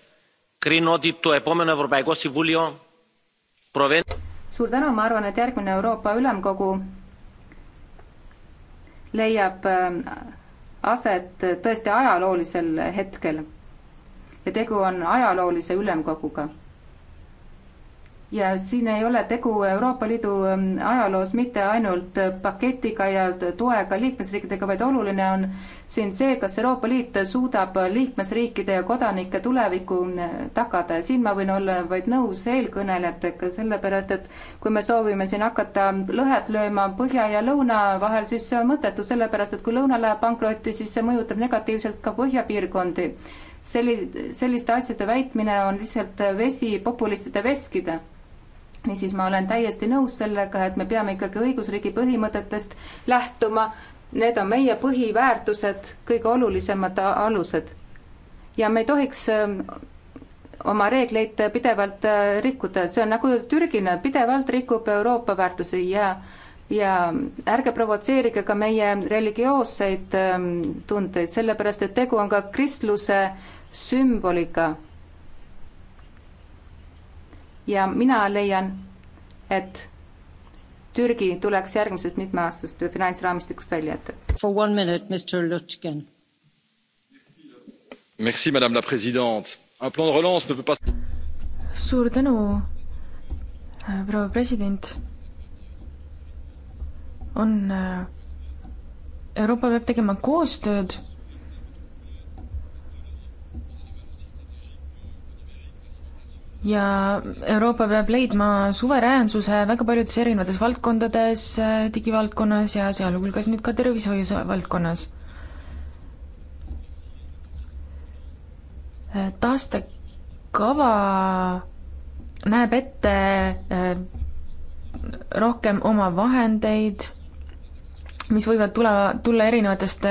suur tänu, ma arvan, et järgmine Euroopa Ülemkogu leiab äh, aset tõesti ajaloolisel hetkel ja tegu on ajaloolise ülemkoguga ja siin ei ole tegu Euroopa Liidu ähm, ajaloos mitte ainult äh, paketiga ja toega liikmesriikidega, vaid oluline on siin see, kas Euroopa Liit suudab liikmesriikide ja kodanike tulevikku äh, tagada ja siin ma võin olla vaid nõus eelkõnelejatega, sellepärast et kui me soovime siin hakata lõhet lööma põhja ja lõuna vahel, siis see on mõttetu, sellepärast et kui lõuna läheb pankrotti, siis see mõjutab negatiivselt ka põhjapiirkondi selli-, selliste asjade väitmine on lihtsalt vesi populistide veskida niisiis ma olen täiesti nõus sellega, et me peame ikkagi õigusriigi põhimõtetest lähtuma. Need on meie põhiväärtused, kõige olulisemad alused. ja me ei tohiks ähm, oma reegleid pidevalt äh, rikkuda, see on nagu Türgina, pidevalt rikub Euroopa väärtusi ja ja ärge provotseerige ka meie religioosseid ähm, tundeid, sellepärast et tegu on ka kristluse sümboliga ja mina leian, et Türgi tuleks järgmisest mitmeaastasest finantsraamistikust välja jätta. For one minute, Mr Lutgen. Merci, madame la president. Un plan de relance ne peut pas. suur tänu, proua president. on, äh, Euroopa peab tegema koostööd ja Euroopa peab leidma suveräänsuse väga paljudes erinevates valdkondades, eh, digivaldkonnas ja sealhulgas nüüd ka tervishoiu valdkonnas. Eh, taastekava näeb ette eh, rohkem oma vahendeid, mis võivad tule, tulla erinevatest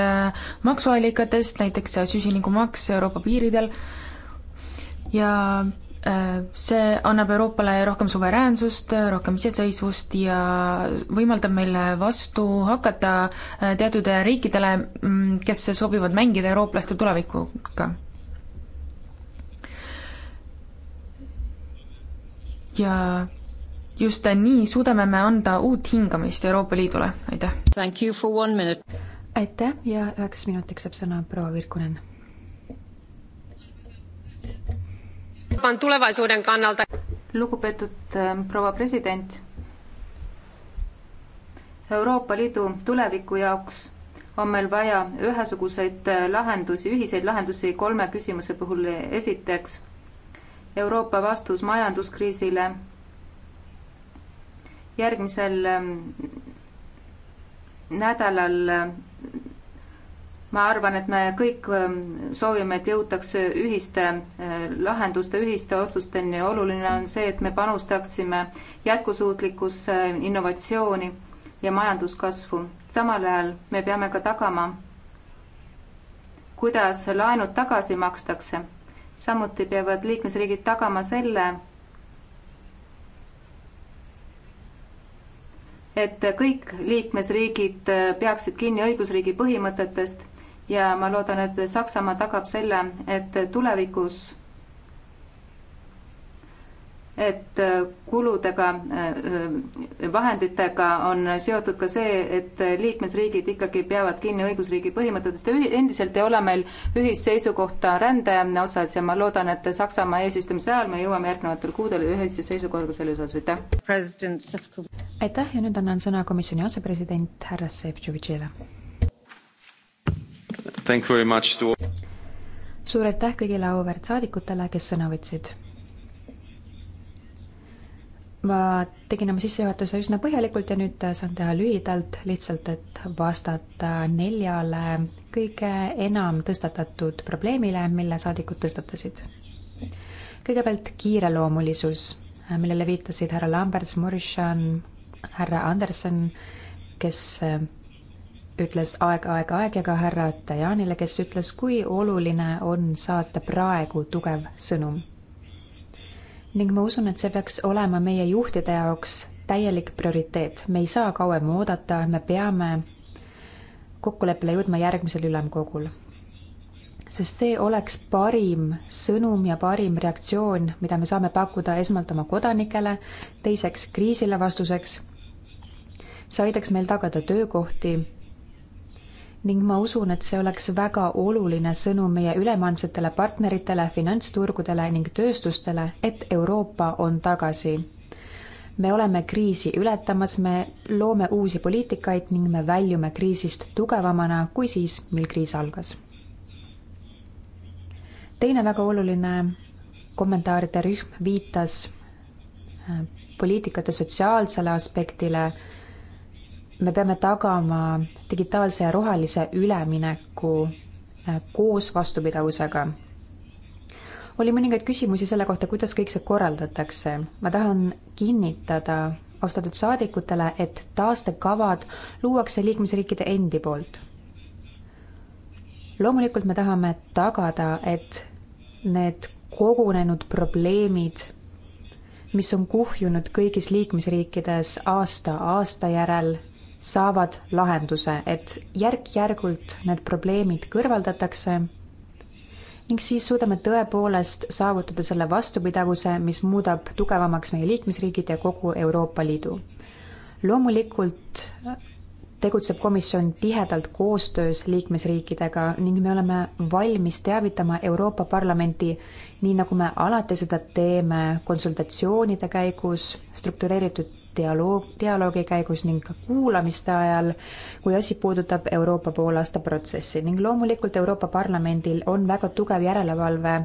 maksuallikatest, näiteks süsinikumaks Euroopa piiridel ja see annab Euroopale rohkem suveräänsust, rohkem iseseisvust ja võimaldab meile vastu hakata äh, teatud riikidele, mm, kes soovivad mängida eurooplaste tulevikuga. ja just nii suudame me anda uut hingamist Euroopa Liidule, aitäh! aitäh ja üheks minutiks saab sõna proua Virkunen Euroopan tulevaisuuden kannalta. Lugupeetud ähm, proua president, Euroopa Liidu tuleviku jaoks on meil vaja ühesuguseid äh, lahendusi, ühiseid lahendusi kolme küsimuse puhul. esiteks, Euroopa vastus majanduskriisile järgmisel ähm, nädalal ma arvan, et me kõik ähm, soovime, et jõutakse ühiste äh, lahenduste, ühiste otsusteni. oluline on see, et me panustaksime jätkusuutlikkusse, innovatsiooni ja majanduskasvu. samal ajal me peame ka tagama, kuidas laenud tagasi makstakse. samuti peavad liikmesriigid tagama selle, et kõik liikmesriigid äh, peaksid kinni õigusriigi põhimõtetest ja ma loodan, et Saksamaa tagab selle, et tulevikus et kuludega, äh, vahenditega on seotud ka see, et liikmesriigid ikkagi peavad kinni õigusriigi põhimõtetest ja endiselt ei ole meil ühist seisukohta rände osas ja ma loodan, et Saksamaa eesistumise ajal me jõuame järgnevatel kuudel ühise seisukohaga selle osas, aitäh. aitäh ja nüüd annan sõna komisjoni asepresident härra Šefčovičile To... suur aitäh kõigile auväärt saadikutele, kes sõna võtsid. ma tegin oma sissejuhatuse üsna põhjalikult ja nüüd saan teha lühidalt, lihtsalt et vastata neljale kõige enam tõstatatud probleemile, mille saadikud tõstatasid. kõigepealt kiireloomulisus, millele viitasid härra Lambers, Murishan, härra Anderson, kes ütles aeg, aeg, aeg ja ka härra Tajanile, kes ütles, kui oluline on saata praegu tugev sõnum. ning ma usun, et see peaks olema meie juhtide jaoks täielik prioriteet, me ei saa kauem oodata, me peame kokkuleppele jõudma järgmisel ülemkogul. sest see oleks parim sõnum ja parim reaktsioon, mida me saame pakkuda esmalt oma kodanikele, teiseks kriisile vastuseks, see aitaks meil tagada töökohti ning ma usun, et see oleks väga oluline sõnum meie ülemaailmsetele partneritele, finantsturgudele ning tööstustele, et Euroopa on tagasi. me oleme kriisi ületamas, me loome uusi poliitikaid ning me väljume kriisist tugevamana kui siis, mil kriis algas. teine väga oluline kommentaaride rühm viitas äh, poliitikate sotsiaalsele aspektile me peame tagama digitaalse ja rohelise ülemineku äh, koos vastupidavusega. oli mõningaid küsimusi selle kohta, kuidas kõik see korraldatakse. ma tahan kinnitada austatud saadikutele, et taastekavad luuakse liikmesriikide endi poolt. loomulikult me tahame tagada, et need kogunenud probleemid, mis on kuhjunud kõigis liikmesriikides aasta aasta järel saavad lahenduse, et järk-järgult need probleemid kõrvaldatakse ning siis suudame tõepoolest saavutada selle vastupidavuse, mis muudab tugevamaks meie liikmesriigid ja kogu Euroopa Liidu. loomulikult tegutseb komisjon tihedalt koostöös liikmesriikidega ning me oleme valmis teavitama Euroopa Parlamenti, nii nagu me alati seda teeme konsultatsioonide käigus, struktureeritud dialoog, dialoogi käigus ning ka kuulamiste ajal, kui asi puudutab Euroopa poolaasta protsessi ning loomulikult Euroopa Parlamendil on väga tugev järelevalve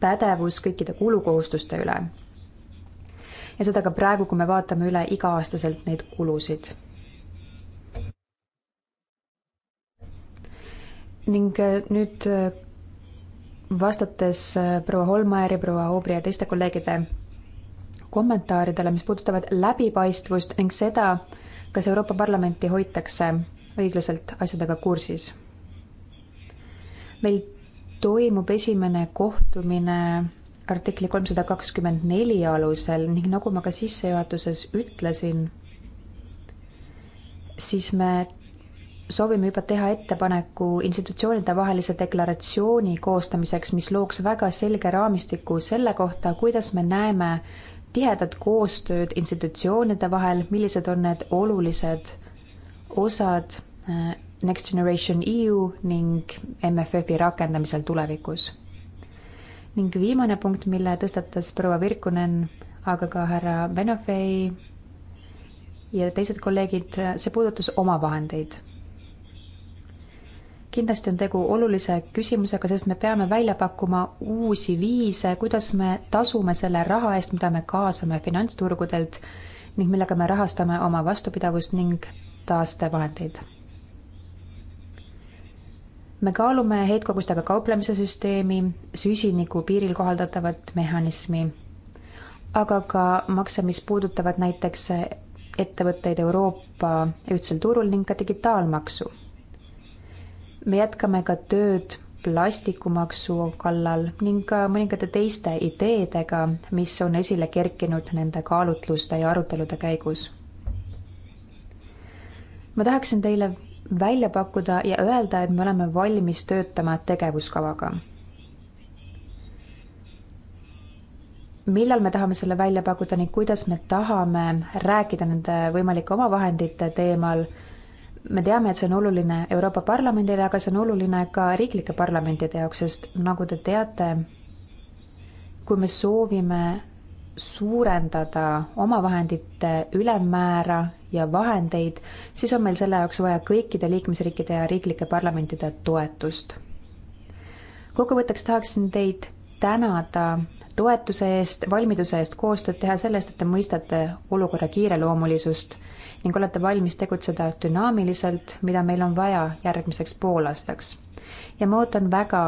pädevus kõikide kulukohustuste üle. ja seda ka praegu, kui me vaatame üle iga-aastaselt neid kulusid ning äh, nüüd äh, vastates äh, proua Holmajärvi, proua Aubri ja teiste kolleegide kommentaaridele, mis puudutavad läbipaistvust ning seda, kas Euroopa Parlamenti hoitakse õiglaselt asjadega kursis. meil toimub esimene kohtumine artikli kolmsada kakskümmend neli alusel ning nagu ma ka sissejuhatuses ütlesin, siis me soovime juba teha ettepaneku institutsioonide vahelise deklaratsiooni koostamiseks, mis looks väga selge raamistiku selle kohta, kuidas me näeme tihedat koostööd institutsioonide vahel, millised on need olulised osad äh, Next Generation EU ning MFF-i rakendamisel tulevikus. ning viimane punkt, mille tõstatas proua Virkunen, aga ka härra Benofei ja teised kolleegid, äh, see puudutas omavahendeid kindlasti on tegu olulise küsimusega, sest me peame välja pakkuma uusi viise, kuidas me tasume selle raha eest, mida me kaasame finantsturgudelt ning millega me rahastame oma vastupidavust ning taastevahendeid. me kaalume heitkogustega kauplemise süsteemi, süsiniku piiril kohaldatavat mehhanismi, aga ka makse, mis puudutavad näiteks ettevõtteid Euroopa ühtsel turul ning ka digitaalmaksu me jätkame ka tööd plastikumaksu kallal ning ka mõningate teiste ideedega, mis on esile kerkinud nende kaalutluste ja arutelude käigus. ma tahaksin teile välja pakkuda ja öelda, et me oleme valmis töötama tegevuskavaga. millal me tahame selle välja pakkuda ning kuidas me tahame rääkida nende võimalike omavahendite teemal me teame, et see on oluline Euroopa Parlamendile, aga see on oluline ka riiklike parlamentide jaoks, sest nagu te teate, kui me soovime suurendada omavahendite ülemmäära ja vahendeid, siis on meil selle jaoks vaja kõikide liikmesriikide ja riiklike parlamentide toetust. kokkuvõtteks tahaksin teid tänada toetuse eest, valmiduse eest koostööd teha, selle eest, et te mõistate olukorra kiireloomulisust ning olete valmis tegutseda dünaamiliselt, mida meil on vaja järgmiseks poolaastaks. ja ma ootan väga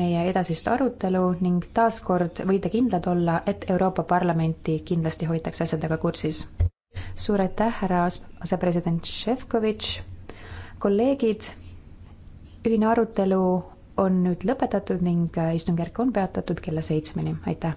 meie edasist arutelu ning taaskord võite kindlad olla, et Euroopa Parlamenti kindlasti hoitakse asjadega kursis. suur aitäh, härra asepresident Šefkovitš, kolleegid, ühine arutelu on nüüd lõpetatud ning istungjärk on peatatud kella seitsmeni, aitäh!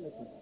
Thank you.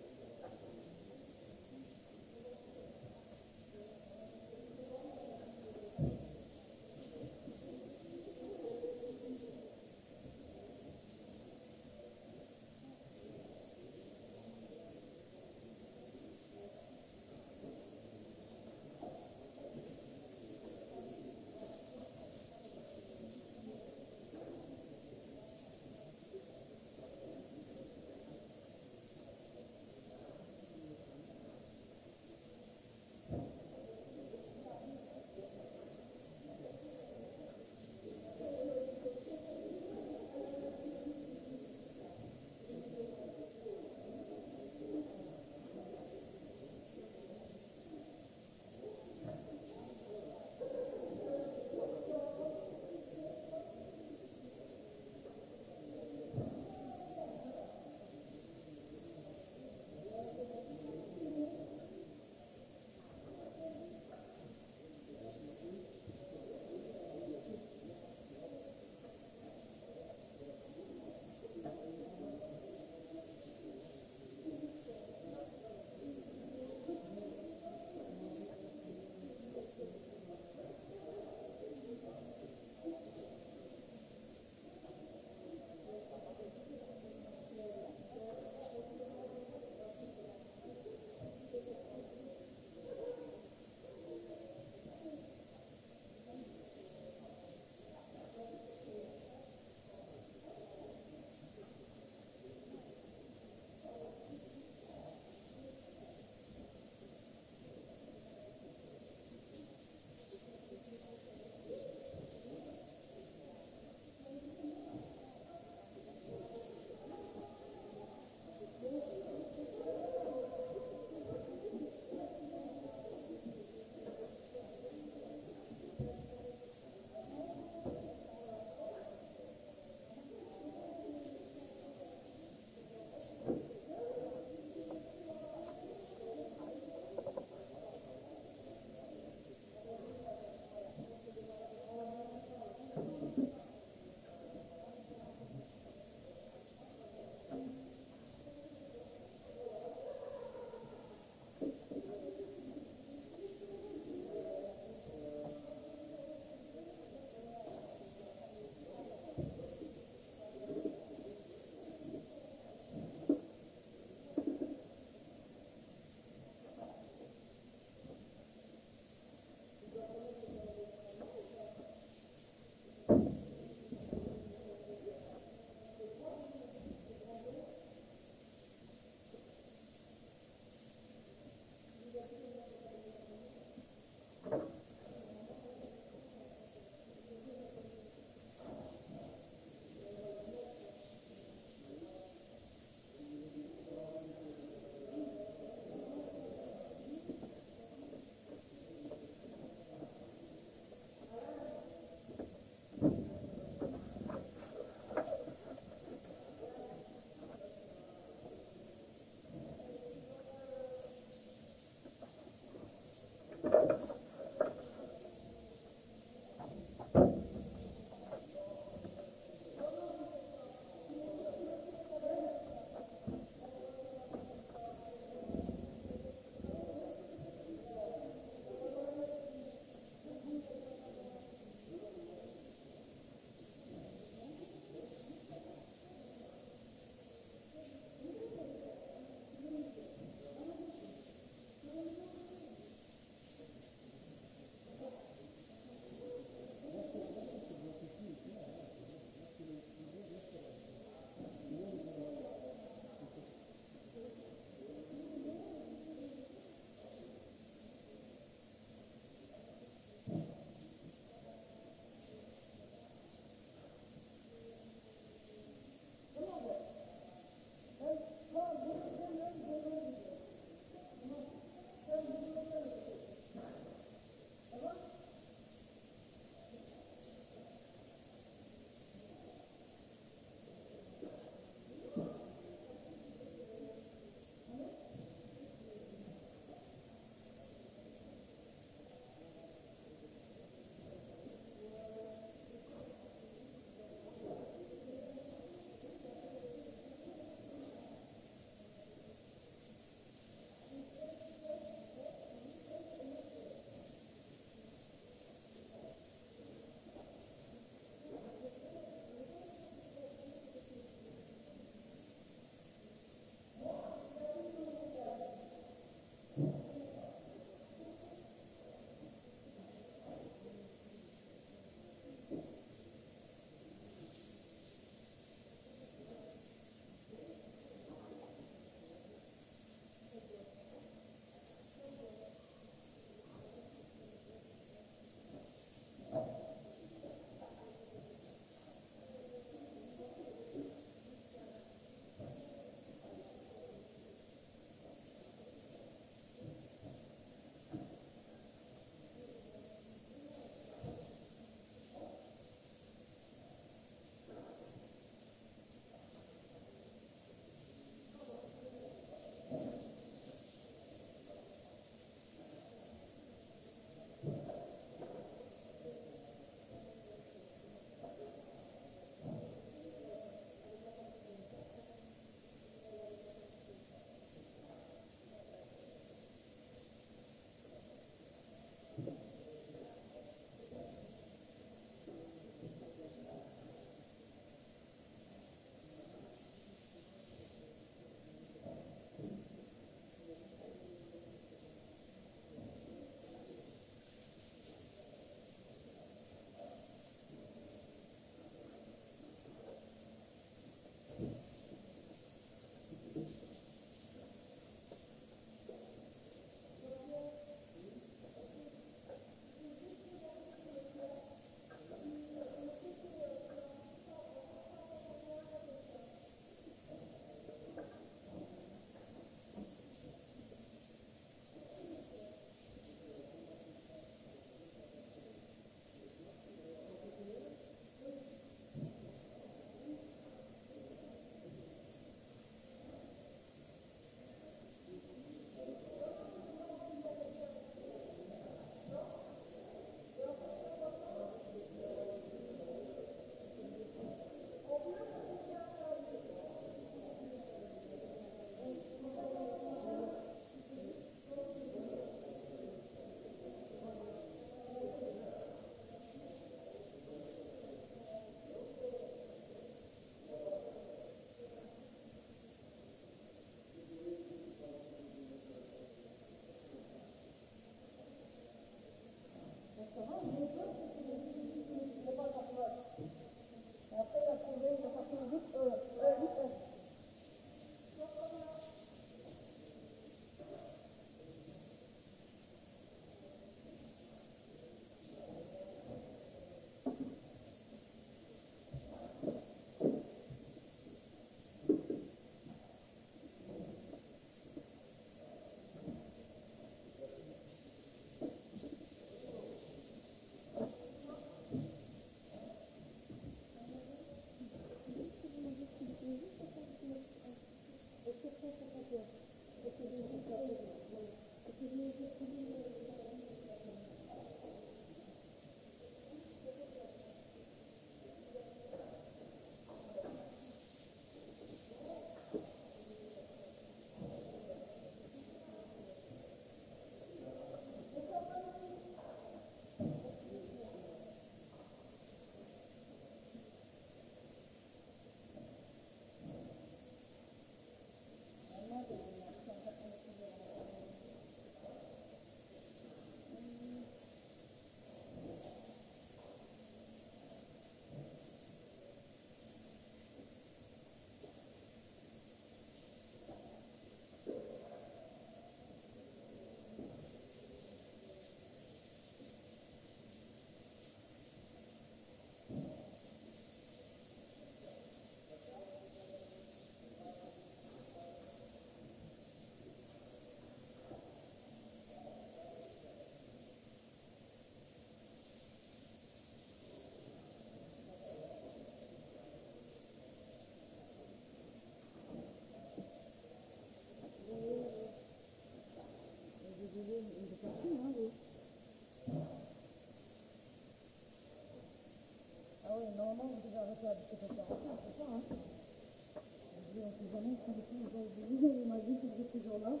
البنات متزوجين ومازلت في جولة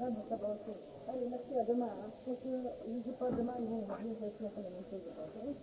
انا طبعا اي نحكي يا جماعه يجي با دمان هو مهم في الحلم من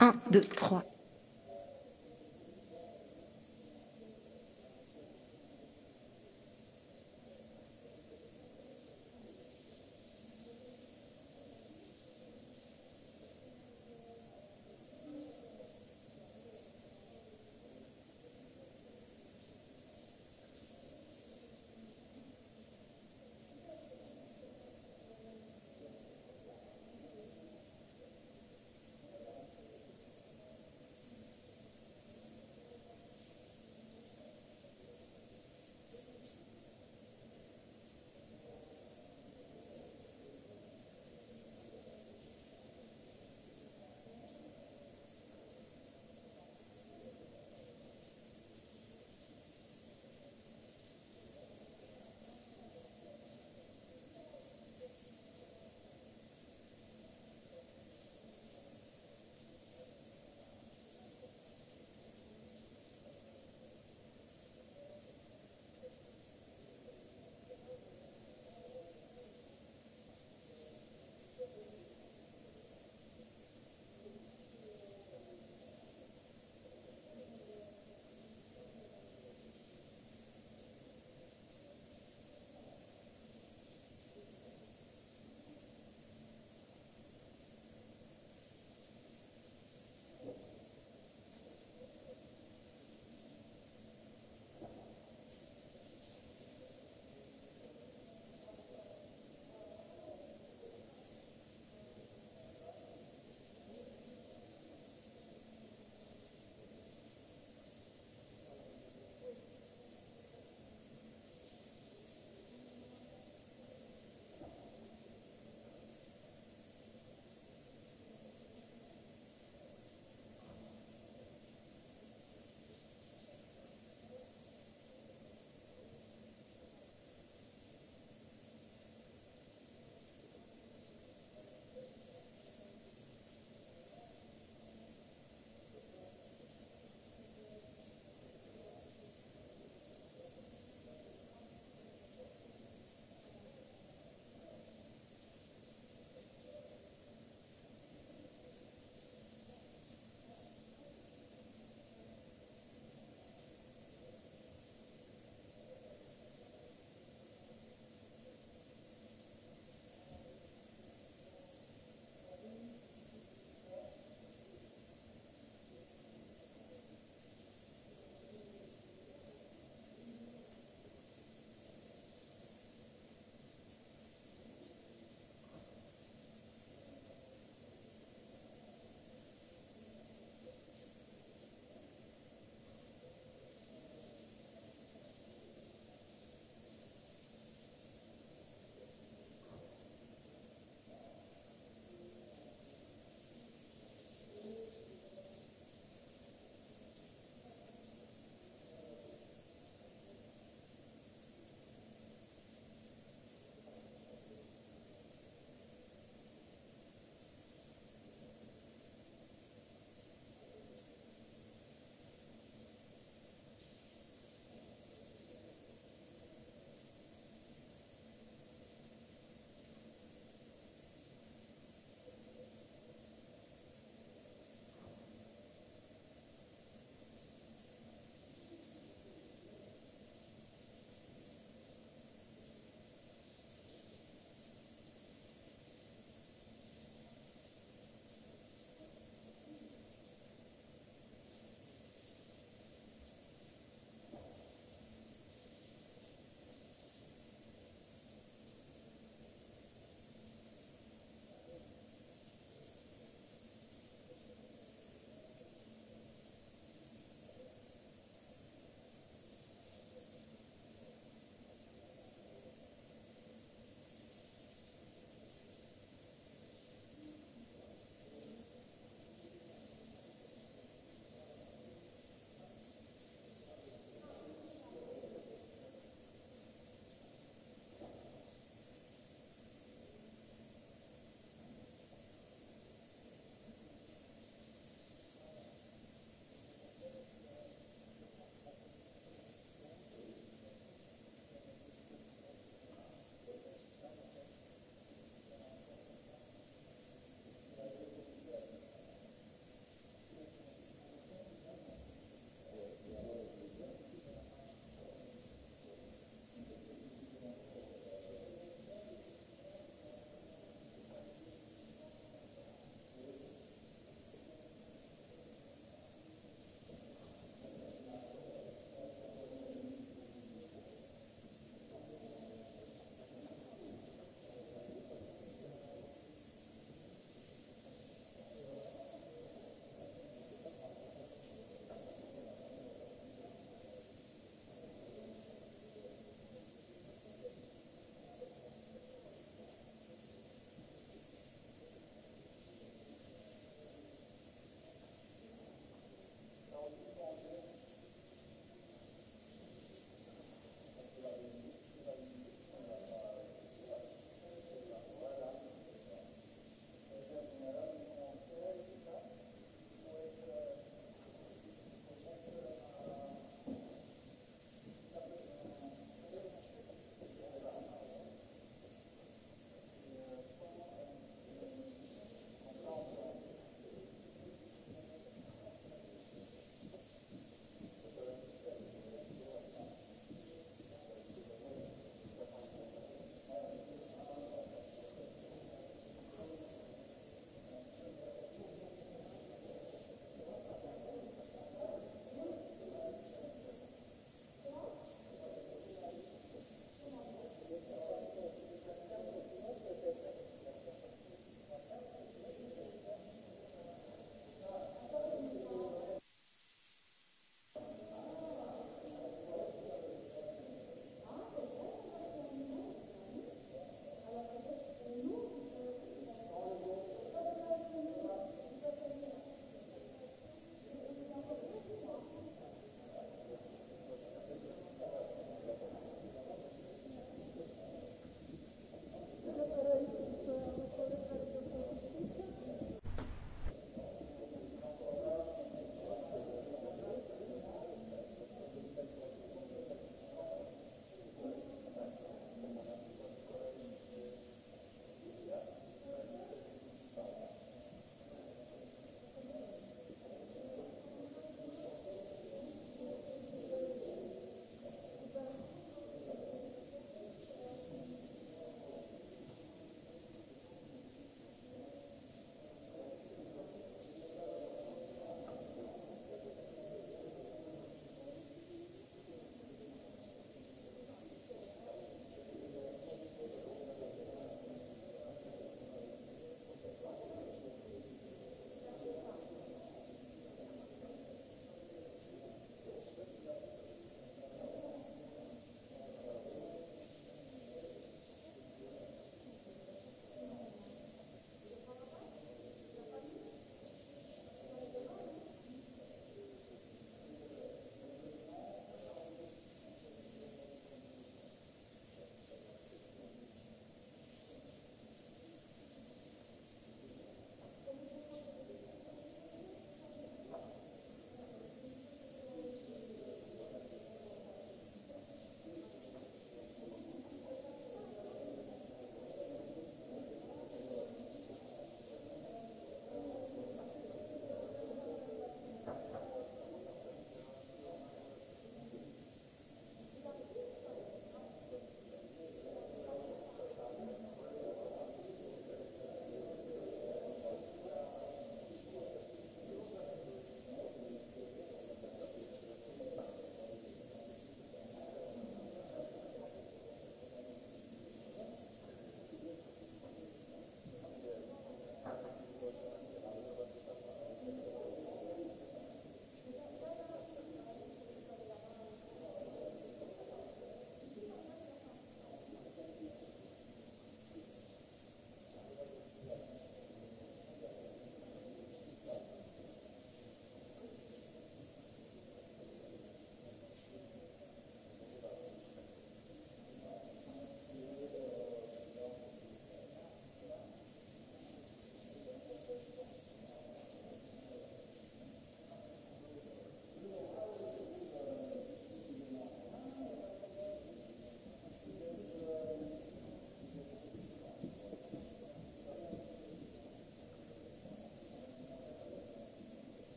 un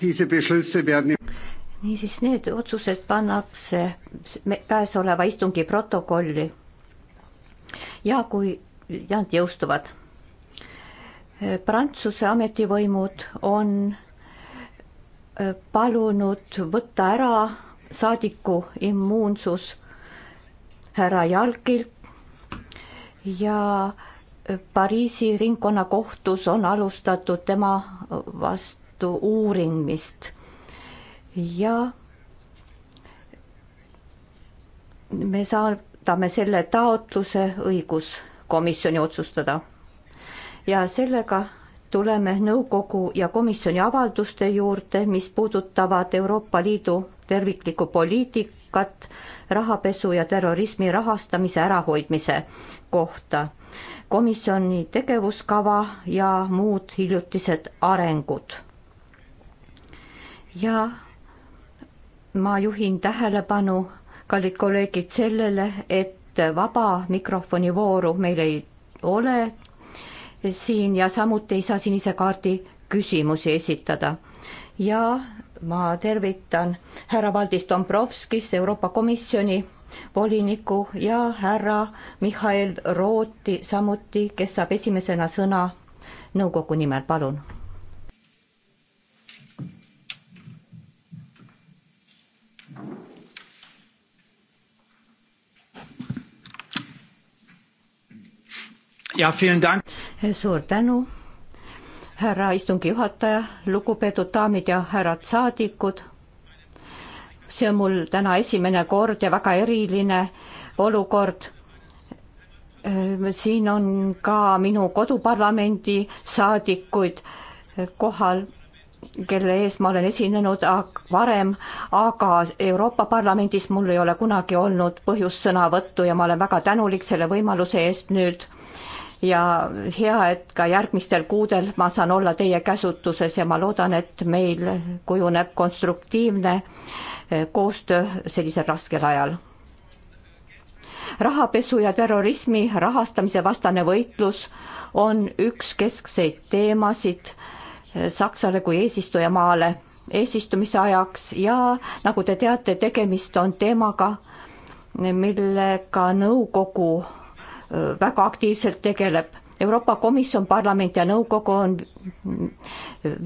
niisiis, need otsused pannakse käesoleva istungi protokolli ja kui nad jõustuvad. Prantsuse ametivõimud on äh, palunud võtta ära saadiku immuunsus härra Jalkilt ja äh, Pariisi ringkonnakohtus on alustatud tema vastu Liidu uurimist ja me saadame selle taotluse õiguskomisjoni otsustada. ja sellega tuleme nõukogu ja komisjoni avalduste juurde, mis puudutavad Euroopa Liidu terviklikku poliitikat rahapesu ja terrorismi rahastamise ärahoidmise kohta, komisjoni tegevuskava ja muud hiljutised arengud ja ma juhin tähelepanu, kallid kolleegid, sellele, et vaba mikrofoni vooru meil ei ole siin ja samuti ei saa sinise kaardi küsimusi esitada. ja ma tervitan härra Valdis Dombrovskis, Euroopa Komisjoni voliniku ja härra Mihhail Rooti samuti, kes saab esimesena sõna nõukogu nimel, palun suur tänu, härra istungi juhataja, lugupeetud daamid ja härrad saadikud. see on mul täna esimene kord ja väga eriline olukord äh, siin on ka minu koduparlamendi saadikuid kohal, kelle ees ma olen esinenud varem, aga Euroopa Parlamendis mul ei ole kunagi olnud põhjust sõnavõttu ja ma olen väga tänulik selle võimaluse eest nüüd ja hea, et ka järgmistel kuudel ma saan olla teie käsutuses ja ma loodan, et meil kujuneb konstruktiivne eh, koostöö sellisel raskel ajal rahapesu ja terrorismi rahastamise vastane võitlus on üks keskseid teemasid eh, Saksale kui eesistujamaale eesistumise ajaks ja nagu te teate, tegemist on teemaga, millega nõukogu Äh, väga aktiivselt tegeleb. Euroopa Komisjon, parlament ja nõukogu on äh,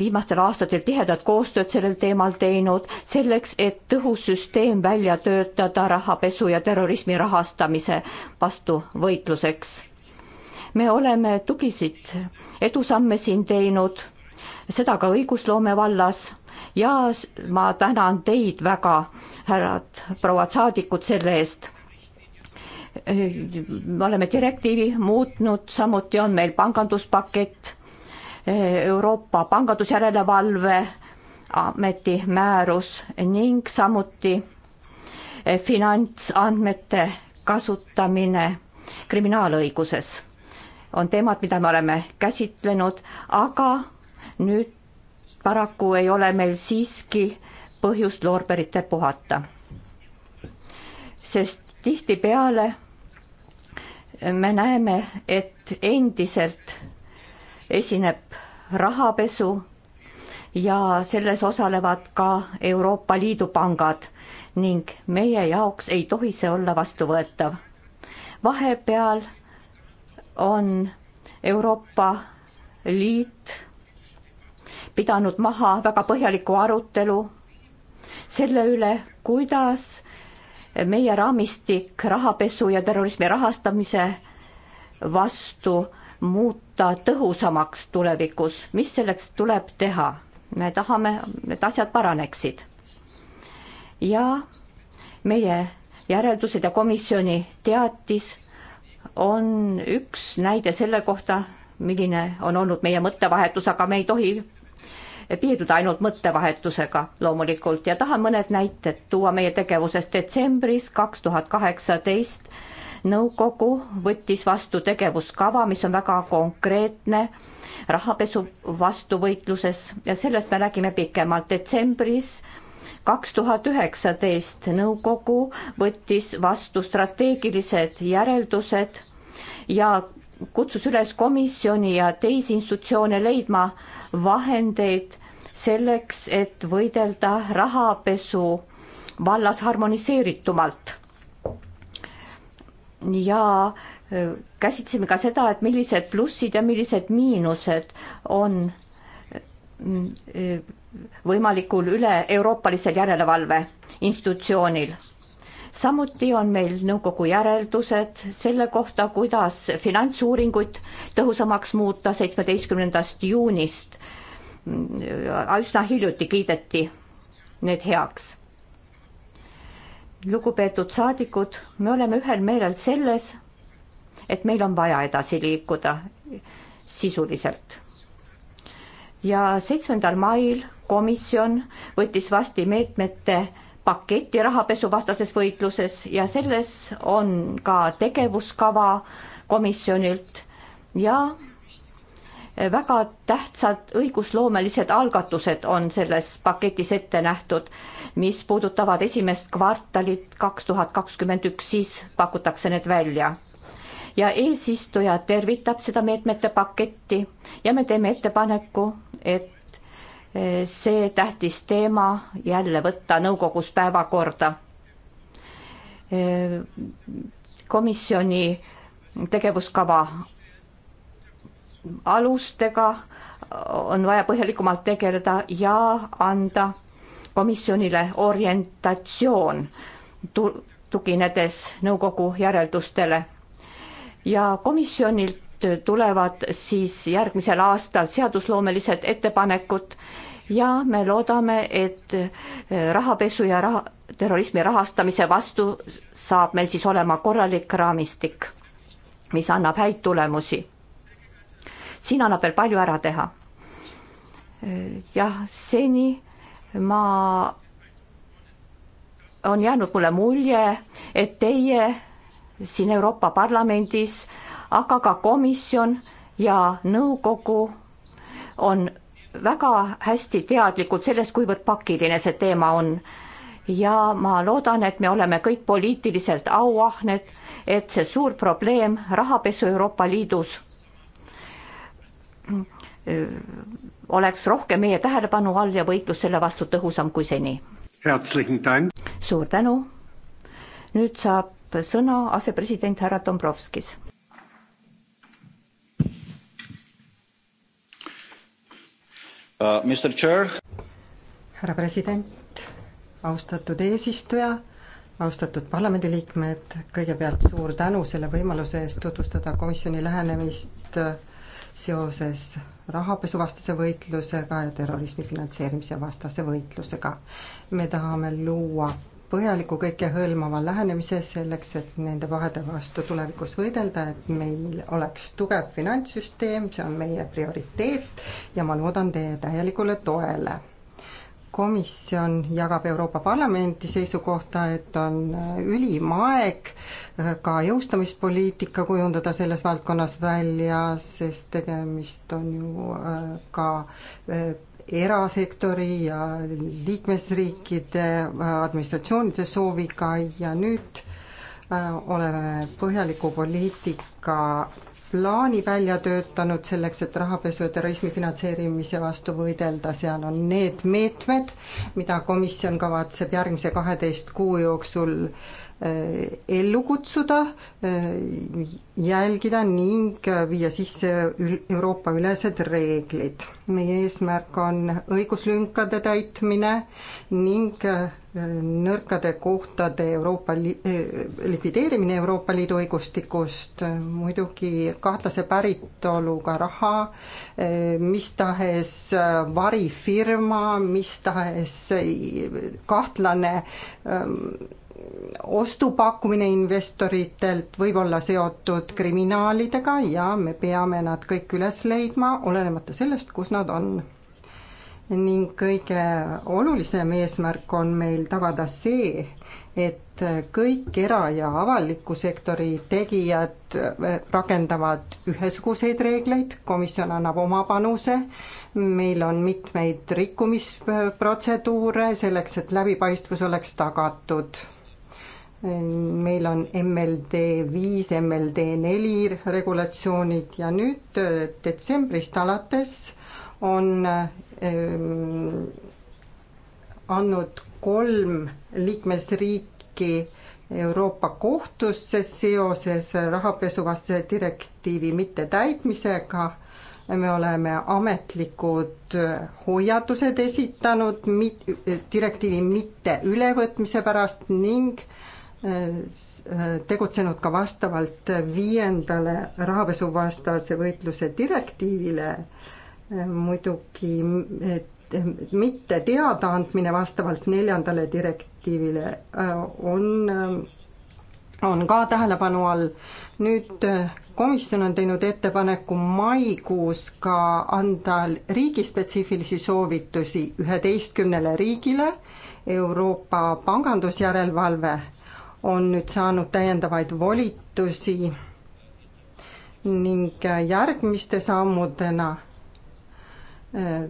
viimastel aastatel tihedat koostööd sellel teemal teinud, selleks et tõhus süsteem välja töötada rahapesu ja terrorismi rahastamise vastu võitluseks. me oleme tublisid edusamme siin teinud, seda ka õigusloome vallas ja ma tänan teid väga, härrad, prouad saadikud selle eest me oleme direktiivi muutnud, samuti on meil panganduspakett, Euroopa Pangandusjärelevalve Ameti määrus ning samuti finantsandmete kasutamine kriminaalõiguses on teemad, mida me oleme käsitlenud, aga nüüd paraku ei ole meil siiski põhjust loorberitel puhata. sest tihtipeale me näeme, et endiselt esineb rahapesu ja selles osalevad ka Euroopa Liidu pangad ning meie jaoks ei tohi see olla vastuvõetav. vahepeal on Euroopa Liit pidanud maha väga põhjaliku arutelu selle üle, kuidas meie raamistik rahapesu ja terrorismi rahastamise vastu muuta tõhusamaks tulevikus, mis selleks tuleb teha? me tahame, et asjad paraneksid. ja meie järeldused ja komisjoni teatis on üks näide selle kohta, milline on olnud meie mõttevahetus, aga me ei tohi piirduda ainult mõttevahetusega loomulikult ja tahan mõned näited tuua meie tegevusest. detsembris kaks tuhat kaheksateist nõukogu võttis vastu tegevuskava, mis on väga konkreetne rahapesu vastu võitluses ja sellest me räägime pikemalt detsembris kaks tuhat üheksateist nõukogu võttis vastu strateegilised järeldused ja kutsus üles komisjoni ja teisi institutsioone leidma vahendeid selleks, et võidelda rahapesu vallas harmoniseeritumalt. ja äh, käsitlesime ka seda, et millised plussid ja millised miinused on äh, võimalikul üle-euroopalisel järelevalve institutsioonil samuti on meil nõukogu järeldused selle kohta, kuidas finantsuuringuid tõhusamaks muuta seitsmeteistkümnendast juunist. üsna hiljuti kiideti need heaks. lugupeetud saadikud, me oleme ühel meelel selles, et meil on vaja edasi liikuda sisuliselt. ja seitsmendal mail komisjon võttis vastu meetmete paketti rahapesuvastases võitluses ja selles on ka tegevuskava komisjonilt ja väga tähtsad õigusloomelised algatused on selles paketis ette nähtud, mis puudutavad esimest kvartalit kaks tuhat kakskümmend üks, siis pakutakse need välja. ja eesistuja tervitab seda meetmete paketti ja me teeme ettepaneku, et see tähtis teema jälle võtta nõukogus päevakorda. komisjoni tegevuskava alustega on vaja põhjalikumalt tegeleda ja anda komisjonile orientatsioon tuginedes nõukogu järeldustele ja komisjonilt tulevad siis järgmisel aastal seadusloomelised ettepanekud ja me loodame, et eh, rahapesu ja raha, terrorismi rahastamise vastu saab meil siis olema korralik raamistik, mis annab häid tulemusi. siin annab veel palju ära teha. Eh, jah, seni ma, on jäänud mulle mulje, et teie siin Euroopa Parlamendis äh, aga ka komisjon ja nõukogu on väga hästi teadlikud sellest, kuivõrd pakiline see teema on. ja ma loodan, et me oleme kõik poliitiliselt auahned, et see suur probleem, rahapesu Euroopa Liidus, äh, oleks rohkem meie tähelepanu all ja võitlus selle vastu tõhusam kui seni. suur tänu. nüüd saab sõna asepresident härra Dombrovskis uh,. härra president, austatud eesistuja, austatud parlamendiliikmed, kõigepealt suur tänu selle võimaluse eest tutvustada komisjoni lähenemist uh, seoses rahapesuvastase võitlusega ja terrorismi finantseerimise vastase võitlusega. me tahame luua põhjaliku kõikehõlmava lähenemise selleks, et nende pahede vastu tulevikus võidelda, et meil oleks tugev finantssüsteem, see on meie prioriteet ja ma loodan teie täielikule toele. komisjon jagab Euroopa Parlamendi seisukohta, et on ülim aeg ka jõustamispoliitika kujundada selles valdkonnas välja, sest tegemist on ju äh, ka äh, erasektori ja liikmesriikide äh, administratsioonide sooviga ja nüüd äh, oleme põhjaliku poliitika plaani välja töötanud selleks, et rahapesu ja terrorismi finantseerimise vastu võidelda, seal on need meetmed, mida komisjon kavatseb järgmise kaheteist kuu jooksul äh, Äh, ellu kutsuda, äh, jälgida ning viia sisse Euroopa ülesed reeglid. meie eesmärk on õiguslünkade täitmine ning äh, nõrkade kohtade Euroopa li-, likvideerimine Euroopa Liidu õigustikust, muidugi kahtlase päritoluga raha, mis tahes varifirma, mis tahes kahtlane ähm, ostupakkumine investoritelt võib olla seotud kriminaalidega ja me peame nad kõik üles leidma, olenemata sellest, kus nad on. ning kõige olulisem eesmärk on meil tagada see, et kõik era- ja avaliku sektori tegijad eh, rakendavad ühesuguseid reegleid, komisjon annab oma panuse, meil on mitmeid rikkumisprotseduure selleks, et läbipaistvus oleks tagatud meil on MLD viis, MLD neli regulatsioonid ja nüüd äh, detsembrist alates on äh, andnud kolm liikmesriiki Euroopa kohtusse seoses rahapesuvastase direktiivi mittetäitmisega me oleme ametlikud äh, hoiatused esitanud mit-, direktiivi mitte ülevõtmise pärast ning äh, Äh, äh, tegutsenud ka vastavalt viiendale rahapesuvastase võitluse direktiivile. Äh, muidugi mitte teadaandmine vastavalt neljandale direktiivile on, on ka tähelepanu all. nüüd komisjon on teinud ettepaneku maikuus ka anda riigispetsiifilisi soovitusi üheteistkümnele riigile Euroopa pangandusjärelevalve on nüüd saanud täiendavaid volitusi ning järgmiste sammudena eh,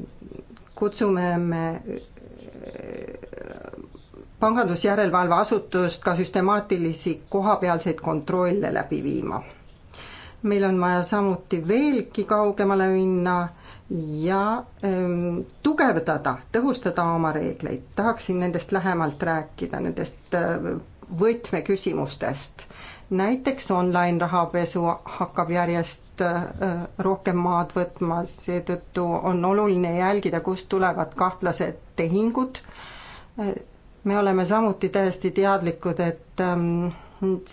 kutsume me eh, pangandusjärelevalveasutust ka süstemaatilisi kohapealseid kontrolle läbi viima. meil on vaja samuti veelgi kaugemale minna ja ähm, tugevdada, tõhustada oma reegleid, tahaksin nendest lähemalt rääkida, nendest äh, võtmeküsimustest. näiteks online rahapesu hakkab järjest äh, rohkem maad võtma, seetõttu on oluline jälgida, kust tulevad kahtlased tehingud. Äh, me oleme samuti täiesti teadlikud, et ähm,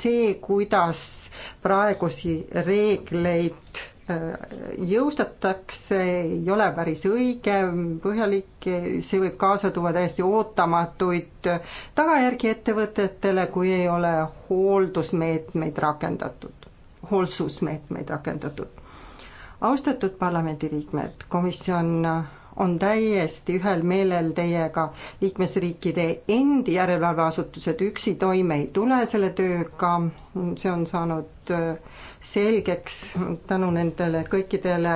see, kuidas praegusi reegleid Äh, jõustatakse, ei ole päris õige, põhjalik, see võib kaasa tuua täiesti ootamatuid tagajärgi ettevõtetele, kui ei ole hooldusmeetmeid rakendatud, hoolsusmeetmeid rakendatud. austatud parlamendiliikmed, komisjon on täiesti ühel meelel teiega. liikmesriikide endi järelevalveasutused üksi toime ei tule selle tööga, see on saanud äh, selgeks tänu nendele kõikidele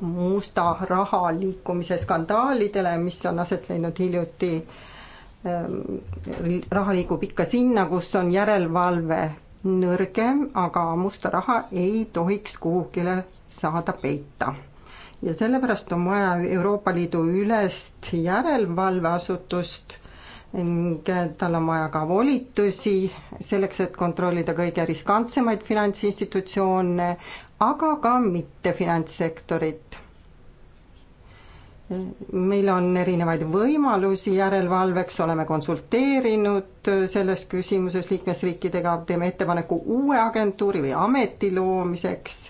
musta raha liikumise skandaalidele, mis on aset leidnud hiljuti. Ähm, raha liigub ikka sinna, kus on järelevalve nõrgem, aga musta raha ei tohiks kuhugile saada peita ja sellepärast on vaja Euroopa Liidu ülest järelevalveasutust ning tal on vaja ka volitusi selleks, et kontrollida kõige riskantsemaid finantsinstitutsioone, aga ka mitte finantssektorit. meil on erinevaid võimalusi järelevalveks, oleme konsulteerinud selles küsimuses liikmesriikidega, teeme ettepaneku uue agentuuri või ameti loomiseks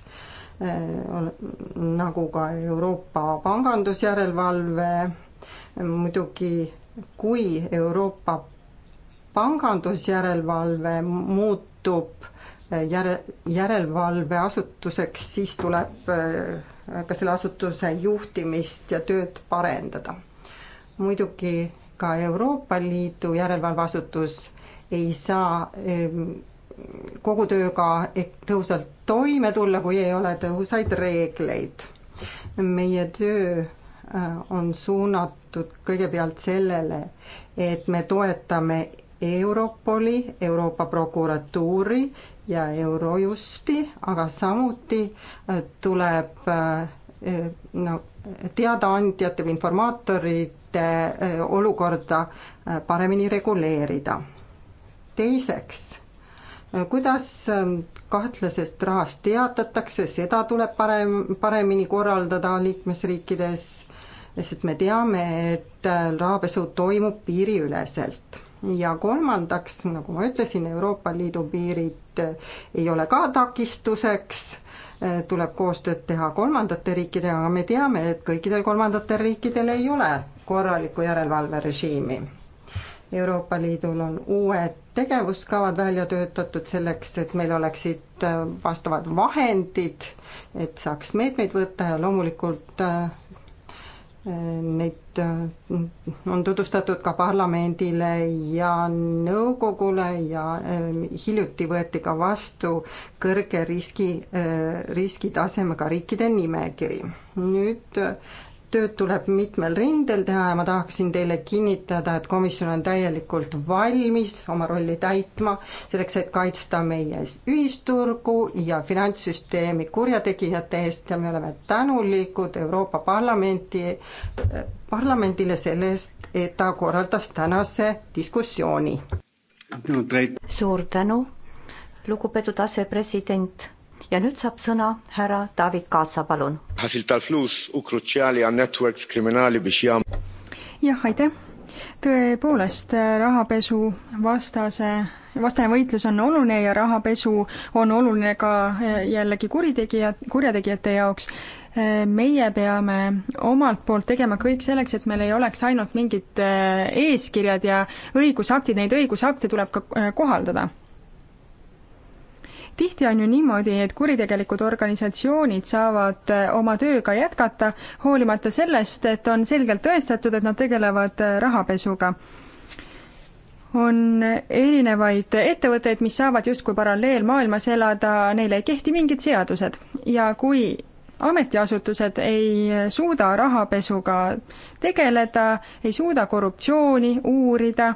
Äh, nagu ka Euroopa pangandusjärelevalve. muidugi, kui Euroopa pangandusjärelevalve muutub äh, järe-, järelevalveasutuseks, siis tuleb äh, ka selle asutuse juhtimist ja tööd parendada. muidugi ka Euroopa Liidu järelevalveasutus ei saa kogu tööga tõhusalt toime tulla, kui ei ole tõhusaid reegleid. meie töö äh, on suunatud kõigepealt sellele, et me toetame Europoli, Euroopa prokuratuuri ja Eurojusti, aga samuti äh, tuleb äh, no teadaandjate või informaatorite olukorda paremini reguleerida. teiseks kuidas ähm, kahtlasest rahast teatatakse, seda tuleb parem, paremini korraldada liikmesriikides, sest me teame, et äh, rahapesu toimub piiriüleselt. ja kolmandaks, nagu ma ütlesin, Euroopa Liidu piirid äh, ei ole ka takistuseks, äh, tuleb koostööd teha kolmandate riikidega, aga me teame, et kõikidel kolmandatel riikidel ei ole korralikku järelevalverežiimi Euroopa Liidul on uued tegevuskavad välja töötatud selleks, et meil oleksid äh, vastavad vahendid, et saaks meetmeid võtta ja loomulikult äh, äh, neid on tutvustatud ka parlamendile ja nõukogule ja hiljuti võeti ka vastu kõrge riski, riskitasemega riikide nimekiri. nüüd tööd tuleb mitmel rindel teha ja ma tahaksin teile kinnitada, et komisjon on täielikult valmis oma rolli täitma, selleks et kaitsta meie ühisturgu ja finantssüsteemi kurjategijate eest ja me oleme tänulikud Euroopa Parlamenti, parlamendile selle eest, et ta korraldas tänase diskussiooni. suur tänu, lugupeetud asepresident ja nüüd saab sõna härra David Kaasa, palun. jah, aitäh. tõepoolest, rahapesu vastase, vastane võitlus on oluline ja rahapesu on oluline ka eh, jällegi kuritegija, kurjategijate jaoks eh, meie peame omalt poolt tegema kõik selleks, et meil ei oleks ainult mingid eh, eeskirjad ja õigusaktid, neid õigusakte tuleb ka kohaldada tihti on ju niimoodi, et kuritegelikud organisatsioonid saavad eh, oma tööga jätkata, hoolimata sellest, et on selgelt tõestatud, et nad tegelevad eh, rahapesuga on erinevaid ettevõtteid, mis saavad justkui paralleelmaailmas elada, neile ei kehti mingid seadused ja kui ametiasutused ei suuda rahapesuga tegeleda, ei suuda korruptsiooni uurida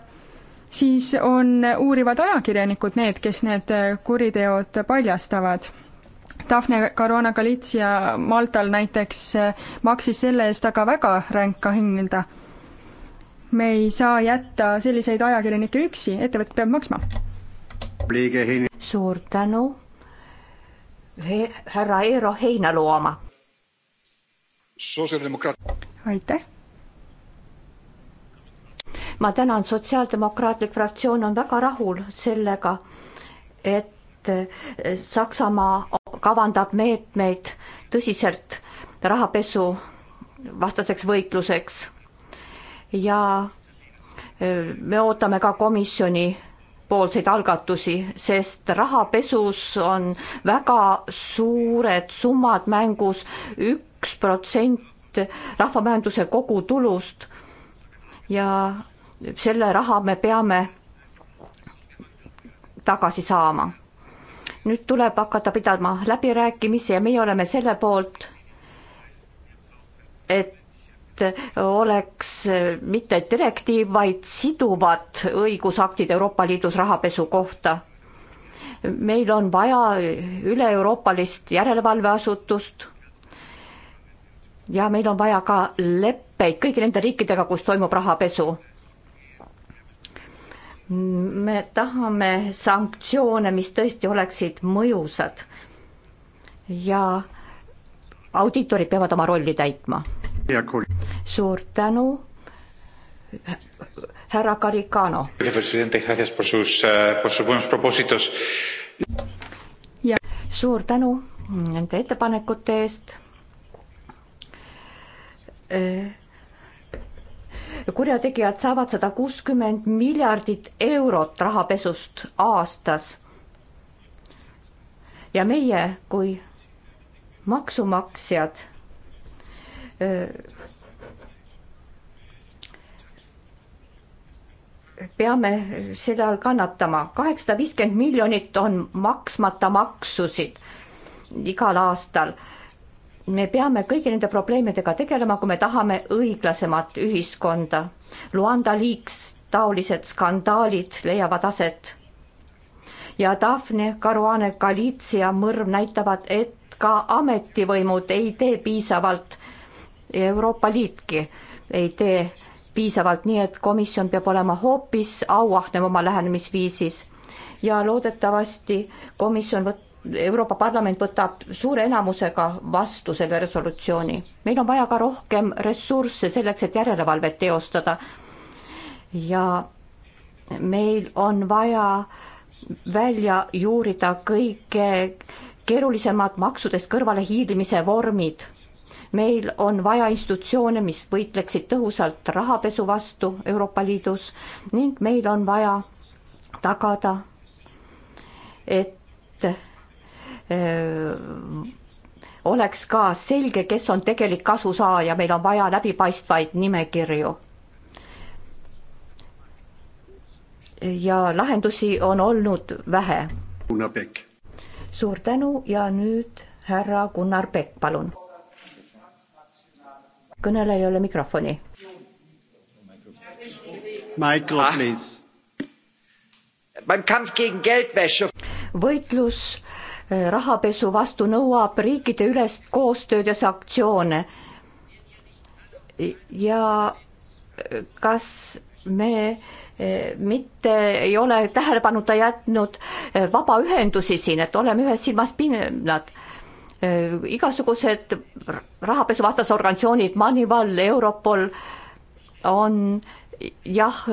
siis on uurivad ajakirjanikud need, kes need kuriteod paljastavad Daphne Caruana Galizia Maltal näiteks eh, maksis selle eest aga väga ränka hinda. me ei saa jätta selliseid ajakirjanikke üksi, ettevõtted peavad maksma. suur tänu He,, härra Eero Heinalu oma. aitäh ma tänan, Sotsiaaldemokraatlik fraktsioon on väga rahul sellega, et eh, Saksamaa kavandab meetmeid tõsiselt rahapesu vastaseks võitluseks. ja eh, me ootame ka komisjoni poolseid algatusi, sest rahapesus on väga suured summad mängus, üks protsent rahvamajanduse kogutulust ja selle raha me peame tagasi saama. nüüd tuleb hakata pidama läbirääkimisi ja meie oleme selle poolt, et oleks mitte direktiiv, vaid siduvad õigusaktid Euroopa Liidus rahapesu kohta. meil on vaja üle-euroopalist järelevalveasutust ja meil on vaja ka leppeid kõigi nende riikidega, kus toimub rahapesu me tahame sanktsioone, mis tõesti oleksid mõjusad ja audiitorid peavad oma rolli täitma. suur tänu, härra Caricano. Eh, suur tänu nende ettepanekute eest eh, kurjategijad saavad sada kuuskümmend miljardit eurot rahapesust aastas. ja meie kui maksumaksjad peame selle all kannatama. kaheksasada viiskümmend miljonit on maksmata maksusid igal aastal me peame kõigi nende probleemidega tegelema, kui me tahame õiglasemat ühiskonda. Luanda liiks taolised skandaalid leiavad aset. ja Daphne Caruana Galizia mõrv näitavad, et ka ametivõimud ei tee piisavalt, Euroopa Liitki ei tee piisavalt, nii et komisjon peab olema hoopis auahnem oma lähenemisviisis ja loodetavasti komisjon võt-, Euroopa Parlament võtab suure enamusega vastu selle resolutsiooni. meil on vaja ka rohkem ressursse selleks, et järelevalvet teostada. ja meil on vaja välja juurida kõige keerulisemad maksudest kõrvalehiilimise vormid. meil on vaja institutsioone, mis võitleksid tõhusalt rahapesu vastu Euroopa Liidus ning meil on vaja tagada, et oleks ka selge, kes on tegelik kasusaaja, meil on vaja läbipaistvaid nimekirju. ja lahendusi on olnud vähe. Gunnar Pekk. suur tänu ja nüüd härra Gunnar Pekk, palun. kõnelejal ei ole mikrofoni. Michael ah., please. võitlus Eh, rahapesu vastu nõuab riikide ülest koostööd ja sanktsioone. ja eh, kas me eh, mitte ei ole tähelepanuta jätnud vabaühendusi siin, et oleme ühes silmas pinnad. igasugused rahapesuvastase organisatsioonid, Moneyval, Europol on jah,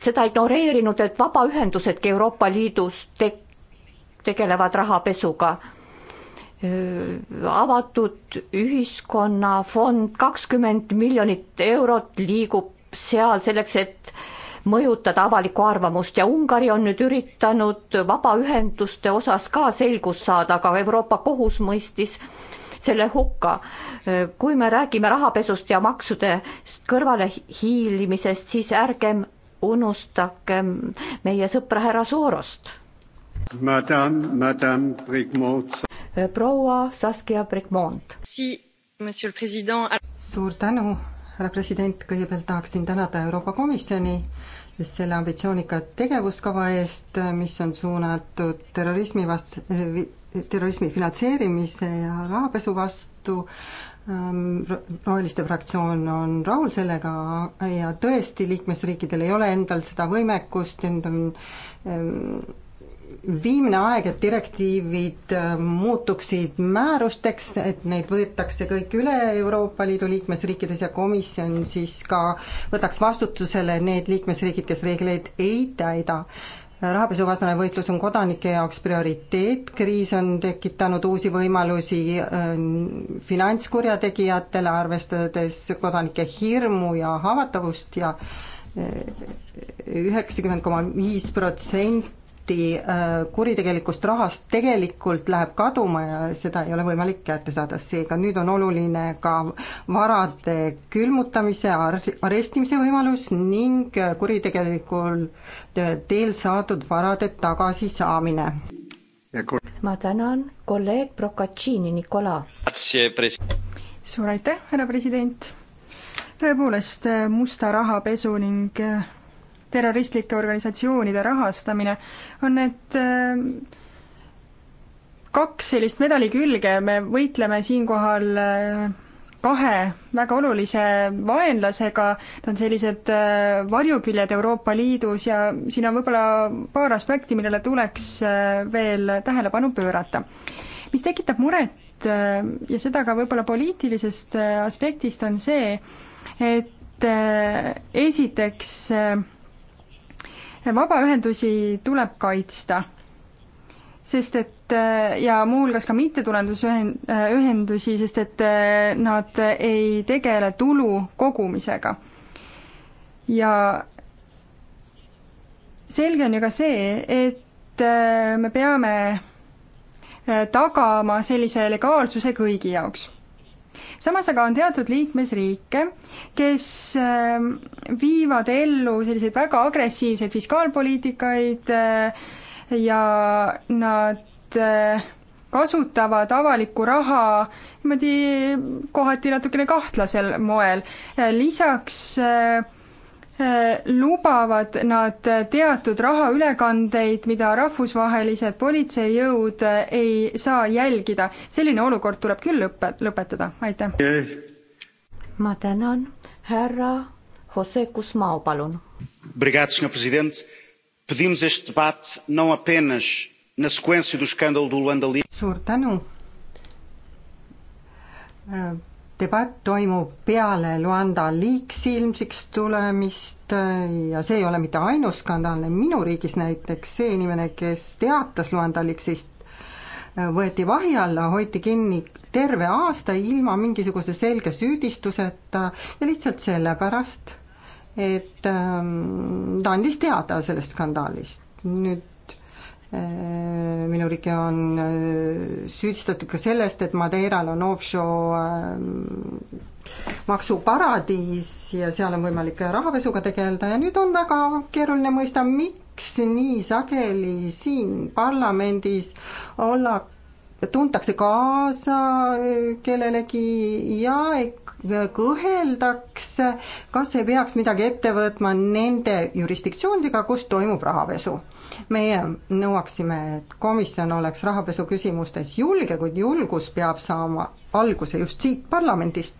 seda ignoreerinud, et vabaühendusedki Euroopa Liidus tekkinud tegelevad rahapesuga. avatud ühiskonnafond kakskümmend miljonit eurot liigub seal selleks, et mõjutada avalikku arvamust ja Ungari on nüüd üritanud vabaühenduste osas ka selgust saada, aga Euroopa Kohus mõistis selle hukka. kui me räägime rahapesust ja maksudest kõrvalehiilimisest, siis ärgem unustagem meie sõpra härra Soorost Äh, proua Saskia Brigmont. suur tänu, härra president, kõigepealt tahaksin tänada Euroopa Komisjoni selle ambitsioonika tegevuskava eest, mis on suunatud terrorismi vast-, eh, terrorismi finantseerimise ja rahapesu vastu ähm, roheliste fraktsioon on rahul sellega ja tõesti, liikmesriikidel ei ole endal seda võimekust, end on ähm, viimne aeg, et direktiivid äh, muutuksid määrusteks, et neid võetakse kõik üle Euroopa Liidu liikmesriikides ja komisjon siis ka võtaks vastutusele need liikmesriigid, kes reegleid ei täida rahapesuvastane võitlus on kodanike jaoks prioriteet, kriis on tekitanud uusi võimalusi äh, finantskurjategijatele, arvestades kodanike hirmu ja haavatavust ja äh, üheksakümmend koma viis protsenti protsenti äh, kuritegelikust rahast tegelikult läheb kaduma ja seda ei ole võimalik kätte saada, seega nüüd on oluline ka varade külmutamise, arestimise võimalus ning kuritegelikul teel saadud varade tagasisaamine. ma tänan kolleeg Procaccini, Nicola. suur aitäh, härra president tõepoolest musta rahapesu ning terroristlike organisatsioonide rahastamine, on need äh, kaks sellist medali külge, me võitleme siinkohal äh, kahe väga olulise vaenlasega, nad on sellised äh, varjuküljed Euroopa Liidus ja siin on võib-olla paar aspekti, millele tuleks veel tähelepanu pöörata. mis tekitab muret ja seda ka võib-olla poliitilisest aspektist, on see, et esiteks vabaühendusi tuleb kaitsta, sest et ja muuhulgas ka mittetulendusühendusi, sest et eh, nad ei tegele tulu kogumisega. ja selge on ju ka see, et eh, me peame eh, tagama sellise legaalsuse kõigi jaoks samas aga on teatud liikmesriike, kes ähm, viivad ellu selliseid väga agressiivseid fiskaalpoliitikaid äh, ja nad äh, kasutavad avalikku raha niimoodi kohati natukene kahtlasel moel. Äh, lisaks äh, Äh, lubavad nad teatud rahaülekandeid, mida rahvusvahelised politseijõud äh, ei saa jälgida. selline olukord tuleb küll lõpe, lõpetada, aitäh. ma tänan, härra Jose Guzmao, palun. Obrigado, senhor president. Pedimos este debate não apenas na sequência do escândalo do Luanda Suur tänu äh, debatt toimub peale Luanda liiks ilmsiks tulemist äh, ja see ei ole mitte ainus skandaalne, minu riigis näiteks see inimene, kes teatas Luanda liiksist, äh, võeti vahi alla, hoiti kinni terve aasta ilma mingisuguse selge süüdistuseta ja lihtsalt sellepärast, et ähm, ta andis teada sellest skandaalist. nüüd minu riiki on äh, süüdistatud ka sellest, et Madeiral on offshore ähm, maksuparadiis ja seal on võimalik rahapesuga tegeleda ja nüüd on väga keeruline mõista, miks nii sageli siin parlamendis olla, tuntakse kaasa äh, kellelegi ja kõheldakse, kas ei peaks midagi ette võtma nende jurisdiktsioonidega, kus toimub rahapesu meie nõuaksime, et komisjon oleks rahapesu küsimustes julge, kuid julgus peab saama alguse just siit parlamendist.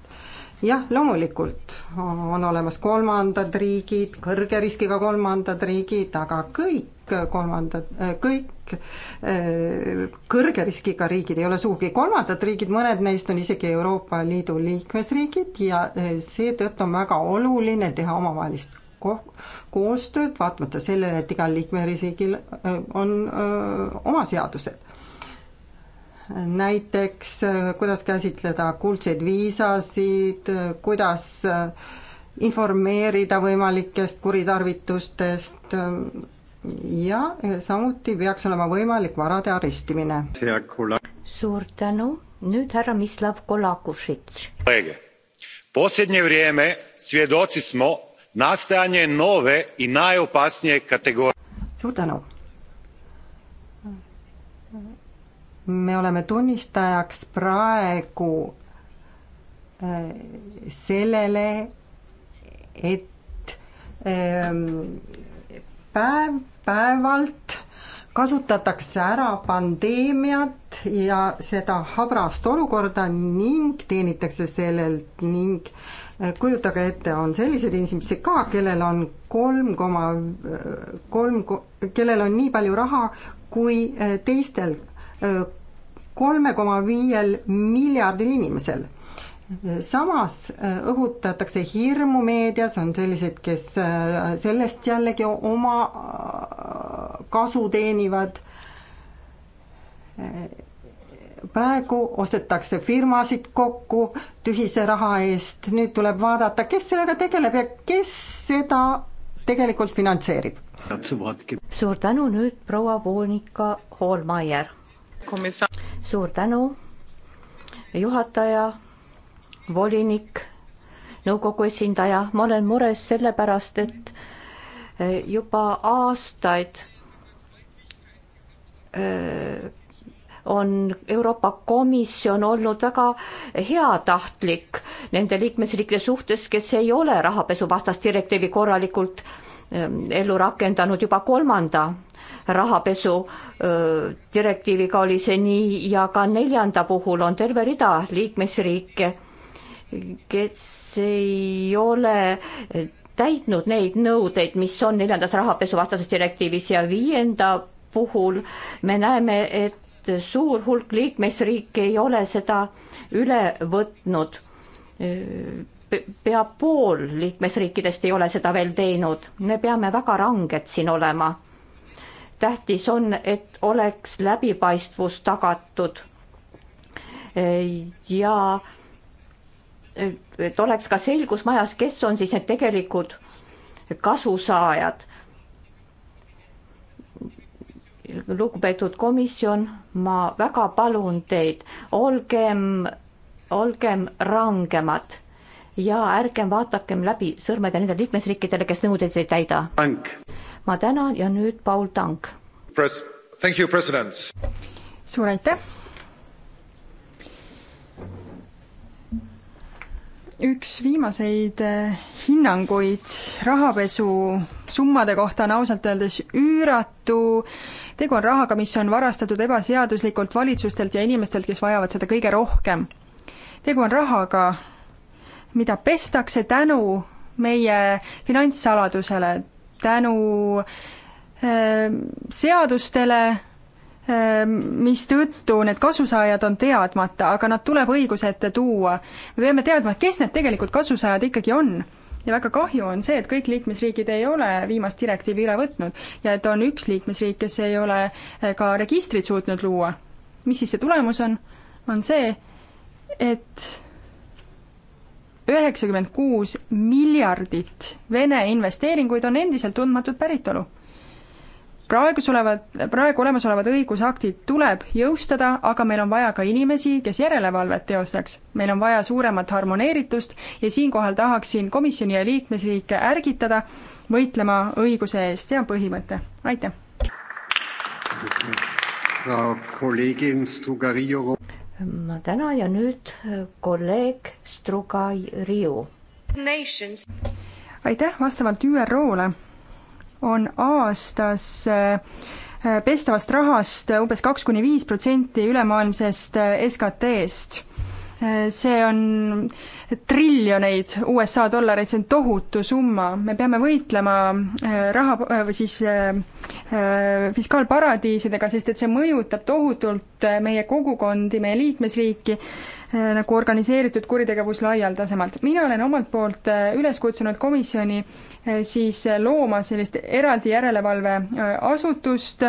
jah, loomulikult on olemas kolmandad riigid, kõrge riskiga kolmandad riigid, aga kõik kolmandad, kõik eh, kõrge riskiga riigid ei ole sugugi kolmandad riigid, mõned neist on isegi Euroopa Liidu liikmesriigid ja eh, seetõttu on väga oluline teha omavahelist ko-, koostööd, vaatamata sellele, et igal liikmesriigil äh, on öö, äh, oma seadused. näiteks äh, kuidas käsitleda kuldseid viisasid, kuidas informeerida võimalikest kuritarvitustest ja samuti peaks olema võimalik varade arestimine. suur tänu, nüüd härra Mislav Kolakušitš. posljednje vrijeme svjedoci smo nastajanje nove i najopasnije kategooria. suur tänu. me oleme tunnistajaks praegu äh, sellele, et ähm, päev päevalt kasutatakse ära pandeemiat ja seda habrast olukorda ning teenitakse sellelt ning äh, kujutage ette, on selliseid inimesi ka, kellel on kolm koma kolm, kellel on nii palju raha kui eh, teistel eh, kolme koma viiel miljardil inimesel. samas eh, õhutatakse hirmu meedias, on selliseid, kes sellest jällegi oma kasu teenivad praegu ostetakse firmasid kokku tühise raha eest, nüüd tuleb vaadata, kes sellega tegeleb ja kes seda tegelikult finantseerib. suur tänu, nüüd proua Voonika Hoolmaier. suur tänu, juhataja, volinik, nõukogu esindaja, ma olen mures sellepärast, et eh, juba aastaid öö, eh, on Euroopa Komisjon olnud väga heatahtlik nende liikmesriikide suhtes, kes ei ole rahapesuvastast direktiivi korralikult ähm, ellu rakendanud juba kolmanda rahapesu äh, direktiiviga oli see nii ja ka neljanda puhul on terve rida liikmesriike, kes ei ole äh, täitnud neid nõudeid, mis on neljandas rahapesuvastases direktiivis ja viienda puhul me näeme, et et suur hulk liikmesriike ei ole seda üle võtnud. pea pool liikmesriikidest ei ole seda veel teinud, me peame väga ranged siin olema. tähtis on, et oleks läbipaistvus tagatud. ja et oleks ka selgus majas, kes on siis need tegelikud kasusaajad lugupeetud komisjon, ma väga palun teid, olgem, olgem rangemad ja ärgem vaadakem läbi sõrmede nendele liikmesriikidele, kes nõudeid ei täida. ma tänan ja nüüd Paul Tank. suur aitäh. üks viimaseid eh, hinnanguid rahapesu summade kohta on ausalt öeldes üüratu tegu on rahaga, mis on varastatud ebaseaduslikult valitsustelt ja inimestelt, kes vajavad seda kõige rohkem. tegu on rahaga, mida pestakse tänu meie finantssaladusele, tänu äh, seadustele ähm, mistõttu need kasusaajad on teadmata, aga nad tuleb õiguse ette tuua. me peame teadma, kes need tegelikult kasusaajad ikkagi on ja väga kahju on see, et kõik liikmesriigid ei ole viimast direktiivi üle võtnud ja et on üks liikmesriik, kes ei ole eh, ka registrit suutnud luua. mis siis see tulemus on? on see, et üheksakümmend kuus miljardit Vene investeeringuid on endiselt tundmatut päritolu praegus olevad, praegu olemasolevad õigusaktid tuleb jõustada, aga meil on vaja ka inimesi, kes järelevalvet teostaks. meil on vaja suuremat harmoneeritust ja siinkohal tahaksin komisjoni ja liikmesriike ärgitada võitlema õiguse eest, see on põhimõte, aitäh. ma tänan ja nüüd kolleeg Struga-Riu. aitäh, vastavalt ÜRO-le on aastas äh, pestavast rahast umbes kaks kuni viis protsenti ülemaailmsest äh, SKT-st. Äh, see on triljoneid USA dollareid, see on tohutu summa, me peame võitlema raha või siis fiskaalparadiisidega, sest et see mõjutab tohutult meie kogukondi, meie liikmesriiki Äh, nagu organiseeritud kuritegevus laialdasemalt. mina olen omalt poolt äh, üles kutsunud komisjoni äh, siis looma sellist eraldi järelevalveasutust,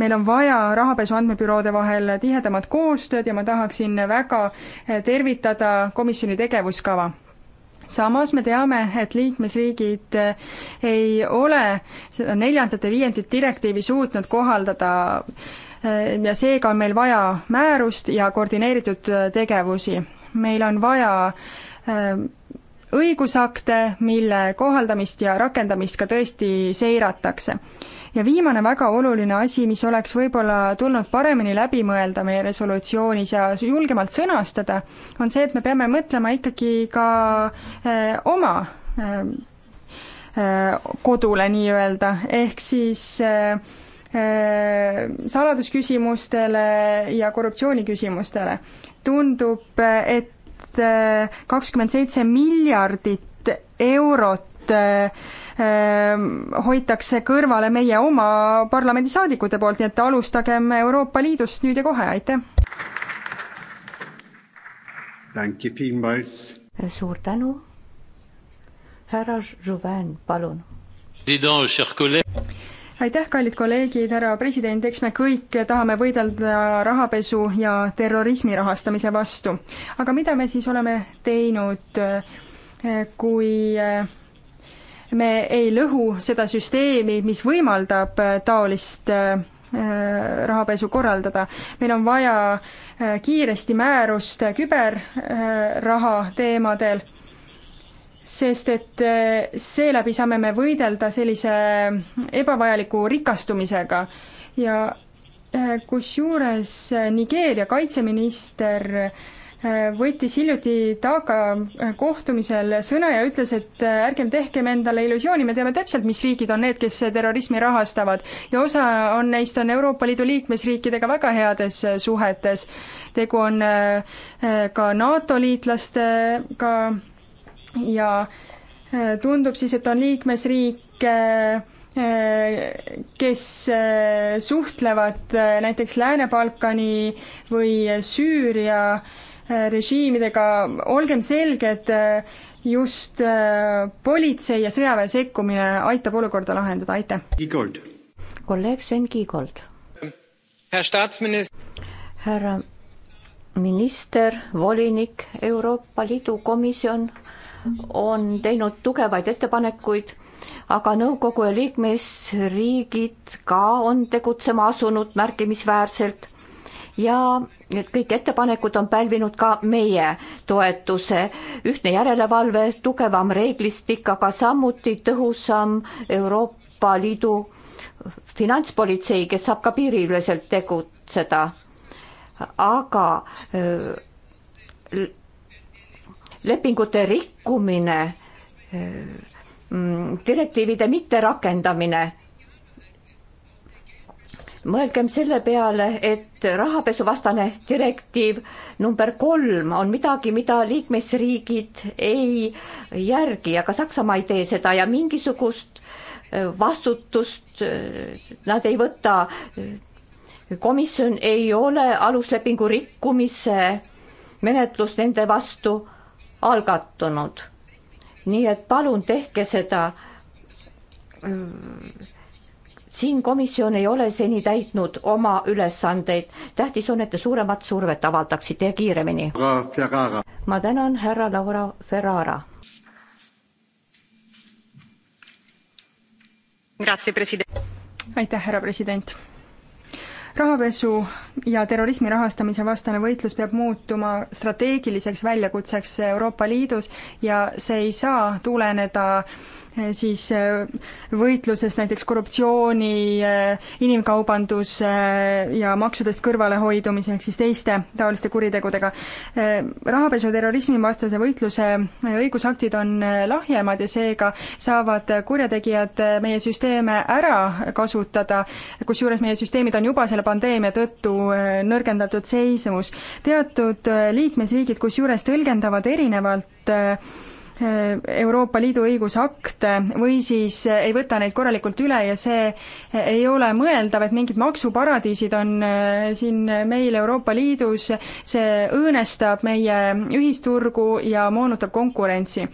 meil on vaja rahapesu andmebüroode vahel tihedamat koostööd ja ma tahaksin väga tervitada komisjoni tegevuskava samas me teame, et liikmesriigid ei ole seda neljandat ja viiendat direktiivi suutnud kohaldada äh, ja seega on meil vaja määrust ja koordineeritud tegevusi. meil on vaja ähm, õigusakte, mille kohaldamist ja rakendamist ka tõesti seiratakse. ja viimane väga oluline asi, mis oleks võib-olla tulnud paremini läbi mõelda meie resolutsioonis ja julgemalt sõnastada, on see, et me peame mõtlema ikkagi ka eh, oma eh, kodule nii-öelda, ehk siis eh, Äh, saladusküsimustele ja korruptsiooniküsimustele. tundub, et äh, kakskümmend seitse miljardit eurot äh, ähm, hoitakse kõrvale meie oma parlamendisaadikute poolt, nii et alustagem Euroopa Liidust nüüd ja kohe, aitäh! suur tänu! härra Jouvin, palun! aitäh, kallid kolleegid, härra president, eks me kõik tahame võidelda rahapesu ja terrorismi rahastamise vastu. aga mida me siis oleme teinud, eh, kui eh, me ei lõhu seda süsteemi, mis võimaldab eh, taolist rahapesu korraldada. meil on vaja kiiresti määrust küberraha teemadel sest et eh, seeläbi saame me võidelda sellise ebavajaliku rikastumisega ja eh, kusjuures eh, Nigeeria kaitseminister võttis hiljuti Dhaka kohtumisel sõna ja ütles, et ärgem tehkem endale illusiooni, me teame täpselt, mis riigid on need, kes terrorismi rahastavad. ja osa on neist on Euroopa Liidu liikmesriikidega väga heades suhetes. tegu on ka NATO liitlastega ja äh, tundub siis, et on liikmesriike, äh, kes äh, suhtlevad näiteks Lääne-Balkani või Süüria režiimidega, olgem selged, just politsei ja sõjaväe sekkumine aitab olukorda lahendada, aitäh! kolleeg Sven Kiigold. härra minister, volinik, Euroopa Liidu komisjon on teinud tugevaid ettepanekuid, aga nõukogu ja liikmesriigid ka on tegutsema asunud märkimisväärselt ja need kõik ettepanekud on pälvinud ka meie toetuse, ühtne järelevalve, tugevam reeglistik, aga samuti tõhusam Euroopa Liidu finantspolitsei, kes saab ka piiriüleselt tegutseda. aga öö, äh, lepingute rikkumine, mm, direktiivide mitterakendamine. mõelgem selle peale, et rahapesuvastane direktiiv number kolm on midagi, mida liikmesriigid ei järgi, aga Saksamaa ei tee seda ja mingisugust eh, vastutust eh, nad ei võta. komisjon ei ole aluslepingu rikkumise menetlust nende vastu algatunud. nii et palun tehke seda. siin komisjon ei ole seni täitnud oma ülesandeid. tähtis on, et te suuremat survet avaldaksite ja kiiremini. ma tänan, härra Laura Ferrara. aitäh, härra president rahapesu ja terrorismi rahastamise vastane võitlus peab muutuma strateegiliseks väljakutseks Euroopa Liidus ja see ei saa tuleneda siis äh, võitluses näiteks korruptsiooni, äh, inimkaubanduse äh, ja maksudest kõrvalehoidumise ehk siis teiste taoliste kuritegudega. rahapesu ja terrorismi vastase võitluse õigusaktid on lahjemad ja seega saavad kurjategijad meie süsteeme ära kasutada, kusjuures meie süsteemid on juba selle pandeemia tõttu nõrgendatud seisus. teatud liikmesriigid kusjuures tõlgendavad erinevalt Euroopa Liidu õigusakte või siis ei võta neid korralikult üle ja see ei ole mõeldav, et mingid maksuparadiisid on äh, siin meil Euroopa Liidus, see õõnestab meie ühisturgu ja moonutab konkurentsi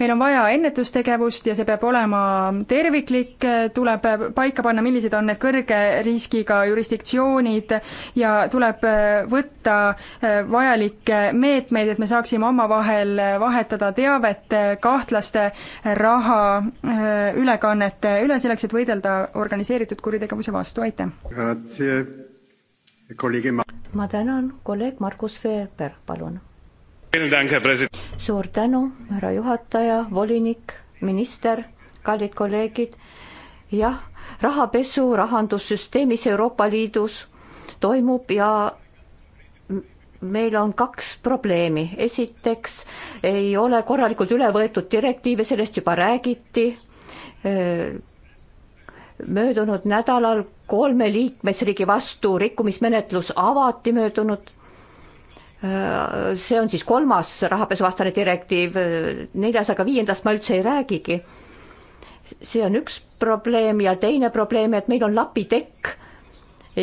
meil on vaja ennetustegevust ja see peab olema terviklik, tuleb paika panna, millised on need kõrge riskiga jurisdiktsioonid ja tuleb äh, võtta äh, vajalikke meetmeid, et me saaksime omavahel äh, vahetada teavet kahtlaste raha ülekannete üle, selleks et võidelda organiseeritud kuritegevuse vastu, aitäh! ma tänan, kolleeg Markus Veerber, palun suur tänu, härra juhataja, volinik, minister, kallid kolleegid. jah, rahapesu rahandussüsteemis Euroopa Liidus toimub ja meil on kaks probleemi, esiteks ei ole korralikult üle võetud direktiive, sellest juba räägiti. möödunud nädalal kolme liikmesriigi vastu rikkumismenetlus avati möödunud Äh, see on siis kolmas rahapesuvastane direktiiv, neljas, aga viiendast ma üldse ei räägigi. see on üks probleem ja teine probleem, et meil on lapitekk.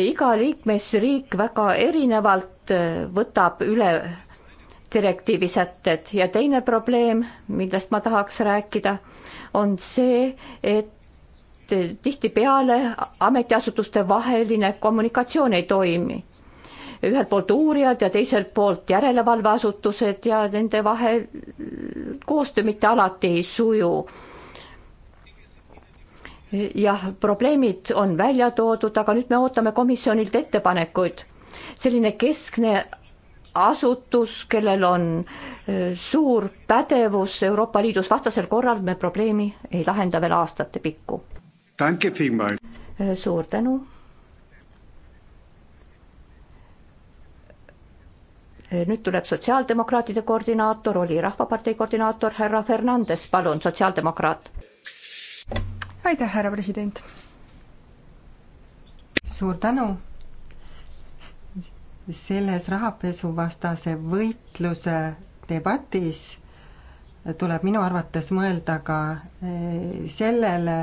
iga liikmesriik väga erinevalt äh, võtab üle direktiivi sätted ja teine probleem, millest ma tahaks rääkida, on see, et tihtipeale ametiasutuste vaheline kommunikatsioon ei toimi ühelt poolt uurijad ja teiselt poolt järelevalveasutused ja nende vahel koostöö mitte alati ei suju. jah, probleemid on välja toodud, aga nüüd me ootame komisjonilt ettepanekuid. selline keskne asutus, kellel on e, suur pädevus Euroopa Liidus, vastasel korral me probleemi ei lahenda veel aastate pikku. E, suur tänu nüüd tuleb sotsiaaldemokraatide koordinaator, oli Rahvapartei koordinaator härra Fernandes, palun, sotsiaaldemokraat. aitäh, härra president. suur tänu. selles rahapesuvastase võitluse debatis tuleb minu arvates mõelda ka eh, sellele,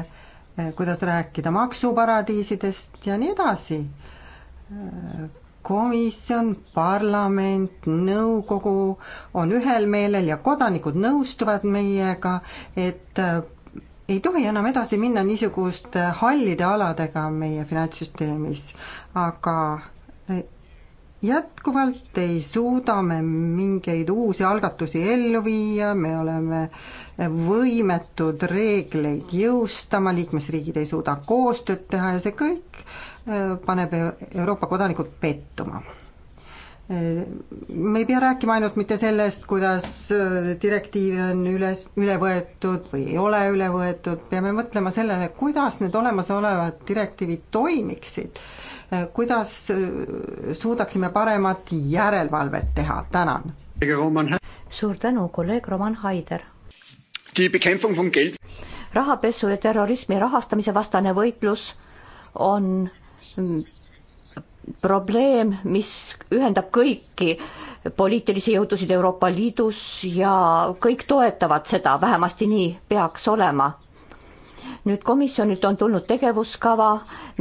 eh, kuidas rääkida maksuparadiisidest ja nii edasi eh, komisjon, parlament, nõukogu on ühel meelel ja kodanikud nõustuvad meiega, et äh, ei tohi enam edasi minna niisuguste hallide aladega meie finantssüsteemis, aga äh, jätkuvalt ei suuda me mingeid uusi algatusi ellu viia, me oleme äh, võimetud reegleid jõustama, liikmesriigid ei suuda koostööd teha ja see kõik paneb e- Euroopa kodanikud pettuma. me ei pea rääkima ainult mitte sellest, kuidas äh, direktiive on üles, üle võetud või ei ole üle võetud, peame mõtlema sellele, kuidas need olemasolevad direktiivid toimiksid, äh, kuidas äh, suudaksime paremat järelevalvet teha, tänan. suur tänu, kolleeg Roman Haider. rahapesu ja terrorismi rahastamise vastane võitlus on probleem, mis ühendab kõiki poliitilisi jõudusid Euroopa Liidus ja kõik toetavad seda, vähemasti nii peaks olema. nüüd komisjonilt on tulnud tegevuskava,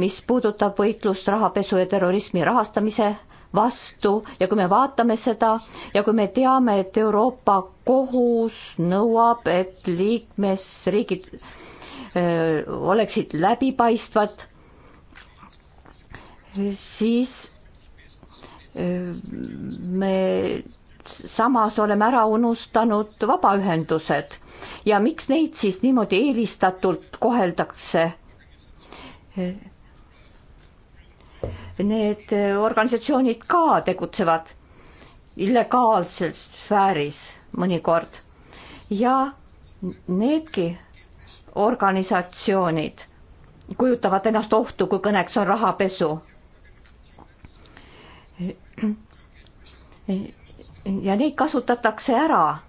mis puudutab võitlust rahapesu ja terrorismi rahastamise vastu ja kui me vaatame seda ja kui me teame, et Euroopa kohus nõuab, et liikmesriigid öö, äh, oleksid läbipaistvad siis äh, me samas oleme ära unustanud vabaühendused ja miks neid siis niimoodi eelistatult koheldakse? Need organisatsioonid ka tegutsevad illegaalses sfääris mõnikord ja needki organisatsioonid kujutavad ennast ohtu, kui kõneks on rahapesu ja neid kasutatakse ära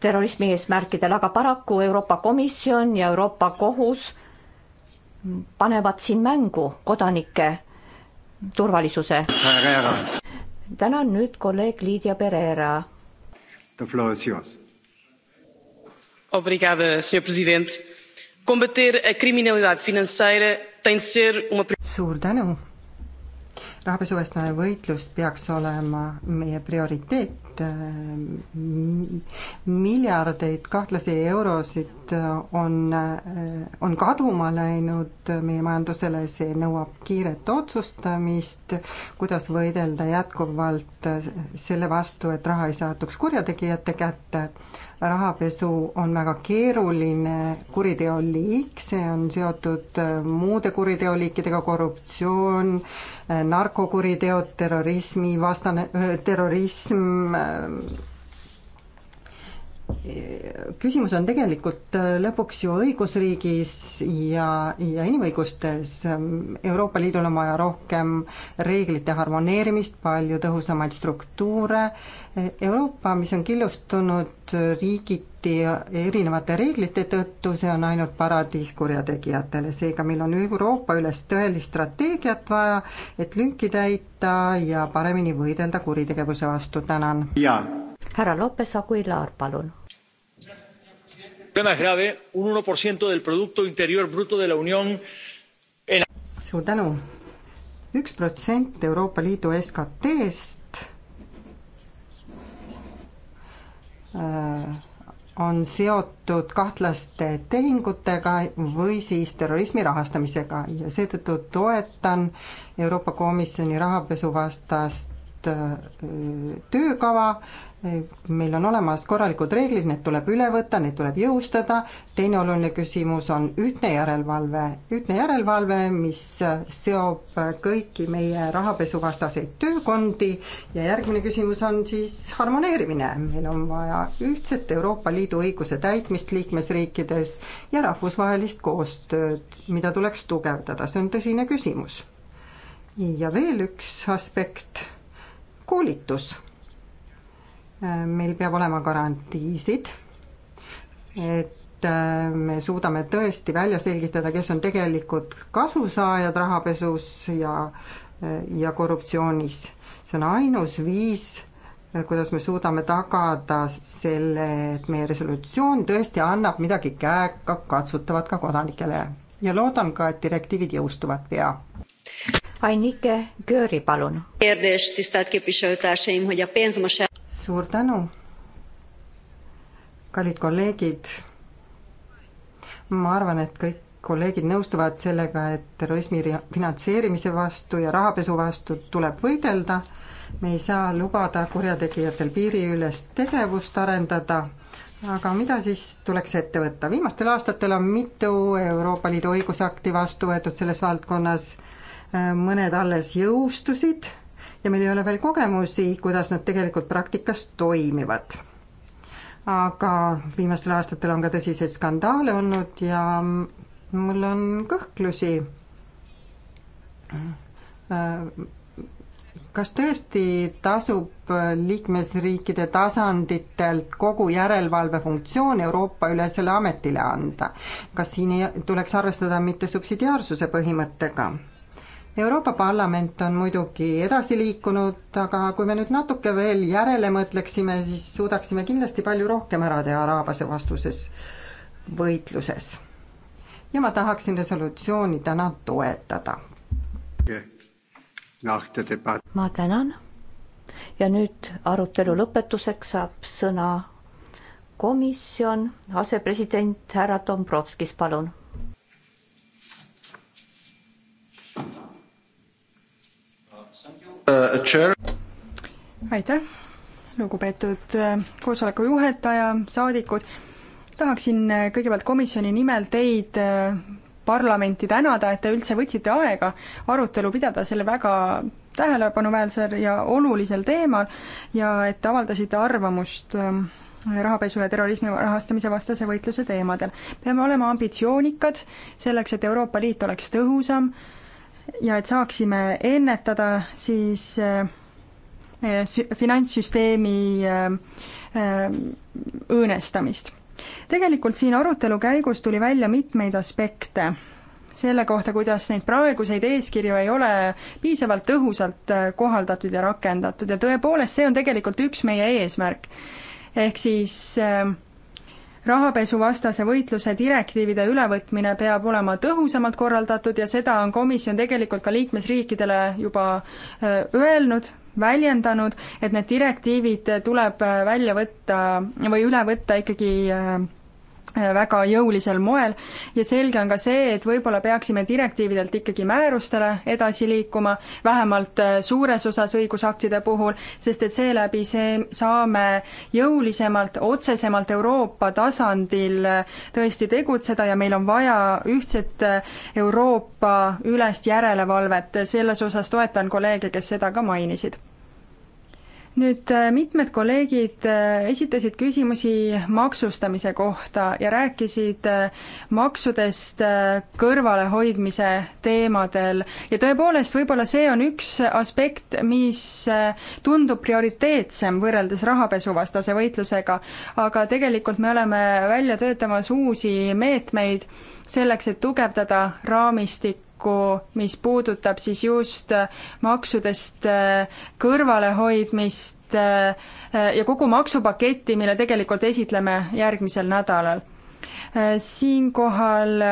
terrorismi eesmärkidel, aga paraku Euroopa Komisjon ja Euroopa Kohus panevad siin mängu kodanike turvalisuse. tänan nüüd kolleeg Lydia Pereira. The floor is yours. Obrigada, senhor president. Combater a criminalidade financeira tem de ser uma. suur tänu rahapesuvastane võitlus peaks olema meie prioriteet. miljardeid kahtlasi eurosid on, on kaduma läinud meie majandusele, see nõuab kiiret otsustamist, kuidas võidelda jätkuvalt selle vastu, et raha ei saatuks kurjategijate kätte rahapesu on väga keeruline kuriteoliik, see on seotud äh, muude kuriteoliikidega, korruptsioon, äh, narkokuriteod, terrorismi vastane, äh, terrorism, küsimus on tegelikult äh, lõpuks ju õigusriigis ja, ja inimõigustes. Euroopa Liidul on vaja rohkem reeglite harmoneerimist, palju tõhusamaid struktuure. Euroopa, mis on killustunud riigiti erinevate reeglite tõttu, see on ainult paradiis kurjategijatele, seega meil on Euroopa üles tõelist strateegiat vaja, et lünki täita ja paremini võidelda kuritegevuse vastu. tänan. härra Lopes Aguilar, palun problema es grave un uno del producto interior bruto de la unión en... suur tänu üks protsent Euroopa Liidu SKT-st äh, on seotud kahtlaste tehingutega või siis terrorismi rahastamisega ja seetõttu toetan Euroopa Komisjoni rahapesuvastast Äh, töökava, meil on olemas korralikud reeglid, need tuleb üle võtta, need tuleb jõustada, teine oluline küsimus on ühtne järelevalve, ühtne järelevalve, mis seob kõiki meie rahapesuvastaseid töökondi ja järgmine küsimus on siis harmoneerimine, meil on vaja ühtset Euroopa Liidu õiguse täitmist liikmesriikides ja rahvusvahelist koostööd, mida tuleks tugevdada, see on tõsine küsimus. ja veel üks aspekt koolitus. meil peab olema garantiisid, et äh, me suudame tõesti välja selgitada, kes on tegelikud kasusaajad rahapesus ja, äh, ja korruptsioonis. see on ainus viis, äh, kuidas me suudame tagada selle, et meie resolutsioon tõesti annab midagi käega katsutavat ka kodanikele ja loodan ka, et direktiivid jõustuvad pea. Ainike Göri, palun. suur tänu. kallid kolleegid, ma arvan, et kõik kolleegid nõustuvad sellega, et terrorismi finantseerimise vastu ja rahapesu vastu tuleb võidelda. me ei saa lubada kurjategijatel piiriülest tegevust arendada. aga mida siis tuleks ette võtta? viimastel aastatel on mitu Euroopa Liidu õigusakti vastu võetud selles valdkonnas Äh, mõned alles jõustusid ja meil ei ole veel kogemusi, kuidas nad tegelikult praktikas toimivad. aga viimastel aastatel on ka tõsiseid skandaale olnud ja mul on kõhklusi. Äh, kas tõesti tasub liikmesriikide tasanditelt kogu järelevalve funktsioon Euroopa ülesele ametile anda? kas siin ei tuleks arvestada mitte subsidiaarsuse põhimõttega? Euroopa Parlament on muidugi edasi liikunud, aga kui me nüüd natuke veel järele mõtleksime, siis suudaksime kindlasti palju rohkem ära teha araabase vastuses võitluses. ja ma tahaksin resolutsiooni täna toetada. ma tänan ja nüüd arutelu lõpetuseks saab sõna komisjon, asepresident härra Dombrovskis, palun Uh, aitäh, lugupeetud äh, koosoleku juhataja, saadikud. tahaksin äh, kõigepealt komisjoni nimel teid äh, parlamenti tänada, et te üldse võtsite aega arutelu pidada selle väga tähelepanuväärsel ja olulisel teemal ja et avaldasite arvamust ähm, rahapesu ja terrorismi rahastamise vastase võitluse teemadel. peame olema ambitsioonikad selleks, et Euroopa Liit oleks tõhusam ja et saaksime ennetada siis meie äh, äh, finantssüsteemi äh, õõnestamist. tegelikult siin arutelu käigus tuli välja mitmeid aspekte selle kohta, kuidas neid praeguseid eeskirju ei ole piisavalt tõhusalt kohaldatud ja rakendatud ja tõepoolest, see on tegelikult üks meie eesmärk. ehk siis äh, rahapesuvastase võitluse direktiivide ülevõtmine peab olema tõhusamalt korraldatud ja seda on komisjon tegelikult ka liikmesriikidele juba äh, öelnud, väljendanud, et need direktiivid tuleb välja võtta või üle võtta ikkagi äh, Äh, väga jõulisel moel ja selge on ka see, et võib-olla peaksime direktiividelt ikkagi määrustele edasi liikuma, vähemalt äh, suures osas õigusaktide puhul, sest et seeläbi see, saame jõulisemalt, otsesemalt Euroopa tasandil äh, tõesti tegutseda ja meil on vaja ühtset Euroopa ülest järelevalvet, selles osas toetan kolleege, kes seda ka mainisid nüüd äh, mitmed kolleegid äh, esitasid küsimusi maksustamise kohta ja rääkisid äh, maksudest kõrvalehoidmise teemadel ja tõepoolest, võib-olla see on üks aspekt, mis tundub prioriteetsem võrreldes rahapesuvastase võitlusega, aga tegelikult me oleme välja töötamas uusi meetmeid selleks, et tugevdada raamistik ettepaneku, mis puudutab siis just äh, maksudest äh, kõrvalehoidmist äh, ja kogu maksupaketti, mille tegelikult esitleme järgmisel nädalal. siinkohal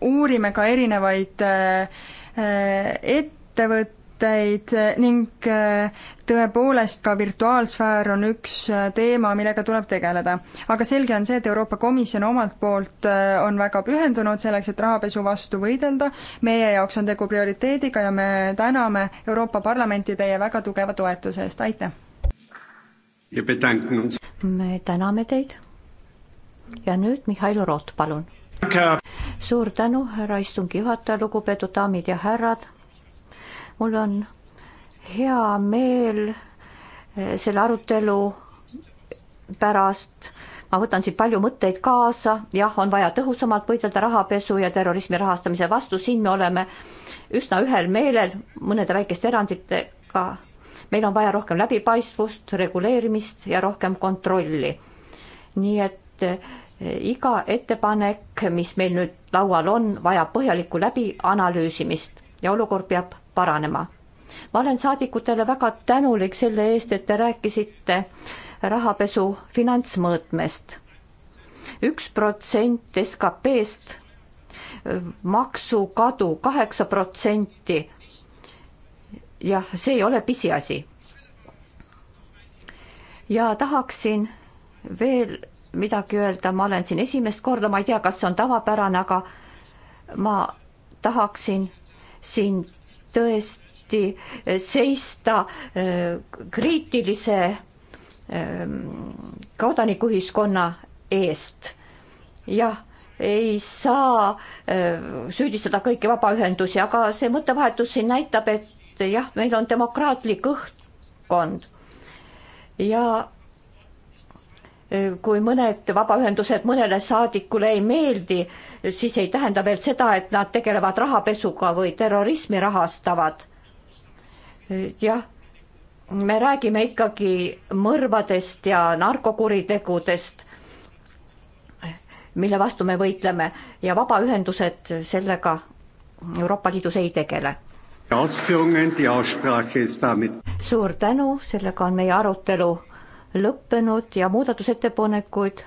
uurime ka erinevaid ettevõtteid, mõtteid ning äh, tõepoolest ka virtuaalsfäär on üks äh, teema, millega tuleb tegeleda. aga selge on see, et Euroopa Komisjon omalt poolt äh, on väga pühendunud selleks, et rahapesu vastu võidelda. meie jaoks on tegu prioriteediga ja me täname Euroopa Parlamenti teie väga tugeva toetuse eest, aitäh! me täname teid. ja nüüd Mihhail Roth, palun. suur tänu, härra istungi juhataja, lugupeetud daamid ja härrad mul on hea meel eh, selle arutelu pärast. ma võtan siit palju mõtteid kaasa, jah, on vaja tõhusamalt võidelda rahapesu ja terrorismi rahastamise vastu, siin me oleme üsna ühel meelel mõnede väikeste eranditega. meil on vaja rohkem läbipaistvust, reguleerimist ja rohkem kontrolli. nii et eh, iga ettepanek, mis meil nüüd laual on, vajab põhjalikku läbianalüüsimist ja olukord peab paranema. ma olen saadikutele väga tänulik selle eest, et te rääkisite rahapesu finantsmõõtmest. üks protsent SKP-st, maksukadu kaheksa protsenti. jah, see ei ole pisiasi. ja tahaksin veel midagi öelda, ma olen siin esimest korda, ma ei tea, kas see on tavapärane, aga ma tahaksin siin tõesti seista äh, kriitilise ähm, kodanikuühiskonna eest. jah, ei saa äh, süüdistada kõiki vabaühendusi, aga see mõttevahetus siin näitab, et jah, meil on demokraatlik õhkkond ja kui mõned vabaühendused mõnele saadikule ei meeldi, siis ei tähenda veel seda, et nad tegelevad rahapesuga või terrorismi rahastavad. jah, me räägime ikkagi mõrvadest ja narkokuritegudest, mille vastu me võitleme ja vabaühendused sellega Euroopa Liidus ei tegele. suur tänu, sellega on meie arutelu lõppenud ja muudatusettepanekuid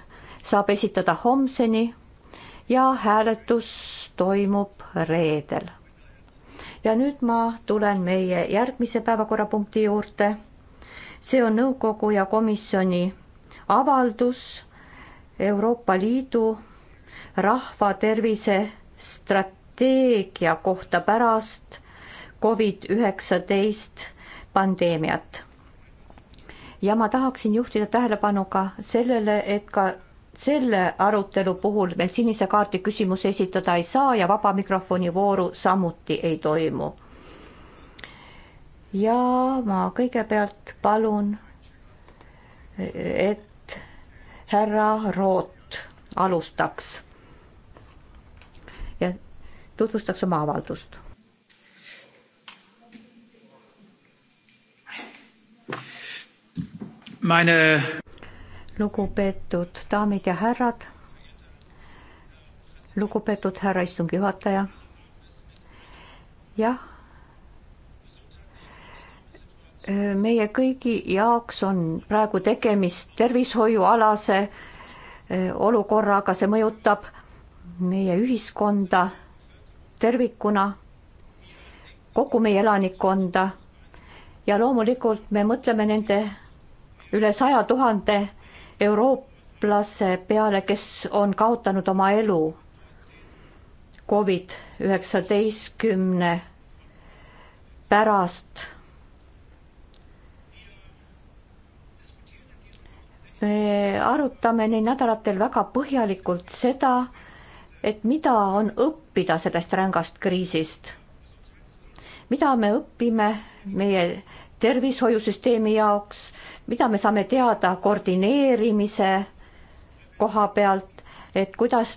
saab esitada homseni ja hääletus toimub reedel. ja nüüd ma tulen meie järgmise päevakorrapunkti juurde. see on nõukogu ja komisjoni avaldus Euroopa Liidu rahvatervise strateegia kohta pärast Covid üheksateist pandeemiat ja ma tahaksin juhtida tähelepanu ka sellele, et ka selle arutelu puhul meil sinise kaardi küsimusi esitada ei saa ja vaba mikrofoni vooru samuti ei toimu. ja ma kõigepealt palun, et härra Root alustaks ja tutvustaks oma avaldust Meine... lugupeetud daamid ja härrad, lugupeetud härra istungi juhataja. jah, meie kõigi jaoks on praegu tegemist tervishoiualase eh, olukorraga, see mõjutab meie ühiskonda tervikuna, kogu meie elanikkonda ja loomulikult me mõtleme nende üle saja tuhande eurooplase peale, kes on kaotanud oma elu Covid üheksateistkümne pärast. me arutame neil nädalatel väga põhjalikult seda, et mida on õppida sellest rängast kriisist. mida me õpime meie tervishoiusüsteemi jaoks, mida me saame teada koordineerimise koha pealt, et kuidas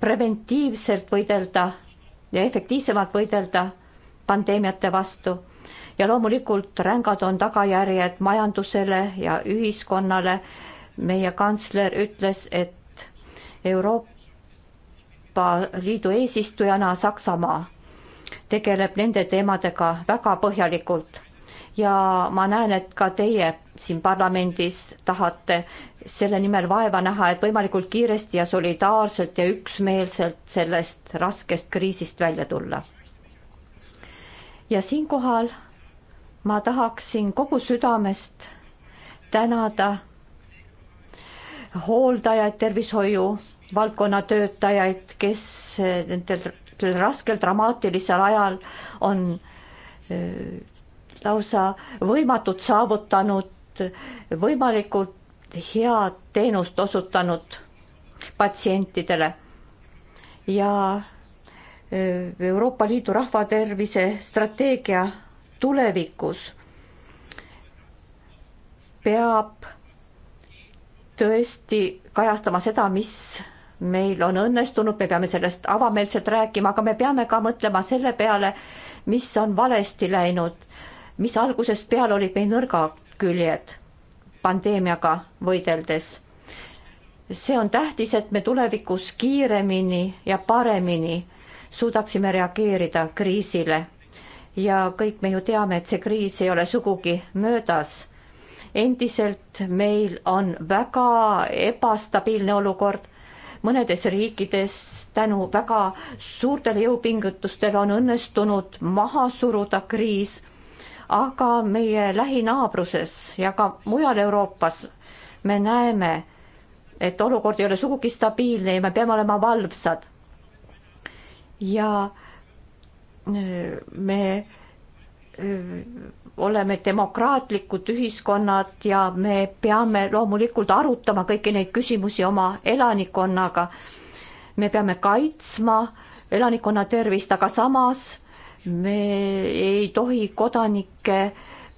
preventiivselt võidelda ja efektiivsemalt võidelda pandeemiate vastu. ja loomulikult rängad on tagajärjed majandusele ja ühiskonnale. meie kantsler ütles, et Euroopa Liidu eesistujana Saksamaa tegeleb nende teemadega väga põhjalikult ja ma näen, et ka teie siin parlamendis tahate selle nimel vaeva näha, et võimalikult kiiresti ja solidaarselt ja üksmeelselt sellest raskest kriisist välja tulla. ja siinkohal ma tahaksin kogu südamest tänada hooldajaid, tervishoiu valdkonna töötajaid, kes nendel raskel dramaatilisel ajal on äh, lausa võimatut saavutanud võimalikult head teenust osutanud patsientidele. ja e, Euroopa Liidu rahvatervise strateegia tulevikus peab tõesti kajastama seda, mis meil on õnnestunud, me peame sellest avameelselt rääkima, aga me peame ka mõtlema selle peale, mis on valesti läinud, mis algusest peale olid meil nõrgad küljed pandeemiaga võideldes. see on tähtis, et me tulevikus kiiremini ja paremini suudaksime reageerida kriisile. ja kõik me ju teame, et see kriis ei ole sugugi möödas. endiselt meil on väga ebastabiilne olukord mõnedes riikides tänu väga suurtele jõupingutustele on õnnestunud maha suruda kriis aga meie lähinaabruses ja ka mujal Euroopas me näeme, et olukord ei ole sugugi stabiilne ja me peame olema valvsad. ja äh, me äh, oleme demokraatlikud ühiskonnad ja me peame loomulikult arutama kõiki neid küsimusi oma elanikkonnaga. me peame kaitsma elanikkonna tervist, aga samas me ei tohi kodanike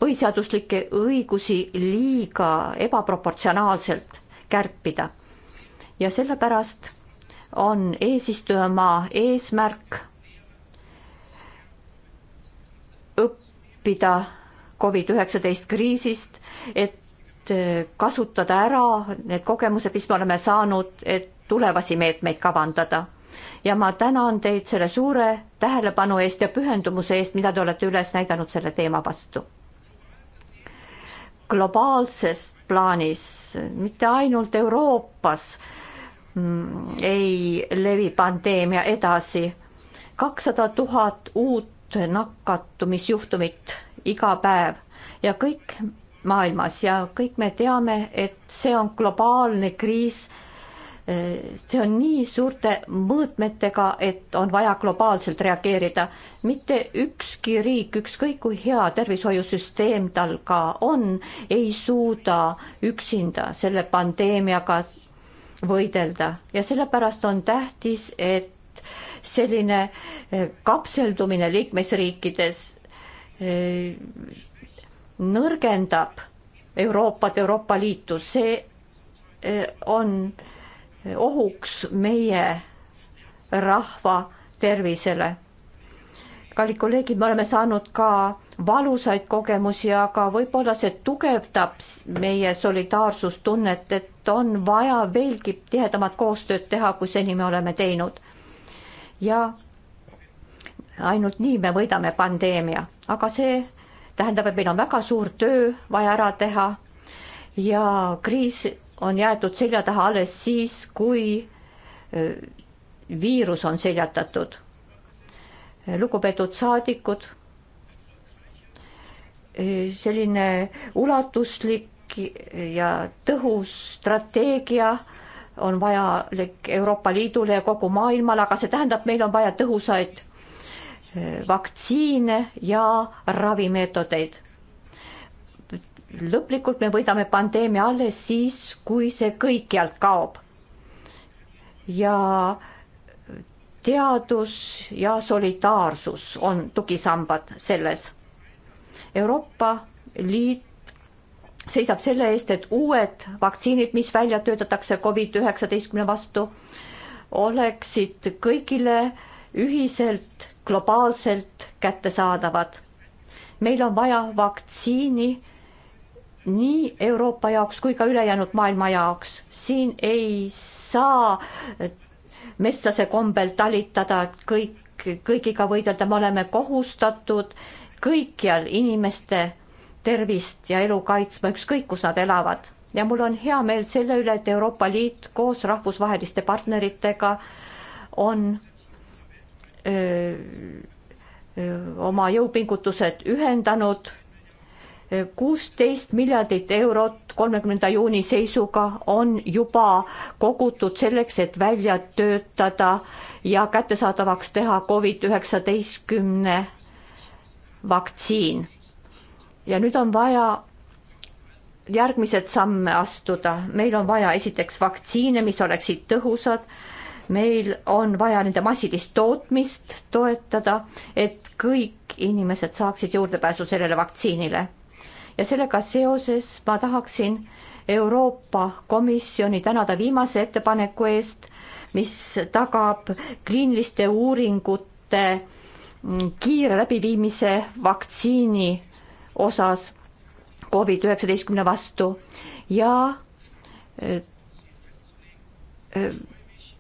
põhiseaduslikke õigusi liiga ebaproportsionaalselt kärpida. ja sellepärast on eesistujamaa eesmärk õppida Covid-19 kriisist, et äh, kasutada ära need kogemused, mis me oleme saanud, et tulevasi meetmeid kavandada ja ma tänan teid selle suure tähelepanu eest ja pühendumuse eest, mida te olete üles näidanud selle teema vastu. globaalses plaanis, mitte ainult Euroopas mm, ei levi pandeemia edasi. kakssada tuhat uut nakatumisjuhtumit iga päev ja kõik maailmas ja kõik me teame, et see on globaalne kriis see on nii suurte mõõtmetega, et on vaja globaalselt reageerida. mitte ükski riik, ükskõik kui hea tervishoiusüsteem tal ka on, ei suuda üksinda selle pandeemiaga võidelda ja sellepärast on tähtis, et selline eh, kapseldumine liikmesriikides eh, nõrgendab Euroopat, Euroopa Liitu, see eh, on äh, ohuks meie rahva tervisele. kallid kolleegid, me oleme saanud ka valusaid kogemusi, aga võib-olla see tugevdab meie solidaarsustunnet, et on vaja veelgi tihedamat koostööd teha, kui seni me oleme teinud. ja ainult nii me võidame pandeemia, aga see tähendab, et meil on väga suur töö vaja ära teha ja kriis on jäetud selja taha alles siis, kui viirus on seljatatud. lugupeetud saadikud, selline ulatuslik ja tõhus strateegia on vajalik Euroopa Liidule ja kogu maailmale, aga see tähendab, meil on vaja tõhusaid vaktsiine ja ravimeetodeid lõplikult me võidame pandeemia alles siis, kui see kõikjalt kaob. ja teadus ja solidaarsus on tugisambad selles. Euroopa Liit seisab selle eest, et uued vaktsiinid, mis välja töötatakse Covid üheksateistkümne vastu, oleksid kõigile ühiselt globaalselt kättesaadavad. meil on vaja vaktsiini nii Euroopa jaoks kui ka ülejäänud maailma jaoks. siin ei saa metsase kombel talitada, et kõik, kõigiga võidelda, me oleme kohustatud kõikjal inimeste tervist ja elu kaitsma, ükskõik kus nad elavad. ja mul on hea meel selle üle, et Euroopa Liit koos rahvusvaheliste partneritega on öö, öö, oma jõupingutused ühendanud kuusteist miljardit eurot kolmekümnenda juuni seisuga on juba kogutud selleks, et välja töötada ja kättesaadavaks teha Covid üheksateistkümne vaktsiin. ja nüüd on vaja järgmised samme astuda, meil on vaja esiteks vaktsiine, mis oleksid tõhusad meil on vaja nende massilist tootmist toetada, et kõik inimesed saaksid juurdepääsu sellele vaktsiinile ja sellega seoses ma tahaksin Euroopa Komisjoni tänada viimase ettepaneku eest, mis tagab kliiniliste uuringute kiire läbiviimise vaktsiini osas Covid üheksateistkümne vastu ja äh, äh,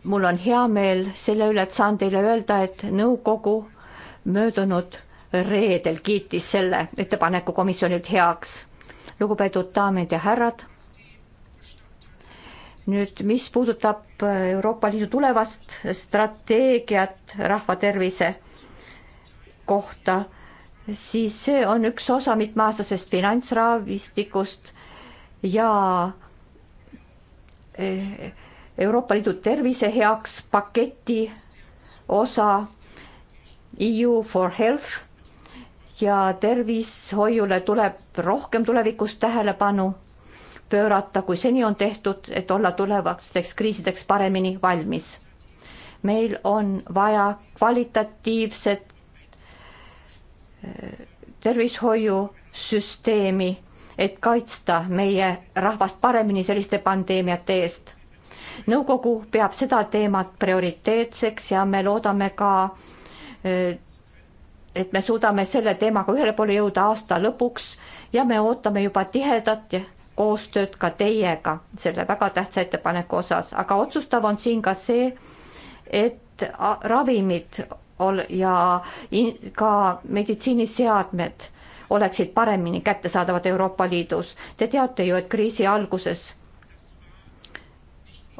mul on hea meel selle üle, et saan teile öelda, et nõukogu möödunud reedel kiitis selle ettepaneku komisjonilt heaks. lugupeetud daamid ja härrad. nüüd, mis puudutab Euroopa Liidu tulevast strateegiat rahvatervise kohta, siis see on üks osa mitmeaastasest finantsraamistikust ja eh, Euroopa Liidu tervise heaks paketi osa EU for Health ja tervishoiule tuleb rohkem tulevikus tähelepanu pöörata, kui seni on tehtud, et olla tulevasteks kriisideks paremini valmis. meil on vaja kvalitatiivset äh, tervishoiusüsteemi, et kaitsta meie rahvast paremini selliste pandeemiate eest. nõukogu peab seda teemat prioriteetseks ja me loodame ka äh, et me suudame selle teemaga ühele poole jõuda aasta lõpuks ja me ootame juba tihedat koostööd ka teiega selle väga tähtsa ettepaneku osas, aga otsustav on siin ka see, et ravimid ol- ja in-, ka meditsiiniseadmed oleksid paremini kättesaadavad Euroopa Liidus. Te teate ju, et kriisi alguses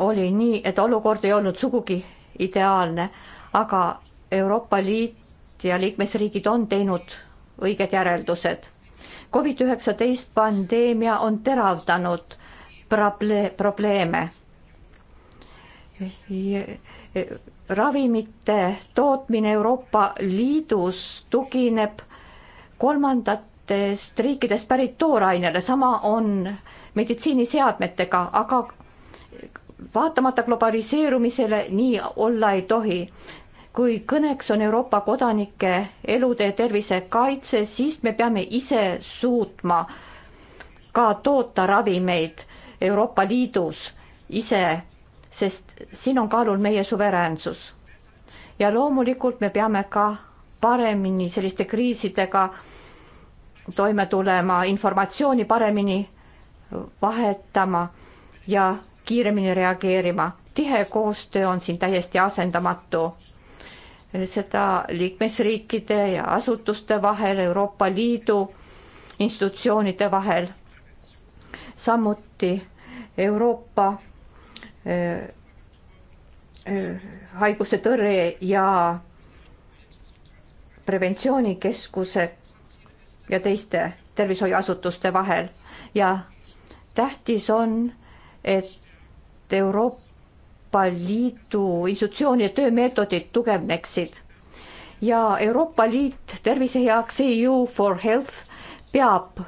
oli nii, et olukord ei olnud sugugi ideaalne, aga Euroopa Liit ja liikmesriigid on teinud õiged järeldused. Covid üheksateist pandeemia on teravdanud proble-, probleeme. E, ravimite tootmine Euroopa Liidus tugineb kolmandatest riikidest pärit toorainele, sama on meditsiiniseadmetega, aga vaatamata globaliseerumisele nii olla ei tohi kui kõneks on Euroopa kodanike elude ja tervise kaitse, siis me peame ise suutma ka toota ravimeid Euroopa Liidus ise, sest siin on kaalul meie suveräänsus. ja loomulikult me peame ka paremini selliste kriisidega toime tulema, informatsiooni paremini vahetama ja kiiremini reageerima. tihe koostöö on siin täiesti asendamatu seda liikmesriikide ja asutuste vahel, Euroopa Liidu institutsioonide vahel, samuti Euroopa äh, äh, haiguse tõrje ja preventsioonikeskuse ja teiste tervishoiuasutuste vahel ja tähtis on, et Euroopa Euroopa Liidu institutsioonide töömeetodid tugevneksid ja Euroopa Liit tervise heaks EU for health peab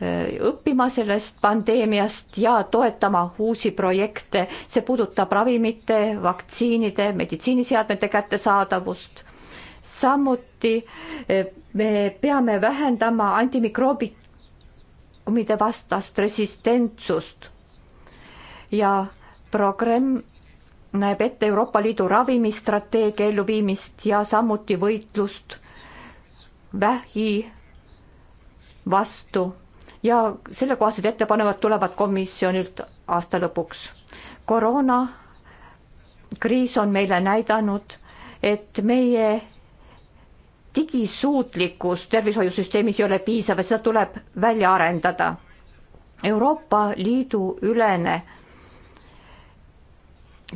eh, õppima sellest pandeemiast ja toetama uusi projekte, see puudutab ravimite, vaktsiinide, meditsiiniseadmete kättesaadavust. samuti eh, me peame vähendama antimikroobide vastast resistentsust ja programm näeb ette Euroopa Liidu ravimistrateegia elluviimist ja samuti võitlust vähi vastu ja sellekohased ettepanekud tulevad komisjonilt aasta lõpuks. koroonakriis on meile näidanud, et meie digisuutlikkus tervishoiusüsteemis ei ole piisav ja seda tuleb välja arendada. Euroopa Liidu ülene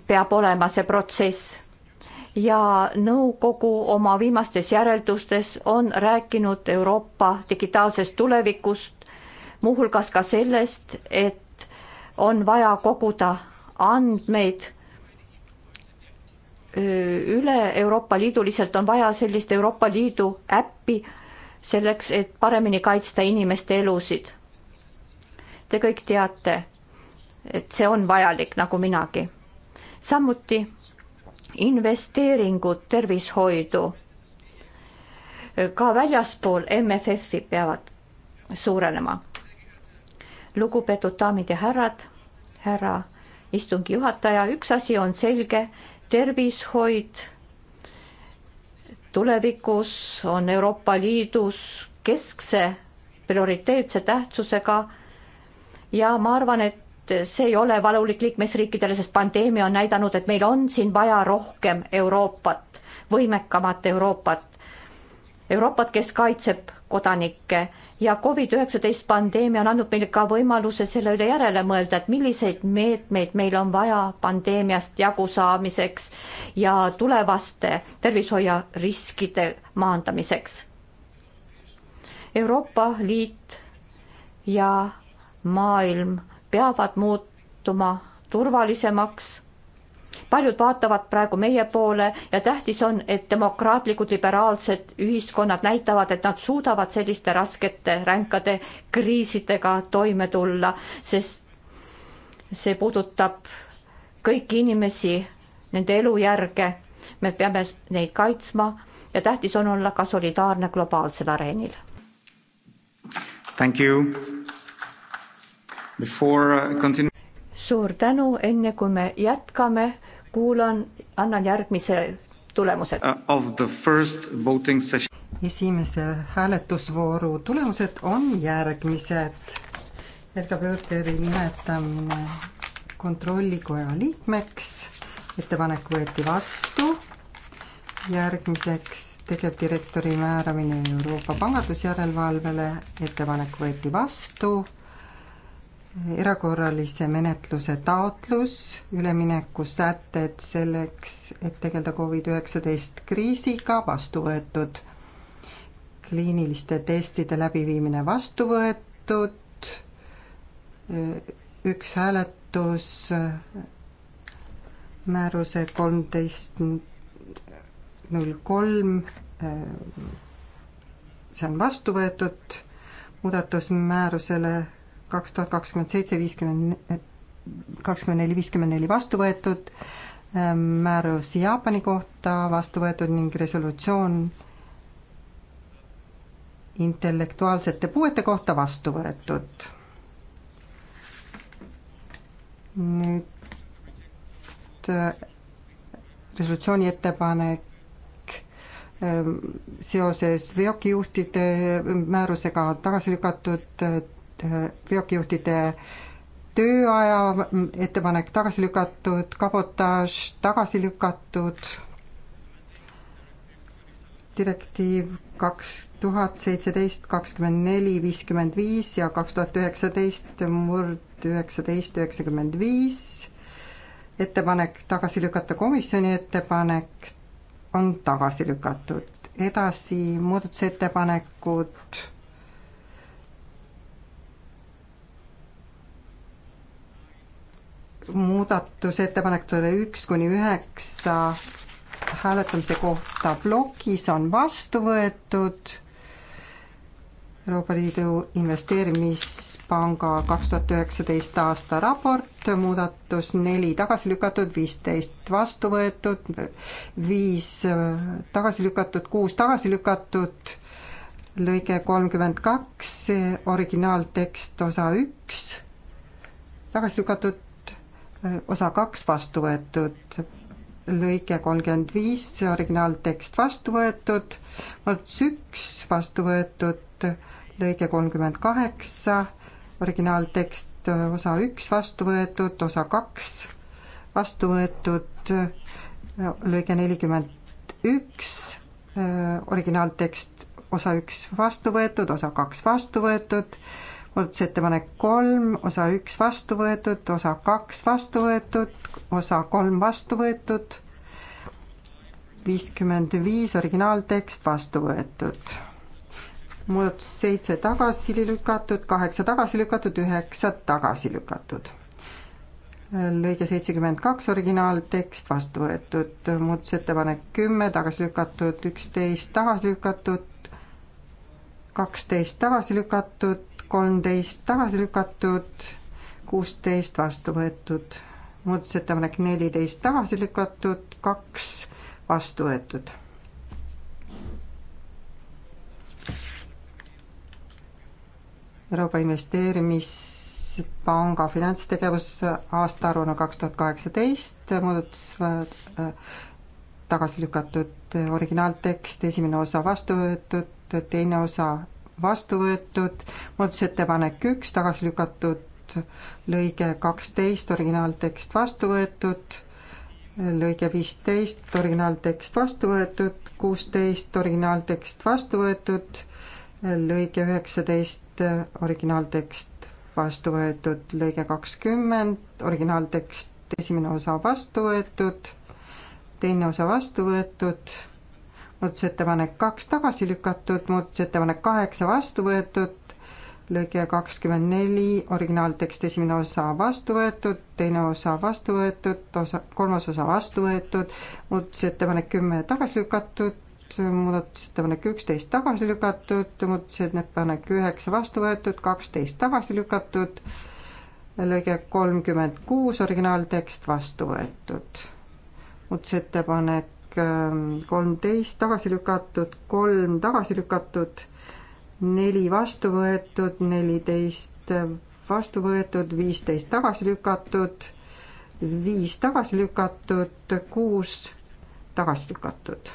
peab olema see protsess ja nõukogu oma viimastes järeldustes on rääkinud Euroopa digitaalsest tulevikust, muuhulgas ka sellest, et on vaja koguda andmeid üle Euroopa Liidu, lihtsalt on vaja sellist Euroopa Liidu äppi selleks, et paremini kaitsta inimeste elusid. Te kõik teate, et see on vajalik, nagu minagi samuti investeeringud tervishoidu ka väljaspool MFF-i peavad suurenema. lugupeetud daamid ja härrad, härra istungi juhataja, üks asi on selge, tervishoid tulevikus on Euroopa Liidus keskse prioriteetse tähtsusega ja ma arvan, et see ei ole valulik liikmesriikidele, sest pandeemia on näidanud, et meil on siin vaja rohkem Euroopat, võimekamat Euroopat. Euroopat, kes kaitseb kodanikke ja Covid-19 pandeemia on andnud meile ka võimaluse selle üle järele mõelda, et milliseid meetmeid meil on vaja pandeemiast jagusaamiseks ja tulevaste tervishoiariskide maandamiseks. Euroopa Liit ja maailm peavad muutuma turvalisemaks. paljud vaatavad praegu meie poole ja tähtis on, et demokraatlikud liberaalsed ühiskonnad näitavad, et nad suudavad selliste raskete ränkade kriisidega toime tulla, sest see puudutab kõiki inimesi, nende elujärge. me peame neid kaitsma ja tähtis on olla ka solidaarne globaalsel areenil. Thank you. Uh, suur tänu, enne kui me jätkame, kuulan, annan järgmise tulemused. Uh, esimese hääletusvooru tulemused on järgmised. Helga Bürgeri nimetamine kontrollikoja liikmeks, ettepanek võeti vastu. järgmiseks tegevdirektori määramine Euroopa pangandusjärelevalvele, ettepanek võeti vastu erakorralise menetluse taotlus, üleminekusätted selleks, et tegeleda Covid-19 kriisiga, vastu võetud. kliiniliste testide läbiviimine vastu võetud, üks hääletus määruse kolmteist null kolm, see on vastu võetud, muudatus määrusele kaks tuhat kakskümmend seitse viiskümmend, kakskümmend neli viiskümmend neli vastu võetud, ähm, määrus Jaapani kohta vastu võetud ning resolutsioon intellektuaalsete puuete kohta vastu võetud. nüüd äh, resolutsiooni ettepanek ähm, seoses veokijuhtide määrusega tagasi lükatud äh, Äh, veokijuhtide tööaja ettepanek tagasi lükatud, kabotaaž tagasi lükatud, direktiiv kaks tuhat seitseteist, kakskümmend neli, viiskümmend viis ja kaks tuhat üheksateist murd üheksateist, üheksakümmend viis, ettepanek tagasi lükata, komisjoni ettepanek on tagasi lükatud. edasi muudatusettepanekud muudatusettepanekutele üks kuni üheksa hääletamise kohta plokis on vastu võetud Euroopa Liidu Investeerimispanga kaks tuhat üheksateist aasta raport, muudatus neli tagasi lükatud, viisteist vastu võetud, viis tagasi lükatud, kuus tagasi lükatud, lõige kolmkümmend kaks, originaaltekst osa üks, tagasi lükatud, osa kaks vastu võetud, lõige kolmkümmend viis, originaaltekst vastu võetud, muudatus üks vastu võetud, lõige kolmkümmend kaheksa, originaaltekst osa üks vastu võetud, osa kaks vastu võetud, lõige nelikümmend üks, originaaltekst osa üks vastu võetud, osa kaks vastu võetud, muudatusettepanek kolm, osa üks vastu võetud, osa kaks vastu võetud, osa kolm vastu võetud, viiskümmend viis originaaltekst vastu võetud. muudatus seitse tagasi lükatud, kaheksa tagasi lükatud, üheksa tagasi lükatud. lõige seitsekümmend kaks originaaltekst vastu võetud, muudatusettepanek kümme tagasi lükatud, üksteist tagasi lükatud, kaksteist tagasi lükatud, kolmteist tagasi lükatud, kuusteist vastu võetud, muudatusettepanek neliteist tagasi lükatud, kaks vastu võetud. Euroopa Investeerimispanga finantstegevus aastaaruanne kaks tuhat kaheksateist, muudatus äh, tagasi lükatud, originaaltekst, esimene osa vastu võetud, teine osa vastu võetud, muudatusettepanek üks tagasi lükatud, lõige kaksteist, originaaltekst vastu võetud, lõige viisteist, originaaltekst vastu võetud, kuusteist, originaaltekst vastu võetud, lõige üheksateist, originaaltekst vastu võetud, lõige kakskümmend, originaaltekst esimene osa vastu võetud, teine osa vastu võetud muudatusettepanek kaks tagasi lükatud, muudatusettepanek kaheksa vastu võetud, lõige kakskümmend neli, originaaltekst esimene osa vastu võetud, teine osa vastu võetud, osa, kolmas osa vastu võetud, muudatusettepanek kümme tagasi lükatud, muudatusettepanek üksteist tagasi lükatud, muudatusettepanek üheksa vastu võetud, kaksteist tagasi lükatud, lõige kolmkümmend kuus, originaaltekst vastu võetud. muudatusettepanek Ähm, kolmteist tagasi lükatud, kolm tagasi lükatud, neli vastu võetud, neliteist vastu võetud, viisteist tagasi lükatud, viis tagasi lükatud, kuus tagasi lükatud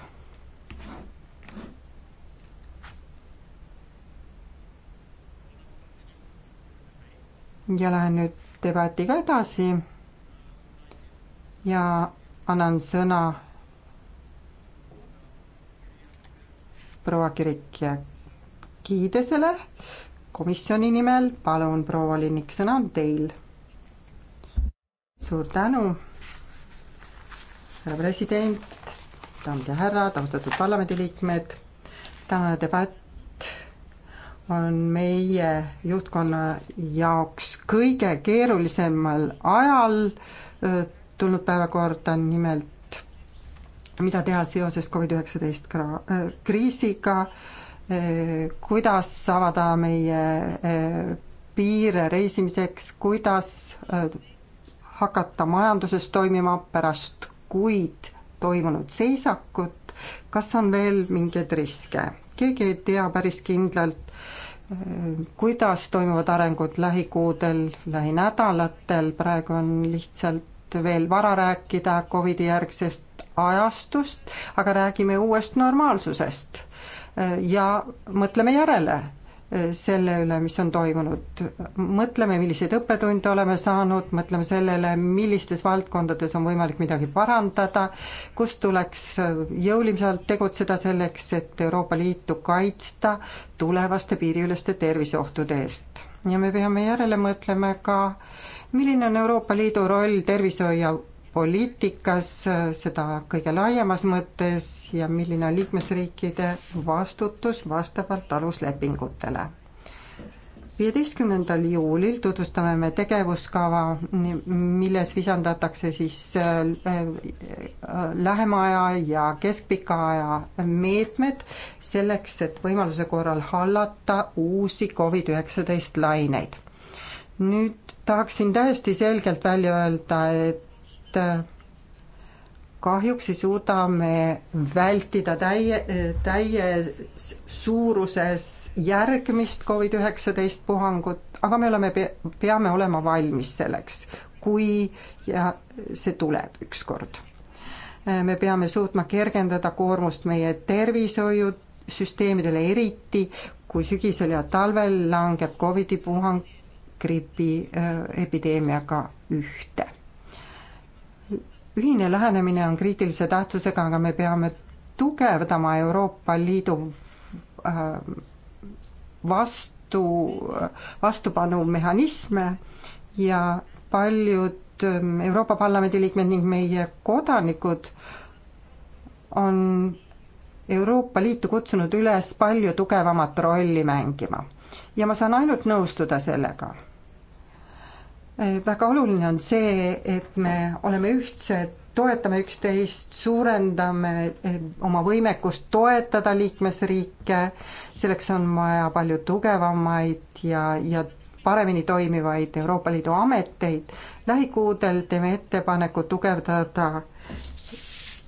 ja lähen nüüd debatiga edasi ja annan sõna proua Kirik Kiidesele komisjoni nimel. palun, proua Linnik, sõna on teil. suur tänu, härra president, daamid ja härrad, austatud parlamendiliikmed. tänane debatt on meie juhtkonna jaoks kõige keerulisemal ajal äh, tulnud päevakorda, nimelt mida teha seoses Covid-19 äh, kriisiga, äh, kuidas avada meie äh, piire reisimiseks, kuidas hakata majanduses toimima pärast kuid toimunud seisakut, kas on veel mingeid riske? keegi ei tea päris kindlalt, kuidas toimuvad arengud lähikuudel, lähinädalatel, praegu on lihtsalt veel vara rääkida Covidi järgsest ajastust, aga räägime uuest normaalsusest. ja mõtleme järele e, selle üle, mis on toimunud. mõtleme, milliseid õppetunde oleme saanud, mõtleme sellele, millistes valdkondades on võimalik midagi parandada, kus tuleks e, jõulisemalt tegutseda selleks, et Euroopa Liitu kaitsta tulevaste piiriüleste terviseohtude eest. ja me peame järele mõtlema ka, milline on Euroopa Liidu roll tervishoiu poliitikas, seda kõige laiemas mõttes ja milline on liikmesriikide vastutus vastavalt aluslepingutele. viieteistkümnendal juulil tutvustame me tegevuskava, milles visandatakse siis äh, lähema aja ja keskpika aja meetmed selleks, et võimaluse korral hallata uusi Covid üheksateist laineid nüüd tahaksin täiesti selgelt välja öelda, et et äh, kahjuks ei suuda me vältida täie, täies suuruses järgmist Covid-19 puhangut, aga me oleme, peame olema valmis selleks, kui ja see tuleb ükskord. Äh, me peame suutma kergendada koormust meie tervishoiusüsteemidele, eriti kui sügisel ja talvel langeb Covidi puhang gripi äh, epideemiaga ühte ühine lähenemine on kriitilise tähtsusega, aga me peame tugevdama Euroopa Liidu äh, vastu, vastupanumehhanisme ja paljud ähm, Euroopa Parlamendi liikmed ning meie kodanikud on Euroopa Liitu kutsunud üles palju tugevamat rolli mängima. ja ma saan ainult nõustuda sellega Äh, väga oluline on see, et me oleme ühtsed, toetame üksteist, suurendame äh, oma võimekust toetada liikmesriike, selleks on vaja palju tugevamaid ja, ja paremini toimivaid Euroopa Liidu ameteid. lähikuudel teeme ettepaneku tugevdada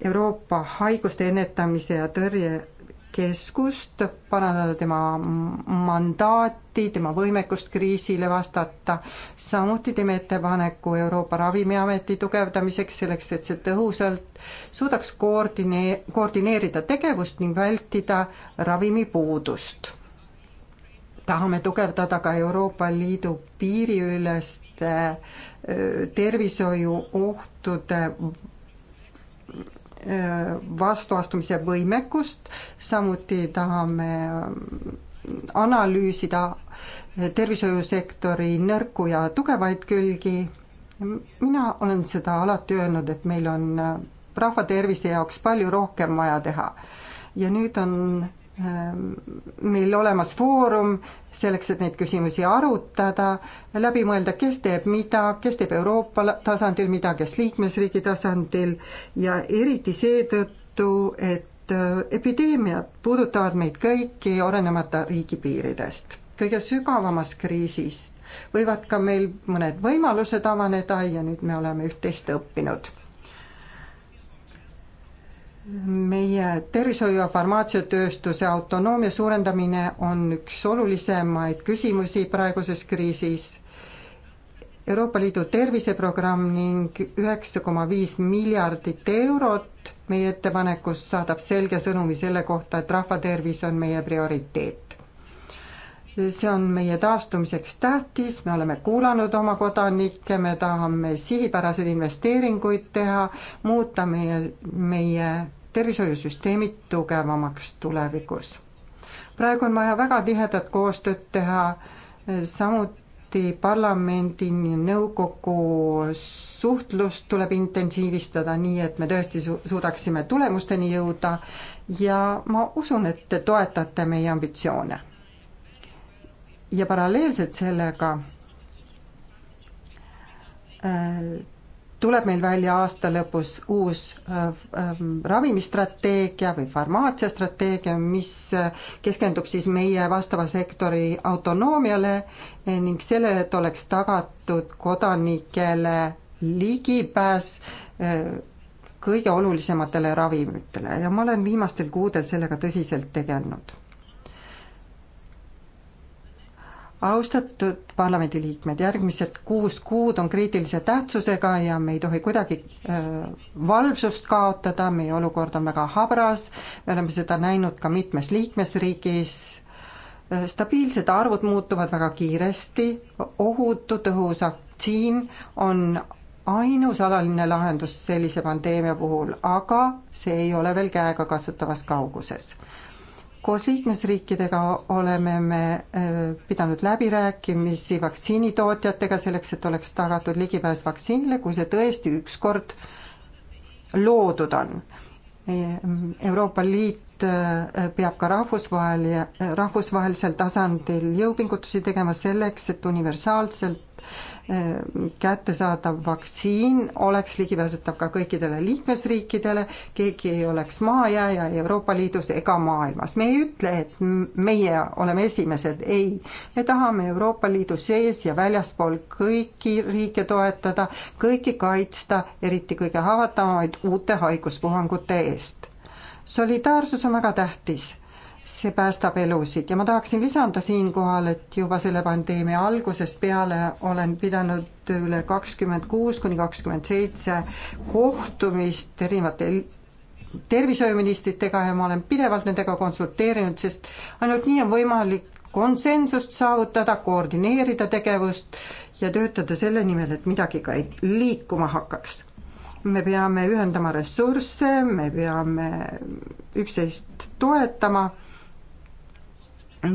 Euroopa Haiguste Ennetamise ja Tõrje keskust, parandada tema mandaati, tema võimekust kriisile vastata. samuti teeme ettepaneku Euroopa Ravimiameti tugevdamiseks, selleks et see tõhusalt suudaks koordinee-, koordineerida tegevust ning vältida ravimipuudust. tahame tugevdada ka Euroopa Liidu piiriüleste tervishoiuohtude vastuastumise võimekust, samuti tahame analüüsida tervishoiusektori nõrku ja tugevaid külgi. mina olen seda alati öelnud, et meil on rahva tervise jaoks palju rohkem vaja teha. ja nüüd on Ähm, meil olemas foorum selleks, et neid küsimusi arutada, läbi mõelda, kes teeb mida, kes teeb Euroopa tasandil mida, kes liikmesriigi tasandil ja eriti seetõttu, et äh, epideemiad puudutavad meid kõiki, olenemata riigipiiridest. kõige sügavamas kriisis võivad ka meil mõned võimalused avaneda ja nüüd me oleme üht-teist õppinud meie tervishoiu ja farmaatsiatööstuse autonoomia suurendamine on üks olulisemaid küsimusi praeguses kriisis. Euroopa Liidu terviseprogramm ning üheksa koma viis miljardit eurot meie ettepanekus saadab selge sõnumi selle kohta, et rahvatervis on meie prioriteet. see on meie taastumiseks tähtis, me oleme kuulanud oma kodanikke, me tahame sihipäraseid investeeringuid teha, muuta meie, meie tervishoiusüsteemid tugevamaks tulevikus. praegu on vaja väga tihedat koostööd teha, samuti parlamendi nõukogu suhtlust tuleb intensiivistada, nii et me tõesti su-, suudaksime tulemusteni jõuda ja ma usun, et te toetate meie ambitsioone. ja paralleelselt sellega äh, tuleb meil välja aasta lõpus uus äh, äh, ravimistrateegia või farmaatsiastrateegia, mis äh, keskendub siis meie vastava sektori autonoomiale eh, ning sellele, et oleks tagatud kodanikele ligipääs kõige olulisematele ravimitele ja ma olen viimastel kuudel sellega tõsiselt tegelenud austatud parlamendiliikmed, järgmised kuus kuud on kriitilise tähtsusega ja me ei tohi kuidagi äh, valvsust kaotada, meie olukord on väga habras, me oleme seda näinud ka mitmes liikmesriigis, äh, stabiilsed arvud muutuvad väga kiiresti, ohutu tõhus vaktsiin on ainus alaline lahendus sellise pandeemia puhul, aga see ei ole veel käegakatsutavas kauguses koos liikmesriikidega oleme me äh, pidanud läbirääkimisi vaktsiinitootjatega selleks, et oleks tagatud ligipääs vaktsiinile, kui see tõesti ükskord loodud on. Euroopa Liit äh, peab ka rahvusvahel, rahvusvahelisel tasandil jõupingutusi tegema selleks, et universaalselt Ehm, kättesaadav vaktsiin oleks ligipääsetav ka kõikidele liikmesriikidele, keegi ei oleks mahajääja Euroopa Liidus ega maailmas. me ei ütle, et meie oleme esimesed, ei. me tahame Euroopa Liidu sees ja väljaspool kõiki riike toetada, kõiki kaitsta, eriti kõige haavatavamaid uute haiguspuhangute eest. solidaarsus on väga tähtis see päästab elusid ja ma tahaksin lisada siinkohal, et juba selle pandeemia algusest peale olen pidanud üle kakskümmend kuus kuni kakskümmend seitse kohtumist erinevate tervishoiuministritega ja ma olen pidevalt nendega konsulteerinud, sest ainult nii on võimalik konsensust saavutada, koordineerida tegevust ja töötada selle nimel, et midagi ka liikuma hakkaks me peame ühendama ressursse, me peame üksteist toetama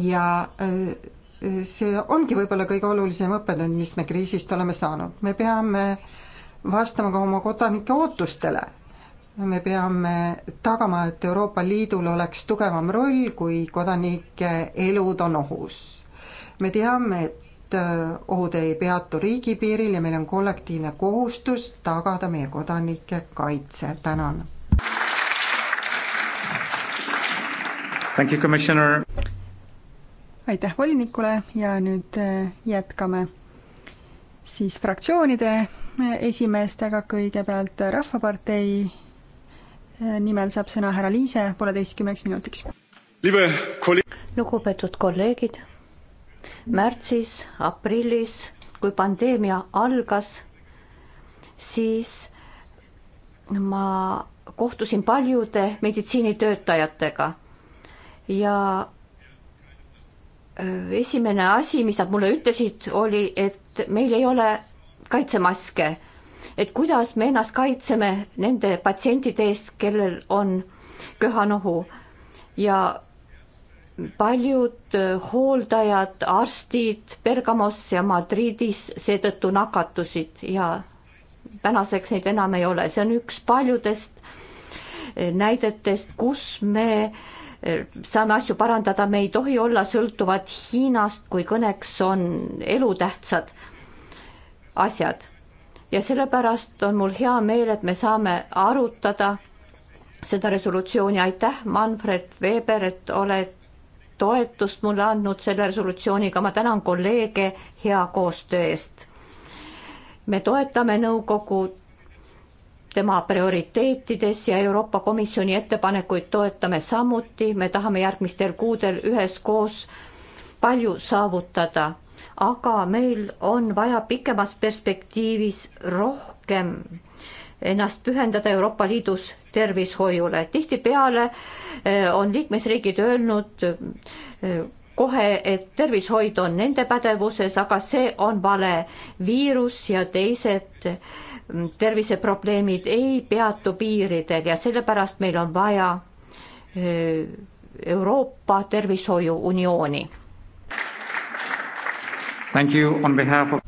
ja äh, äh, see ongi võib-olla kõige olulisem õppetund, mis me kriisist oleme saanud, me peame vastama ka oma kodanike ootustele. me peame tagama, et Euroopa Liidul oleks tugevam roll, kui kodanike elud on ohus. me teame, et äh, ohud ei peatu riigipiiril ja meil on kollektiivne kohustus tagada meie kodanike kaitse, tänan. Thank you, commissioner aitäh volinikule ja nüüd äh, jätkame siis fraktsioonide äh, esimeestega, kõigepealt Rahvapartei äh, nimel saab sõna härra Liise pooleteistkümneks minutiks. lugupeetud kolleegid, märtsis, aprillis, kui pandeemia algas, siis ma kohtusin paljude meditsiinitöötajatega ja esimene asi, mis nad mulle ütlesid, oli, et meil ei ole kaitsemaske. et kuidas me ennast kaitseme nende patsientide eest, kellel on köhanohu ja paljud hooldajad, arstid Bergamos ja Madridis seetõttu nakatusid ja tänaseks neid enam ei ole, see on üks paljudest näidetest, kus me äh, saame asju parandada, me ei tohi olla sõltuvad Hiinast, kui kõneks on elutähtsad asjad. ja sellepärast on mul hea meel, et me saame arutada seda resolutsiooni, aitäh, Manfred Weber, et oled toetust mulle andnud selle resolutsiooniga, ma tänan kolleege hea koostöö eest. me toetame nõukogu tema prioriteetides ja Euroopa Komisjoni ettepanekuid toetame samuti, me tahame järgmistel kuudel üheskoos palju saavutada, aga meil on vaja pikemas perspektiivis rohkem ennast pühendada Euroopa Liidus tervishoiule. tihtipeale eh, on liikmesriigid öelnud eh, kohe, et tervishoid on nende pädevuses, aga see on vale. viirus ja teised äh, terviseprobleemid ei peatu piiridel ja sellepärast meil on vaja Euroopa Tervishoiuuniooni. Of...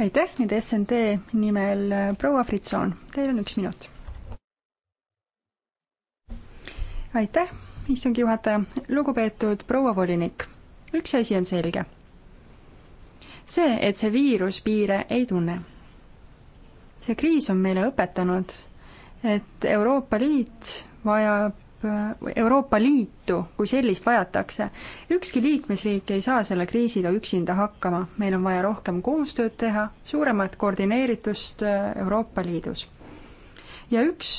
aitäh, nüüd SND nimel proua Fritson, teil on üks minut. aitäh, istungi juhataja, lugupeetud proua volinik, üks asi on selge. see, et see viirus piire ei tunne see kriis on meile õpetanud, et Euroopa Liit vajab, Euroopa Liitu kui sellist vajatakse. ükski liikmesriik ei saa selle kriisiga üksinda hakkama, meil on vaja rohkem koostööd teha, suuremat koordineeritust Euroopa Liidus. ja üks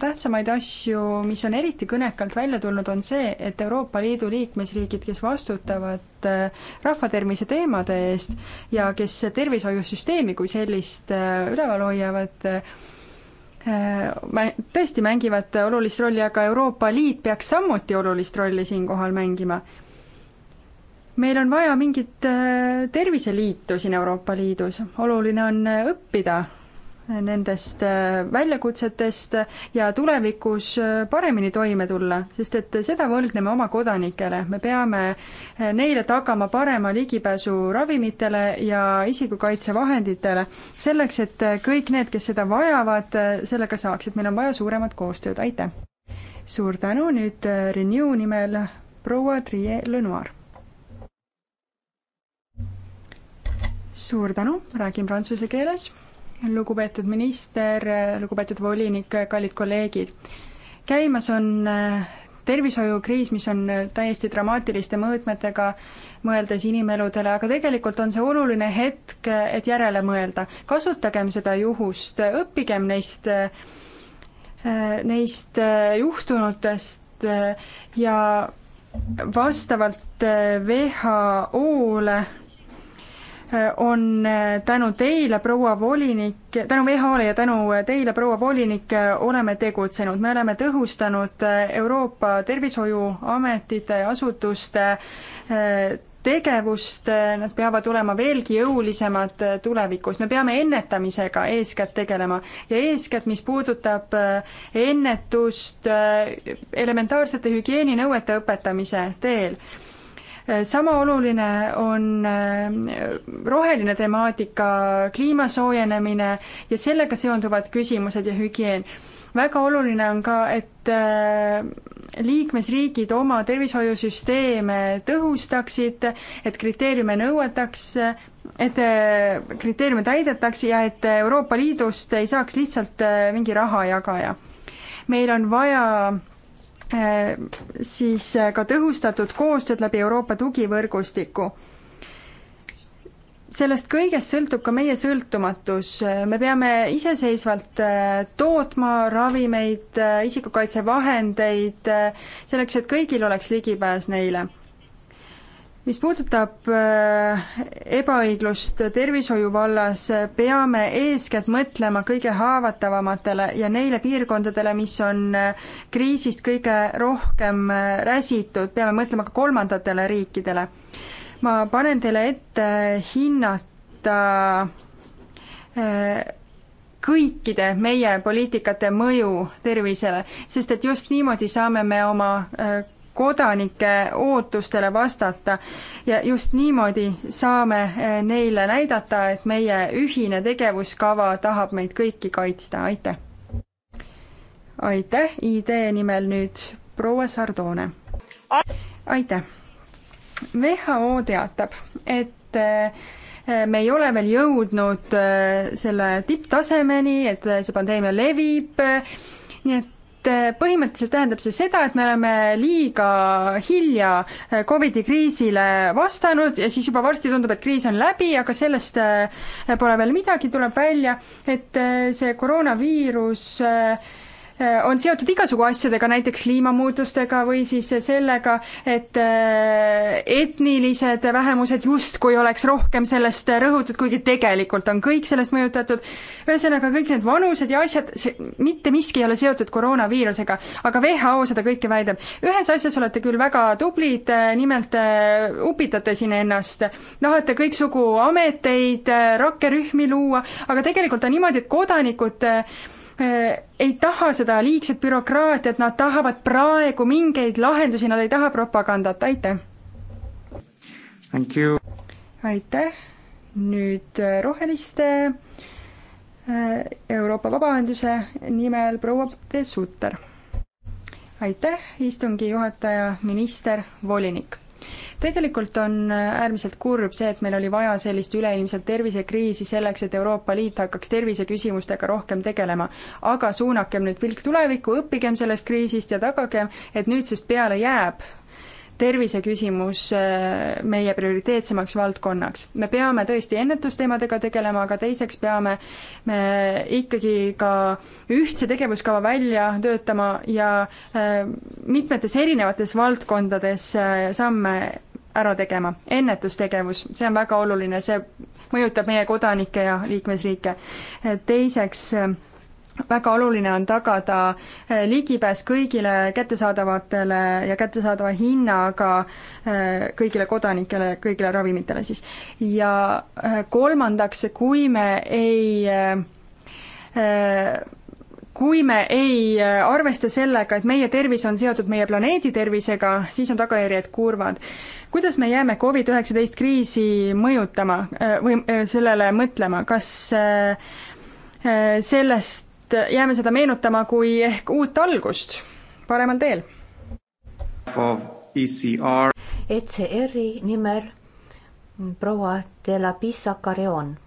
tähtsamaid asju, mis on eriti kõnekalt välja tulnud, on see, et Euroopa Liidu liikmesriigid, kes vastutavad äh, rahvatervise teemade eest ja kes tervishoiusüsteemi kui sellist äh, üleval hoiavad, äh, tõesti mängivad olulist rolli, aga Euroopa Liit peaks samuti olulist rolli siinkohal mängima. meil on vaja mingit terviseliitu siin Euroopa Liidus, oluline on õppida nendest äh, väljakutsetest ja tulevikus äh, paremini toime tulla, sest et seda võlgneme oma kodanikele, me peame äh, neile tagama parema ligipääsu ravimitele ja isikukaitsevahenditele, selleks et kõik need, kes seda vajavad, sellega saaksid, meil on vaja suuremat koostööd, aitäh! suur tänu, nüüd Renew nimel proua Triie Lenoir. suur tänu, räägin prantsuse keeles lugupeetud minister, lugupeetud volinik, kallid kolleegid. käimas on äh, tervishoiukriis, mis on äh, täiesti dramaatiliste mõõtmetega, mõeldes inimeludele, aga tegelikult on see oluline hetk, äh, et järele mõelda. kasutagem seda juhust, õppigem neist, neist juhtunutest ja vastavalt WHO-le Äh, on äh, tänu teile, proua volinik, tänu WHO-le ja tänu äh, teile, proua volinik, oleme tegutsenud. me oleme tõhustanud Euroopa Tervishoiuametite ja asutuste tegevust, nad peavad olema veelgi jõulisemad tulevikus. me peame ennetamisega eeskätt tegelema ja eeskätt, mis puudutab ennetust elementaarsete hügieeninõuete õpetamise teel sama oluline on äh, roheline temaatika, kliima soojenemine ja sellega seonduvad küsimused ja hügieen. väga oluline on ka, et äh, liikmesriigid oma tervishoiusüsteeme tõhustaksid, et kriteeriume nõuetaks, et äh, kriteeriume täidetaks ja et Euroopa Liidust ei saaks lihtsalt mingi rahajagaja. meil on vaja siis äh, ka tõhustatud koostööd läbi Euroopa tugivõrgustiku. sellest kõigest sõltub ka meie sõltumatus, me peame iseseisvalt äh, tootma ravimeid, äh, isikukaitsevahendeid, selleks et kõigil oleks ligipääs neile mis puudutab äh, ebaõiglust tervishoiu vallas, peame eeskätt mõtlema kõige haavatavamatele ja neile piirkondadele, mis on äh, kriisist kõige rohkem äh, räsitud, peame mõtlema ka kolmandatele riikidele. ma panen teile ette hinnata kõikide meie poliitikate mõju tervisele, sest et just niimoodi saame me oma kodanike ootustele vastata ja just niimoodi saame eh, neile näidata, et meie ühine tegevuskava tahab meid kõiki kaitsta, aitäh! aitäh, idee nimel nüüd proua Sardoone. aitäh! WHO teatab, et eh, me ei ole veel jõudnud eh, selle tipptasemeni, et see pandeemia levib, nii et Eh, põhimõtteliselt tähendab see seda, et me oleme liiga hilja eh, Covidi kriisile vastanud ja siis juba varsti tundub, et kriis on läbi, aga sellest eh, pole veel midagi, tuleb välja, et see koroonaviirus äh, Äh, on seotud igasugu asjadega, näiteks kliimamuutustega või siis sellega, et äh, etnilised vähemused justkui oleks rohkem sellest rõhutud, kuigi tegelikult on kõik sellest mõjutatud. ühesõnaga, kõik need vanused ja asjad, see, mitte miski ei ole seotud koroonaviirusega, aga WHO seda kõike väidab. ühes asjas olete küll väga tublid, äh, nimelt upitate siin ennast, tahate kõiksugu ameteid, rakkerühmi luua, aga tegelikult on niimoodi, et kodanikud Äh, ei taha seda liigset bürokraatiat, nad tahavad praegu mingeid lahendusi, nad ei taha propagandat, aitäh! aitäh, nüüd äh, Roheliste äh, Euroopa Vabaühenduse nimel proua Sutter. aitäh, istungi juhataja, minister, volinik tegelikult on äh, äärmiselt kurb see, et meil oli vaja sellist üleilmselt tervisekriisi selleks, et Euroopa Liit hakkaks terviseküsimustega rohkem tegelema. aga suunakem nüüd pilk tulevikku, õppigem sellest kriisist ja tagagem, et nüüdsest peale jääb terviseküsimus äh, meie prioriteetsemaks valdkonnaks. me peame tõesti ennetusteemadega tegelema, aga teiseks peame me äh, ikkagi ka ühtse tegevuskava välja töötama ja mitmetes erinevates valdkondades samme ära tegema. ennetustegevus, see on väga oluline, see mõjutab meie kodanikke ja liikmesriike. teiseks, väga oluline on tagada eh, ligipääs kõigile kättesaadavatele ja kättesaadava hinnaga eh, kõigile kodanikele, kõigile ravimitele siis. ja eh, kolmandaks, kui me ei kui me ei äh, arvesta sellega, et meie tervis on seotud meie planeedi tervisega, siis on tagajärjed kurvad. kuidas me jääme Covid-19 kriisi mõjutama äh, või äh, sellele mõtlema, kas sellest jääme seda meenutama kui ehk uut algust paremal teel? ECR. ECR-i nimel proua Delabissa Carreon.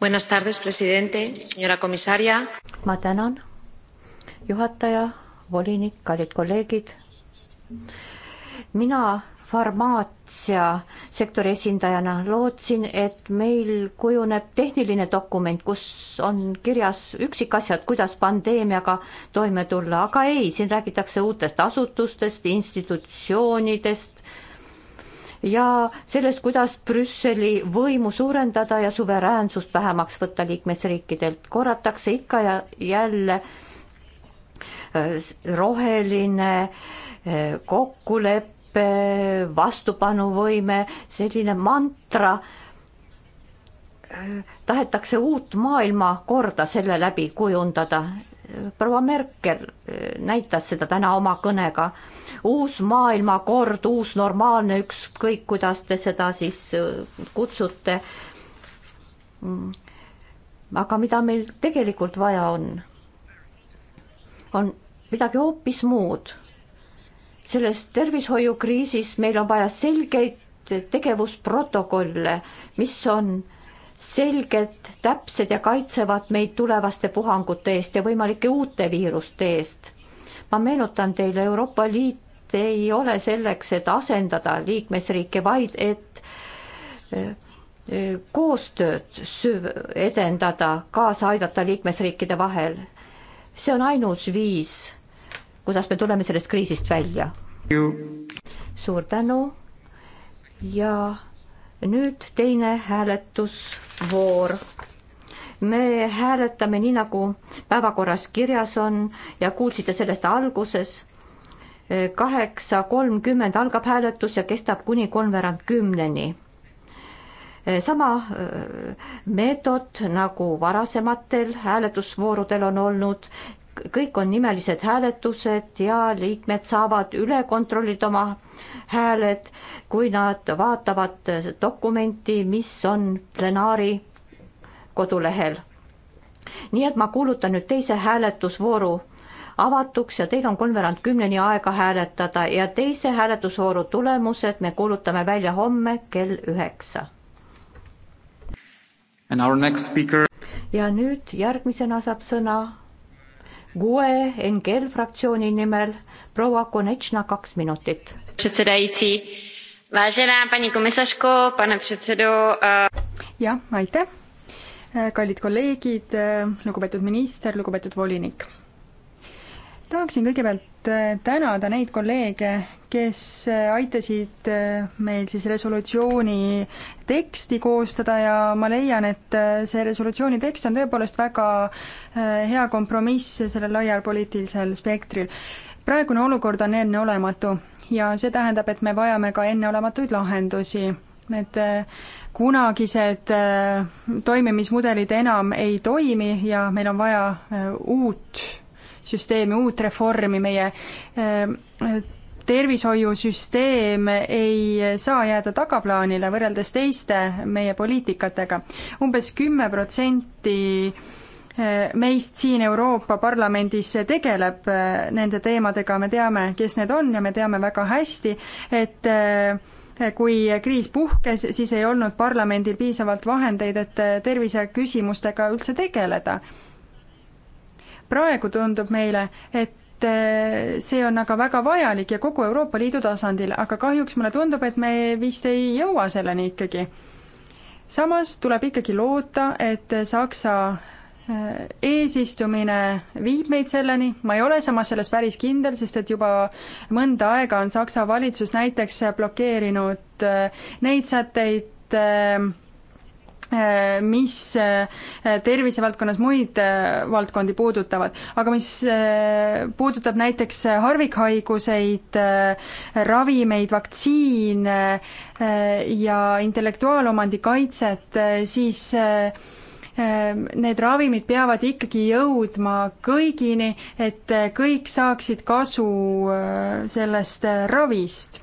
Buenas tardes, presidente, señora comisaria. ma tänan, juhataja, volinik, kallid kolleegid. mina farmaatsiasektori esindajana lootsin, et meil kujuneb tehniline dokument, kus on kirjas üksikasjad, kuidas pandeemiaga toime tulla, aga ei, siin räägitakse uutest asutustest, institutsioonidest ja sellest, kuidas Brüsseli võimu suurendada ja suveräänsust vähemaks võtta liikmesriikidelt. korratakse ikka ja jälle äh, roheline kokkulepe, vastupanuvõime, selline mantra. tahetakse uut maailmakorda selle läbi kujundada. proua Merkel näitas seda täna oma kõnega. uus maailmakord, uus normaalne, ükskõik kuidas te seda siis äh, kutsute. Mm. aga mida meil tegelikult vaja on? on midagi hoopis muud. selles tervishoiukriisis meil on vaja selgeid tegevusprotokolle, mis on selged, täpsed ja kaitsevad meid tulevaste puhangute eest ja võimalike uute viiruste eest. ma meenutan teile, Euroopa Liit ei ole selleks, et asendada liikmesriike, vaid et eh, eh, koostööd süv-, edendada, kaasa aidata liikmesriikide vahel. see on ainus viis kuidas me tuleme sellest kriisist välja. suur tänu ja nüüd teine hääletusvoor. me hääletame nii, nagu päevakorras kirjas on ja kuulsite sellest alguses. kaheksa kolmkümmend algab hääletus ja kestab kuni kolmveerand kümneni. sama äh, meetod nagu varasematel hääletusvoorudel on olnud kõik on nimelised hääletused ja liikmed saavad üle kontrollida oma hääled, kui nad vaatavad dokumenti, mis on plenaari kodulehel. nii et ma kuulutan nüüd teise hääletusvooru avatuks ja teil on kolmveerand kümneni aega hääletada ja teise hääletusvooru tulemused me kuulutame välja homme kell üheksa. ja nüüd järgmisena saab sõna GUE NGL fraktsiooni nimel proua Konečna, kaks minutit. Eh, jah, aitäh, kallid kolleegid, lugupeetud minister, lugupeetud volinik tahaksin kõigepealt tänada neid kolleege, kes äh, aitasid äh, meil siis resolutsiooni teksti koostada ja ma leian, et äh, see resolutsiooni tekst on tõepoolest väga hea kompromiss sellel laial poliitilisel spektril. praegune olukord on enneolematu ja see tähendab, et me vajame ka enneolematuid lahendusi. Need kunagised toimimismudelid enam ei toimi ja meil on vaja uut süsteemi, uut reformi meie tervishoiusüsteem ei saa jääda tagaplaanile võrreldes teiste meie poliitikatega umbes. umbes kümme protsenti eh, meist siin Euroopa Parlamendis tegeleb eh, nende teemadega, me teame, kes need on ja me teame väga hästi, et eh, kui kriis puhkes, siis ei olnud parlamendil piisavalt vahendeid, et terviseküsimustega üldse tegeleda. praegu tundub meile, et et eh, see on aga väga vajalik ja kogu Euroopa Liidu tasandil, aga kahjuks mulle tundub, et me vist ei jõua selleni ikkagi. samas tuleb ikkagi loota, et Saksa eh, eesistumine viib meid selleni, ma ei ole samas selles päris kindel, sest et juba mõnda aega on Saksa valitsus näiteks blokeerinud eh, neid sätteid, Äh, mis äh, tervisevaldkonnas muid äh, valdkondi puudutavad, aga mis puudutab näiteks harvikhaiguseid, ravimeid, vaktsiine ja intellektuaalomandi kaitset, siis need ravimid peavad ikkagi jõudma kõigini, et kõik saaksid kasu sellest ravist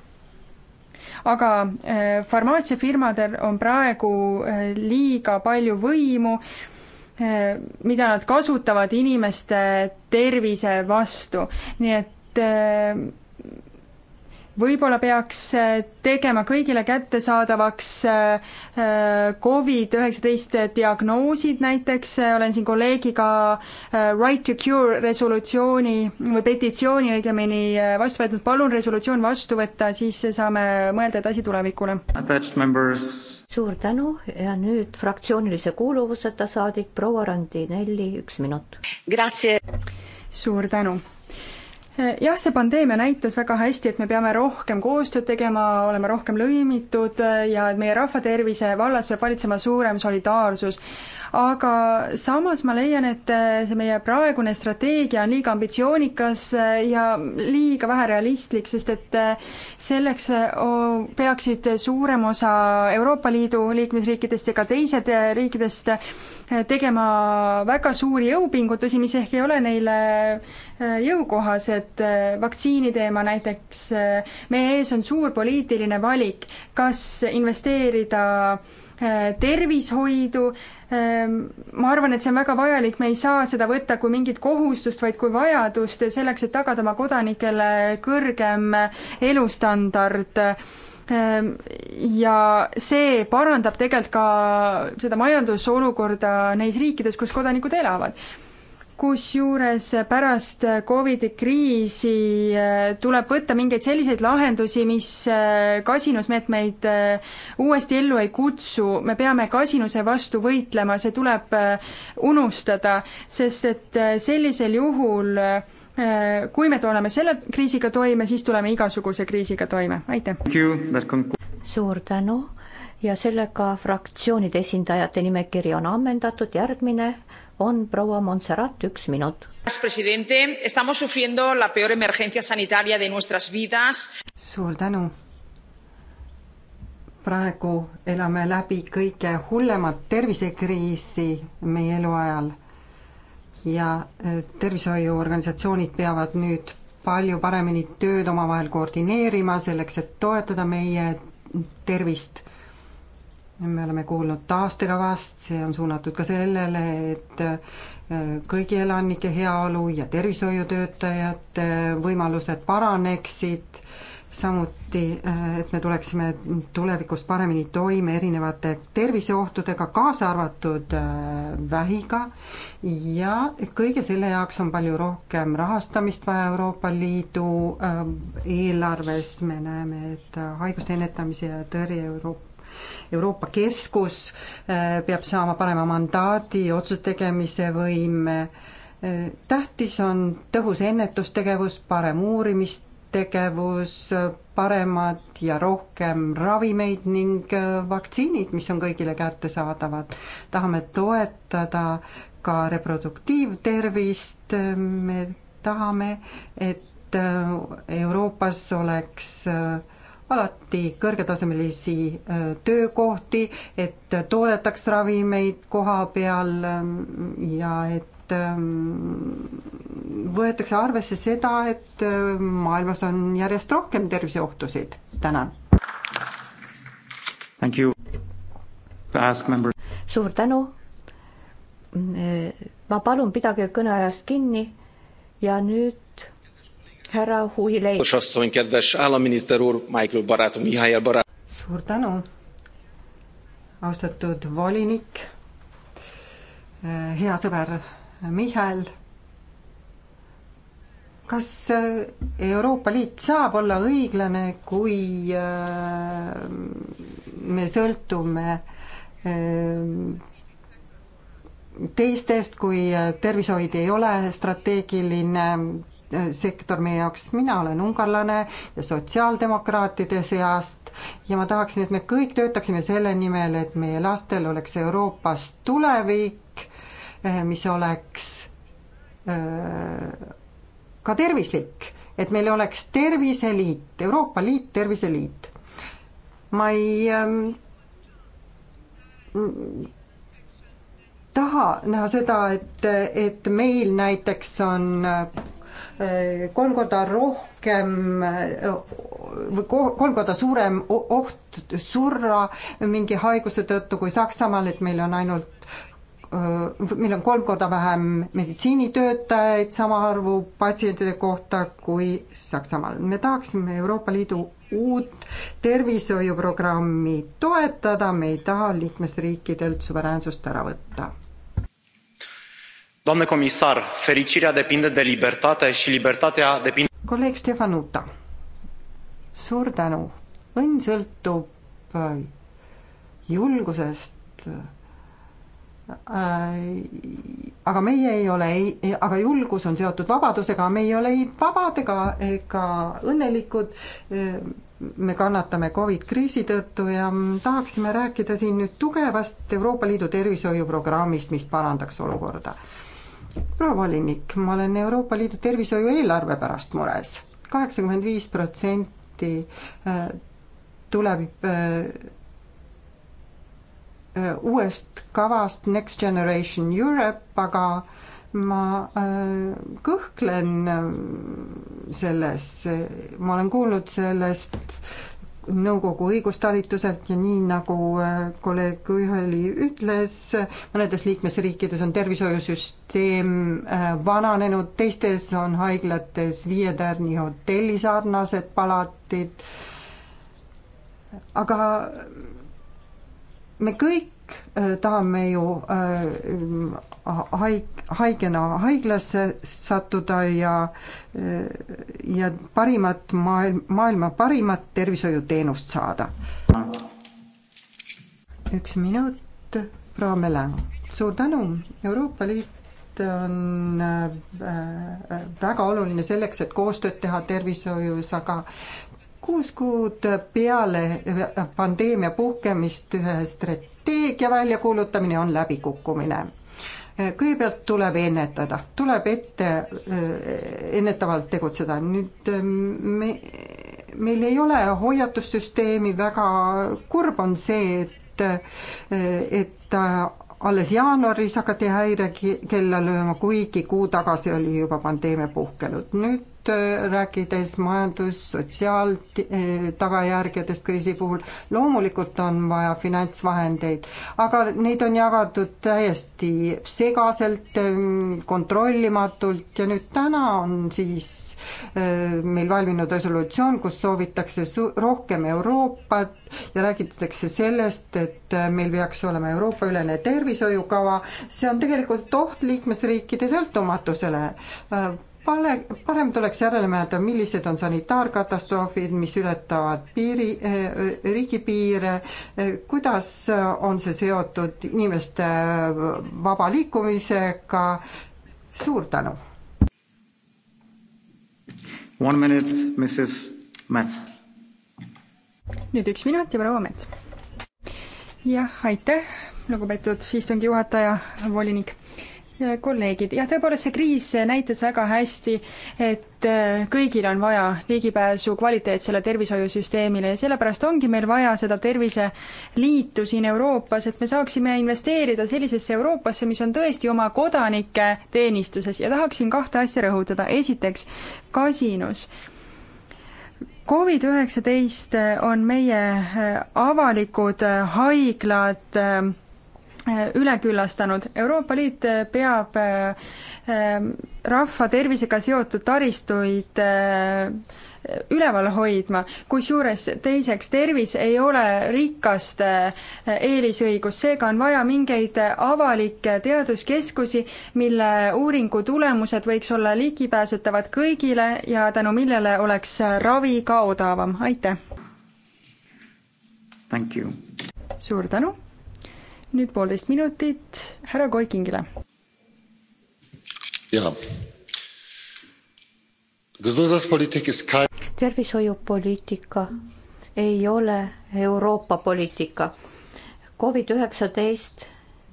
aga äh, farmaatsiafirmadel on praegu äh, liiga palju võimu, äh, mida nad kasutavad inimeste tervise vastu, nii et võib-olla peaks äh, tegema kõigile kättesaadavaks äh, äh, Covid-19 diagnoosid näiteks, olen siin kolleegiga Right to Cure resolutsiooni või petitsiooni õigemini vastu võtnud, palun resolutsioon vastu võtta, siis saame mõelda edasi tulevikule. suur tänu ja nüüd fraktsioonilise kuuluvuseta saadik proua Randinelli, üks minut. suur tänu jah, see pandeemia näitas väga hästi, et me peame rohkem koostööd tegema, olema rohkem lõimitud ja et meie rahvatervise vallas peab valitsema suurem solidaarsus. aga samas ma leian, et see meie praegune strateegia on liiga ambitsioonikas ja liiga vähe realistlik, sest et selleks peaksid suurem osa Euroopa Liidu liikmesriikidest ja ka teised riikidest tegema väga suuri jõupingutusi, mis ehk ei ole neile jõukohased. Äh, vaktsiini teema näiteks, äh, meie ees on suur poliitiline valik, kas investeerida äh, tervishoidu, ähm, ma arvan, et see on väga vajalik, me ei saa seda võtta kui mingit kohustust, vaid kui vajadust, selleks, et tagada oma kodanikele kõrgem elustandard ähm, ja see parandab tegelikult ka seda majandusolukorda neis riikides, kus kodanikud elavad kusjuures pärast Covidi kriisi eh, tuleb võtta mingeid selliseid lahendusi, mis eh, kasinusmeetmeid eh, uuesti ellu ei kutsu, me peame kasinuse vastu võitlema, see tuleb unustada, sest et sellisel juhul kui me tuleme selle kriisiga toime, siis tuleme igasuguse kriisiga toime, aitäh! suur tänu ja sellega fraktsioonide esindajate nimekiri on ammendatud, järgmine on proua Montserrat, üks minut. suur tänu. praegu elame läbi kõige hullemat tervisekriisi meie eluajal ja eh, tervishoiuorganisatsioonid peavad nüüd palju paremini tööd omavahel koordineerima selleks, et toetada meie tervist me oleme kuulnud taastekavast, see on suunatud ka sellele, et äh, kõigi elanike heaolu ja tervishoiutöötajate võimalused paraneksid, samuti, äh, et me tuleksime tulevikus paremini toime erinevate terviseohtudega, kaasa arvatud äh, vähiga ja kõige selle jaoks on palju rohkem rahastamist vaja Euroopa Liidu eelarves, me näeme, et haiguste ennetamise ja tõrje Euroopa Euroopa Keskus äh, peab saama parema mandaadi, otsuse tegemise võime, äh, tähtis on tõhus ennetustegevus, parem uurimistegevus, paremad ja rohkem ravimeid ning äh, vaktsiinid, mis on kõigile kättesaadavad. tahame toetada ka reproduktiivtervist, me tahame, et Euroopas oleks äh, alati kõrgetasemelisi äh, töökohti, et toodetaks ravimeid koha peal ähm, ja et ähm, võetakse arvesse seda, et äh, maailmas on järjest rohkem terviseohtusid. tänan. suur tänu. Äh, ma palun, pidage kõneajast kinni ja nüüd härra Huile. suur tänu, austatud volinik, hea sõber Mihhail kas Euroopa Liit saab olla õiglane, kui äh, me sõltume äh, teistest, kui tervishoid ei ole strateegiline sektor meie jaoks, mina olen ungarlane ja sotsiaaldemokraatide seast ja ma tahaksin, et me kõik töötaksime selle nimel, et meie lastel oleks Euroopas tulevik, eh, mis oleks eh, ka tervislik, et meil oleks terviseliit, Euroopa Liit, terviseliit. ma ei ähm, taha näha seda, et, et meil näiteks on Äh, kolm korda rohkem äh, või kolm korda suurem oht surra mingi haiguse tõttu kui Saksamaal, et meil on ainult äh, meil on kolm korda vähem meditsiinitöötajaid sama arvu patsientide kohta kui Saksamaal. me tahaksime Euroopa Liidu uut tervishoiuprogrammi toetada, me ei taha liikmesriikidelt suveräänsust ära võtta Doamnă comisar, fericirea depinde de libertate și libertatea depinde... Kolleeg Stefanuta, suur tänu. Õnn sõltub äh, julgusest äh, aga meie ei ole, aga julgus on seotud vabadusega, me ei ole ei vabad ega, ega õnnelikud. Äh, me kannatame Covid kriisi tõttu ja tahaksime rääkida siin nüüd tugevast Euroopa Liidu tervishoiuprogrammist, mis parandaks olukorda proua volinik, ma olen Euroopa Liidu tervishoiu eelarve pärast mures. kaheksakümmend viis protsenti äh, tuleb äh, äh, uuest kavast Next Generation Europe, aga ma kõhklen selles, ma olen kuulnud sellest nõukogu õigustalituselt ja nii, nagu äh, kolleeg Üheli ütles, mõnedes liikmesriikides on tervishoiusüsteem äh, vananenud, teistes on haiglates viietärni hotelli sarnased palatid, aga me kõik äh, tahame ju haig-, haigena haiglasse sattuda ja ja parimat maailm, maailma parimat tervishoiuteenust saada. üks minut, proua Mele, suur tänu, Euroopa Liit on äh, väga oluline selleks, et koostööd teha tervishoius, aga kuus kuud peale pandeemia puhkemist ühe strateegia väljakuulutamine on läbikukkumine kõigepealt tuleb ennetada, tuleb ette, äh, ennetavalt tegutseda, nüüd äh, me, meil ei ole hoiatussüsteemi, väga kurb on see, et äh, et alles jaanuaris hakati häirekella lööma, kuigi kuu tagasi oli juba pandeemia puhkenud. nüüd Äh, rääkides majandus, sotsiaaltagajärgedest kriisi puhul, loomulikult on vaja finantsvahendeid, aga neid on jagatud täiesti segaselt, ähm, kontrollimatult ja nüüd täna on siis äh, meil valminud resolutsioon, kus soovitakse su-, rohkem Euroopat ja räägitakse sellest, et äh, meil peaks olema Euroopa-ülene tervishoiukava, see on tegelikult oht liikmesriikide sõltumatusele pale, parem tuleks järele mõelda, millised on sanitaarkatastroofid, mis ületavad piiri, eh, riigipiire, eh, kuidas on see seotud inimeste vaba liikumisega, suur tänu! One minute, Mrs Mets. nüüd üks minut ja proua Mets. jah, aitäh, lugupeetud istungi juhataja, volinik kolleegid, jah, tõepoolest see kriis näitas väga hästi, et äh, kõigil on vaja ligipääsu kvaliteetsele tervishoiusüsteemile ja sellepärast ongi meil vaja seda terviseliitu siin Euroopas, et me saaksime investeerida sellisesse Euroopasse, mis on tõesti oma kodanike teenistuses ja tahaksin kahte asja rõhutada, esiteks kasinus Covid üheksateist on meie äh, avalikud äh, haiglad üle küllastanud. Euroopa Liit peab ähm, rahva tervisega seotud taristuid äh, üleval hoidma, kusjuures teiseks, tervis ei ole rikaste äh, eelisõigus, seega on vaja mingeid avalikke teaduskeskusi, mille uuringu tulemused võiks olla ligipääsetavad kõigile ja tänu millele oleks ravi ka odavam, aitäh! suur tänu! nüüd poolteist minutit härra Koikingile. jaa. tervishoiupoliitika ei ole Euroopa poliitika. Covid üheksateist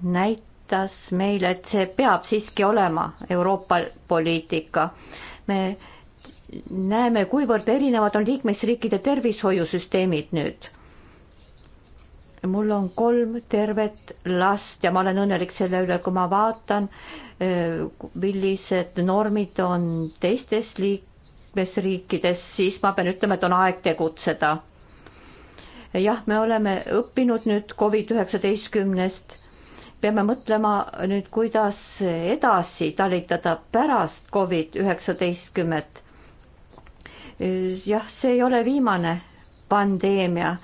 näitas meile, et see peab siiski olema Euroopa poliitika. me näeme, kuivõrd erinevad on liikmesriikide tervishoiusüsteemid nüüd mul on kolm tervet last ja ma olen õnnelik selle üle, kui ma vaatan, eh, millised normid on teistes liikmesriikides, siis ma pean ütlema, et on aeg tegutseda. jah, me oleme õppinud nüüd Covid üheksateistkümnest, peame mõtlema nüüd, kuidas edasi talitada pärast Covid üheksateistkümmet. Eh, jah, see ei ole viimane pandeemia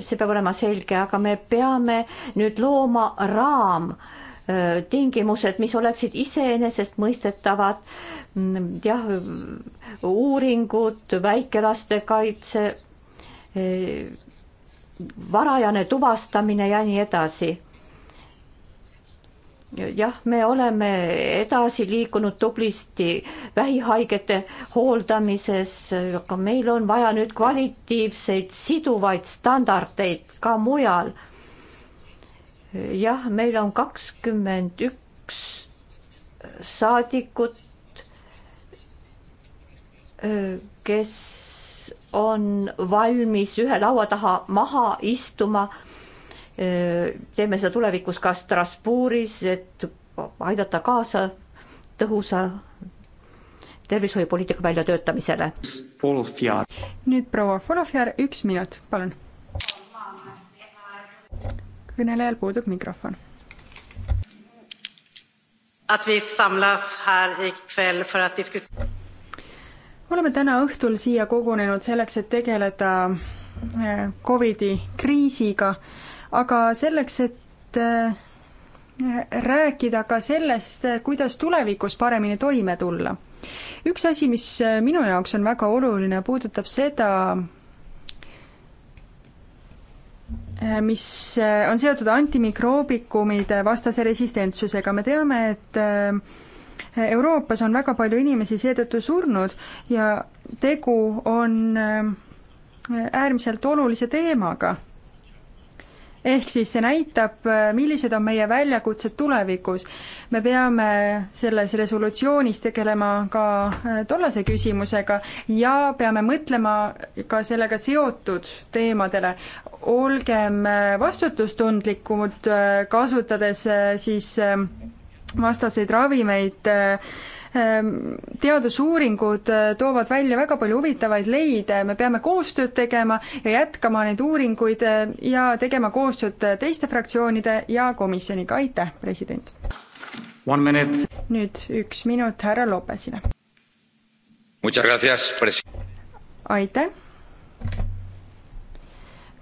see peab olema selge, aga me peame nüüd looma raam äh, tingimused, mis oleksid iseenesestmõistetavad, mm, jah, uuringud, väikelaste kaitse, äh, varajane tuvastamine ja nii edasi jah, me oleme edasi liikunud tublisti vähihaigete hooldamises, aga meil on vaja nüüd kvalitatiivseid siduvaid standardeid ka mujal. jah, meil on kakskümmend üks saadikut, kes on valmis ühe laua taha maha istuma teeme seda tulevikus ka Strasbourgis, et aidata kaasa tõhusa tervishoiupoliitika väljatöötamisele. nüüd proua Folofjar, üks minut, palun. kõnelejal puudub mikrofon. oleme täna õhtul siia kogunenud selleks, et tegeleda eh, Covidi kriisiga aga selleks, et äh, rääkida ka sellest, kuidas tulevikus paremini toime tulla. üks asi, mis äh, minu jaoks on väga oluline, puudutab seda, äh, mis on seotud antimikroobikumide vastase resistentsusega, me teame, et Euroopas on väga palju inimesi seetõttu surnud ja tegu on äärmiselt olulise teemaga ehk siis see näitab, millised on meie väljakutsed tulevikus. me peame selles resolutsioonis tegelema ka äh, tollase küsimusega ja peame mõtlema ka sellega seotud teemadele. olgem äh, vastutustundlikud, äh, kasutades siis vastaseid ravimeid äh, Ehm, teadusuuringud äh, toovad välja väga palju huvitavaid leide, me peame koostööd tegema ja jätkama neid uuringuid äh, ja tegema koostööd äh, teiste fraktsioonide ja komisjoniga, aitäh, president! nüüd üks minut härra Lopesile. aitäh!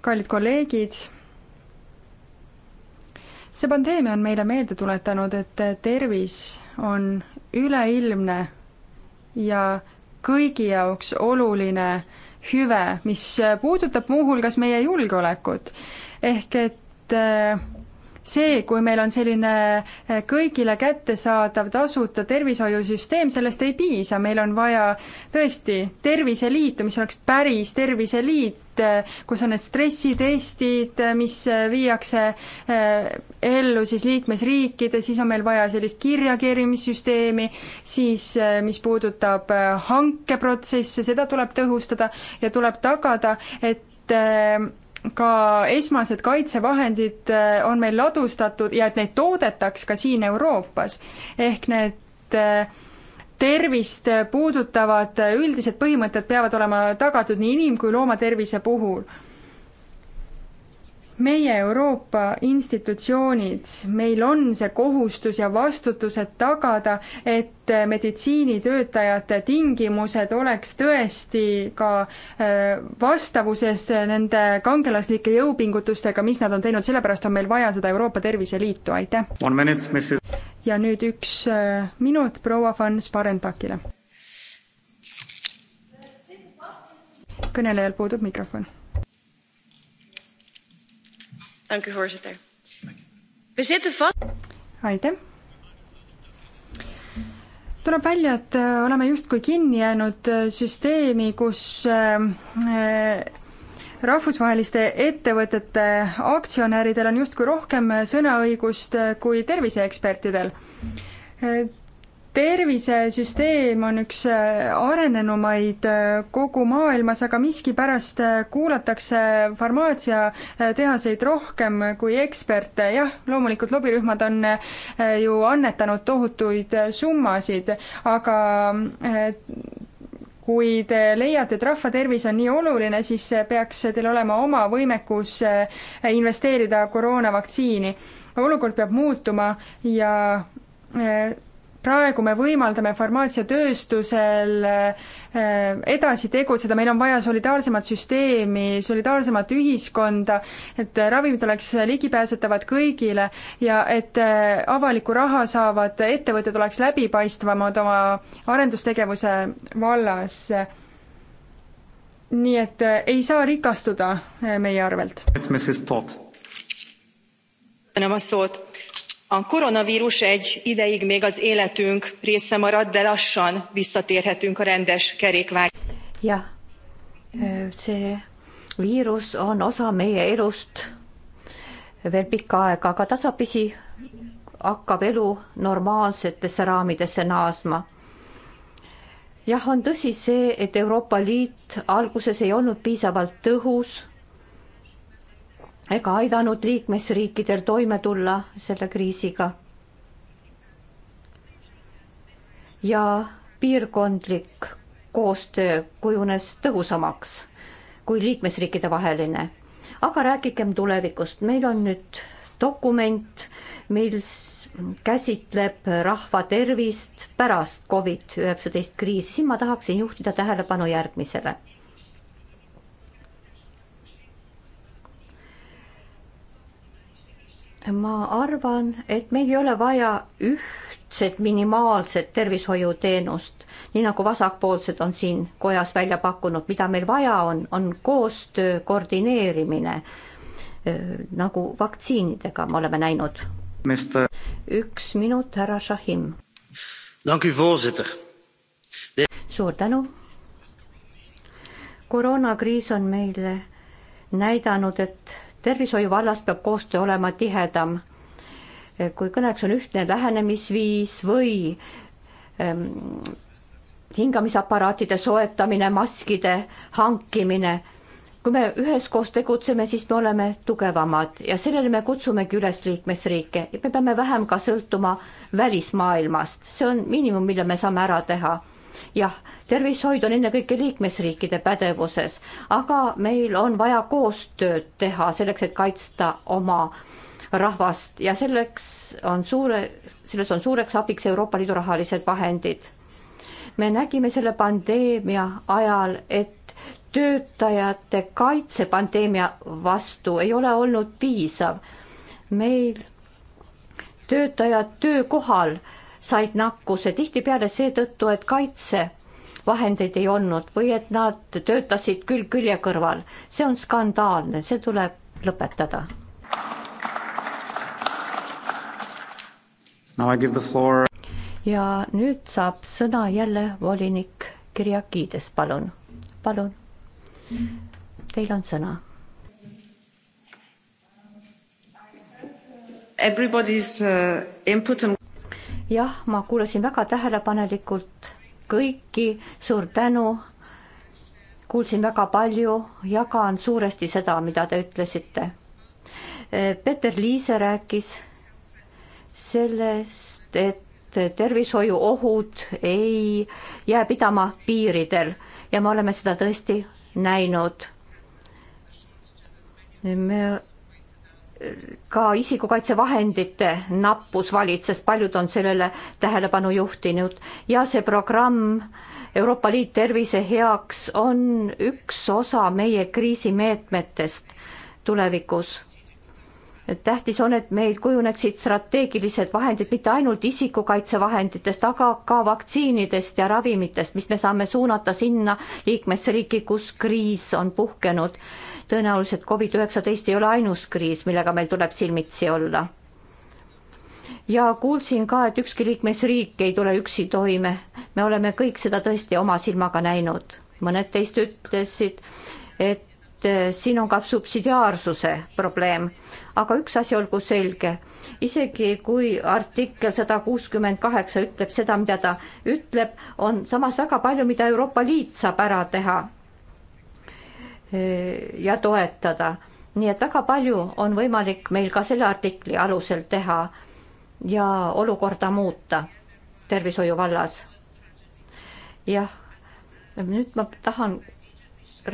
kallid kolleegid, see pandeemia on meile meelde tuletanud, et tervis on üleilmne ja kõigi jaoks oluline hüve, mis puudutab muuhulgas meie julgeolekut. ehk et äh, see, kui meil on selline eh, kõigile kättesaadav tasuta tervishoiusüsteem, sellest ei piisa, meil on vaja tõesti Terviseliitu, mis oleks päris Terviseliit, eh, kus on need stressitestid, eh, mis viiakse ellu siis liikmesriikide, siis on meil vaja sellist kirjakirjumissüsteemi, siis mis puudutab hankeprotsesse, seda tuleb tõhustada ja tuleb tagada, et ka esmased kaitsevahendid äh, on meil ladustatud ja et neid toodetaks ka siin Euroopas. ehk need äh, tervist puudutavad üldised põhimõtted peavad olema tagatud nii inim- kui loomatervise puhul meie Euroopa institutsioonid, meil on see kohustus ja vastutus, et tagada, et meditsiinitöötajate tingimused oleks tõesti ka äh, vastavuses nende kangelaslike jõupingutustega, mis nad on teinud, sellepärast on meil vaja seda Euroopa Terviseliitu, aitäh! ja nüüd üks äh, minut proua Van Sparentakile. kõnelejal puudub mikrofon voorzitter. We zitten vast. aitäh. tuleb välja, et äh, oleme justkui kinni jäänud äh, süsteemi, kus äh, rahvusvaheliste ettevõtete aktsionäridel on justkui rohkem sõnaõigust kui terviseekspertidel tervisesüsteem on üks äh, arenenumaid äh, kogu maailmas, aga miskipärast äh, kuulatakse farmaatsiatehaseid rohkem kui eksperte. jah, loomulikult lobirühmad on ju annetanud tohutuid summasid, aga kui te leiate, et rahvatervis on nii oluline, siis peaks teil olema oma võimekus investeerida koroonavaktsiini. olukord peab muutuma ja praegu me võimaldame farmaatsiatööstusel äh, edasi tegutseda, meil on vaja solidaarsemat süsteemi, solidaarsemat ühiskonda, et ravimid oleks ligipääsetavad kõigile ja et äh, avalikku raha saavad ettevõtted oleks läbipaistvamad oma arendustegevuse vallas. nii et äh, ei saa rikastuda meie arvelt. tänan vastuse a koronavrus egy ideig még az életünk része marad, de lassan visszatérhetünk a rendes kerékvág. jah, see viirus on osa meie elust veel pikka aega, aga tasapisi hakkab elu normaalsetesse raamidesse naasma jah, on tõsi see, et Euroopa Liit alguses ei olnud piisavalt tõhus ega aidanud liikmesriikidel toime tulla selle kriisiga. ja piirkondlik koostöö kujunes tõhusamaks kui liikmesriikide vaheline. aga rääkigem tulevikust, meil on nüüd dokument, mis käsitleb rahva tervist pärast Covid üheksateist kriisi, siin ma tahaksin juhtida tähelepanu järgmisele ma arvan, et meil ei ole vaja ühtset minimaalset tervishoiuteenust, nii nagu vasakpoolsed on siin kojas välja pakkunud, mida meil vaja on, on koostöö koordineerimine nagu vaktsiinidega me oleme näinud. üks minut, härra Šahim. suur tänu. koroonakriis on meile näidanud, et tervishoiu vallas peab koostöö olema tihedam. kui kõneks on ühtne lähenemisviis või ähm, hingamisaparaatide soetamine, maskide hankimine, kui me üheskoos tegutseme, siis me oleme tugevamad ja sellele me kutsumegi üles liikmesriike, et me peame vähem ka sõltuma välismaailmast, see on miinimum, mille me saame ära teha jah, tervishoid on ennekõike liikmesriikide pädevuses, aga meil on vaja koostööd teha selleks, et kaitsta oma rahvast ja selleks on suure, selles on suureks abiks Euroopa Liidu rahalised vahendid. me nägime selle pandeemia ajal, et töötajate kaitse pandeemia vastu ei ole olnud piisav. meil töötajad töökohal äh, said nakkuse tihtipeale seetõttu, et kaitsevahendeid ei olnud või et nad töötasid külg külje kõrval. see on skandaalne, see tuleb lõpetada. ja nüüd saab sõna jälle volinik Kirjakides, palun, palun. Teil on sõna everybody's uh, input and jah, ma kuulasin väga tähelepanelikult kõiki, suur tänu. kuulsin väga palju, jagan suuresti seda, mida te ütlesite. Eh, Peeter Liise rääkis sellest, et tervishoiuohud ei jää pidama piiridel ja me oleme seda tõesti näinud. me ka isikukaitsevahendite nappus valitses, paljud on sellele tähelepanu juhtinud ja see programm Euroopa Liit tervise heaks on üks osa meie kriisimeetmetest tulevikus. tähtis on, et meil kujuneksid strateegilised vahendid mitte ainult isikukaitsevahenditest, aga ka vaktsiinidest ja ravimitest, mis me saame suunata sinna liikmesriiki, kus kriis on puhkenud tõenäoliselt Covid-19 ei ole ainus kriis, millega meil tuleb silmitsi olla. ja kuulsin ka, et ükski liikmesriik ei tule üksi toime. me oleme kõik seda tõesti oma silmaga näinud. mõned teist ütlesid, et eh, siin on ka subsidiaarsuse probleem, aga üks asi olgu selge, isegi kui artikkel sada kuuskümmend kaheksa ütleb seda, mida ta ütleb, on samas väga palju, mida Euroopa Liit saab ära teha Eh, ja toetada. nii et väga palju on võimalik meil ka selle artikli alusel teha ja olukorda muuta tervishoiu vallas. jah, nüüd ma tahan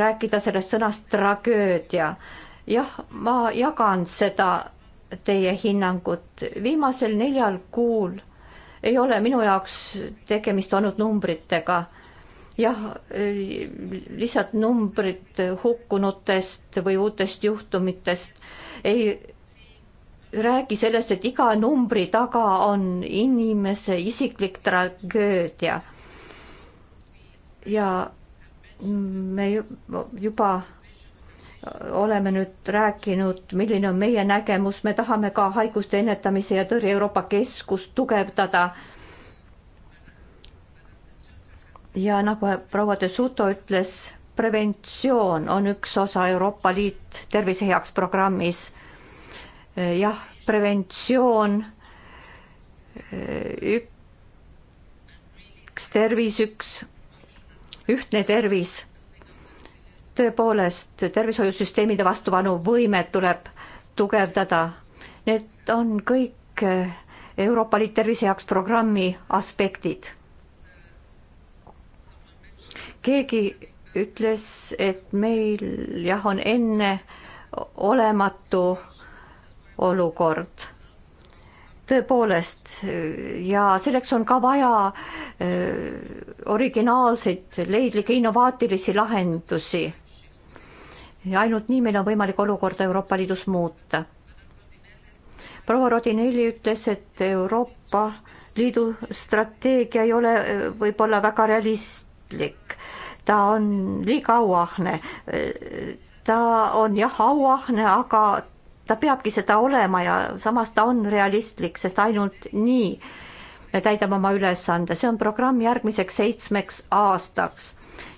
rääkida sellest sõnast tragöödia. jah, ma jagan seda teie hinnangut. viimasel neljal kuul ei ole minu jaoks tegemist olnud numbritega jah, äh, lihtsalt numbrid hukkunutest või uutest juhtumitest ei räägi sellest, et iga numbri taga on inimese isiklik tragöödia. ja me juba oleme nüüd rääkinud, milline on meie nägemus, me tahame ka haiguste ennetamise ja tõrje Euroopa Keskust tugevdada ja nagu proua de Soto ütles, preventsioon on üks osa Euroopa Liit tervise heaks programmis. jah, preventsioon, eh, üks tervis, üks ühtne tervis. tõepoolest, tervishoiusüsteemide vastupanuvõimet tuleb tugevdada. Need on kõik eh, Euroopa Liit tervise heaks programmi aspektid keegi ütles, et meil jah, on enneolematu olukord. tõepoolest ja selleks on ka vaja öö, äh, originaalseid, leidlikke, innovaatilisi lahendusi. ja ainult nii meil on võimalik olukorda Euroopa Liidus muuta. proua Rodinelli ütles, et Euroopa Liidu strateegia ei ole äh, võib-olla väga realistlik ta on liiga auahne. ta on jah, auahne, aga ta peabki seda olema ja samas ta on realistlik, sest ainult nii me täidame oma ülesande, see on programm järgmiseks seitsmeks aastaks.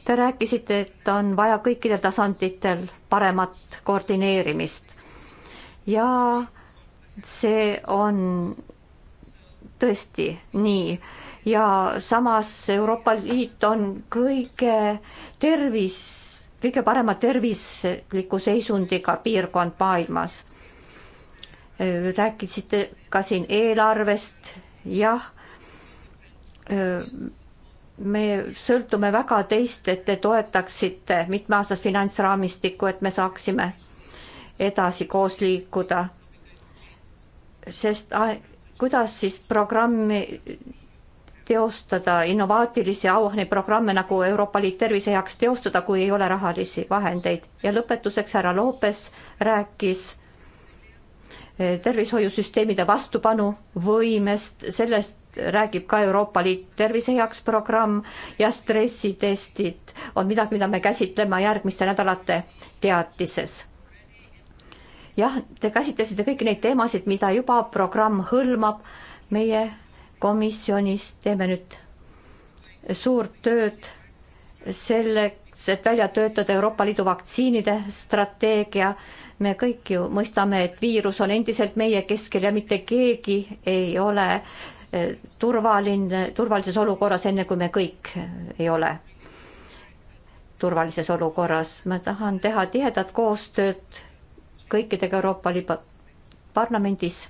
Te rääkisite, et on vaja kõikidel tasanditel paremat koordineerimist. ja see on tõesti nii ja samas Euroopa Liit on kõige tervis, kõige parema tervisliku seisundiga piirkond maailmas. rääkisite ka siin eelarvest, jah. me sõltume väga teist, et te toetaksite mitmeaastast finantsraamistikku, et me saaksime edasi koos liikuda. sest kuidas siis programmi teostada innovaatilisi auahneid programme nagu Euroopa Liit tervise heaks teostada, kui ei ole rahalisi vahendeid. ja lõpetuseks härra Loopes rääkis eh, tervishoiusüsteemide vastupanuvõimest, sellest räägib ka Euroopa Liit tervise heaks programm ja stressitestid on midagi, mida me käsitleme järgmiste nädalate teatises. jah, te käsitlesite kõiki neid teemasid, mida juba programm hõlmab meie komisjonis teeme nüüd suurt tööd selleks, et välja töötada Euroopa Liidu vaktsiinide strateegia. me kõik ju mõistame, et viirus on endiselt meie keskel ja mitte keegi ei ole eh, turvaline, turvalises olukorras, enne kui me kõik eh, ei ole turvalises olukorras. ma tahan teha tihedat koostööd kõikidega Euroopa Liidu parlamendis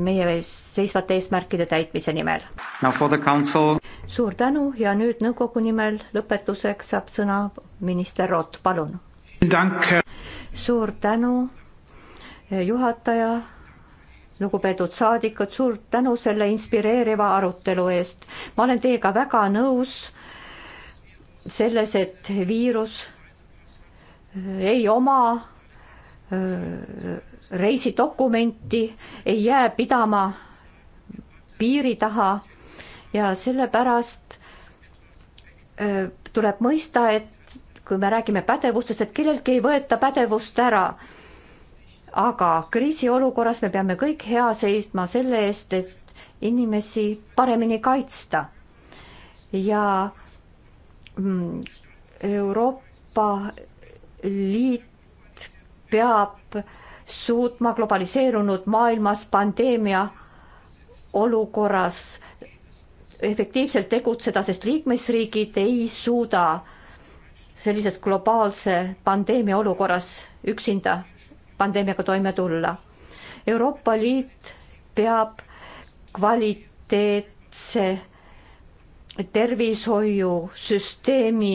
meie ees seisvate eesmärkide täitmise nimel. suur tänu ja nüüd nõukogu nimel lõpetuseks saab sõna minister Roth, palun. suur tänu, juhataja, lugupeetud saadikud, suur tänu selle inspireeriva arutelu eest. ma olen teiega väga nõus selles, et viirus ei oma öö, reisidokumenti, ei jää pidama piiri taha ja sellepärast tuleb mõista, et kui me räägime pädevustest, et kelleltki ei võeta pädevust ära. aga kriisiolukorras me peame kõik hea seisma selle eest, et inimesi paremini kaitsta. ja mm, Euroopa Liit peab suutma globaliseerunud maailmas pandeemia olukorras efektiivselt tegutseda, sest liikmesriigid ei suuda sellises globaalse pandeemia olukorras üksinda pandeemiaga toime tulla. Euroopa Liit peab kvaliteetse tervishoiusüsteemi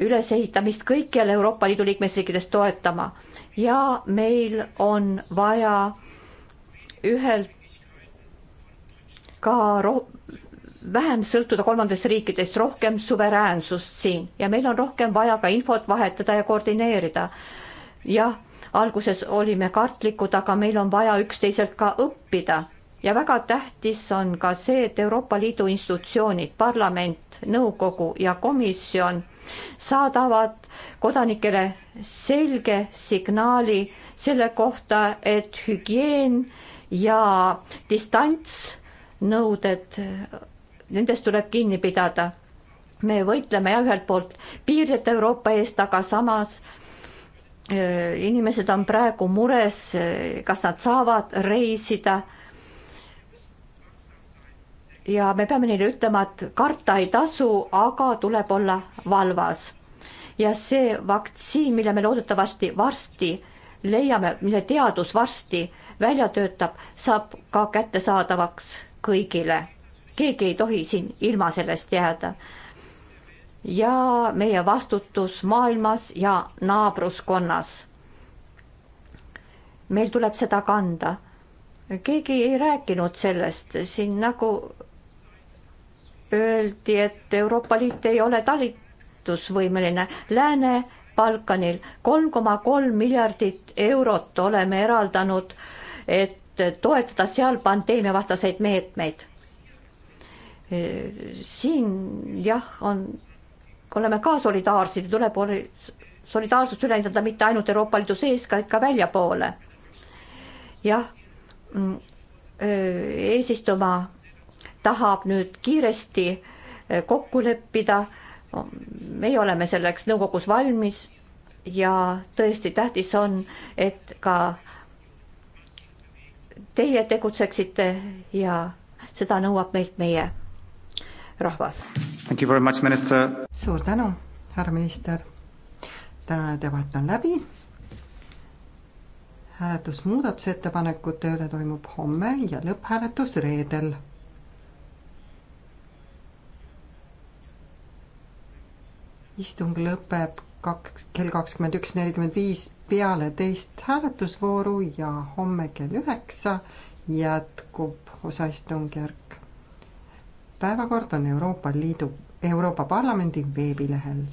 ülesehitamist kõikjal Euroopa Liidu liikmesriikides toetama ja meil on vaja ühelt ka vähem sõltuda kolmandatest riikidest, rohkem suveräänsust siin ja meil on rohkem vaja ka infot vahetada ja koordineerida. jah, alguses olime kartlikud, aga meil on vaja üksteiselt ka õppida ja väga tähtis on ka see, et Euroopa Liidu institutsioonid, parlament, nõukogu ja komisjon saadavad kodanikele selge signaali selle kohta, et hügieen ja distantsnõuded, nendest tuleb kinni pidada. me võitleme jah, ühelt poolt piirideta Euroopa eest, aga samas äh, inimesed on praegu mures, äh, kas nad saavad reisida ja me peame neile ütlema, et karta ei tasu, aga tuleb olla valvas. ja see vaktsiin, mille me loodetavasti varsti leiame, mille teadus varsti välja töötab, saab ka kättesaadavaks kõigile. keegi ei tohi siin ilma sellest jääda. ja meie vastutus maailmas ja naabruskonnas. meil tuleb seda kanda keegi ei rääkinud sellest siin nagu öeldi, et Euroopa Liit ei ole talitusvõimeline. Lääne-Balkanil kolm koma kolm miljardit eurot oleme eraldanud, et toetada seal pandeemiavastaseid meetmeid. siin jah, on, oleme ka solidaarsed ja tuleb solidaarsust üle näidata mitte ainult Euroopa Liidu sees, vaid ka väljapoole. jah, mm, eesistuma tahab nüüd kiiresti eh, kokku leppida. meie oleme selleks nõukogus valmis ja tõesti tähtis on, et ka teie tegutseksite ja seda nõuab meilt meie rahvas. suur tänu, härra minister. tänane debatt on läbi. hääletus muudatusettepanekute üle toimub homme ja lõpphääletus reedel istung lõpeb kaks, kell kakskümmend üks nelikümmend viis peale teist hääletusvooru ja homme kell üheksa jätkub osaistungjärk. päevakord on Euroopa Liidu, Euroopa Parlamendi veebilehel